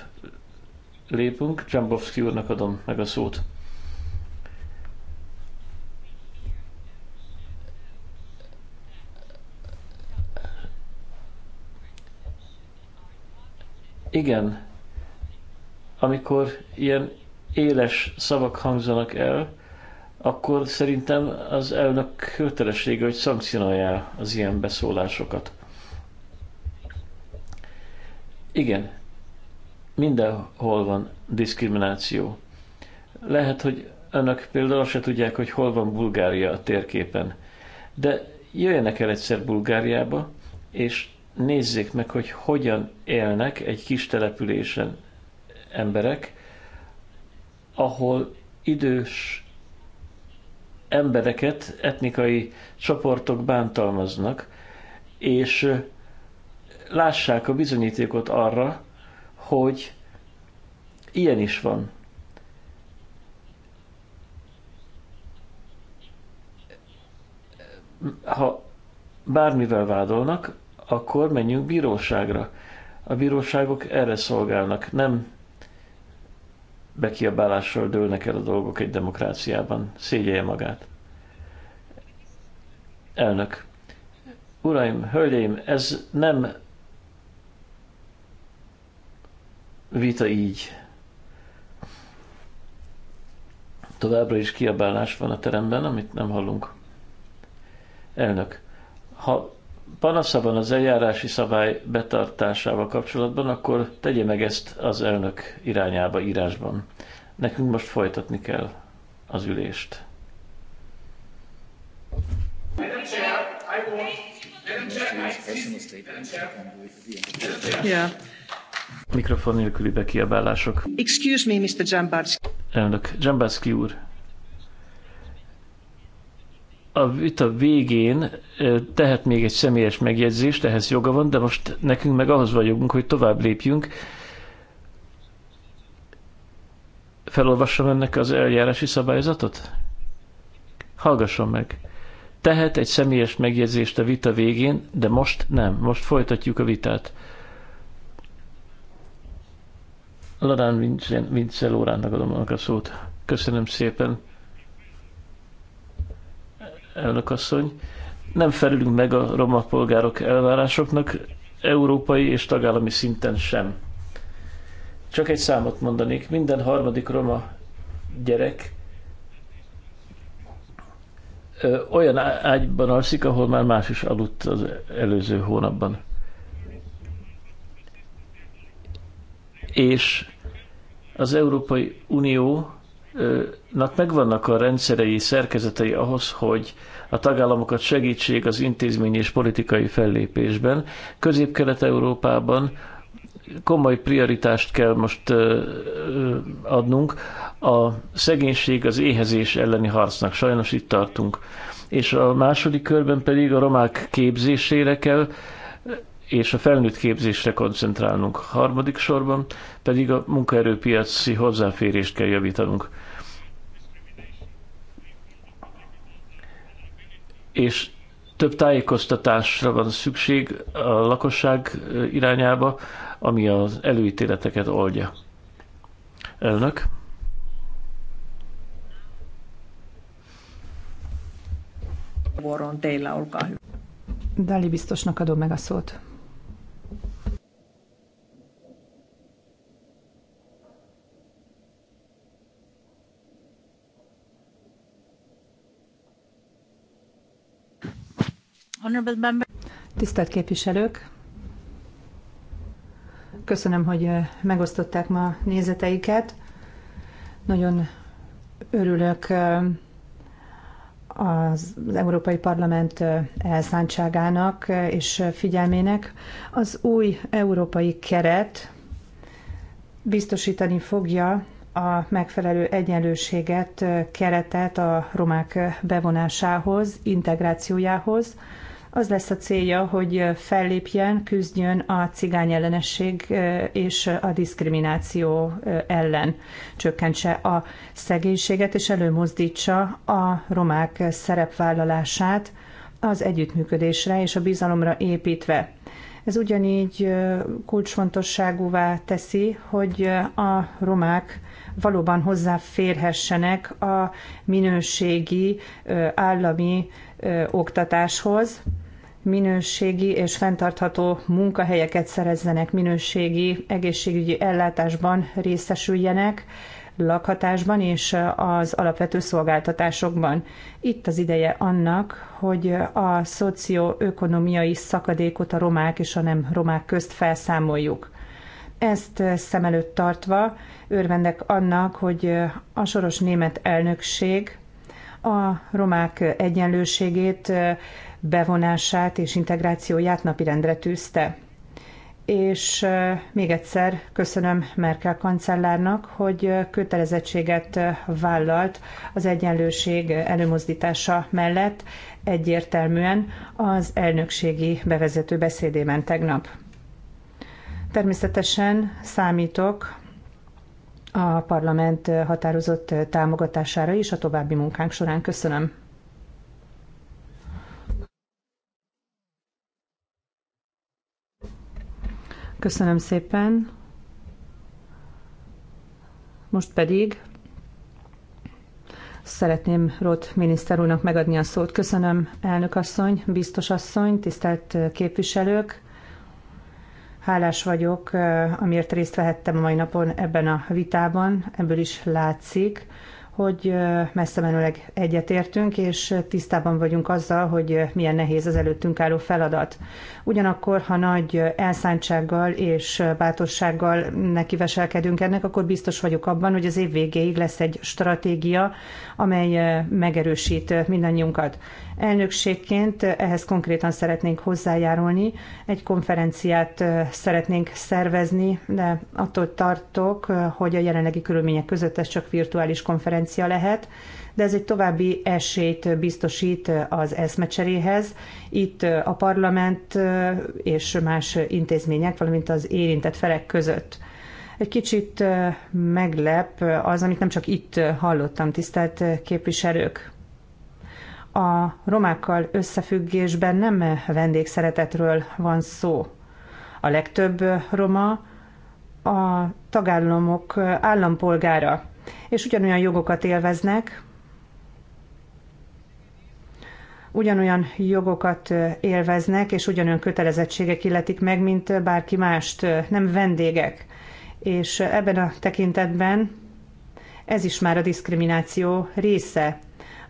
lépünk. Dzsambovszki úrnak adom meg a szót. Igen, amikor ilyen éles szavak hangzanak el, akkor szerintem az elnök kötelessége, hogy szankcionálja az ilyen beszólásokat. Igen, mindenhol van diszkrimináció. Lehet, hogy önök például se tudják, hogy hol van Bulgária a térképen, de jöjjenek el egyszer Bulgáriába, és nézzék meg, hogy hogyan élnek egy kis településen emberek, ahol idős embereket etnikai csoportok bántalmaznak, és lássák a bizonyítékot arra, hogy ilyen is van. Ha bármivel vádolnak, akkor menjünk bíróságra. A bíróságok erre szolgálnak, nem bekiabálással dőlnek el a dolgok egy demokráciában. Szégyelje magát. Elnök. Uraim, hölgyeim, ez nem vita így. Továbbra is kiabálás van a teremben, amit nem hallunk. Elnök, ha panasza van az eljárási szabály betartásával kapcsolatban, akkor tegye meg ezt az elnök irányába írásban. Nekünk most folytatni kell az ülést. Yeah. Mikrofon nélküli bekiabálások. Excuse me, Mr. Jambarski. Elnök, Jambarski úr. A vita végén tehet még egy személyes megjegyzést, ehhez joga van, de most nekünk meg ahhoz vagyunk, hogy tovább lépjünk. Felolvassam ennek az eljárási szabályzatot? Hallgasson meg. Tehet egy személyes megjegyzést a vita végén, de most nem. Most folytatjuk a vitát. Ladán Vincel órának adom a szót. Köszönöm szépen, elnök asszony. Nem felülünk meg a roma polgárok elvárásoknak, európai és tagállami szinten sem. Csak egy számot mondanék, minden harmadik roma gyerek ö, olyan ágyban alszik, ahol már más is aludt az előző hónapban. És az Európai Uniónak megvannak a rendszerei, szerkezetei ahhoz, hogy a tagállamokat segítség az intézményi és politikai fellépésben. Közép-Kelet-Európában komoly prioritást kell most adnunk a szegénység, az éhezés elleni harcnak. Sajnos itt tartunk. És a második körben pedig a romák képzésére kell és a felnőtt képzésre koncentrálnunk. Harmadik sorban pedig a munkaerőpiaci hozzáférést kell javítanunk. És több tájékoztatásra van szükség a lakosság irányába, ami az előítéleteket oldja. Elnök. Vuoron teillä, olkaa hyvä. Dali biztosnak adom meg a szót. Tisztelt képviselők! Köszönöm, hogy eh, megosztották ma nézeteiket. Nagyon örülök eh, az Európai Parlament eh, elszántságának és figyelmének. Az új európai keret biztosítani fogja a megfelelő egyenlőséget, keretet a romák bevonásához, integrációjához, az lesz a célja, hogy fellépjen, küzdjön a cigány ellenesség és a diszkrimináció ellen, csökkentse a szegénységet és előmozdítsa a romák szerepvállalását az együttműködésre és a bizalomra építve. Ez ugyanígy kulcsfontosságúvá teszi, hogy a romák valóban hozzáférhessenek a minőségi állami oktatáshoz, minőségi és fenntartható munkahelyeket szerezzenek, minőségi egészségügyi ellátásban részesüljenek, lakhatásban és az alapvető szolgáltatásokban. Itt az ideje annak, hogy a szocioökonomiai szakadékot a romák és a nem romák közt felszámoljuk. Ezt szem előtt tartva örvendek annak, hogy a soros német elnökség a romák egyenlőségét bevonását és integrációját napirendre tűzte. És még egyszer köszönöm Merkel kancellárnak, hogy kötelezettséget vállalt az egyenlőség előmozdítása mellett egyértelműen az elnökségi bevezető beszédében tegnap. Természetesen számítok a parlament határozott támogatására is a további munkánk során. Köszönöm. Köszönöm szépen. Most pedig szeretném Roth miniszter úrnak megadni a szót. Köszönöm, elnök asszony, biztos asszony, tisztelt képviselők. Hálás vagyok, amiért részt vehettem a mai napon ebben a vitában. Ebből is látszik, hogy messze menőleg egyetértünk, és tisztában vagyunk azzal, hogy milyen nehéz az előttünk álló feladat. Ugyanakkor, ha nagy elszántsággal és bátorsággal nekiveselkedünk ennek, akkor biztos vagyok abban, hogy az év végéig lesz egy stratégia, amely megerősít mindannyiunkat. Elnökségként ehhez konkrétan szeretnénk hozzájárulni, egy konferenciát szeretnénk szervezni, de attól tartok, hogy a jelenlegi körülmények között ez csak virtuális konferencia lehet, de ez egy további esélyt biztosít az eszmecseréhez. Itt a parlament és más intézmények, valamint az érintett felek között egy kicsit meglep az, amit nem csak itt hallottam, tisztelt képviselők a romákkal összefüggésben nem vendégszeretetről van szó. A legtöbb roma a tagállamok állampolgára, és ugyanolyan jogokat élveznek, ugyanolyan jogokat élveznek, és ugyanolyan kötelezettségek illetik meg, mint bárki mást, nem vendégek. És ebben a tekintetben ez is már a diszkrimináció része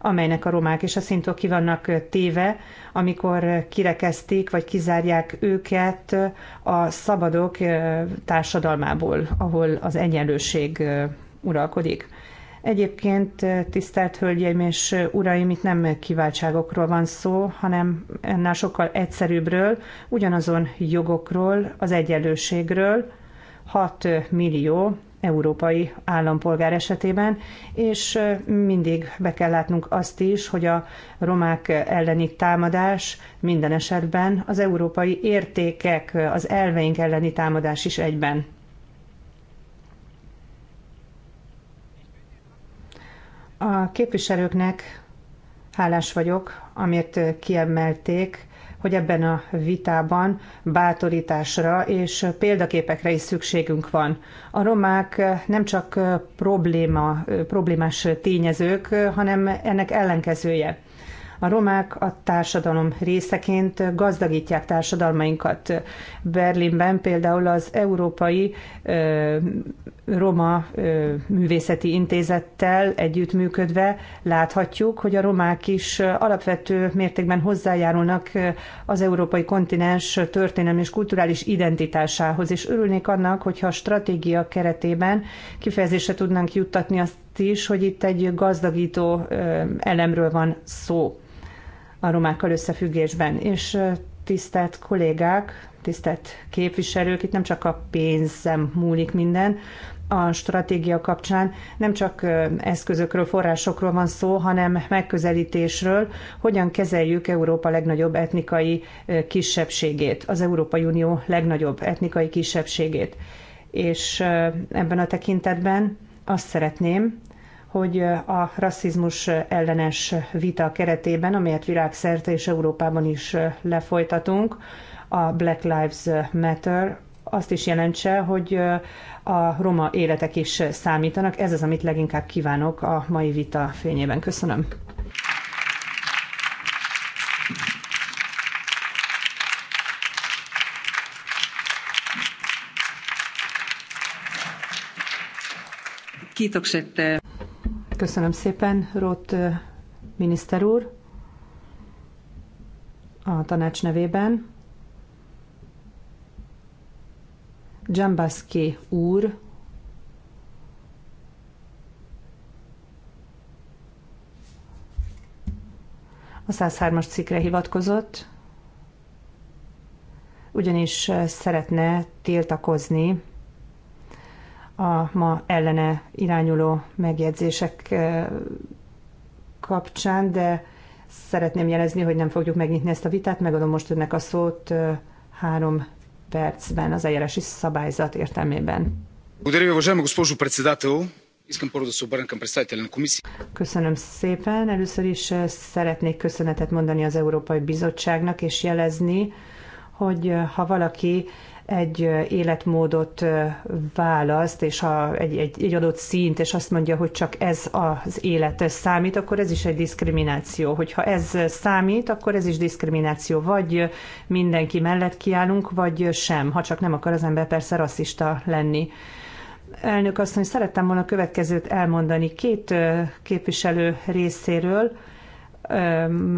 amelynek a romák és a szintok ki vannak téve, amikor kirekezték vagy kizárják őket a szabadok társadalmából, ahol az egyenlőség uralkodik. Egyébként, tisztelt Hölgyeim és Uraim, itt nem kiváltságokról van szó, hanem ennél sokkal egyszerűbbről, ugyanazon jogokról, az egyenlőségről, 6 millió európai állampolgár esetében, és mindig be kell látnunk azt is, hogy a romák elleni támadás minden esetben az európai értékek, az elveink elleni támadás is egyben. A képviselőknek hálás vagyok, amért kiemelték hogy ebben a vitában bátorításra és példaképekre is szükségünk van. A romák nem csak probléma, problémás tényezők, hanem ennek ellenkezője. A romák a társadalom részeként gazdagítják társadalmainkat. Berlinben például az európai Roma Művészeti Intézettel együttműködve láthatjuk, hogy a romák is alapvető mértékben hozzájárulnak az európai kontinens történelmi és kulturális identitásához, és örülnék annak, hogyha a stratégia keretében kifejezésre tudnánk juttatni azt is, hogy itt egy gazdagító elemről van szó a romákkal összefüggésben. És tisztelt kollégák, tisztelt képviselők, itt nem csak a pénzem múlik minden, a stratégia kapcsán nem csak eszközökről, forrásokról van szó, hanem megközelítésről, hogyan kezeljük Európa legnagyobb etnikai kisebbségét, az Európai Unió legnagyobb etnikai kisebbségét. És ebben a tekintetben azt szeretném, hogy a rasszizmus ellenes vita keretében, amelyet világszerte és Európában is lefolytatunk, a Black Lives Matter azt is jelentse, hogy a roma életek is számítanak. Ez az, amit leginkább kívánok a mai vita fényében. Köszönöm. Köszönöm szépen, Roth miniszter úr, a tanács nevében. Jambaske úr a 103-as cikkre hivatkozott, ugyanis szeretne tiltakozni a ma ellene irányuló megjegyzések kapcsán, de szeretném jelezni, hogy nem fogjuk megnyitni ezt a vitát. Megadom most önnek a szót három percben az eljárási szabályzat értelmében. Köszönöm szépen. Először is szeretnék köszönetet mondani az Európai Bizottságnak, és jelezni, hogy ha valaki egy életmódot választ, és a, egy, egy, egy adott szint, és azt mondja, hogy csak ez az élet ez számít, akkor ez is egy diszkrimináció. Hogyha ez számít, akkor ez is diszkrimináció. Vagy mindenki mellett kiállunk, vagy sem, ha csak nem akar az ember persze rasszista lenni. Elnök azt mondja, szerettem volna a következőt elmondani két képviselő részéről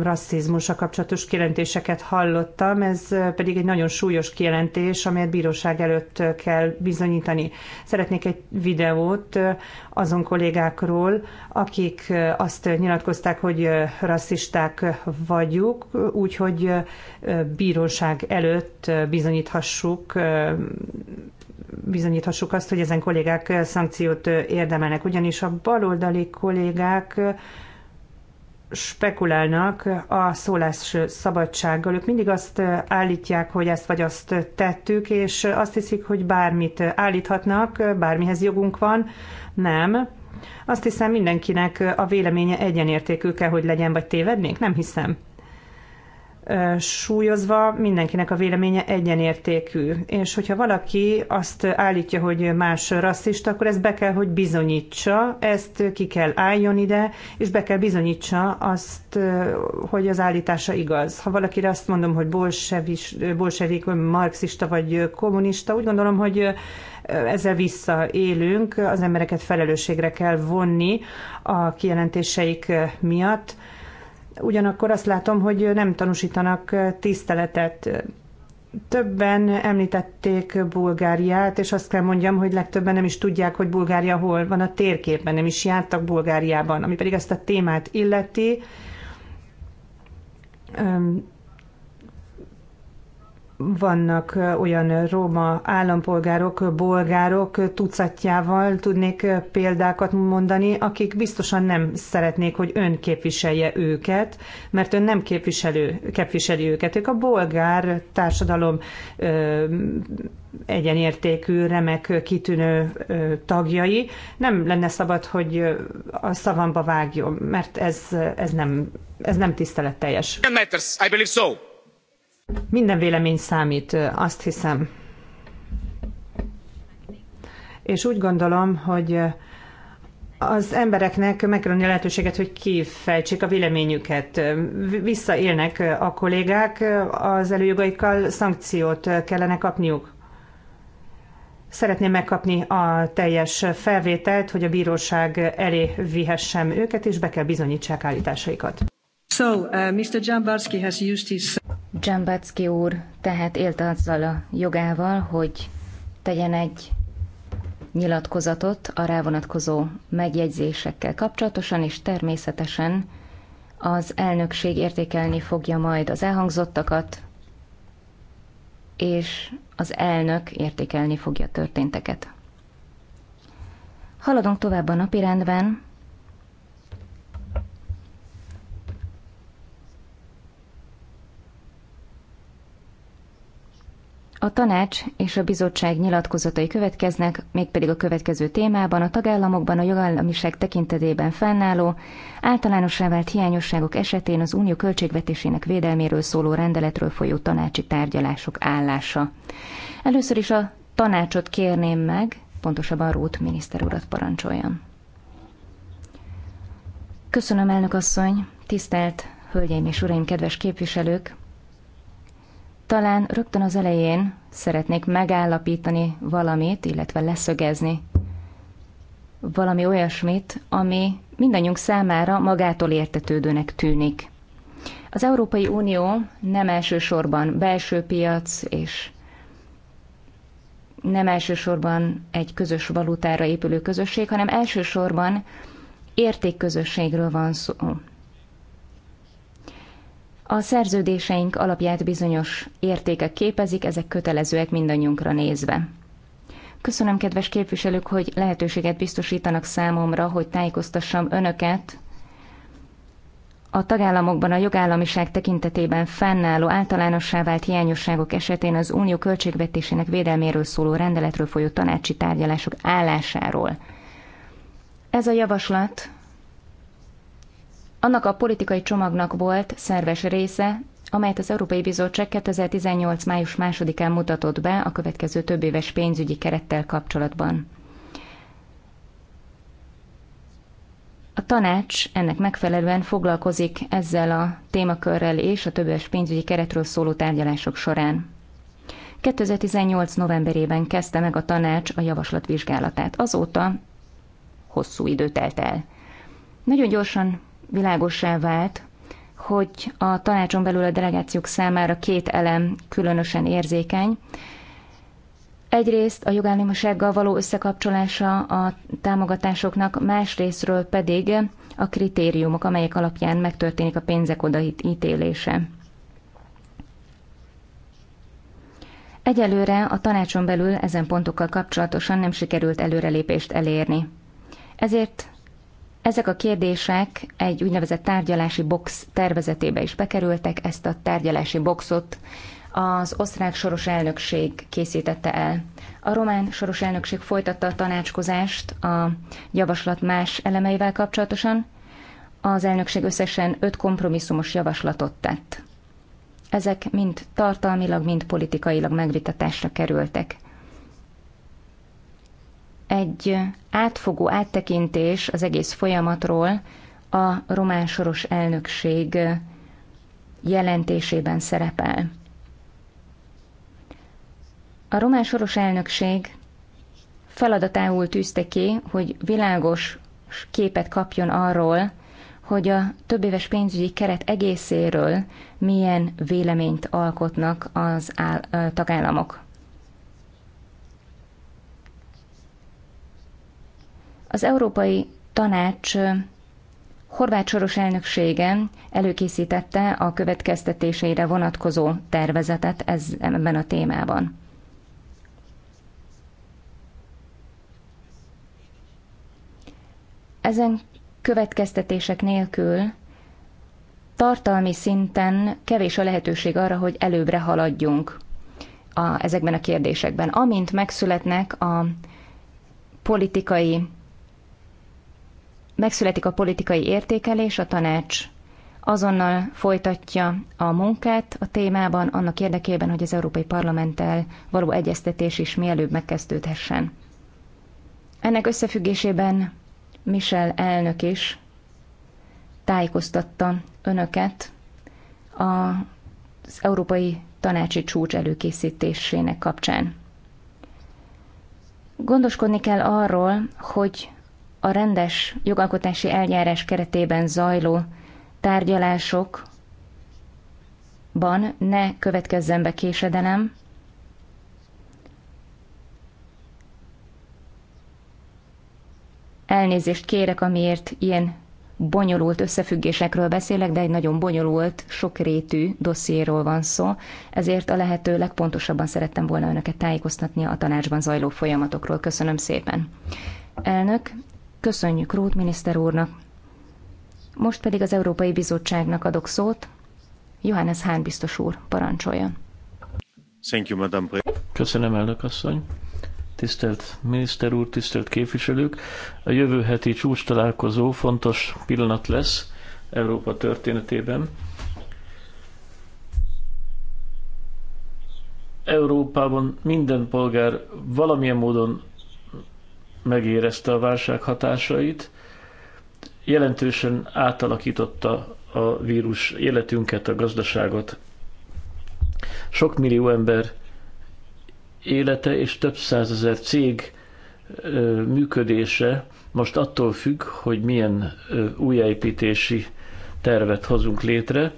rasszizmusra kapcsolatos kijelentéseket hallottam, ez pedig egy nagyon súlyos kijelentés, amelyet bíróság előtt kell bizonyítani. Szeretnék egy videót azon kollégákról, akik azt nyilatkozták, hogy rasszisták vagyunk, úgyhogy bíróság előtt bizonyíthassuk bizonyíthassuk azt, hogy ezen kollégák szankciót érdemelnek, ugyanis a baloldali kollégák spekulálnak a szólás szabadsággal. Ők mindig azt állítják, hogy ezt vagy azt tettük, és azt hiszik, hogy bármit állíthatnak, bármihez jogunk van. Nem. Azt hiszem mindenkinek a véleménye egyenértékű kell, hogy legyen, vagy tévednénk? Nem hiszem súlyozva, mindenkinek a véleménye egyenértékű. És hogyha valaki azt állítja, hogy más rasszista, akkor ezt be kell, hogy bizonyítsa, ezt ki kell álljon ide, és be kell bizonyítsa azt, hogy az állítása igaz. Ha valakire azt mondom, hogy bolsevis, bolsevik, marxista vagy kommunista, úgy gondolom, hogy ezzel visszaélünk, az embereket felelősségre kell vonni a kijelentéseik miatt, ugyanakkor azt látom, hogy nem tanúsítanak tiszteletet. Többen említették Bulgáriát, és azt kell mondjam, hogy legtöbben nem is tudják, hogy Bulgária hol van a térképen, nem is jártak Bulgáriában, ami pedig ezt a témát illeti vannak olyan róma állampolgárok, bolgárok tucatjával, tudnék példákat mondani, akik biztosan nem szeretnék, hogy ön képviselje őket, mert ön nem képviselő, képviseli őket. Ők a bolgár társadalom ö, egyenértékű, remek, kitűnő tagjai. Nem lenne szabad, hogy a szavamba vágjon, mert ez, ez, nem, ez nem tiszteletteljes. Matters, I believe so. Minden vélemény számít, azt hiszem. És úgy gondolom, hogy az embereknek meg kell adni a lehetőséget, hogy kifejtsék a véleményüket. Visszaélnek a kollégák, az előjogaikkal szankciót kellene kapniuk. Szeretném megkapni a teljes felvételt, hogy a bíróság elé vihessem őket, és be kell bizonyítsák állításaikat. So, uh, Mr. has used his... Jambatsky úr tehát élt azzal a jogával, hogy tegyen egy nyilatkozatot a rávonatkozó megjegyzésekkel kapcsolatosan, és természetesen az elnökség értékelni fogja majd az elhangzottakat, és az elnök értékelni fogja történteket. Haladunk tovább a napirendben. A tanács és a bizottság nyilatkozatai következnek, mégpedig a következő témában a tagállamokban a jogállamiság tekintetében fennálló, általánossá vált hiányosságok esetén az unió költségvetésének védelméről szóló rendeletről folyó tanácsi tárgyalások állása. Először is a tanácsot kérném meg, pontosabban Rót miniszter urat parancsoljam. Köszönöm, elnök asszony, tisztelt Hölgyeim és Uraim, kedves képviselők! Talán rögtön az elején szeretnék megállapítani valamit, illetve leszögezni valami olyasmit, ami mindannyiunk számára magától értetődőnek tűnik. Az Európai Unió nem elsősorban belső piac és nem elsősorban egy közös valutára épülő közösség, hanem elsősorban értékközösségről van szó. A szerződéseink alapját bizonyos értékek képezik, ezek kötelezőek mindannyiunkra nézve. Köszönöm, kedves képviselők, hogy lehetőséget biztosítanak számomra, hogy tájékoztassam önöket a tagállamokban a jogállamiság tekintetében fennálló általánossá vált hiányosságok esetén az unió költségvetésének védelméről szóló rendeletről folyó tanácsi tárgyalások állásáról. Ez a javaslat annak a politikai csomagnak volt szerves része, amelyet az Európai Bizottság 2018. május 2-án mutatott be a következő több éves pénzügyi kerettel kapcsolatban. A tanács ennek megfelelően foglalkozik ezzel a témakörrel és a éves pénzügyi keretről szóló tárgyalások során. 2018. novemberében kezdte meg a tanács a javaslat vizsgálatát. Azóta hosszú idő telt el. Nagyon gyorsan világosá vált, hogy a tanácson belül a delegációk számára két elem különösen érzékeny. Egyrészt a jogállamisággal való összekapcsolása a támogatásoknak, másrésztről pedig a kritériumok, amelyek alapján megtörténik a pénzek odaítélése. Egyelőre a tanácson belül ezen pontokkal kapcsolatosan nem sikerült előrelépést elérni. Ezért ezek a kérdések egy úgynevezett tárgyalási box tervezetébe is bekerültek, ezt a tárgyalási boxot az osztrák soros elnökség készítette el. A román soros elnökség folytatta a tanácskozást a javaslat más elemeivel kapcsolatosan. Az elnökség összesen öt kompromisszumos javaslatot tett. Ezek mind tartalmilag, mind politikailag megvitatásra kerültek egy átfogó áttekintés az egész folyamatról a román soros elnökség jelentésében szerepel. A román soros elnökség feladatául tűzte ki, hogy világos képet kapjon arról, hogy a többéves pénzügyi keret egészéről milyen véleményt alkotnak az áll, tagállamok. Az Európai Tanács horvát soros elnöksége előkészítette a következtetéseire vonatkozó tervezetet ez, ebben a témában. Ezen következtetések nélkül tartalmi szinten kevés a lehetőség arra, hogy előbbre haladjunk a, ezekben a kérdésekben. Amint megszületnek a politikai megszületik a politikai értékelés, a tanács azonnal folytatja a munkát a témában, annak érdekében, hogy az Európai Parlamenttel való egyeztetés is mielőbb megkezdődhessen. Ennek összefüggésében Michel elnök is tájékoztatta önöket az Európai Tanácsi Csúcs előkészítésének kapcsán. Gondoskodni kell arról, hogy a rendes jogalkotási eljárás keretében zajló tárgyalásokban ne következzen be késedelem, Elnézést kérek, amiért ilyen bonyolult összefüggésekről beszélek, de egy nagyon bonyolult, sokrétű dossziéról van szó, ezért a lehető legpontosabban szerettem volna önöket tájékoztatni a tanácsban zajló folyamatokról. Köszönöm szépen. Elnök, Köszönjük Rót miniszter úrnak. Most pedig az Európai Bizottságnak adok szót. Johannes Hán biztos úr, parancsoljon. Thank you, Madam Köszönöm, elnök asszony. Tisztelt miniszter úr, tisztelt képviselők! A jövő heti csúcs találkozó fontos pillanat lesz Európa történetében. Európában minden polgár valamilyen módon megérezte a válság hatásait, jelentősen átalakította a vírus életünket, a gazdaságot. Sok millió ember élete és több százezer cég működése most attól függ, hogy milyen újjáépítési tervet hozunk létre,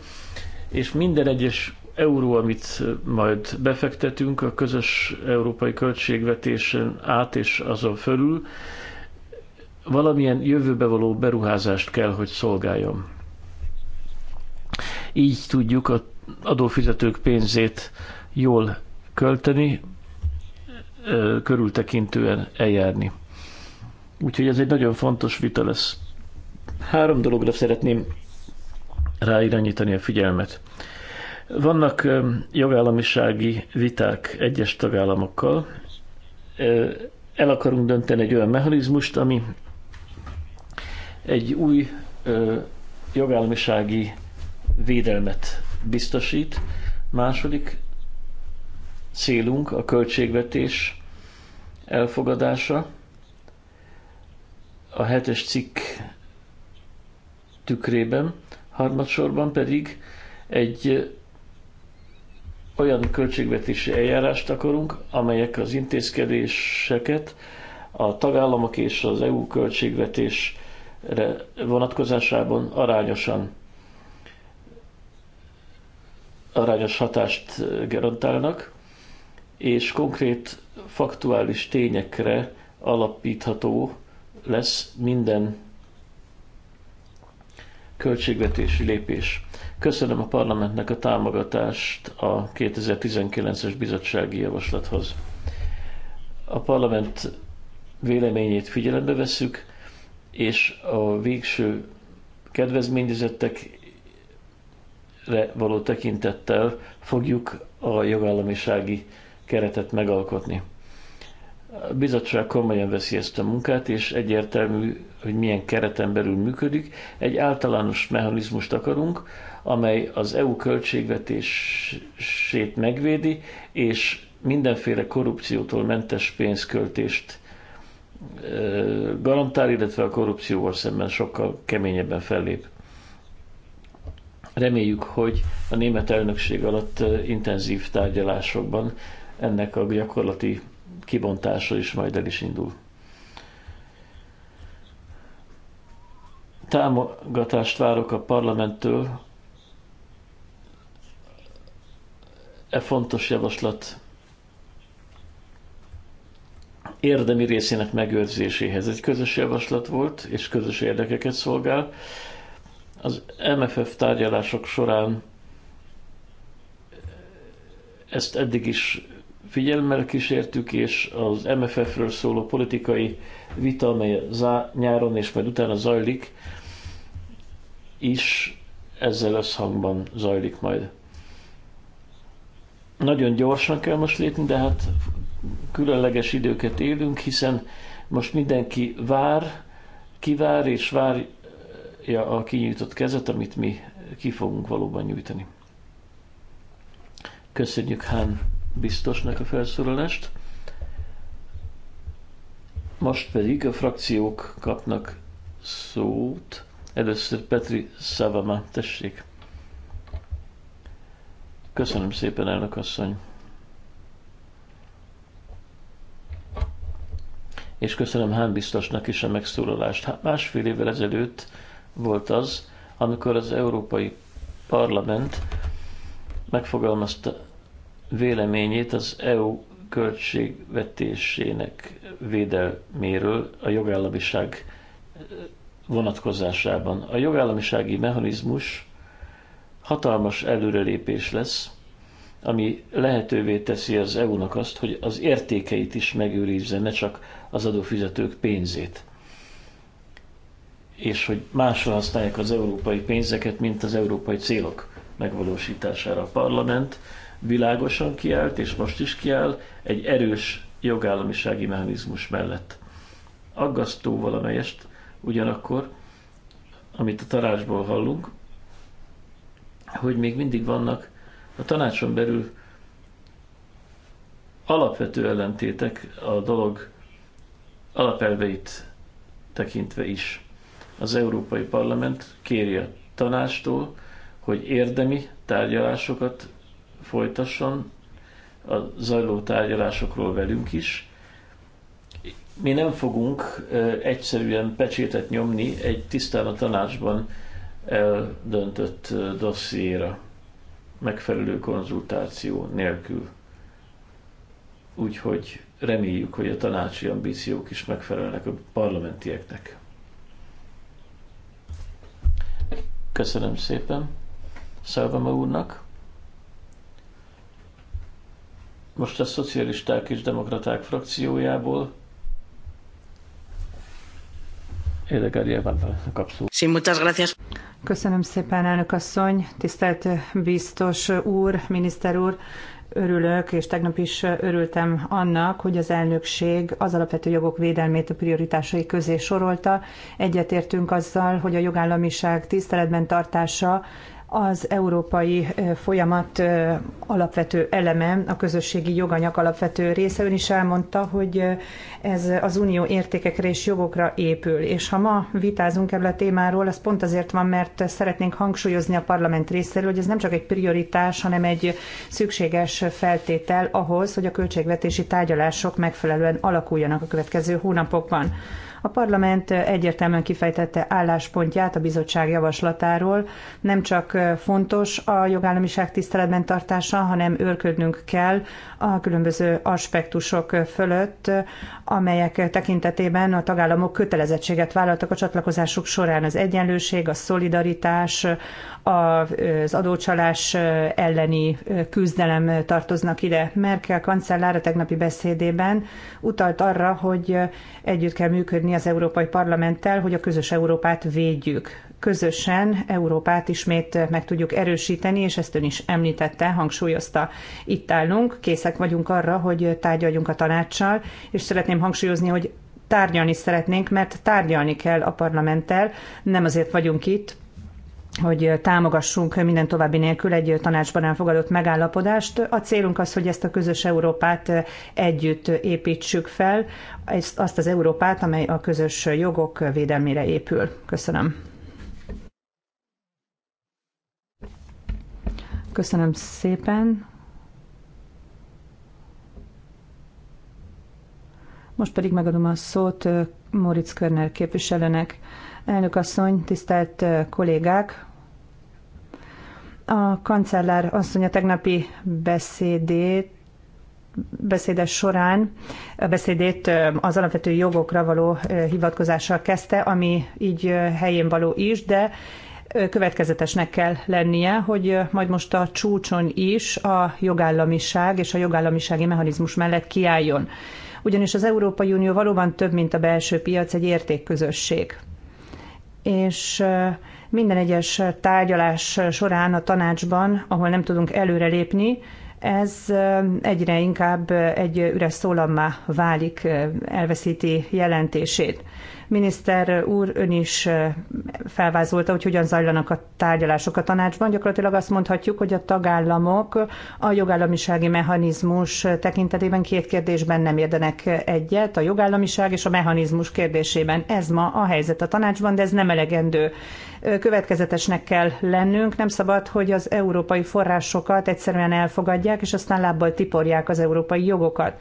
és minden egyes euró, amit majd befektetünk a közös európai költségvetésen át és azon fölül, valamilyen jövőbe való beruházást kell, hogy szolgáljon. Így tudjuk a adófizetők pénzét jól költeni, körültekintően eljárni. Úgyhogy ez egy nagyon fontos vita lesz. Három dologra szeretném ráirányítani a figyelmet. Vannak jogállamisági viták egyes tagállamokkal. El akarunk dönteni egy olyan mechanizmust, ami egy új jogállamisági védelmet biztosít. Második célunk a költségvetés elfogadása. A hetes cikk tükrében, harmadsorban pedig egy olyan költségvetési eljárást akarunk, amelyek az intézkedéseket a tagállamok és az EU költségvetésre vonatkozásában arányosan arányos hatást garantálnak, és konkrét faktuális tényekre alapítható lesz minden költségvetési lépés. Köszönöm a parlamentnek a támogatást a 2019-es bizottsági javaslathoz. A parlament véleményét figyelembe vesszük, és a végső kedvezményezettekre való tekintettel fogjuk a jogállamisági keretet megalkotni. A bizottság komolyan veszi ezt a munkát, és egyértelmű, hogy milyen kereten belül működik. Egy általános mechanizmust akarunk, amely az EU költségvetését megvédi, és mindenféle korrupciótól mentes pénzköltést garantál, illetve a korrupcióval szemben sokkal keményebben fellép. Reméljük, hogy a német elnökség alatt intenzív tárgyalásokban ennek a gyakorlati kibontása is majd el is indul. Támogatást várok a parlamenttől e fontos javaslat érdemi részének megőrzéséhez. Egy közös javaslat volt, és közös érdekeket szolgál. Az MFF tárgyalások során ezt eddig is figyelmel kísértük, és az MFF-ről szóló politikai vita, amely zá- nyáron és majd utána zajlik, is ezzel összhangban zajlik majd nagyon gyorsan kell most lépni, de hát különleges időket élünk, hiszen most mindenki vár, kivár és várja a kinyújtott kezet, amit mi ki fogunk valóban nyújtani. Köszönjük Hán biztosnak a felszólalást. Most pedig a frakciók kapnak szót. Először Petri Szavama, tessék. Köszönöm szépen, elnök asszony. És köszönöm Hán biztosnak is a megszólalást. Hát másfél évvel ezelőtt volt az, amikor az Európai Parlament megfogalmazta véleményét az EU költségvetésének védelméről a jogállamiság vonatkozásában. A jogállamisági mechanizmus hatalmas előrelépés lesz, ami lehetővé teszi az EU-nak azt, hogy az értékeit is megőrizze, ne csak az adófizetők pénzét. És hogy másra használják az európai pénzeket, mint az európai célok megvalósítására. A parlament világosan kiállt, és most is kiáll, egy erős jogállamisági mechanizmus mellett. Aggasztó valamelyest, ugyanakkor, amit a tanácsból hallunk, hogy még mindig vannak a tanácson belül alapvető ellentétek a dolog alapelveit tekintve is. Az Európai Parlament kéri a tanástól, hogy érdemi tárgyalásokat folytasson a zajló tárgyalásokról velünk is. Mi nem fogunk egyszerűen pecsétet nyomni egy tisztán a tanácsban eldöntött dossziéra megfelelő konzultáció nélkül. Úgyhogy reméljük, hogy a tanácsi ambíciók is megfelelnek a parlamentieknek. Köszönöm szépen Szelvama úrnak. Most a szocialisták és demokraták frakciójából Köszönöm szépen, elnök asszony, tisztelt biztos úr, miniszter úr. Örülök, és tegnap is örültem annak, hogy az elnökség az alapvető jogok védelmét a prioritásai közé sorolta. Egyetértünk azzal, hogy a jogállamiság tiszteletben tartása az európai folyamat alapvető eleme, a közösségi joganyag alapvető része. Ön is elmondta, hogy ez az unió értékekre és jogokra épül. És ha ma vitázunk ebből a témáról, az pont azért van, mert szeretnénk hangsúlyozni a parlament részéről, hogy ez nem csak egy prioritás, hanem egy szükséges feltétel ahhoz, hogy a költségvetési tárgyalások megfelelően alakuljanak a következő hónapokban. A parlament egyértelműen kifejtette álláspontját a bizottság javaslatáról. Nem csak fontos a jogállamiság tiszteletben tartása, hanem őrködnünk kell a különböző aspektusok fölött, amelyek tekintetében a tagállamok kötelezettséget vállaltak a csatlakozásuk során. Az egyenlőség, a szolidaritás, az adócsalás elleni küzdelem tartoznak ide. Merkel kancellára tegnapi beszédében utalt arra, hogy együtt kell működni az Európai Parlamenttel, hogy a közös Európát védjük közösen Európát ismét meg tudjuk erősíteni, és ezt ön is említette, hangsúlyozta. Itt állunk, készek vagyunk arra, hogy tárgyaljunk a tanácssal, és szeretném hangsúlyozni, hogy tárgyalni szeretnénk, mert tárgyalni kell a parlamenttel, nem azért vagyunk itt, hogy támogassunk minden további nélkül egy tanácsban elfogadott megállapodást. A célunk az, hogy ezt a közös Európát együtt építsük fel, ezt, azt az Európát, amely a közös jogok védelmére épül. Köszönöm. Köszönöm szépen. Most pedig megadom a szót Moritz Körner képviselőnek. Elnök asszony, tisztelt kollégák! A kancellár asszony a tegnapi beszédét beszéde során a beszédét az alapvető jogokra való hivatkozással kezdte, ami így helyén való is, de következetesnek kell lennie, hogy majd most a csúcson is a jogállamiság és a jogállamisági mechanizmus mellett kiálljon. Ugyanis az Európai Unió valóban több, mint a belső piac, egy értékközösség. És minden egyes tárgyalás során a tanácsban, ahol nem tudunk előrelépni, ez egyre inkább egy üres szólammá válik, elveszíti jelentését. Miniszter úr, ön is felvázolta, hogy hogyan zajlanak a tárgyalások a tanácsban. Gyakorlatilag azt mondhatjuk, hogy a tagállamok a jogállamisági mechanizmus tekintetében két kérdésben nem érdenek egyet, a jogállamiság és a mechanizmus kérdésében. Ez ma a helyzet a tanácsban, de ez nem elegendő következetesnek kell lennünk, nem szabad, hogy az európai forrásokat egyszerűen elfogadják, és aztán lábbal tiporják az európai jogokat.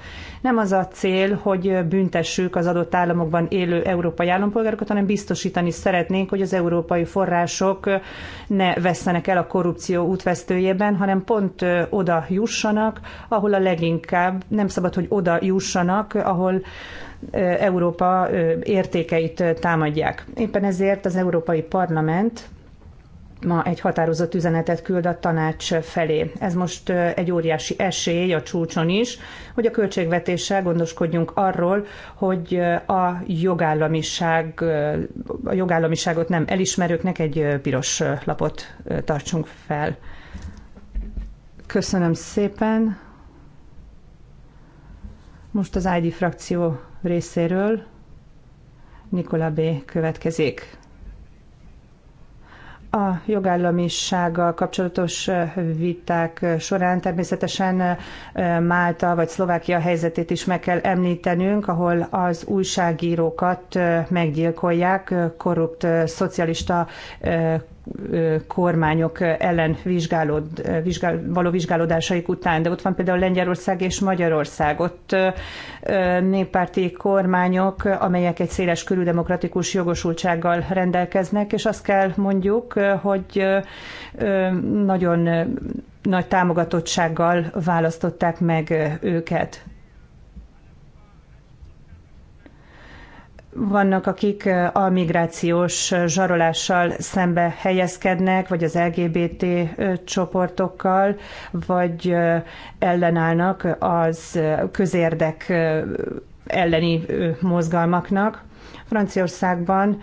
Nem az a cél, hogy büntessük az adott államokban élő európai állampolgárokat, hanem biztosítani szeretnénk, hogy az európai források ne vesszenek el a korrupció útvesztőjében, hanem pont oda jussanak, ahol a leginkább, nem szabad, hogy oda jussanak, ahol Európa értékeit támadják. Éppen ezért az Európai Parlament ma egy határozott üzenetet küld a tanács felé. Ez most egy óriási esély a csúcson is, hogy a költségvetéssel gondoskodjunk arról, hogy a jogállamiság, a jogállamiságot nem elismerőknek egy piros lapot tartsunk fel. Köszönöm szépen. Most az ID frakció részéről Nikola B. következik. A jogállamisággal kapcsolatos viták során természetesen Málta vagy Szlovákia helyzetét is meg kell említenünk, ahol az újságírókat meggyilkolják korrupt szocialista kormányok ellen vizsgálód, vizsgál, való vizsgálódásaik után, de ott van például Lengyelország és Magyarország, ott néppárti kormányok, amelyek egy széles körű demokratikus jogosultsággal rendelkeznek, és azt kell mondjuk, hogy nagyon nagy támogatottsággal választották meg őket. vannak, akik a migrációs zsarolással szembe helyezkednek, vagy az LGBT csoportokkal, vagy ellenállnak az közérdek elleni mozgalmaknak. Franciaországban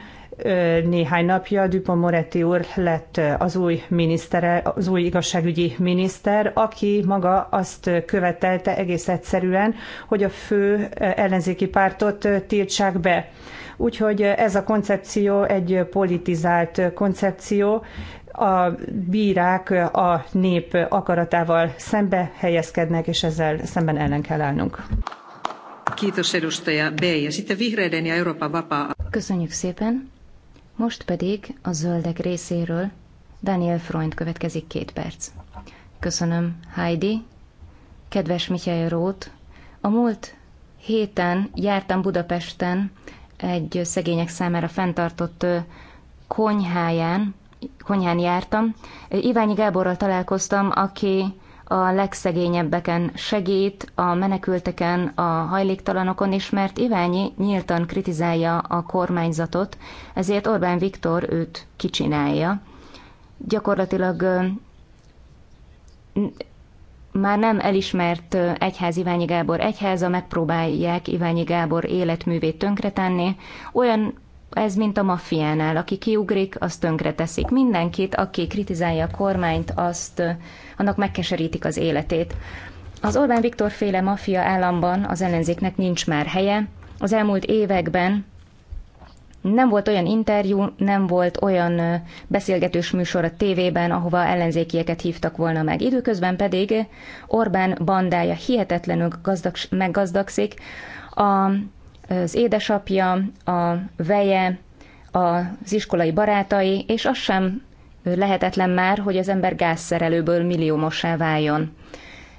néhány napja Dupont Moretti úr lett az új minisztere, az új igazságügyi miniszter, aki maga azt követelte egész egyszerűen, hogy a fő ellenzéki pártot tiltsák be. Úgyhogy ez a koncepció egy politizált koncepció, a bírák a nép akaratával szembe helyezkednek, és ezzel szemben ellen kell állnunk. Kiitos edustaja B. Ja sitten vihreiden ja Euroopan vapaa... Köszönjük szépen. Most pedig a zöldek részéről Daniel Freund következik két perc. Köszönöm, Heidi. Kedves Mityája Roth, a múlt héten jártam Budapesten egy szegények számára fenntartott konyháján, konyhán jártam. Iványi Gáborral találkoztam, aki a legszegényebbeken segít, a menekülteken, a hajléktalanokon is, mert Iványi nyíltan kritizálja a kormányzatot, ezért Orbán Viktor őt kicsinálja. Gyakorlatilag már nem elismert egyház Iványi Gábor egyháza, megpróbálják Iványi Gábor életművét tönkretenni. Olyan ez mint a maffiánál, aki kiugrik, azt teszik. Mindenkit, aki kritizálja a kormányt, azt annak megkeserítik az életét. Az Orbán Viktor féle maffia államban az ellenzéknek nincs már helye. Az elmúlt években nem volt olyan interjú, nem volt olyan beszélgetős műsor a tévében, ahova ellenzékieket hívtak volna meg. Időközben pedig Orbán bandája hihetetlenül gazdag, meggazdagszik. A az édesapja, a veje, az iskolai barátai, és az sem lehetetlen már, hogy az ember gázszerelőből milliómossá váljon.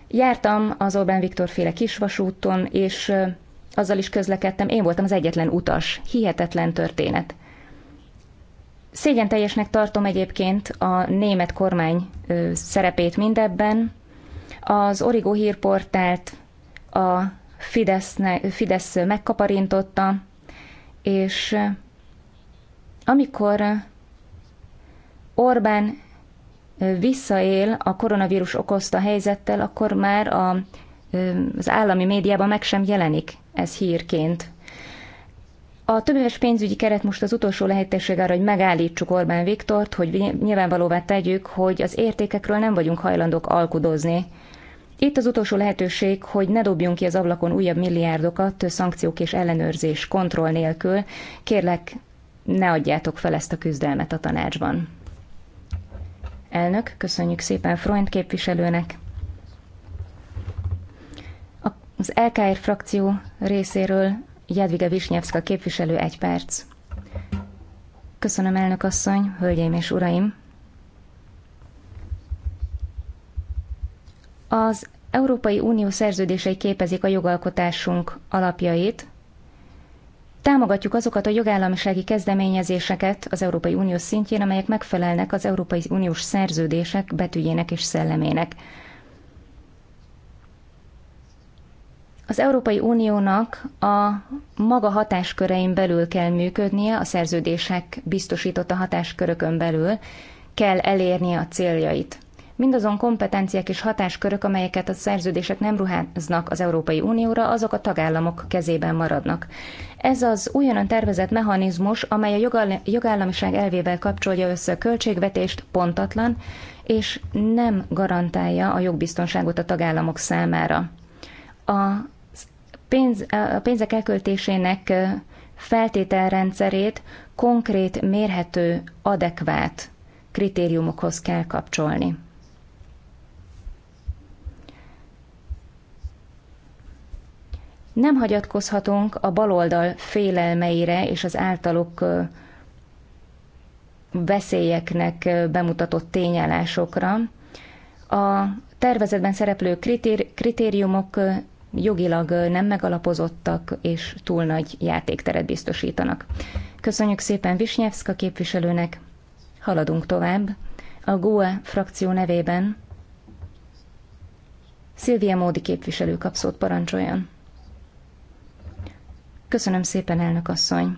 Jártam az Orbán Viktor féle kisvasúton, és azzal is közlekedtem, én voltam az egyetlen utas. Hihetetlen történet. Szégyen teljesnek tartom egyébként a német kormány szerepét mindebben, az Origo hírportált, a Fidesznek, Fidesz megkaparintotta, és amikor Orbán visszaél a koronavírus okozta helyzettel, akkor már a, az állami médiában meg sem jelenik ez hírként. A többéves pénzügyi keret most az utolsó lehetőség arra, hogy megállítsuk Orbán Viktort, hogy nyilvánvalóvá tegyük, hogy az értékekről nem vagyunk hajlandók alkudozni. Itt az utolsó lehetőség, hogy ne dobjunk ki az ablakon újabb milliárdokat szankciók és ellenőrzés kontroll nélkül. Kérlek, ne adjátok fel ezt a küzdelmet a tanácsban. Elnök, köszönjük szépen Freund képviselőnek. Az LKR frakció részéről Jadwiga Visnyevska képviselő egy perc. Köszönöm, elnök asszony, hölgyeim és uraim! Az Európai Unió szerződései képezik a jogalkotásunk alapjait. Támogatjuk azokat a jogállamisági kezdeményezéseket az Európai Unió szintjén, amelyek megfelelnek az Európai Uniós szerződések betűjének és szellemének. Az Európai Uniónak a maga hatáskörein belül kell működnie, a szerződések biztosította hatáskörökön belül kell elérnie a céljait. Mindazon kompetenciák és hatáskörök, amelyeket a szerződések nem ruháznak az Európai Unióra, azok a tagállamok kezében maradnak. Ez az újonnan tervezett mechanizmus, amely a jogállamiság elvével kapcsolja össze a költségvetést, pontatlan, és nem garantálja a jogbiztonságot a tagállamok számára. A, pénz, a pénzek elköltésének feltételrendszerét konkrét, mérhető, adekvát kritériumokhoz kell kapcsolni. Nem hagyatkozhatunk a baloldal félelmeire és az általuk veszélyeknek bemutatott tényállásokra. A tervezetben szereplő kritériumok jogilag nem megalapozottak és túl nagy játékteret biztosítanak. Köszönjük szépen Visnyevszka képviselőnek. Haladunk tovább. A GUE frakció nevében Szilvia Módi képviselő kapszót parancsoljon. Köszönöm szépen, elnök asszony.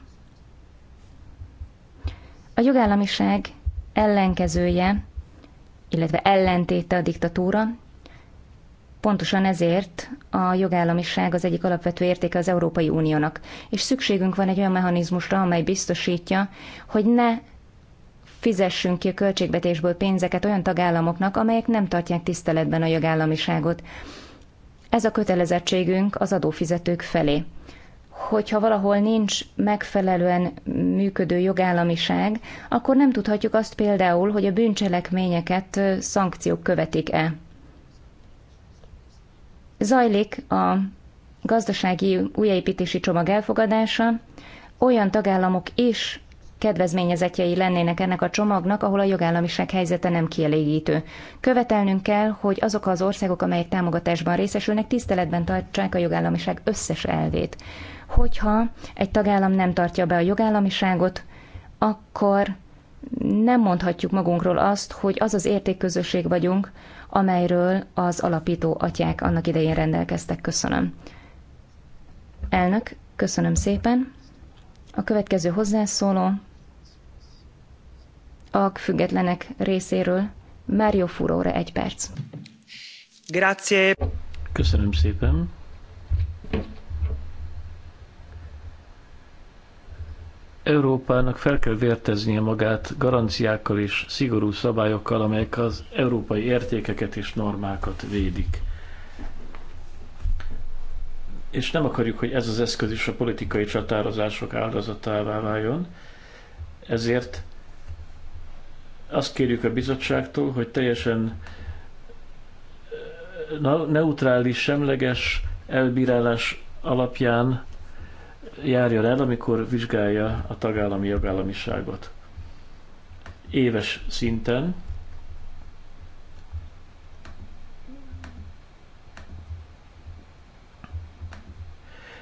A jogállamiság ellenkezője, illetve ellentéte a diktatúra, Pontosan ezért a jogállamiság az egyik alapvető értéke az Európai Uniónak, és szükségünk van egy olyan mechanizmusra, amely biztosítja, hogy ne fizessünk ki a költségvetésből pénzeket olyan tagállamoknak, amelyek nem tartják tiszteletben a jogállamiságot. Ez a kötelezettségünk az adófizetők felé hogyha valahol nincs megfelelően működő jogállamiság, akkor nem tudhatjuk azt például, hogy a bűncselekményeket szankciók követik-e. Zajlik a gazdasági újjáépítési csomag elfogadása, olyan tagállamok is kedvezményezetjei lennének ennek a csomagnak, ahol a jogállamiság helyzete nem kielégítő. Követelnünk kell, hogy azok az országok, amelyek támogatásban részesülnek, tiszteletben tartsák a jogállamiság összes elvét. Hogyha egy tagállam nem tartja be a jogállamiságot, akkor nem mondhatjuk magunkról azt, hogy az az értékközösség vagyunk, amelyről az alapító atyák annak idején rendelkeztek. Köszönöm. Elnök, köszönöm szépen. A következő hozzászóló a függetlenek részéről. Mário Furóra egy perc. Grazie. Köszönöm szépen. Európának fel kell vérteznie magát garanciákkal és szigorú szabályokkal, amelyek az európai értékeket és normákat védik. És nem akarjuk, hogy ez az eszköz is a politikai csatározások áldozatává váljon, ezért azt kérjük a bizottságtól, hogy teljesen eh, neutrális, semleges elbírálás alapján járjon el, amikor vizsgálja a tagállami jogállamiságot. Éves szinten,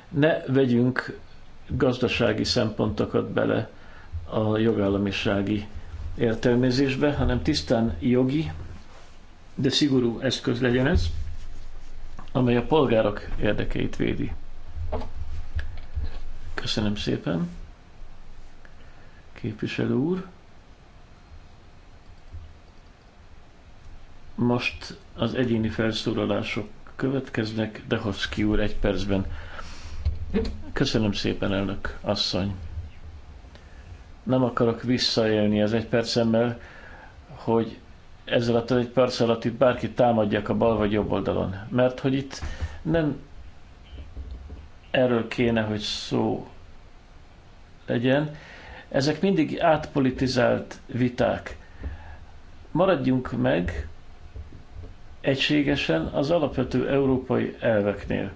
ne vegyünk gazdasági szempontokat bele a jogállamisági értelmezésbe, hanem tisztán jogi, de szigorú eszköz legyen ez, amely a polgárok érdekeit védi. Köszönöm szépen, képviselő úr. Most az egyéni felszólalások következnek, Dehovszki úr egy percben. Köszönöm szépen, elnök asszony nem akarok visszaélni az egy percemmel, hogy ez alatt egy perc alatt itt bárkit támadjak a bal vagy jobb oldalon. Mert hogy itt nem erről kéne, hogy szó legyen. Ezek mindig átpolitizált viták. Maradjunk meg egységesen az alapvető európai elveknél.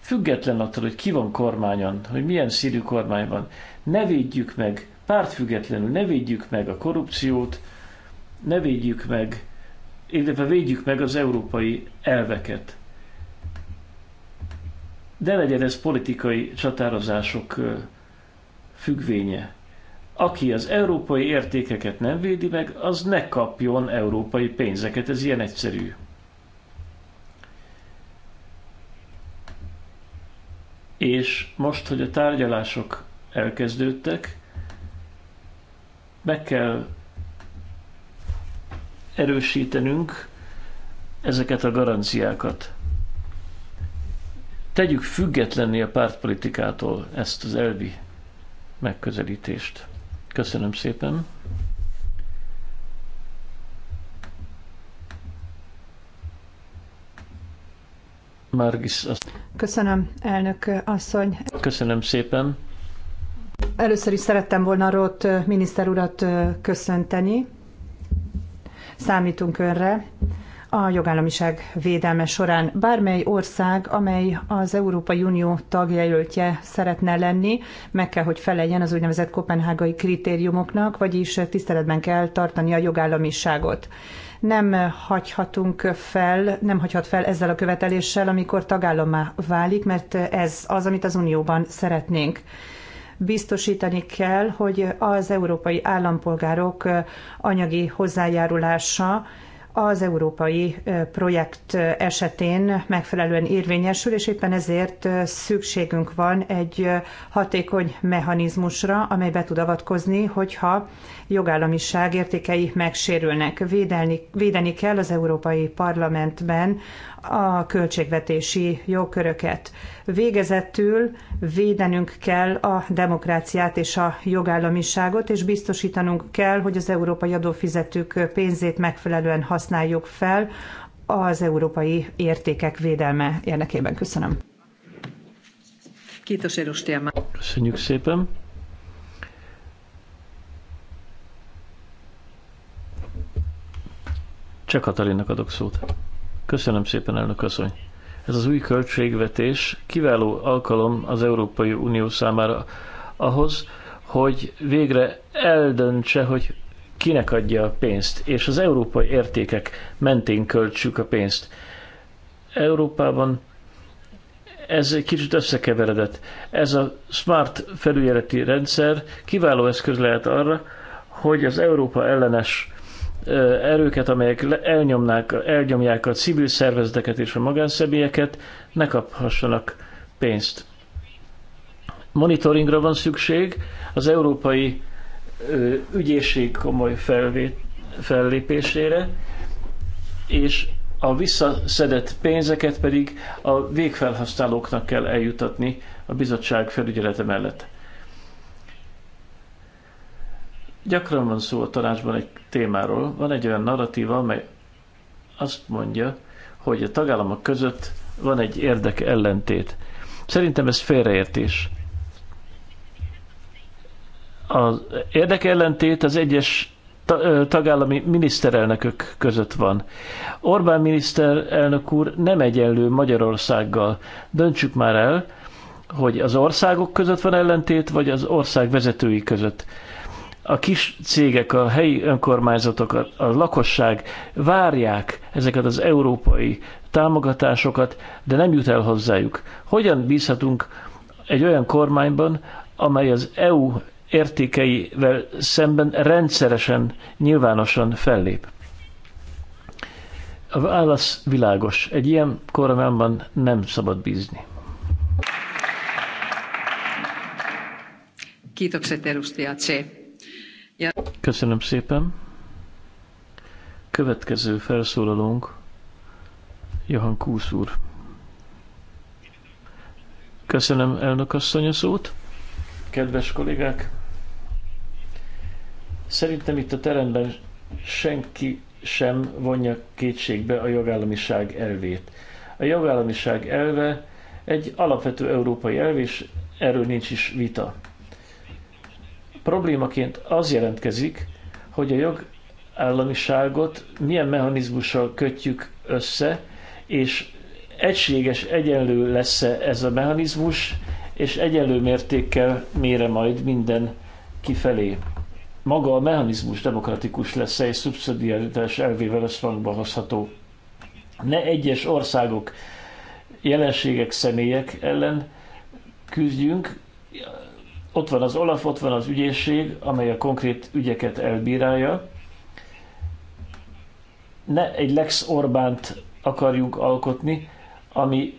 Független attól, hogy ki van kormányon, hogy milyen szírű kormány van. Ne védjük meg pártfüggetlenül ne védjük meg a korrupciót, ne védjük meg, illetve védjük meg az európai elveket. De legyen ez politikai csatározások függvénye. Aki az európai értékeket nem védi meg, az ne kapjon európai pénzeket, ez ilyen egyszerű. És most, hogy a tárgyalások elkezdődtek, meg kell erősítenünk ezeket a garanciákat. Tegyük függetlenni a pártpolitikától ezt az elvi megközelítést. Köszönöm szépen! Margis. Köszönöm, elnök asszony. Köszönöm szépen. Először is szerettem volna Rott miniszter urat köszönteni. Számítunk önre a jogállamiság védelme során. Bármely ország, amely az Európai Unió tagjelöltje szeretne lenni, meg kell, hogy feleljen az úgynevezett kopenhágai kritériumoknak, vagyis tiszteletben kell tartani a jogállamiságot nem hagyhatunk fel, nem hagyhat fel ezzel a követeléssel, amikor tagállammá válik, mert ez az, amit az Unióban szeretnénk biztosítani kell, hogy az európai állampolgárok anyagi hozzájárulása az európai projekt esetén megfelelően érvényesül, és éppen ezért szükségünk van egy hatékony mechanizmusra, amely be tud avatkozni, hogyha jogállamiság értékei megsérülnek. Védelni, védeni kell az Európai Parlamentben a költségvetési jogköröket. Végezetül védenünk kell a demokráciát és a jogállamiságot, és biztosítanunk kell, hogy az európai adófizetők pénzét megfelelően használjuk fel az európai értékek védelme érdekében. Köszönöm. Köszönjük szépen. Cseh Katalinnak adok szót. Köszönöm szépen, elnök asszony. Ez az új költségvetés kiváló alkalom az Európai Unió számára ahhoz, hogy végre eldöntse, hogy kinek adja a pénzt, és az európai értékek mentén költsük a pénzt. Európában ez egy kicsit összekeveredett. Ez a smart felügyeleti rendszer kiváló eszköz lehet arra, hogy az Európa ellenes erőket, amelyek elnyomnák, elnyomják a civil szervezeteket és a magánszemélyeket, ne kaphassanak pénzt. Monitoringra van szükség, az európai ügyészség komoly felvét, fellépésére, és a visszaszedett pénzeket pedig a végfelhasználóknak kell eljutatni a bizottság felügyelete mellett. Gyakran van szó a tanácsban egy témáról. Van egy olyan narratíva, amely azt mondja, hogy a tagállamok között van egy érdek ellentét. Szerintem ez félreértés. Az érdek ellentét az egyes tagállami miniszterelnökök között van. Orbán miniszterelnök úr nem egyenlő Magyarországgal. Döntsük már el, hogy az országok között van ellentét, vagy az ország vezetői között a kis cégek, a helyi önkormányzatok, a, a lakosság várják ezeket az európai támogatásokat, de nem jut el hozzájuk. Hogyan bízhatunk egy olyan kormányban, amely az EU értékeivel szemben rendszeresen, nyilvánosan fellép? A válasz világos. Egy ilyen kormányban nem szabad bízni. Kiitokset edustaja Tse. Köszönöm szépen. Következő felszólalónk Johan Kúsz úr. Köszönöm elnök asszony a szót. Kedves kollégák, szerintem itt a teremben senki sem vonja kétségbe a jogállamiság elvét. A jogállamiság elve egy alapvető európai elv, és erről nincs is vita. Problémaként az jelentkezik, hogy a jogállamiságot milyen mechanizmussal kötjük össze, és egységes, egyenlő lesz-e ez a mechanizmus, és egyenlő mértékkel mére majd minden kifelé. Maga a mechanizmus demokratikus lesz-e, és szubszidiaritás elvével összhangba hozható. Ne egyes országok, jelenségek, személyek ellen küzdjünk, ott van az Olaf, ott van az ügyészség, amely a konkrét ügyeket elbírálja. Ne egy Lex Orbánt akarjuk alkotni, ami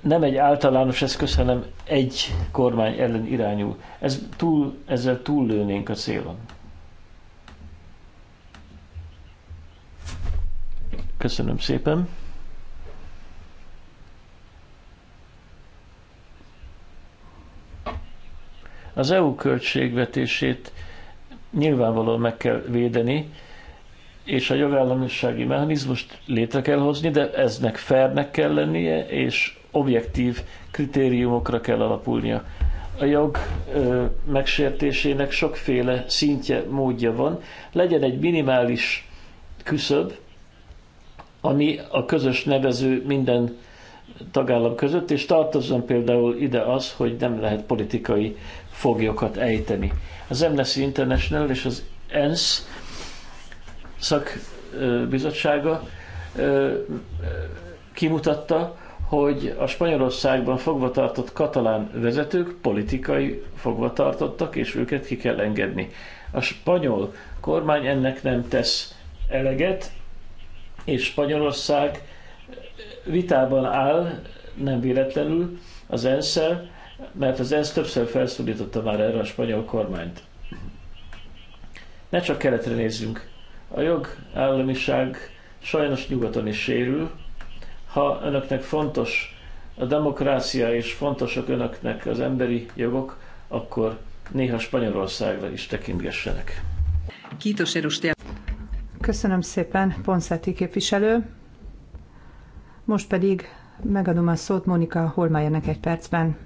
nem egy általános eszköz, hanem egy kormány ellen irányul. Ez túl, ezzel túllőnénk a célon. Köszönöm szépen. Az EU költségvetését nyilvánvalóan meg kell védeni, és a jogállamisági mechanizmust létre kell hozni, de eznek fernek kell lennie, és objektív kritériumokra kell alapulnia. A jog ö, megsértésének sokféle szintje, módja van. Legyen egy minimális küszöb, ami a közös nevező minden tagállam között, és tartozzon például ide az, hogy nem lehet politikai foglyokat ejteni. Az Amnesty International és az ENSZ szakbizottsága kimutatta, hogy a Spanyolországban fogvatartott katalán vezetők politikai fogvatartottak, és őket ki kell engedni. A spanyol kormány ennek nem tesz eleget, és Spanyolország vitában áll, nem véletlenül, az ensz mert az ENSZ többször felszólította már erre a spanyol kormányt. Ne csak keletre nézzünk. A jog államiság sajnos nyugaton is sérül. Ha önöknek fontos a demokrácia és fontosak önöknek az emberi jogok, akkor néha Spanyolországra is tekintgessenek. Kítos erustia. Köszönöm szépen, Ponszáti képviselő. Most pedig megadom a szót Monika Holmájának egy percben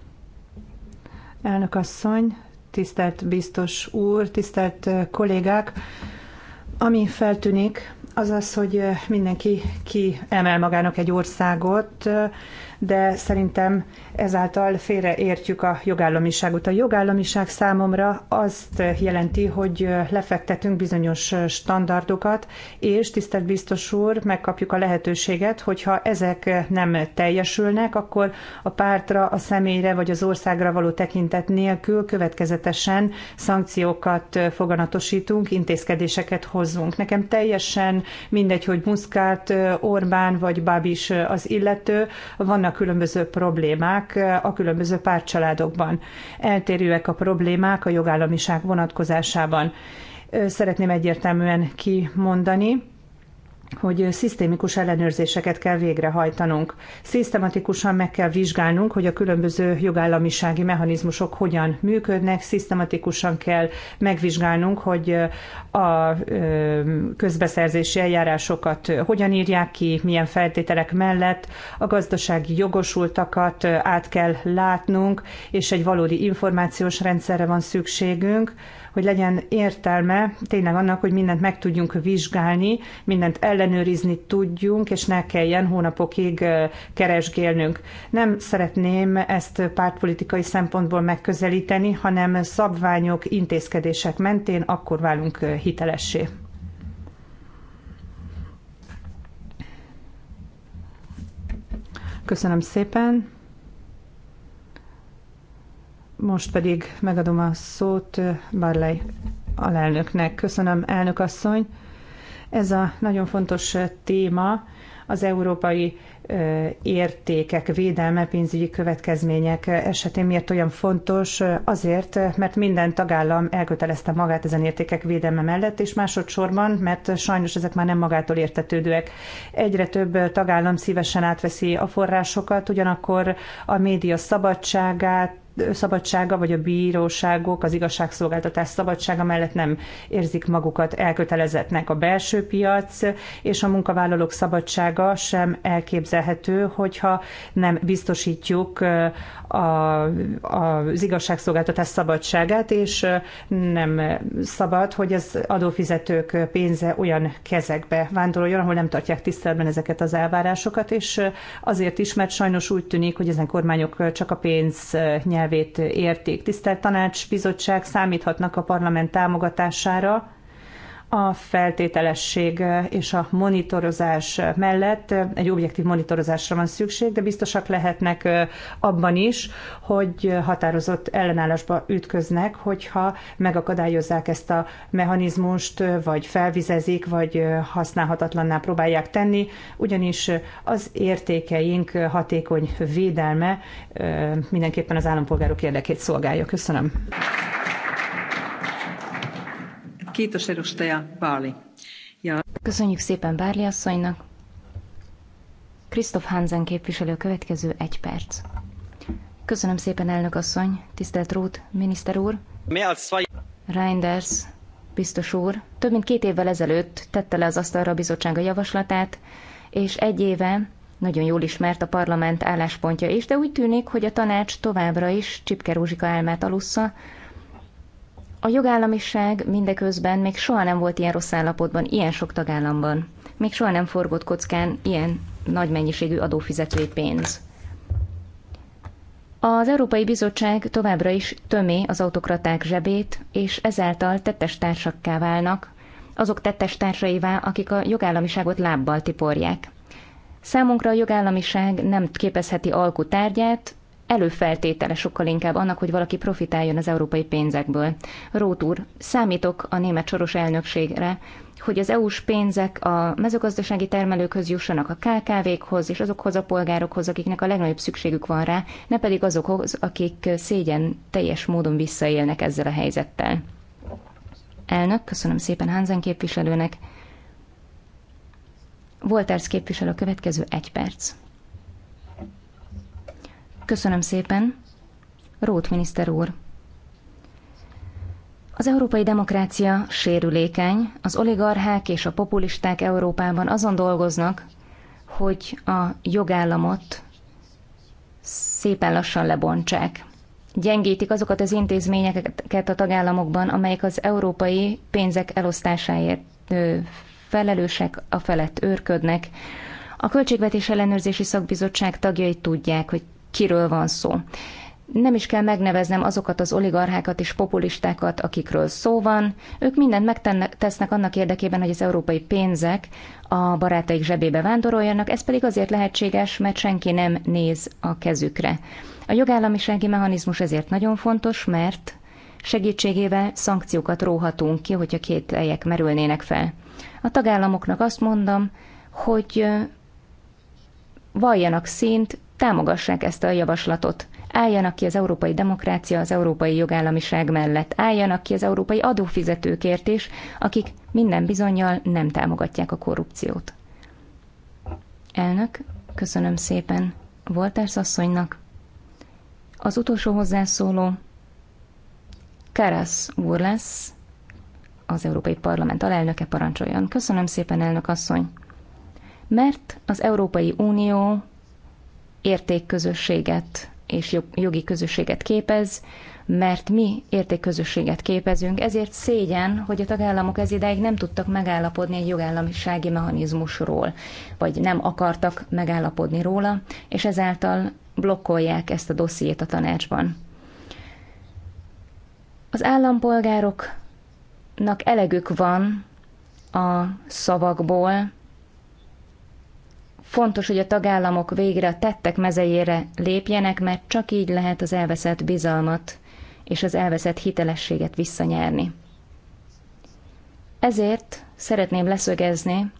elnök asszony, tisztelt biztos úr, tisztelt kollégák! Ami feltűnik, az az, hogy mindenki ki emel magának egy országot, de szerintem ezáltal félreértjük a jogállamiságot. A jogállamiság számomra azt jelenti, hogy lefektetünk bizonyos standardokat, és tisztelt biztos úr, megkapjuk a lehetőséget, hogyha ezek nem teljesülnek, akkor a pártra, a személyre vagy az országra való tekintet nélkül következetesen szankciókat foganatosítunk, intézkedéseket hozzunk. Nekem teljesen mindegy, hogy Muszkát, Orbán vagy Bábis az illető, vannak vannak különböző problémák a különböző pártcsaládokban. Eltérőek a problémák a jogállamiság vonatkozásában. Szeretném egyértelműen kimondani, hogy szisztémikus ellenőrzéseket kell végrehajtanunk. Szisztematikusan meg kell vizsgálnunk, hogy a különböző jogállamisági mechanizmusok hogyan működnek, szisztematikusan kell megvizsgálnunk, hogy a közbeszerzési eljárásokat hogyan írják ki, milyen feltételek mellett, a gazdasági jogosultakat át kell látnunk, és egy valódi információs rendszerre van szükségünk, hogy legyen értelme tényleg annak, hogy mindent meg tudjunk vizsgálni, mindent ellenőrizni tudjunk, és ne kelljen hónapokig keresgélnünk. Nem szeretném ezt pártpolitikai szempontból megközelíteni, hanem szabványok, intézkedések mentén akkor válunk hitelessé. Köszönöm szépen. Most pedig megadom a szót Barley alelnöknek. Köszönöm, elnök asszony. Ez a nagyon fontos téma, az európai értékek védelme pénzügyi következmények esetén miért olyan fontos? Azért, mert minden tagállam elkötelezte magát ezen értékek védelme mellett, és másodszorban, mert sajnos ezek már nem magától értetődőek. Egyre több tagállam szívesen átveszi a forrásokat, ugyanakkor a média szabadságát, szabadsága, vagy a bíróságok, az igazságszolgáltatás szabadsága mellett nem érzik magukat elkötelezettnek. A belső piac és a munkavállalók szabadsága sem elképzelhető, hogyha nem biztosítjuk a, az igazságszolgáltatás szabadságát, és nem szabad, hogy az adófizetők pénze olyan kezekbe vándoroljon, ahol nem tartják tiszteletben ezeket az elvárásokat, és azért is, mert sajnos úgy tűnik, hogy ezen kormányok csak a pénz nyelv nevét értik. Tisztelt Tanács, Bizottság számíthatnak a parlament támogatására, a feltételesség és a monitorozás mellett egy objektív monitorozásra van szükség, de biztosak lehetnek abban is, hogy határozott ellenállásba ütköznek, hogyha megakadályozzák ezt a mechanizmust, vagy felvizezik, vagy használhatatlanná próbálják tenni, ugyanis az értékeink hatékony védelme mindenképpen az állampolgárok érdekét szolgálja. Köszönöm. Báli. Ja. Köszönjük szépen Bárli asszonynak. Krisztof Hansen képviselő következő egy perc. Köszönöm szépen, elnök asszony, tisztelt Ruth, miniszter úr. Reinders, biztos úr, több mint két évvel ezelőtt tette le az asztalra a bizottsága javaslatát, és egy éve nagyon jól ismert a parlament álláspontja is, de úgy tűnik, hogy a tanács továbbra is Csipke Rózsika álmát alussza, a jogállamiság mindeközben még soha nem volt ilyen rossz állapotban, ilyen sok tagállamban. Még soha nem forgott kockán ilyen nagy mennyiségű adófizetői pénz. Az Európai Bizottság továbbra is tömé az autokraták zsebét, és ezáltal tettes társakká válnak, azok tettes társaivá, akik a jogállamiságot lábbal tiporják. Számunkra a jogállamiság nem képezheti alkutárgyát, előfeltétele sokkal inkább annak, hogy valaki profitáljon az európai pénzekből. Rót úr, számítok a német soros elnökségre, hogy az EU-s pénzek a mezőgazdasági termelőkhöz jussanak, a KKV-khoz és azokhoz a polgárokhoz, akiknek a legnagyobb szükségük van rá, ne pedig azokhoz, akik szégyen teljes módon visszaélnek ezzel a helyzettel. Elnök, köszönöm szépen Hansen képviselőnek. Volters képviselő a következő egy perc. Köszönöm szépen. Rót miniszter úr. Az európai demokrácia sérülékeny, az oligarchák és a populisták Európában azon dolgoznak, hogy a jogállamot szépen lassan lebontsák. Gyengítik azokat az intézményeket a tagállamokban, amelyek az európai pénzek elosztásáért felelősek, a felett őrködnek. A Költségvetés Ellenőrzési Szakbizottság tagjai tudják, hogy kiről van szó. Nem is kell megneveznem azokat az oligarchákat és populistákat, akikről szó van. Ők mindent megtesznek annak érdekében, hogy az európai pénzek a barátaik zsebébe vándoroljanak, ez pedig azért lehetséges, mert senki nem néz a kezükre. A jogállamisági mechanizmus ezért nagyon fontos, mert segítségével szankciókat róhatunk ki, hogyha két helyek merülnének fel. A tagállamoknak azt mondom, hogy valljanak szint, támogassák ezt a javaslatot. Álljanak ki az európai demokrácia, az európai jogállamiság mellett. Álljanak ki az európai adófizetőkért is, akik minden bizonyal nem támogatják a korrupciót. Elnök, köszönöm szépen Voltársz asszonynak. Az utolsó hozzászóló Karasz úr lesz, az Európai Parlament alelnöke parancsoljon. Köszönöm szépen, elnök asszony. Mert az Európai Unió értékközösséget és jogi közösséget képez, mert mi értékközösséget képezünk, ezért szégyen, hogy a tagállamok ez ideig nem tudtak megállapodni egy jogállamisági mechanizmusról, vagy nem akartak megállapodni róla, és ezáltal blokkolják ezt a dossziét a tanácsban. Az állampolgároknak elegük van a szavakból, Fontos, hogy a tagállamok végre a tettek mezejére lépjenek, mert csak így lehet az elveszett bizalmat és az elveszett hitelességet visszanyerni. Ezért szeretném leszögezni,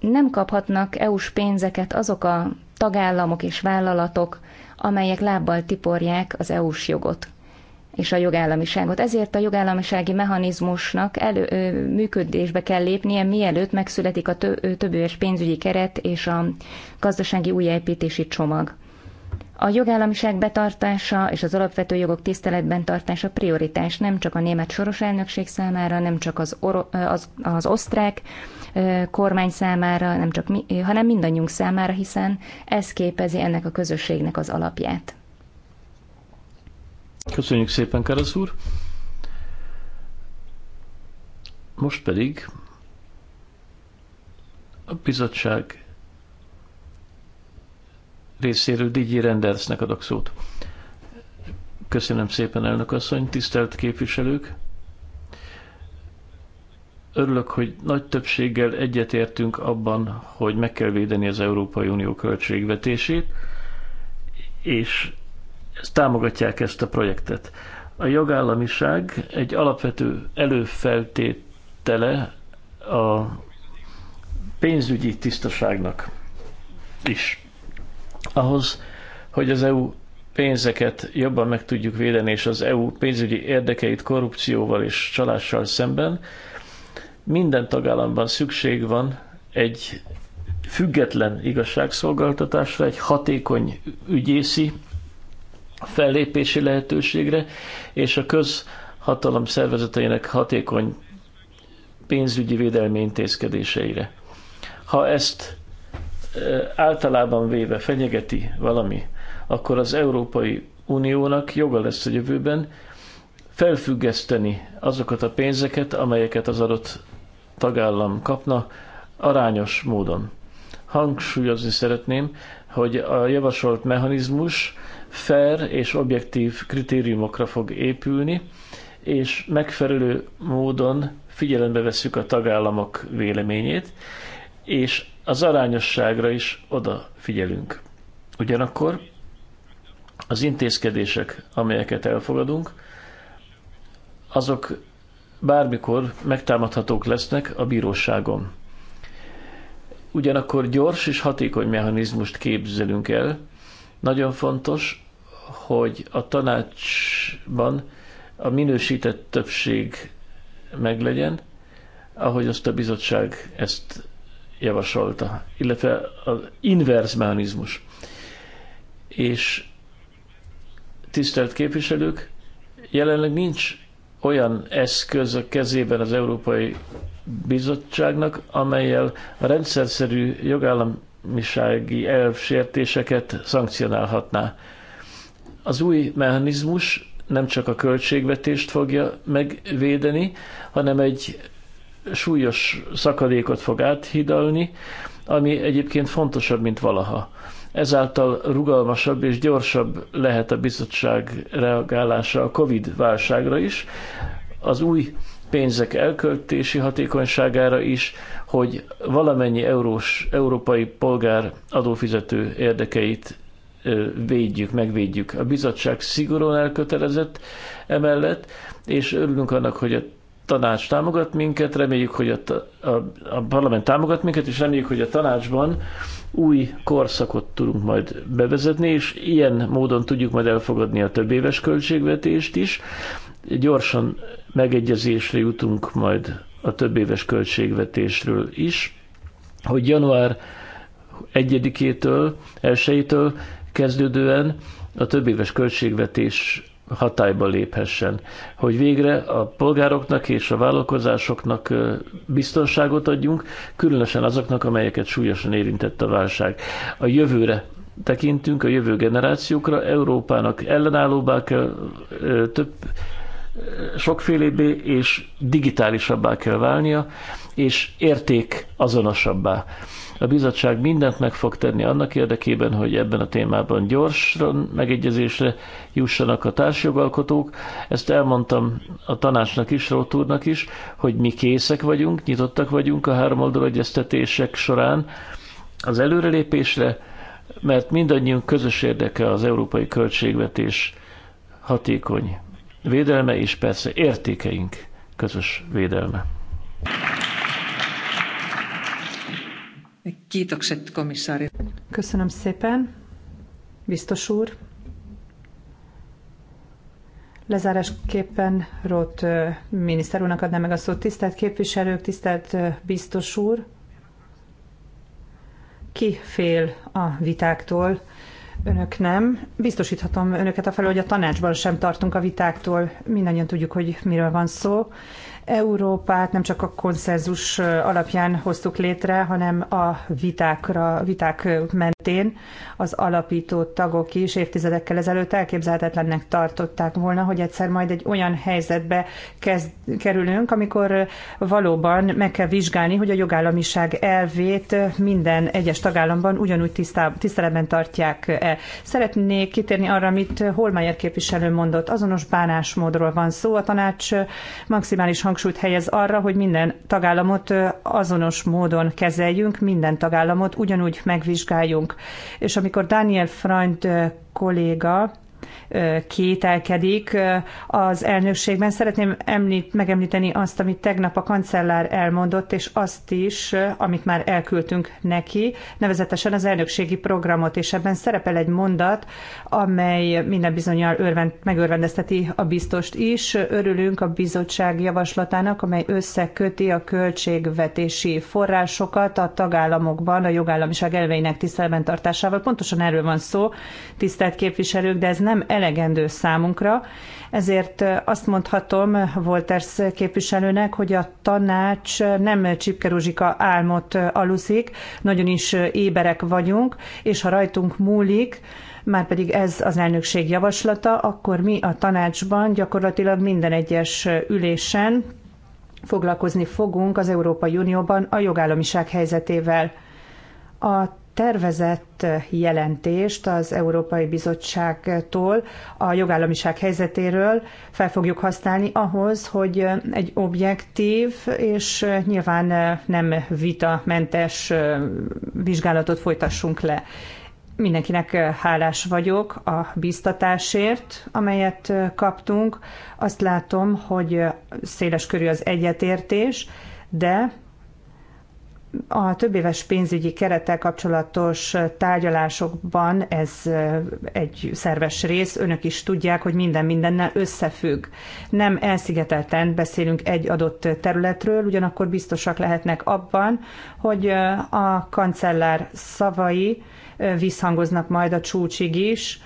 nem kaphatnak EU-s pénzeket azok a tagállamok és vállalatok, amelyek lábbal tiporják az EU-s jogot és a jogállamiságot. Ezért a jogállamisági mechanizmusnak elő, ö, működésbe kell lépnie, mielőtt megszületik a tö, többőes pénzügyi keret és a gazdasági újjáépítési csomag. A jogállamiság betartása és az alapvető jogok tiszteletben tartása prioritás nem csak a német soros elnökség számára, nem csak az, oro- az, az osztrák kormány számára, nem csak mi, hanem mindannyiunk számára, hiszen ez képezi ennek a közösségnek az alapját. Köszönjük szépen, Karasz úr! Most pedig a bizottság részéről Digi Rendersnek adok szót. Köszönöm szépen, elnök asszony, tisztelt képviselők! Örülök, hogy nagy többséggel egyetértünk abban, hogy meg kell védeni az Európai Unió költségvetését, és támogatják ezt a projektet. A jogállamiság egy alapvető előfeltétele a pénzügyi tisztaságnak is. Ahhoz, hogy az EU pénzeket jobban meg tudjuk védeni, és az EU pénzügyi érdekeit korrupcióval és csalással szemben, minden tagállamban szükség van egy független igazságszolgáltatásra, egy hatékony ügyészi fellépési lehetőségre, és a közhatalom szervezeteinek hatékony pénzügyi védelmi intézkedéseire. Ha ezt e, általában véve fenyegeti valami, akkor az Európai Uniónak joga lesz a jövőben felfüggeszteni azokat a pénzeket, amelyeket az adott tagállam kapna arányos módon. Hangsúlyozni szeretném, hogy a javasolt mechanizmus fair és objektív kritériumokra fog épülni, és megfelelő módon figyelembe vesszük a tagállamok véleményét, és az arányosságra is odafigyelünk. Ugyanakkor az intézkedések, amelyeket elfogadunk, azok bármikor megtámadhatók lesznek a bíróságon. Ugyanakkor gyors és hatékony mechanizmust képzelünk el, nagyon fontos, hogy a tanácsban a minősített többség meglegyen, ahogy azt a bizottság ezt javasolta, illetve az inverz mechanizmus. És tisztelt képviselők, jelenleg nincs olyan eszköz a kezében az Európai Bizottságnak, amelyel a rendszerszerű jogállam államisági elvsértéseket szankcionálhatná. Az új mechanizmus nem csak a költségvetést fogja megvédeni, hanem egy súlyos szakadékot fog áthidalni, ami egyébként fontosabb, mint valaha. Ezáltal rugalmasabb és gyorsabb lehet a bizottság reagálása a COVID válságra is. Az új pénzek elköltési hatékonyságára is, hogy valamennyi eurós, európai polgár adófizető érdekeit védjük, megvédjük. A bizottság szigorúan elkötelezett emellett, és örülünk annak, hogy a tanács támogat minket, reméljük, hogy a, a, a parlament támogat minket, és reméljük, hogy a tanácsban új korszakot tudunk majd bevezetni, és ilyen módon tudjuk majd elfogadni a több éves költségvetést is. Gyorsan megegyezésre jutunk majd a több éves költségvetésről is, hogy január 1-től, 1 kezdődően a több éves költségvetés hatályba léphessen, hogy végre a polgároknak és a vállalkozásoknak biztonságot adjunk, különösen azoknak, amelyeket súlyosan érintett a válság. A jövőre tekintünk, a jövő generációkra, Európának ellenállóbbá kell, több sokfélébbé és digitálisabbá kell válnia, és érték azonosabbá. A bizottság mindent meg fog tenni annak érdekében, hogy ebben a témában gyorsan megegyezésre jussanak a társjogalkotók. Ezt elmondtam a tanácsnak is, Rótúrnak is, hogy mi készek vagyunk, nyitottak vagyunk a háromoldalú egyeztetések során az előrelépésre, mert mindannyiunk közös érdeke az európai költségvetés hatékony védelme, és persze értékeink közös védelme. Köszönöm szépen, biztos úr. Lezárásképpen Roth miniszter úrnak adnám meg a szót. Tisztelt képviselők, tisztelt biztos úr! Ki fél a vitáktól? Önök nem. Biztosíthatom önöket a felől, hogy a tanácsban sem tartunk a vitáktól. Mindannyian tudjuk, hogy miről van szó. Európát nem csak a konszenzus alapján hoztuk létre, hanem a vitákra, viták mentén az alapító tagok is évtizedekkel ezelőtt elképzelhetetlennek tartották volna, hogy egyszer majd egy olyan helyzetbe kezd, kerülünk, amikor valóban meg kell vizsgálni, hogy a jogállamiság elvét minden egyes tagállamban ugyanúgy tisztá, tiszteletben tartják-e. Szeretnék kitérni arra, amit Holmeyer képviselő mondott. Azonos bánásmódról van szó. A tanács maximális hang hangsúlyt helyez arra, hogy minden tagállamot azonos módon kezeljünk, minden tagállamot ugyanúgy megvizsgáljunk. És amikor Daniel Freund kolléga kételkedik az elnökségben. Szeretném említ, megemlíteni azt, amit tegnap a kancellár elmondott, és azt is, amit már elküldtünk neki, nevezetesen az elnökségi programot, és ebben szerepel egy mondat, amely minden bizonyal örvend, megörvendezteti a biztost is. Örülünk a bizottság javaslatának, amely összeköti a költségvetési forrásokat a tagállamokban a jogállamiság elveinek tiszteletben tartásával. Pontosan erről van szó, tisztelt képviselők, de ez nem elegendő számunkra, ezért azt mondhatom Wolters képviselőnek, hogy a tanács nem csipkerúzsika álmot aluszik, nagyon is éberek vagyunk, és ha rajtunk múlik, már pedig ez az elnökség javaslata, akkor mi a tanácsban gyakorlatilag minden egyes ülésen foglalkozni fogunk az Európai Unióban a jogállamiság helyzetével. A tervezett jelentést az Európai Bizottságtól a jogállamiság helyzetéről fel fogjuk használni ahhoz, hogy egy objektív és nyilván nem vitamentes vizsgálatot folytassunk le. Mindenkinek hálás vagyok a biztatásért, amelyet kaptunk. Azt látom, hogy széles körű az egyetértés, de a éves pénzügyi kerettel kapcsolatos tárgyalásokban ez egy szerves rész. Önök is tudják, hogy minden mindennel összefügg. Nem elszigetelten beszélünk egy adott területről, ugyanakkor biztosak lehetnek abban, hogy a kancellár szavai visszhangoznak majd a csúcsig is,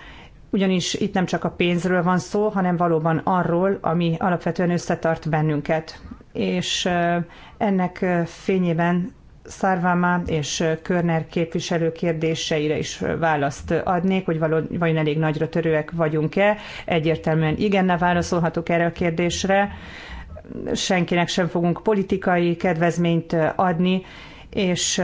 ugyanis itt nem csak a pénzről van szó, hanem valóban arról, ami alapvetően összetart bennünket. És ennek fényében Szárvámá és Körner képviselő kérdéseire is választ adnék, hogy vajon elég nagyra törőek vagyunk-e. Egyértelműen ne válaszolhatok erre a kérdésre. Senkinek sem fogunk politikai kedvezményt adni, és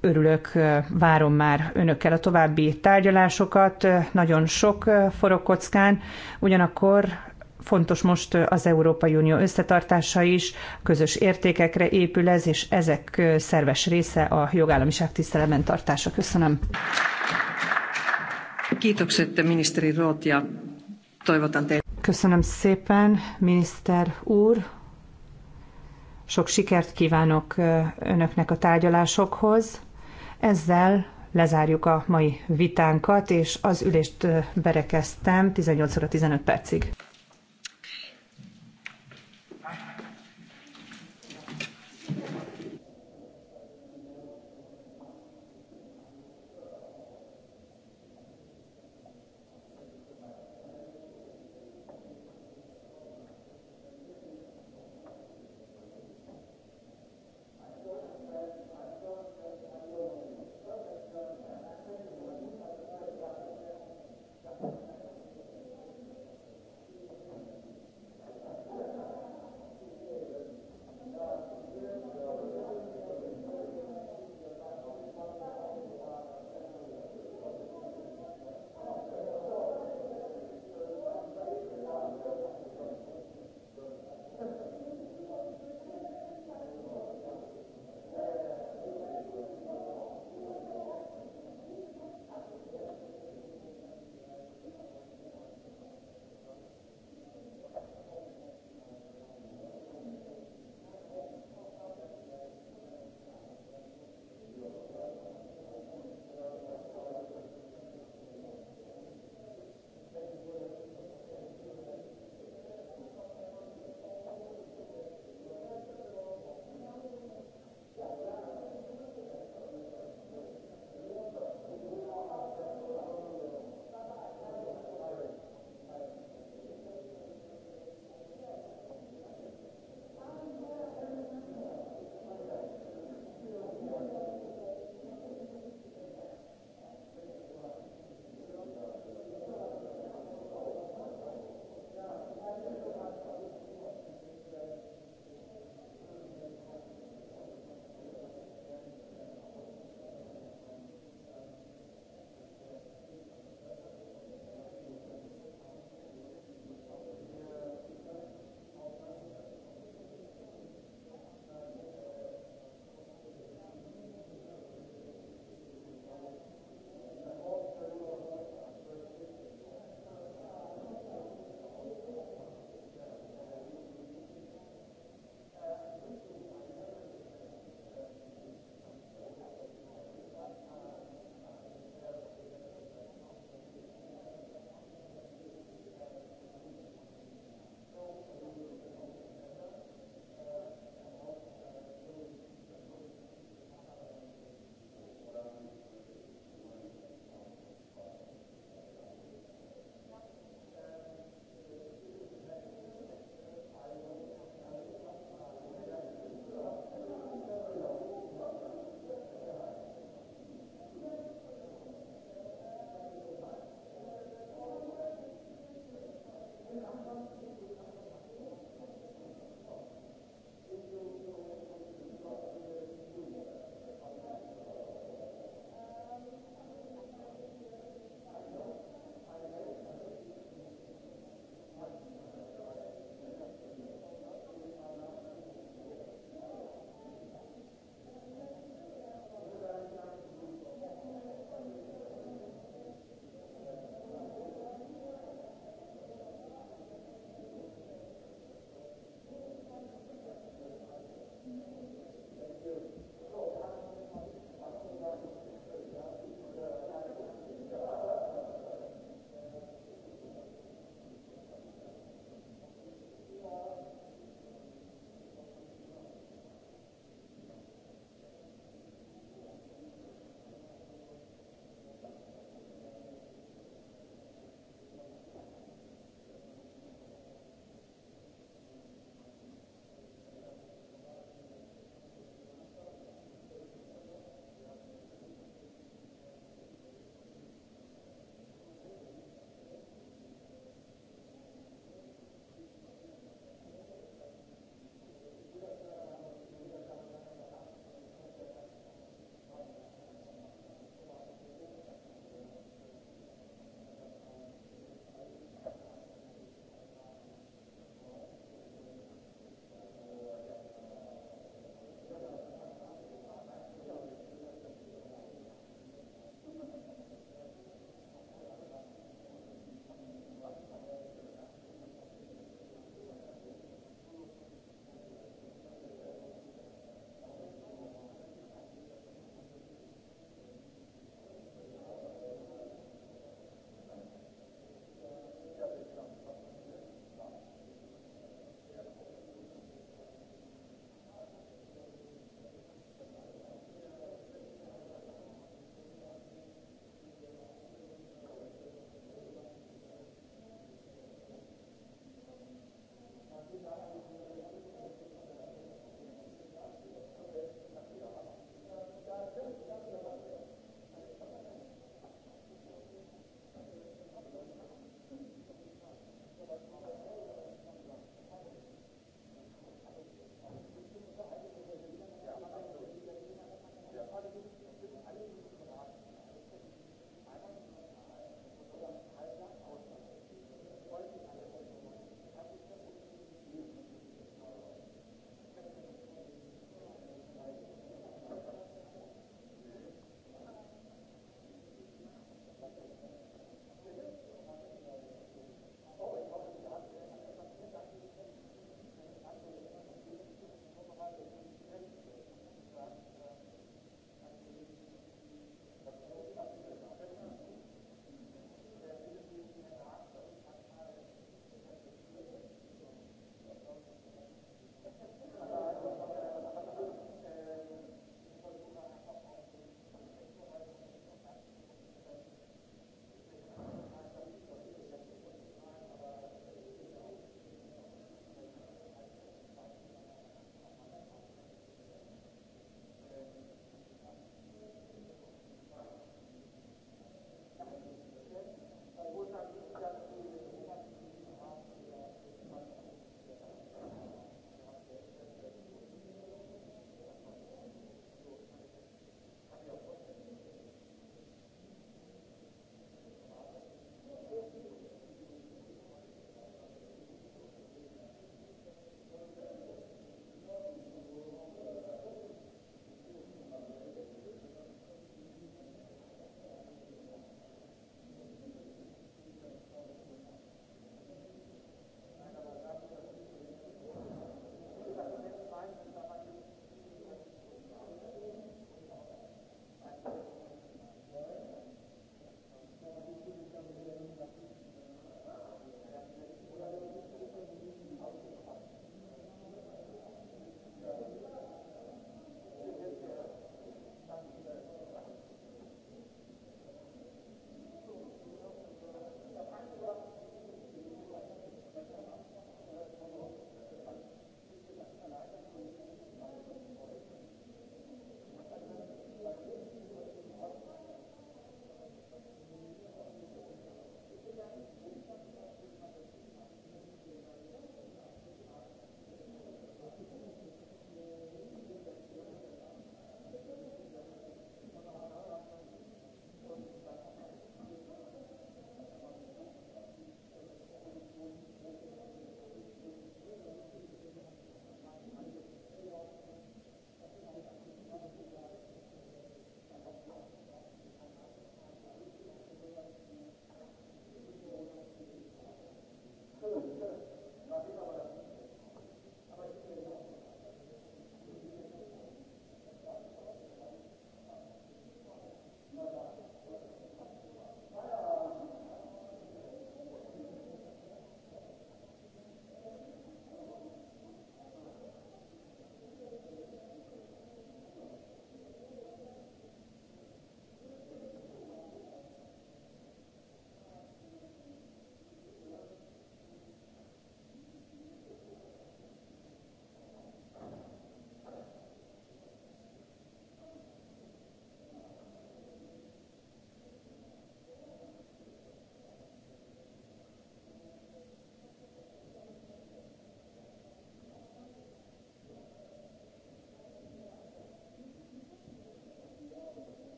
örülök, várom már önökkel a további tárgyalásokat, nagyon sok forog kockán, ugyanakkor fontos most az Európai Unió összetartása is, közös értékekre épül ez, és ezek szerves része a jogállamiság tiszteletben tartása. Köszönöm. miniszteri Köszönöm szépen, miniszter úr. Sok sikert kívánok önöknek a tárgyalásokhoz. Ezzel lezárjuk a mai vitánkat, és az ülést berekeztem 18 óra 15 percig.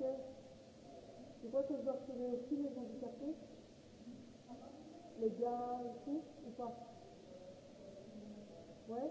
laquelle je vois que je dois retirer aussi les handicapés, les gars et tout, ou pas Ouais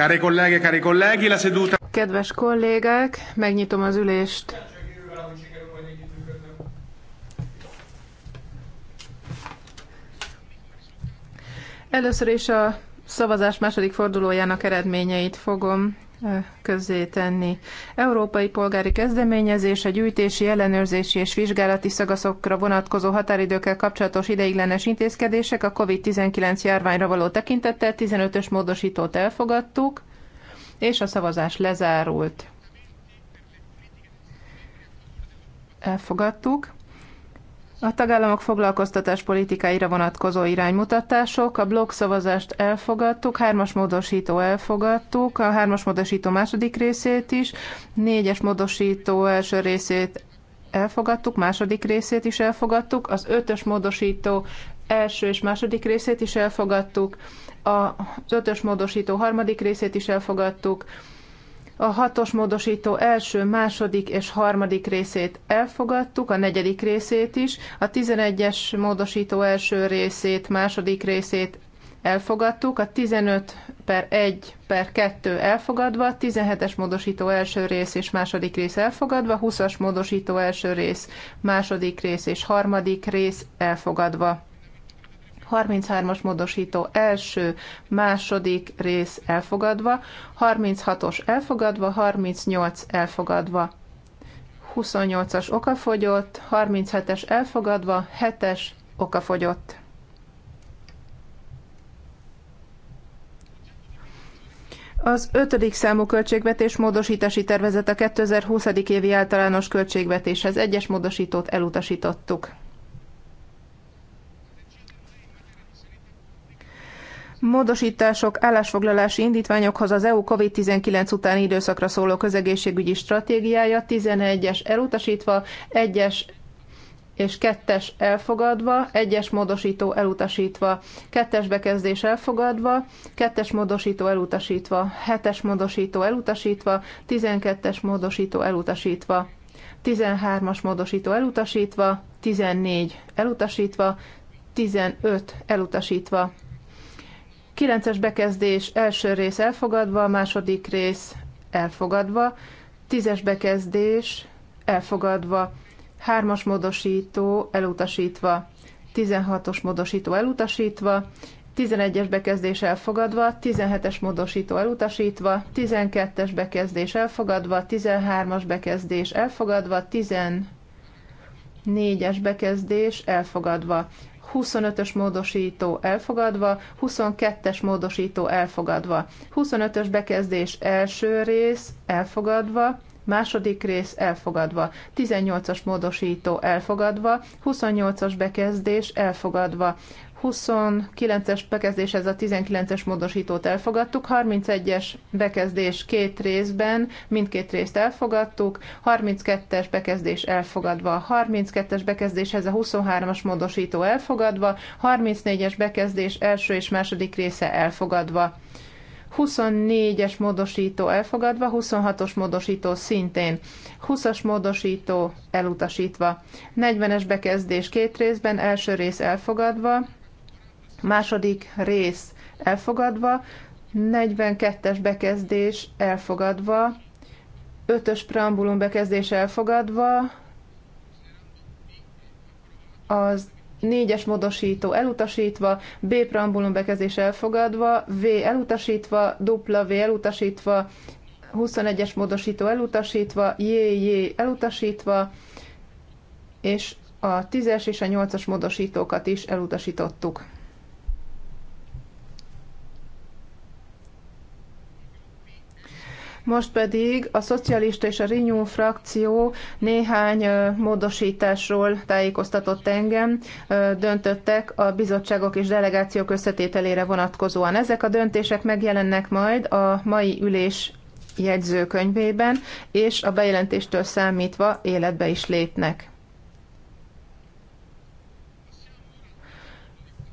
Care colleghe, care colleghi, la seduta... Kedves kollégák, megnyitom az ülést. Először is a szavazás második fordulójának eredményeit fogom közzétenni. Európai polgári kezdeményezés a gyűjtési, ellenőrzési és vizsgálati szakaszokra vonatkozó határidőkkel kapcsolatos ideiglenes intézkedések a COVID-19 járványra való tekintettel 15-ös módosítót elfogadtuk, és a szavazás lezárult. Elfogadtuk. A tagállamok foglalkoztatás politikáira vonatkozó iránymutatások, a szavazást elfogadtuk, hármas módosító elfogadtuk, a hármas módosító második részét is, négyes módosító első részét elfogadtuk, második részét is elfogadtuk, az ötös módosító első és második részét is elfogadtuk, az ötös módosító harmadik részét is elfogadtuk, a hatos módosító első, második és harmadik részét elfogadtuk, a negyedik részét is, a tizenegyes módosító első részét, második részét elfogadtuk, a 15 per 1 per 2 elfogadva, 17-es módosító első rész és második rész elfogadva, 20-as módosító első rész, második rész és harmadik rész elfogadva. 33-as módosító első, második rész elfogadva, 36-os elfogadva, 38 elfogadva. 28-as okafogyott, 37-es elfogadva, 7-es okafogyott. Az ötödik számú költségvetés módosítási tervezet a 2020. évi általános költségvetéshez egyes módosítót elutasítottuk. módosítások állásfoglalási indítványokhoz az EU COVID-19 utáni időszakra szóló közegészségügyi stratégiája 11-es elutasítva, 1-es és 2-es elfogadva, 1-es módosító elutasítva, 2-es bekezdés elfogadva, 2-es módosító elutasítva, 7-es módosító elutasítva, 12-es módosító elutasítva. 13-as módosító elutasítva, 14 elutasítva, 15 elutasítva, kilences bekezdés első rész elfogadva, második rész elfogadva, tízes bekezdés elfogadva, hármas módosító elutasítva, tizenhatos módosító elutasítva, 11-es bekezdés elfogadva, 17-es módosító elutasítva, 12-es bekezdés elfogadva, 13-as bekezdés elfogadva, 14-es bekezdés elfogadva. 25-ös módosító elfogadva, 22-es módosító elfogadva, 25-ös bekezdés első rész elfogadva, második rész elfogadva, 18-as módosító elfogadva, 28-as bekezdés elfogadva, 29-es bekezdés, ez a 19-es módosítót elfogadtuk, 31-es bekezdés két részben, mindkét részt elfogadtuk, 32-es bekezdés elfogadva, 32-es bekezdéshez a 23-as módosító elfogadva, 34-es bekezdés első és második része elfogadva. 24-es módosító elfogadva, 26-os módosító szintén, 20-as módosító elutasítva, 40-es bekezdés két részben, első rész elfogadva, Második rész elfogadva, 42-es bekezdés elfogadva, 5-ös preambulum bekezdés elfogadva, az 4-es módosító elutasítva, B preambulum bekezdés elfogadva, V elutasítva, dupla V elutasítva, 21-es módosító elutasítva, JJ elutasítva, és a 10-es és a 8-as módosítókat is elutasítottuk. Most pedig a szocialista és a Renew frakció néhány módosításról tájékoztatott engem, döntöttek a bizottságok és delegációk összetételére vonatkozóan. Ezek a döntések megjelennek majd a mai ülés jegyzőkönyvében, és a bejelentéstől számítva életbe is lépnek.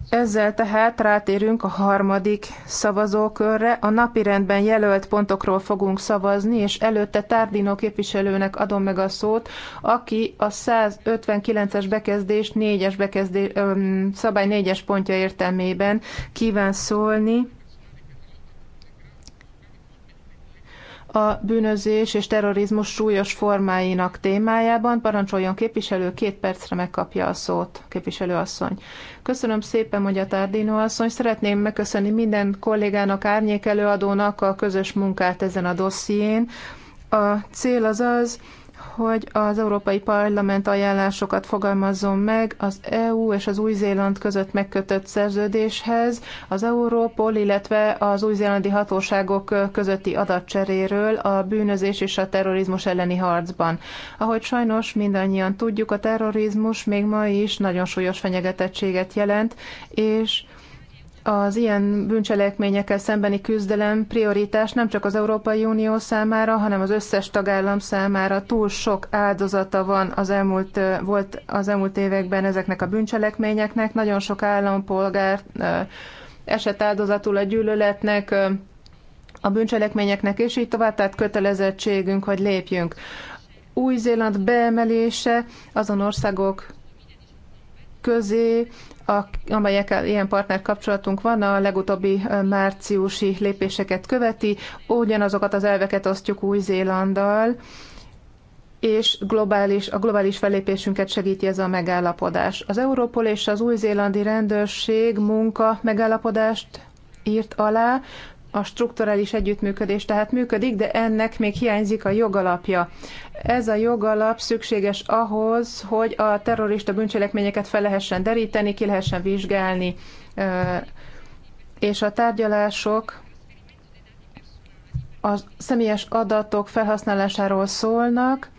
Ezzel tehát rátérünk a harmadik szavazókörre. A napirendben jelölt pontokról fogunk szavazni, és előtte Tárdino képviselőnek adom meg a szót, aki a 159-es bekezdés 4-es bekezdés, szabály 4-es pontja értelmében kíván szólni a bűnözés és terrorizmus súlyos formáinak témájában. Parancsoljon képviselő, két percre megkapja a szót, képviselő asszony. Köszönöm szépen, hogy a Tárdino asszony. Szeretném megköszönni minden kollégának, árnyékelőadónak a közös munkát ezen a dosszién. A cél az az, hogy az Európai Parlament ajánlásokat fogalmazzon meg az EU és az Új-Zéland között megkötött szerződéshez, az Európol, illetve az új-zélandi hatóságok közötti adatcseréről a bűnözés és a terrorizmus elleni harcban. Ahogy sajnos mindannyian tudjuk, a terrorizmus még ma is nagyon súlyos fenyegetettséget jelent, és az ilyen bűncselekményekkel szembeni küzdelem prioritás nem csak az Európai Unió számára, hanem az összes tagállam számára. Túl sok áldozata van az elmúlt, volt az elmúlt években ezeknek a bűncselekményeknek. Nagyon sok állampolgár esett áldozatul a gyűlöletnek, a bűncselekményeknek, és így tovább, tehát kötelezettségünk, hogy lépjünk. Új-Zéland beemelése azon országok közé, a, amelyekkel ilyen partnerkapcsolatunk van, a legutóbbi márciusi lépéseket követi, ugyanazokat az elveket osztjuk Új-Zélanddal, és globális, a globális fellépésünket segíti ez a megállapodás. Az Európol és az új-zélandi rendőrség munka megállapodást írt alá, a strukturális együttműködés tehát működik, de ennek még hiányzik a jogalapja. Ez a jogalap szükséges ahhoz, hogy a terrorista bűncselekményeket fel lehessen deríteni, ki lehessen vizsgálni, és a tárgyalások a személyes adatok felhasználásáról szólnak,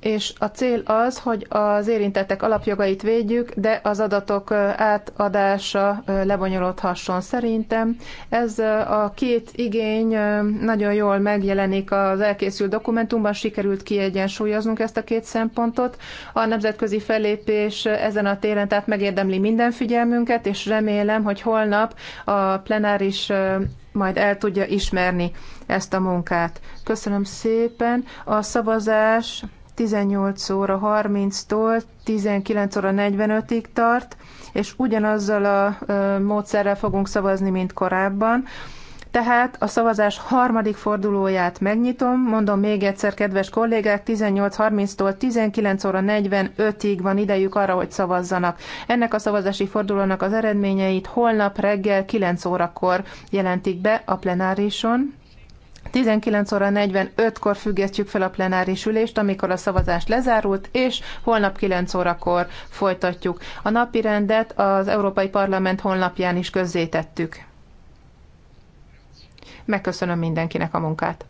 és a cél az, hogy az érintettek alapjogait védjük, de az adatok átadása lebonyolódhasson szerintem. Ez a két igény nagyon jól megjelenik az elkészült dokumentumban, sikerült kiegyensúlyoznunk ezt a két szempontot. A nemzetközi fellépés ezen a téren tehát megérdemli minden figyelmünket, és remélem, hogy holnap a plenáris majd el tudja ismerni ezt a munkát. Köszönöm szépen. A szavazás 18 óra 30-tól 19 óra 45-ig tart, és ugyanazzal a módszerrel fogunk szavazni, mint korábban. Tehát a szavazás harmadik fordulóját megnyitom. Mondom még egyszer, kedves kollégák, 18.30-tól 19 óra 45-ig van idejük arra, hogy szavazzanak. Ennek a szavazási fordulónak az eredményeit holnap reggel 9 órakor jelentik be a plenárison. 19 óra 45-kor függesztjük fel a plenáris ülést, amikor a szavazás lezárult, és holnap 9 órakor folytatjuk. A napi rendet az Európai Parlament honlapján is közzétettük. Megköszönöm mindenkinek a munkát.